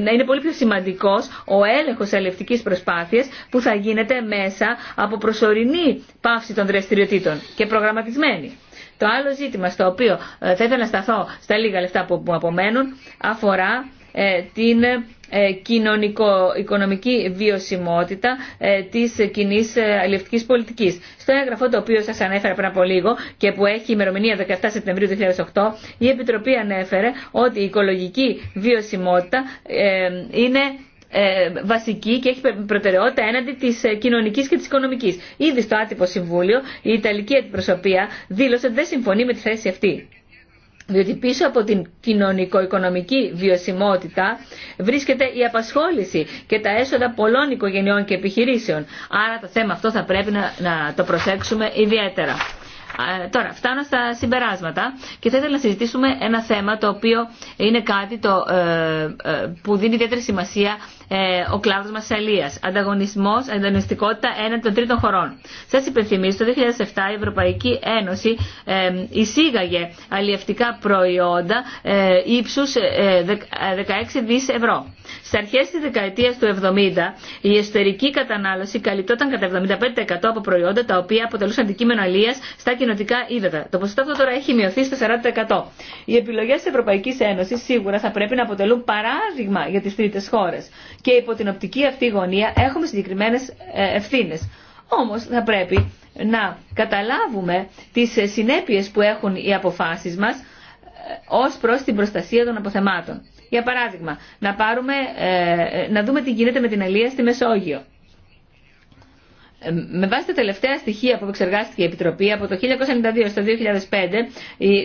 να είναι πολύ πιο σημαντικός ο έλεγχος αλληλευτικής προσπάθεια που θα γίνεται μέσα από προσωρινή πάυση των δραστηριοτήτων και προγραμματισμένη. Το άλλο ζήτημα στο οποίο θα ήθελα να σταθώ στα λίγα λεφτά που μου απομένουν αφορά την ε, κοινωνικο-οικονομική βιωσιμότητα ε, της κοινή ε, αλληλευτικής πολιτικής. Στο έγγραφο το οποίο σας ανέφερα πριν από λίγο και που έχει ημερομηνία 17 Σεπτεμβρίου 2008, η Επιτροπή ανέφερε ότι η οικολογική βιωσιμότητα είναι βασική και έχει προτεραιότητα έναντι τη κοινωνική και τη οικονομική. Ήδη στο άτυπο συμβούλιο η Ιταλική αντιπροσωπεία δήλωσε ότι δεν συμφωνεί με τη θέση αυτή διότι πίσω από την κοινωνικο-οικονομική βιωσιμότητα βρίσκεται η απασχόληση και τα έσοδα πολλών οικογενειών και επιχειρήσεων. Άρα το θέμα αυτό θα πρέπει να, να το προσέξουμε ιδιαίτερα. Ε, τώρα, φτάνω στα συμπεράσματα και θα ήθελα να συζητήσουμε ένα θέμα το οποίο είναι κάτι το, ε, ε, που δίνει ιδιαίτερη σημασία ο κλάδος μας αλίας. Ανταγωνισμός, ανταγωνιστικότητα έναν των τρίτων χωρών. Σας υπενθυμίζω, το 2007 η Ευρωπαϊκή Ένωση εισήγαγε αλλιευτικά προϊόντα ε, ύψους 16 δις ευρώ. Στι αρχέ τη δεκαετία του 70, η εσωτερική κατανάλωση καλυπτόταν κατά 75% από προϊόντα τα οποία αποτελούσαν αντικείμενο αλλία. στα κοινοτικά ύδατα. Το ποσοστό αυτό τώρα έχει μειωθεί στο 40%. Οι επιλογέ τη Ευρωπαϊκή Ένωση σίγουρα θα πρέπει να αποτελούν παράδειγμα για τι τρίτε χώρε. Και υπό την οπτική αυτή γωνία έχουμε συγκεκριμένε ε, ευθύνε. Όμω θα πρέπει να καταλάβουμε τι ε, συνέπειε που έχουν οι αποφάσει μα ε, ω προ την προστασία των αποθεμάτων. Για παράδειγμα, να, πάρουμε, να δούμε τι γίνεται με την αλία στη Μεσόγειο ε, με βάση τα τελευταία στοιχεία που εξεργάστηκε η Επιτροπή, από το 1992 στο 2005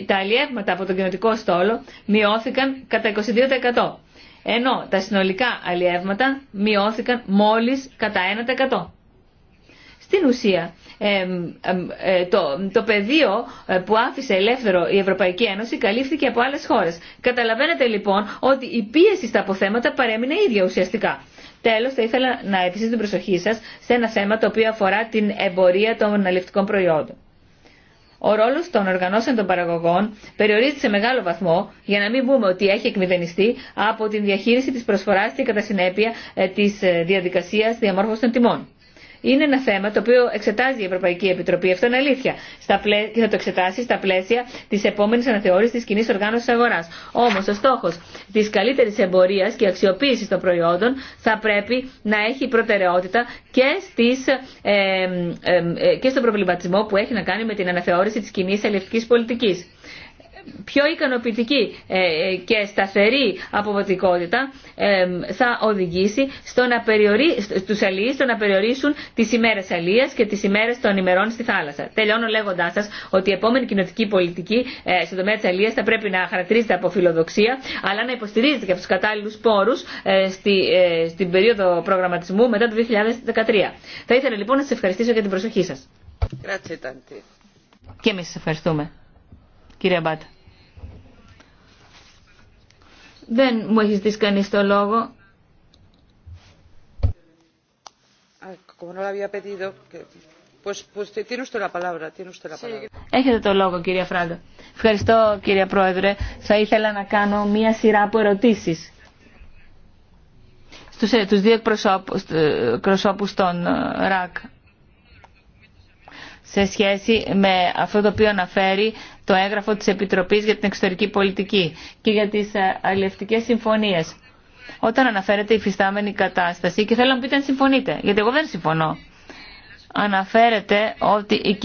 τα αλλιεύματα από τον κοινοτικό στόλο μειώθηκαν κατά 22%. Ενώ τα συνολικά αλλιεύματα μειώθηκαν μόλις κατά 1%. Στην ουσία, ε, το, το πεδίο ε, που άφησε ελεύθερο η Ευρωπαϊκή Ένωση καλύφθηκε από άλλες χώρες. Καταλαβαίνετε λοιπόν ότι η πίεση στα αποθέματα παρέμεινε ίδια ουσιαστικά. Τέλο, θα ήθελα να επιστήσω την προσοχή σα σε ένα θέμα το οποίο αφορά την εμπορία των αναλυτικών προϊόντων. Ο ρόλο των οργανώσεων των παραγωγών περιορίζεται σε μεγάλο βαθμό, για να μην πούμε ότι έχει εκμηδενιστεί, από την διαχείριση τη προσφορά και κατά συνέπεια ε, τη ε, διαδικασία διαμόρφωση των τιμών είναι ένα θέμα το οποίο εξετάζει η Ευρωπαϊκή Επιτροπή. Αυτό είναι αλήθεια. Στα πλέ, Και θα το εξετάσει στα πλαίσια τη επόμενη αναθεώρηση τη κοινή οργάνωση αγορά. Όμω ο στόχο τη καλύτερη εμπορία και αξιοποίηση των προϊόντων θα πρέπει να έχει προτεραιότητα και, στις, ε, ε, ε, και στον προβληματισμό που έχει να κάνει με την αναθεώρηση τη κοινή αλληλευτική πολιτική πιο ικανοποιητική ε, ε, και σταθερή αποδοτικότητα ε, θα οδηγήσει στο να αλληλείς στο να περιορίσουν τις ημέρες αλίας και τις ημέρες των ημερών στη θάλασσα. Τελειώνω λέγοντάς σας ότι η επόμενη κοινοτική πολιτική στον τομέα της αλίας θα πρέπει να χαρακτηρίζεται από φιλοδοξία αλλά να υποστηρίζεται και από τους κατάλληλους πόρους στη, στην περίοδο προγραμματισμού μετά το 2013. Θα ήθελα λοιπόν να σας ευχαριστήσω για την προσοχή σας. Και εμείς σας ευχαριστούμε. Κύριε Μπάτ, Δεν μου έχει ζητήσει κανείς το λόγο. Έχετε το λόγο κύριε Φράντο. Ευχαριστώ κύριε Πρόεδρε. Θα ήθελα να κάνω μία σειρά από ερωτήσει στους, ε, δύο ε, προσώπους των ε, ΡΑΚ σε σχέση με αυτό το οποίο αναφέρει το έγγραφο της Επιτροπής για την Εξωτερική Πολιτική και για τις ε, αλληλευτικές συμφωνίες. Όταν αναφέρεται η φυστάμενη κατάσταση, και θέλω να πείτε αν συμφωνείτε, γιατί εγώ δεν συμφωνώ, αναφέρεται ότι οι,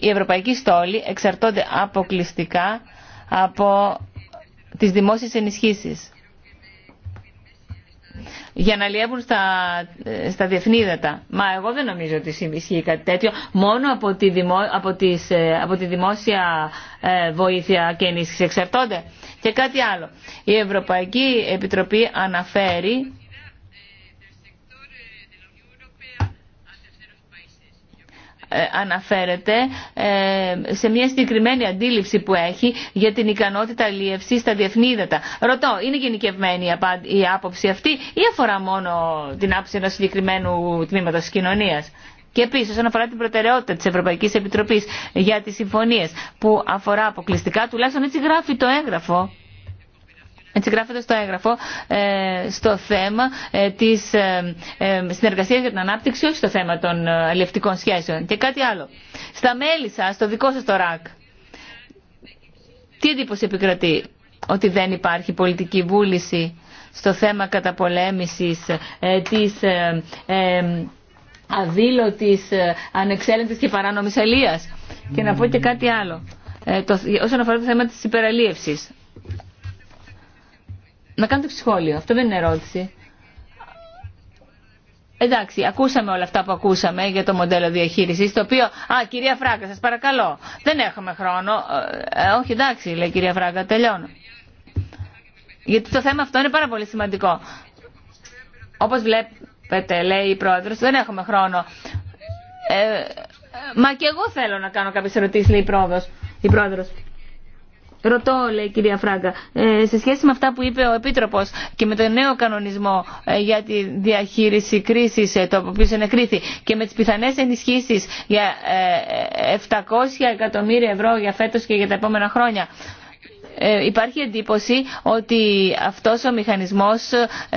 οι ευρωπαϊκοί στόλοι εξαρτώνται αποκλειστικά από τις δημόσιες ενισχύσεις για να λιεύουν στα, στα διεθνή Μα εγώ δεν νομίζω ότι ισχύει κάτι τέτοιο. Μόνο από τη, από τις, ε, από τη δημόσια ε, βοήθεια και ενίσχυση εξαρτώνται. Και κάτι άλλο. Η Ευρωπαϊκή Επιτροπή αναφέρει Ε, αναφέρεται ε, σε μια συγκεκριμένη αντίληψη που έχει για την ικανότητα αλλιευσής στα διεθνή ύδατα. Ρωτώ, είναι γενικευμένη η άποψη αυτή ή αφορά μόνο την άποψη ενός συγκεκριμένου τμήματος της κοινωνία. Και επίση, όσον αφορά την προτεραιότητα τη Ευρωπαϊκή Επιτροπή για τι συμφωνίε που αφορά αποκλειστικά, τουλάχιστον έτσι γράφει το έγγραφο, έτσι γράφεται στο έγγραφο ε, στο θέμα ε, της ε, συνεργασίας για την ανάπτυξη, όχι στο θέμα των αλληλευτικών σχέσεων. Και κάτι άλλο. Στα μέλη σας, στο δικό σας το ΡΑΚ, τι εντύπωση επικρατεί ότι δεν υπάρχει πολιτική βούληση στο θέμα καταπολέμησης της αδήλωτης, ανεξέλεγκτης και παράνομης αλίας. Και να πω και κάτι άλλο. Όσον αφορά το θέμα της υπεραλίευσης να κάνετε ψυχόλιο. Αυτό δεν είναι ερώτηση. Εντάξει, ακούσαμε όλα αυτά που ακούσαμε για το μοντέλο διαχείρισης, το οποίο... Α, κυρία Φράγκα, σας παρακαλώ. Δεν έχουμε χρόνο. Ε, ε, όχι, εντάξει, λέει κυρία Φράγκα, τελειώνω. Γιατί το θέμα αυτό είναι πάρα πολύ σημαντικό. Όπως βλέπετε, λέει η πρόεδρος, δεν έχουμε χρόνο. Ε, μα και εγώ θέλω να κάνω κάποιες ερωτήσεις, λέει η πρόεδρος. Ρωτώ, λέει η κυρία Φράγκα, ε, σε σχέση με αυτά που είπε ο επίτροπο και με τον νέο κανονισμό ε, για τη διαχείριση κρίσης, ε, το οποίο συνεκρίθη, και με τι πιθανέ ενισχύσει για 700 εκατομμύρια ευρώ για φέτο και για τα επόμενα χρόνια. υπάρχει εντύπωση ότι αυτός ο μηχανισμός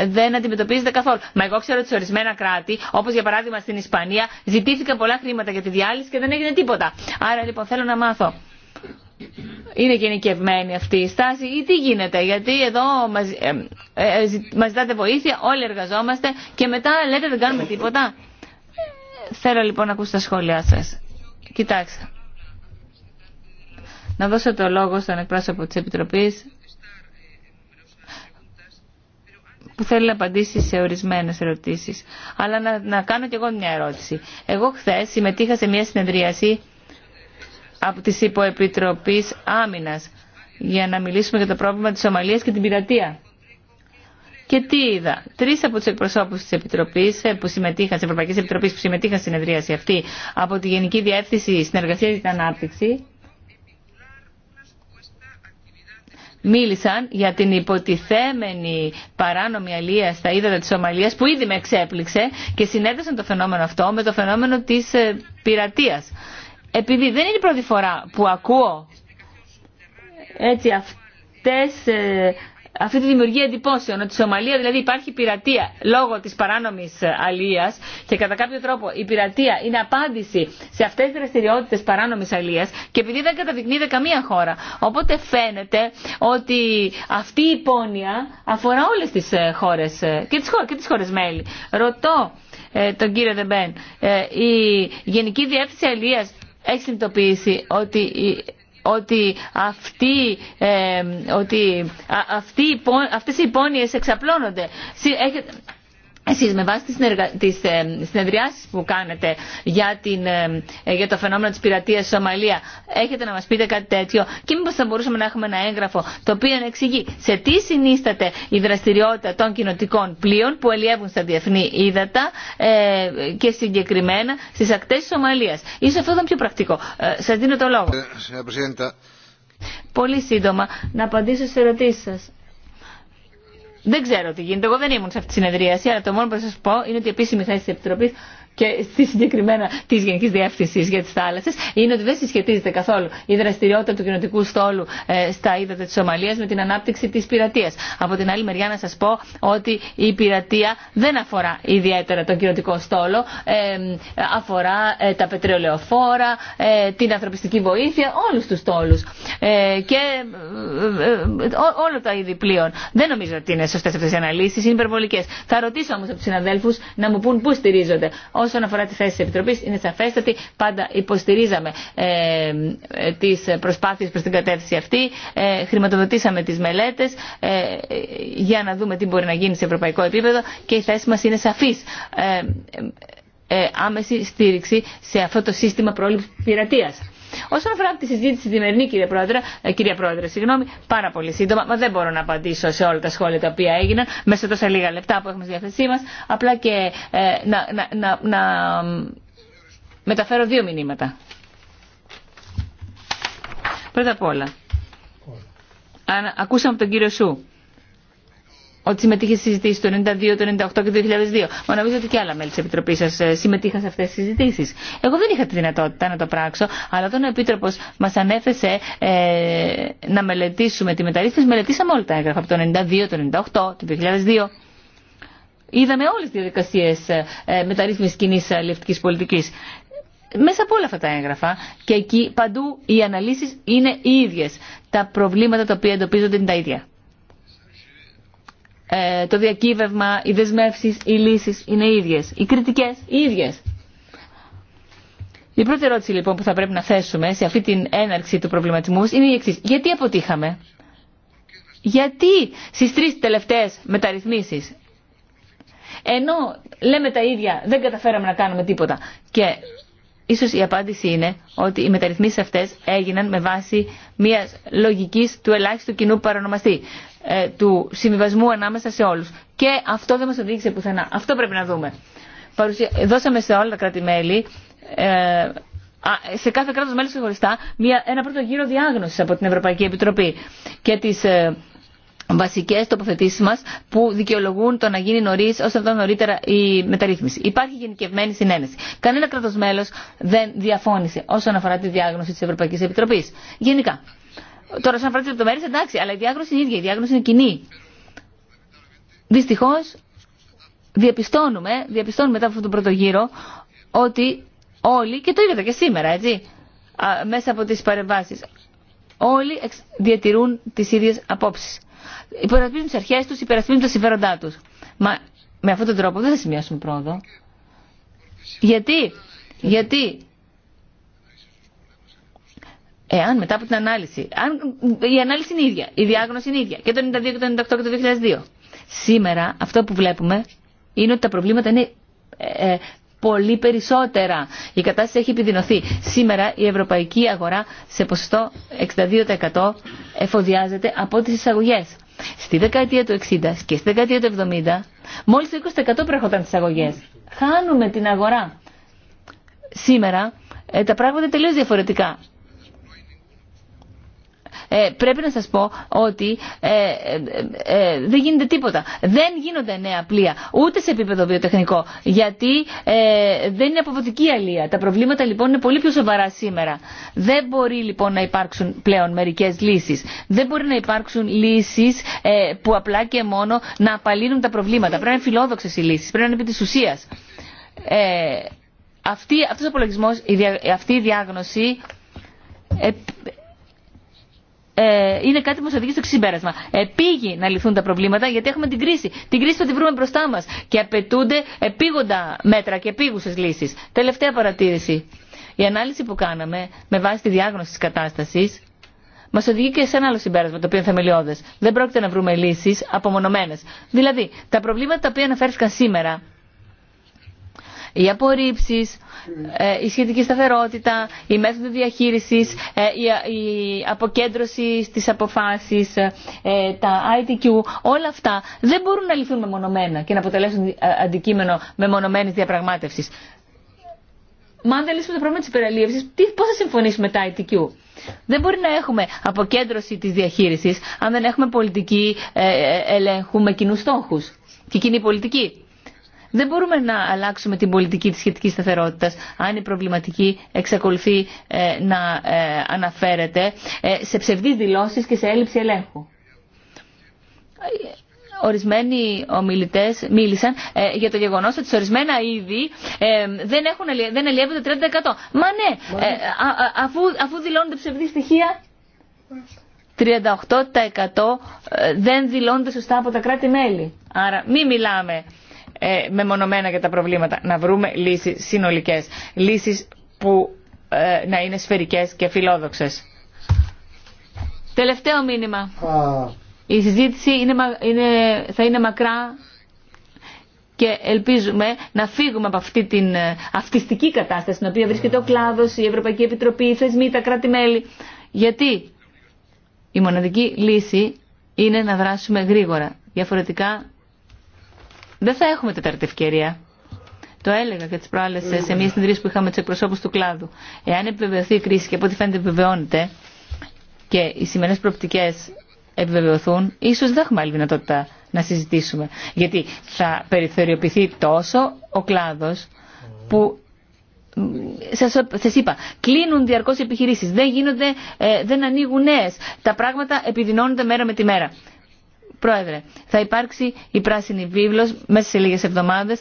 δεν αντιμετωπίζεται καθόλου. Μα εγώ ξέρω ότι σε ορισμένα κράτη, όπως για παράδειγμα στην Ισπανία, ζητήθηκαν πολλά χρήματα για τη διάλυση και δεν έγινε τίποτα. Άρα λοιπόν θέλω να μάθω είναι γενικευμένη αυτή η στάση ή τι γίνεται, γιατί εδώ μας, ε, ε, ε μας ζητάτε βοήθεια, όλοι εργαζόμαστε και μετά λέτε δεν κάνουμε τίποτα. Ε, θέλω λοιπόν να ακούσω τα σχόλιά σας. Κοιτάξτε. Να δώσω το λόγο στον εκπρόσωπο της Επιτροπής που θέλει να απαντήσει σε ορισμένες ερωτήσεις. Αλλά να, να κάνω κι εγώ μια ερώτηση. Εγώ χθε συμμετείχα σε μια συνεδρίαση από της Υποεπιτροπής Άμυνας για να μιλήσουμε για το πρόβλημα της Σομαλίας και την πειρατεία. Και τι είδα. Τρει από του εκπροσώπου τη Επιτροπή ε, που συμμετείχαν, τη Ευρωπαϊκή Επιτροπή που συμμετείχαν στην συνεδρίαση αυτή, από τη Γενική Διεύθυνση Συνεργασία για την Ανάπτυξη, μίλησαν για την υποτιθέμενη παράνομη αλία στα ύδατα της Σομαλίας που ήδη με εξέπληξε και συνέδεσαν το φαινόμενο αυτό με το φαινόμενο της ε, πειρατείας επειδή δεν είναι η πρώτη φορά που ακούω έτσι αυτές, ε, αυτή τη δημιουργία εντυπώσεων ότι η Σομαλία δηλαδή υπάρχει πειρατεία λόγω της παράνομης ε, αλίας και κατά κάποιο τρόπο η πειρατεία είναι απάντηση σε αυτές τις δραστηριότητες παράνομης αλίας και επειδή δεν καταδεικνύεται καμία χώρα. Οπότε φαίνεται ότι αυτή η υπόνοια αφορά όλες τις ε, χώρες και τις χώρες, μέλη. Ρωτώ τον κύριο Δεμπέν. Η Γενική Διεύθυνση Αλίας έχει συνειδητοποιήσει ότι ότι, αυτοί, ε, ότι αυτοί, αυτές οι υπόνοιες εξαπλώνονται. Εσείς με βάση τις, τις συνεδριάσεις που κάνετε για, την, για το φαινόμενο της πειρατείας στη Σομαλία έχετε να μας πείτε κάτι τέτοιο και μήπως θα μπορούσαμε να έχουμε ένα έγγραφο το οποίο να εξηγεί σε τι συνίσταται η δραστηριότητα των κοινοτικών πλοίων που ελιεύουν στα διεθνή ύδατα και συγκεκριμένα στις ακτές της Σομαλίας. Ίσως αυτό ήταν πιο πρακτικό. Ε, σας δίνω το λόγο. Πολύ σύντομα να απαντήσω σε ερωτήσεις σας. Δεν ξέρω τι γίνεται. Εγώ δεν ήμουν σε αυτή τη συνεδρίαση, αλλά το μόνο που θα σα πω είναι ότι η επίσημη θέση τη Επιτροπή και στη συγκεκριμένα τη Γενική Διεύθυνση για τι Θάλασσε είναι ότι δεν συσχετίζεται καθόλου η δραστηριότητα του κοινοτικού στόλου ε, στα ύδατα τη Σομαλία με την ανάπτυξη τη πειρατεία. Από την άλλη μεριά να σα πω ότι η πειρατεία δεν αφορά ιδιαίτερα τον κοινοτικό στόλο, ε, αφορά ε, τα πετρεολεοφόρα, την ανθρωπιστική βοήθεια, όλου του στόλου. και όλο τα είδη πλοίων. Δεν νομίζω ότι είναι σωστέ αυτέ οι αναλύσει, είναι υπερβολικέ. Θα ρωτήσω όμω από του συναδέλφου να μου πούν πού στηρίζονται. Όσον αφορά τη θέση τη Επιτροπή, είναι σαφέστατη. πάντα υποστηρίζαμε ε, ε τι προσπάθειε προ την κατεύθυνση αυτή. Ε, χρηματοδοτήσαμε τι μελέτε ε, για να δούμε τι μπορεί να γίνει σε ευρωπαϊκό επίπεδο και η θέση μα είναι σαφή. Ε, άμεση στήριξη σε αυτό το σύστημα πρόληψη πειρατεία. Όσον αφορά τη συζήτηση διμερινή, κυρία Πρόεδρε, ε, κυρία Πρόεδρε, συγγνώμη, πάρα πολύ σύντομα, μα δεν μπορώ να απαντήσω σε όλα τα σχόλια τα οποία έγιναν μέσα σε τόσα λίγα λεπτά που έχουμε στη διάθεσή μα. Απλά και ε, να, να, να, να μεταφέρω δύο μηνύματα. Πρώτα απ' όλα, ακούσαμε τον κύριο Σου ότι συμμετείχε στι συζητήσει του 1992, του 98 και του 2002. Μα νομίζω ότι και άλλα μέλη τη Επιτροπή σα ε, συμμετείχαν σε αυτέ τι συζητήσει. Εγώ δεν είχα τη δυνατότητα να το πράξω, αλλά όταν ο Επίτροπο μα ανέθεσε ε, να μελετήσουμε τη μεταρρύθμιση, μελετήσαμε όλα τα έγγραφα από το 1992, το 98, το 2002. Είδαμε όλες τις διαδικασίε ε, μεταρρύθμιση κοινή αλληλευτική ε, πολιτική. Μέσα από όλα αυτά τα έγγραφα και εκεί παντού οι αναλύσεις είναι οι ίδιες. Τα προβλήματα τα οποία εντοπίζονται είναι τα ίδια. Ε, το διακύβευμα, οι δεσμεύσει, οι λύσει είναι ίδιε. Οι κριτικέ, οι ίδιε. Η πρώτη ερώτηση λοιπόν που θα πρέπει να θέσουμε σε αυτή την έναρξη του προβληματισμού είναι η εξή. Γιατί αποτύχαμε, Γιατί στι τρει τελευταίε μεταρρυθμίσει, ενώ λέμε τα ίδια, δεν καταφέραμε να κάνουμε τίποτα. Και ίσως η απάντηση είναι ότι οι μεταρρυθμίσεις αυτές έγιναν με βάση μιας λογικής του ελάχιστου κοινού παρονομαστή. Ε, του συμβιβασμού ανάμεσα σε όλους. Και αυτό δεν μας οδήγησε πουθενά. Αυτό πρέπει να δούμε. Παρουσια... Δώσαμε σε όλα τα κράτη-μέλη, ε, σε κάθε κράτος μέλος ξεχωριστά, ένα πρώτο γύρο διάγνωσης από την Ευρωπαϊκή Επιτροπή και τις, ε, βασικές βασικέ τοποθετήσει μα που δικαιολογούν το να γίνει νωρί, όσο αυτό νωρίτερα η μεταρρύθμιση. Υπάρχει γενικευμένη συνένεση. Κανένα Κανένα κράτος-μέλος δεν διαφώνησε όσον αφορά τη διάγνωση τη Ευρωπαϊκή Επιτροπή. Γενικά. Τώρα, σαν πρώτη λεπτομέρειε, εντάξει, αλλά η διάγνωση είναι η ίδια, η διάγνωση είναι κοινή. Δυστυχώ, διαπιστώνουμε, διαπιστώνουμε μετά από αυτόν τον πρώτο γύρο, ότι όλοι, και το είδατε και σήμερα, έτσι, μέσα από τις παρεμβάσει, όλοι διατηρούν τις ίδιες απόψεις. Υπερασπίζουν τι αρχές τους, υπερασπίζουν τα συμφέροντά του. Μα με αυτόν τον τρόπο δεν θα σημειώσουμε πρόοδο. Γιατί, γιατί Εάν μετά από την ανάλυση, αν, η ανάλυση είναι ίδια, η διάγνωση είναι ίδια και το 92 και το 98 και το 2002. Σήμερα αυτό που βλέπουμε είναι ότι τα προβλήματα είναι ε, ε, πολύ περισσότερα. Η κατάσταση έχει επιδεινωθεί. Σήμερα η ευρωπαϊκή αγορά σε ποσοστό 62% εφοδιάζεται από τις εισαγωγές. Στη δεκαετία του 60 και στη δεκαετία του 70 μόλις το 20% προέρχονταν τις εισαγωγές. Χάνουμε την αγορά. Σήμερα ε, τα πράγματα τελείως διαφορετικά. Ε, πρέπει να σας πω ότι ε, ε, ε, δεν γίνεται τίποτα. Δεν γίνονται νέα πλοία, ούτε σε επίπεδο βιοτεχνικό, γιατί ε, δεν είναι αποδοτική αλία. Τα προβλήματα λοιπόν είναι πολύ πιο σοβαρά σήμερα. Δεν μπορεί λοιπόν να υπάρξουν πλέον μερικές λύσεις. Δεν μπορεί να υπάρξουν λύσεις που απλά και μόνο να απαλύνουν τα προβλήματα. Πρέπει να είναι φιλόδοξες οι λύσεις, πρέπει να είναι επί της ουσίας. Αυτή, ο απολογισμός, αυτή η διάγνωση ε, είναι κάτι που μα οδηγεί στο συμπέρασμα. Επίγει να λυθούν τα προβλήματα γιατί έχουμε την κρίση. Την κρίση θα τη βρούμε μπροστά μα και απαιτούνται επίγοντα μέτρα και επίγουσε λύσει. Τελευταία παρατήρηση. Η ανάλυση που κάναμε με βάση τη διάγνωση τη κατάσταση μα οδηγεί και σε ένα άλλο συμπέρασμα, το οποίο είναι θεμελιώδε. Δεν πρόκειται να βρούμε λύσει απομονωμένε. Δηλαδή, τα προβλήματα τα οποία αναφέρθηκαν σήμερα οι απορρίψει, ε, η σχετική σταθερότητα, η μέθοδο διαχείριση, ε, η αποκέντρωση στι αποφάσει, ε, τα ITQ, όλα αυτά δεν μπορούν να λυθούν μεμονωμένα και να αποτελέσουν αντικείμενο μεμονωμένη διαπραγμάτευσης. Μα αν δεν λύσουμε το πρόβλημα τη υπεραλίευση, πώ θα συμφωνήσουμε με τα ITQ. Δεν μπορεί να έχουμε αποκέντρωση τη διαχείριση αν δεν έχουμε πολιτική ελέγχου με κοινού στόχου και κοινή πολιτική. Δεν μπορούμε να αλλάξουμε την πολιτική της σχετικής σταθερότητας αν η προβληματική εξακολουθεί ε, να ε, αναφέρεται ε, σε ψευδείς δηλώσεις και σε έλλειψη ελέγχου. Ορισμένοι ομιλητές μίλησαν για το γεγονός ότι σε ορισμένα είδη δεν, έχουν, δεν ελιεύονται 30%. Μα ναι, ναι. α, α, αφού, αφού δηλώνονται ψευδή στοιχεία... 38% δεν δηλώνονται σωστά από τα κράτη-μέλη. Άρα μη μιλάμε ε, μεμονωμένα για τα προβλήματα. Να βρούμε λύσεις συνολικές. Λύσεις που ε, να είναι σφαιρικές και φιλόδοξες. Τελευταίο μήνυμα. Η συζήτηση είναι, είναι, θα είναι μακρά και ελπίζουμε να φύγουμε από αυτή την ε, αυτιστική κατάσταση στην οποία βρίσκεται ο κλάδος, η Ευρωπαϊκή Επιτροπή, οι θεσμοί, τα κράτη-μέλη. Γιατί η μοναδική λύση είναι να δράσουμε γρήγορα. Διαφορετικά δεν θα έχουμε τέταρτη ευκαιρία. Το έλεγα και τι προάλλε σε μια συνεδρίαση που είχαμε του εκπροσώπου του κλάδου. Εάν επιβεβαιωθεί η κρίση και από ό,τι φαίνεται επιβεβαιώνεται και οι σημερινέ προοπτικέ επιβεβαιωθούν, ίσω δεν έχουμε άλλη δυνατότητα να συζητήσουμε. Γιατί θα περιθωριοποιηθεί τόσο ο κλάδο που σας, είπα, κλείνουν διαρκώς επιχειρήσεις, δεν, γίνονται, ε, δεν ανοίγουν νέες, τα πράγματα επιδεινώνονται μέρα με τη μέρα. Πρόεδρε, θα υπάρξει η πράσινη βίβλος μέσα σε λίγες εβδομάδες,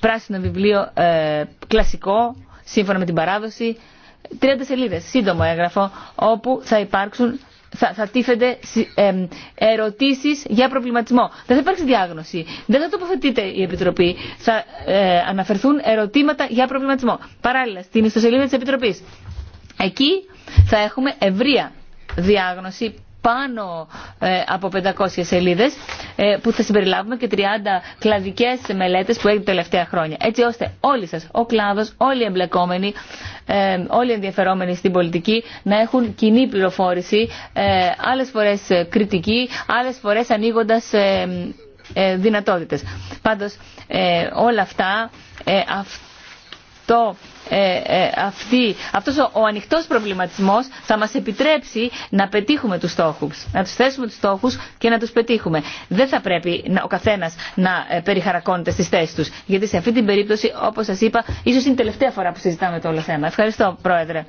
πράσινο βιβλίο ε, κλασικό, σύμφωνα με την παράδοση, 30 σελίδες, σύντομο έγγραφο, όπου θα υπάρξουν θα, θα τίθενται ε, ερωτήσεις για προβληματισμό. Δεν θα υπάρξει διάγνωση. Δεν θα τοποθετείται η Επιτροπή. Θα ε, αναφερθούν ερωτήματα για προβληματισμό. Παράλληλα, στην ιστοσελίδα της Επιτροπής. Εκεί θα έχουμε ευρεία διάγνωση πάνω ε, από 500 σελίδες ε, που θα συμπεριλάβουμε και 30 κλαδικές μελέτες που έγιναν τα τελευταία χρόνια. Έτσι ώστε όλοι σας, ο κλάδος, όλοι οι εμπλεκόμενοι, ε, όλοι οι ενδιαφερόμενοι στην πολιτική να έχουν κοινή πληροφόρηση, άλλες φορές κριτική, άλλες φορές ανοίγοντας δυνατότητες. Πάντως όλα αυτά αυτό, ε, ε, αυτή, αυτός ο, ο ανοιχτός προβληματισμός θα μας επιτρέψει να πετύχουμε τους στόχους, να τους θέσουμε τους στόχους και να τους πετύχουμε. Δεν θα πρέπει να, ο καθένας να ε, περιχαρακώνεται στις θέσεις τους, γιατί σε αυτή την περίπτωση, όπως σας είπα, ίσως είναι η τελευταία φορά που συζητάμε το όλο θέμα. Ευχαριστώ, Πρόεδρε.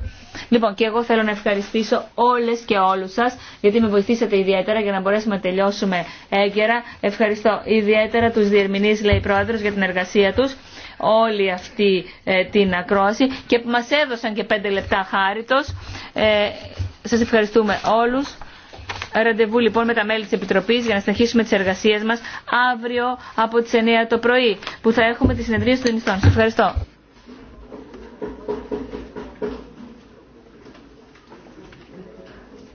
Λοιπόν, και εγώ θέλω να ευχαριστήσω όλες και όλους σας, γιατί με βοηθήσατε ιδιαίτερα για να μπορέσουμε να τελειώσουμε έγκαιρα. Ευχαριστώ ιδιαίτερα τους διερμηνείς, λέει Πρόεδρος, για την εργασία τους όλη αυτή ε, την ακρόαση και που μας έδωσαν και πέντε λεπτά χάριτος. Ε, σας ευχαριστούμε όλους. Ραντεβού λοιπόν με τα μέλη της Επιτροπής για να συνεχίσουμε τις εργασίες μας αύριο από τις 9 το πρωί που θα έχουμε τη συνεδρία του Ινιστών. Σας ευχαριστώ.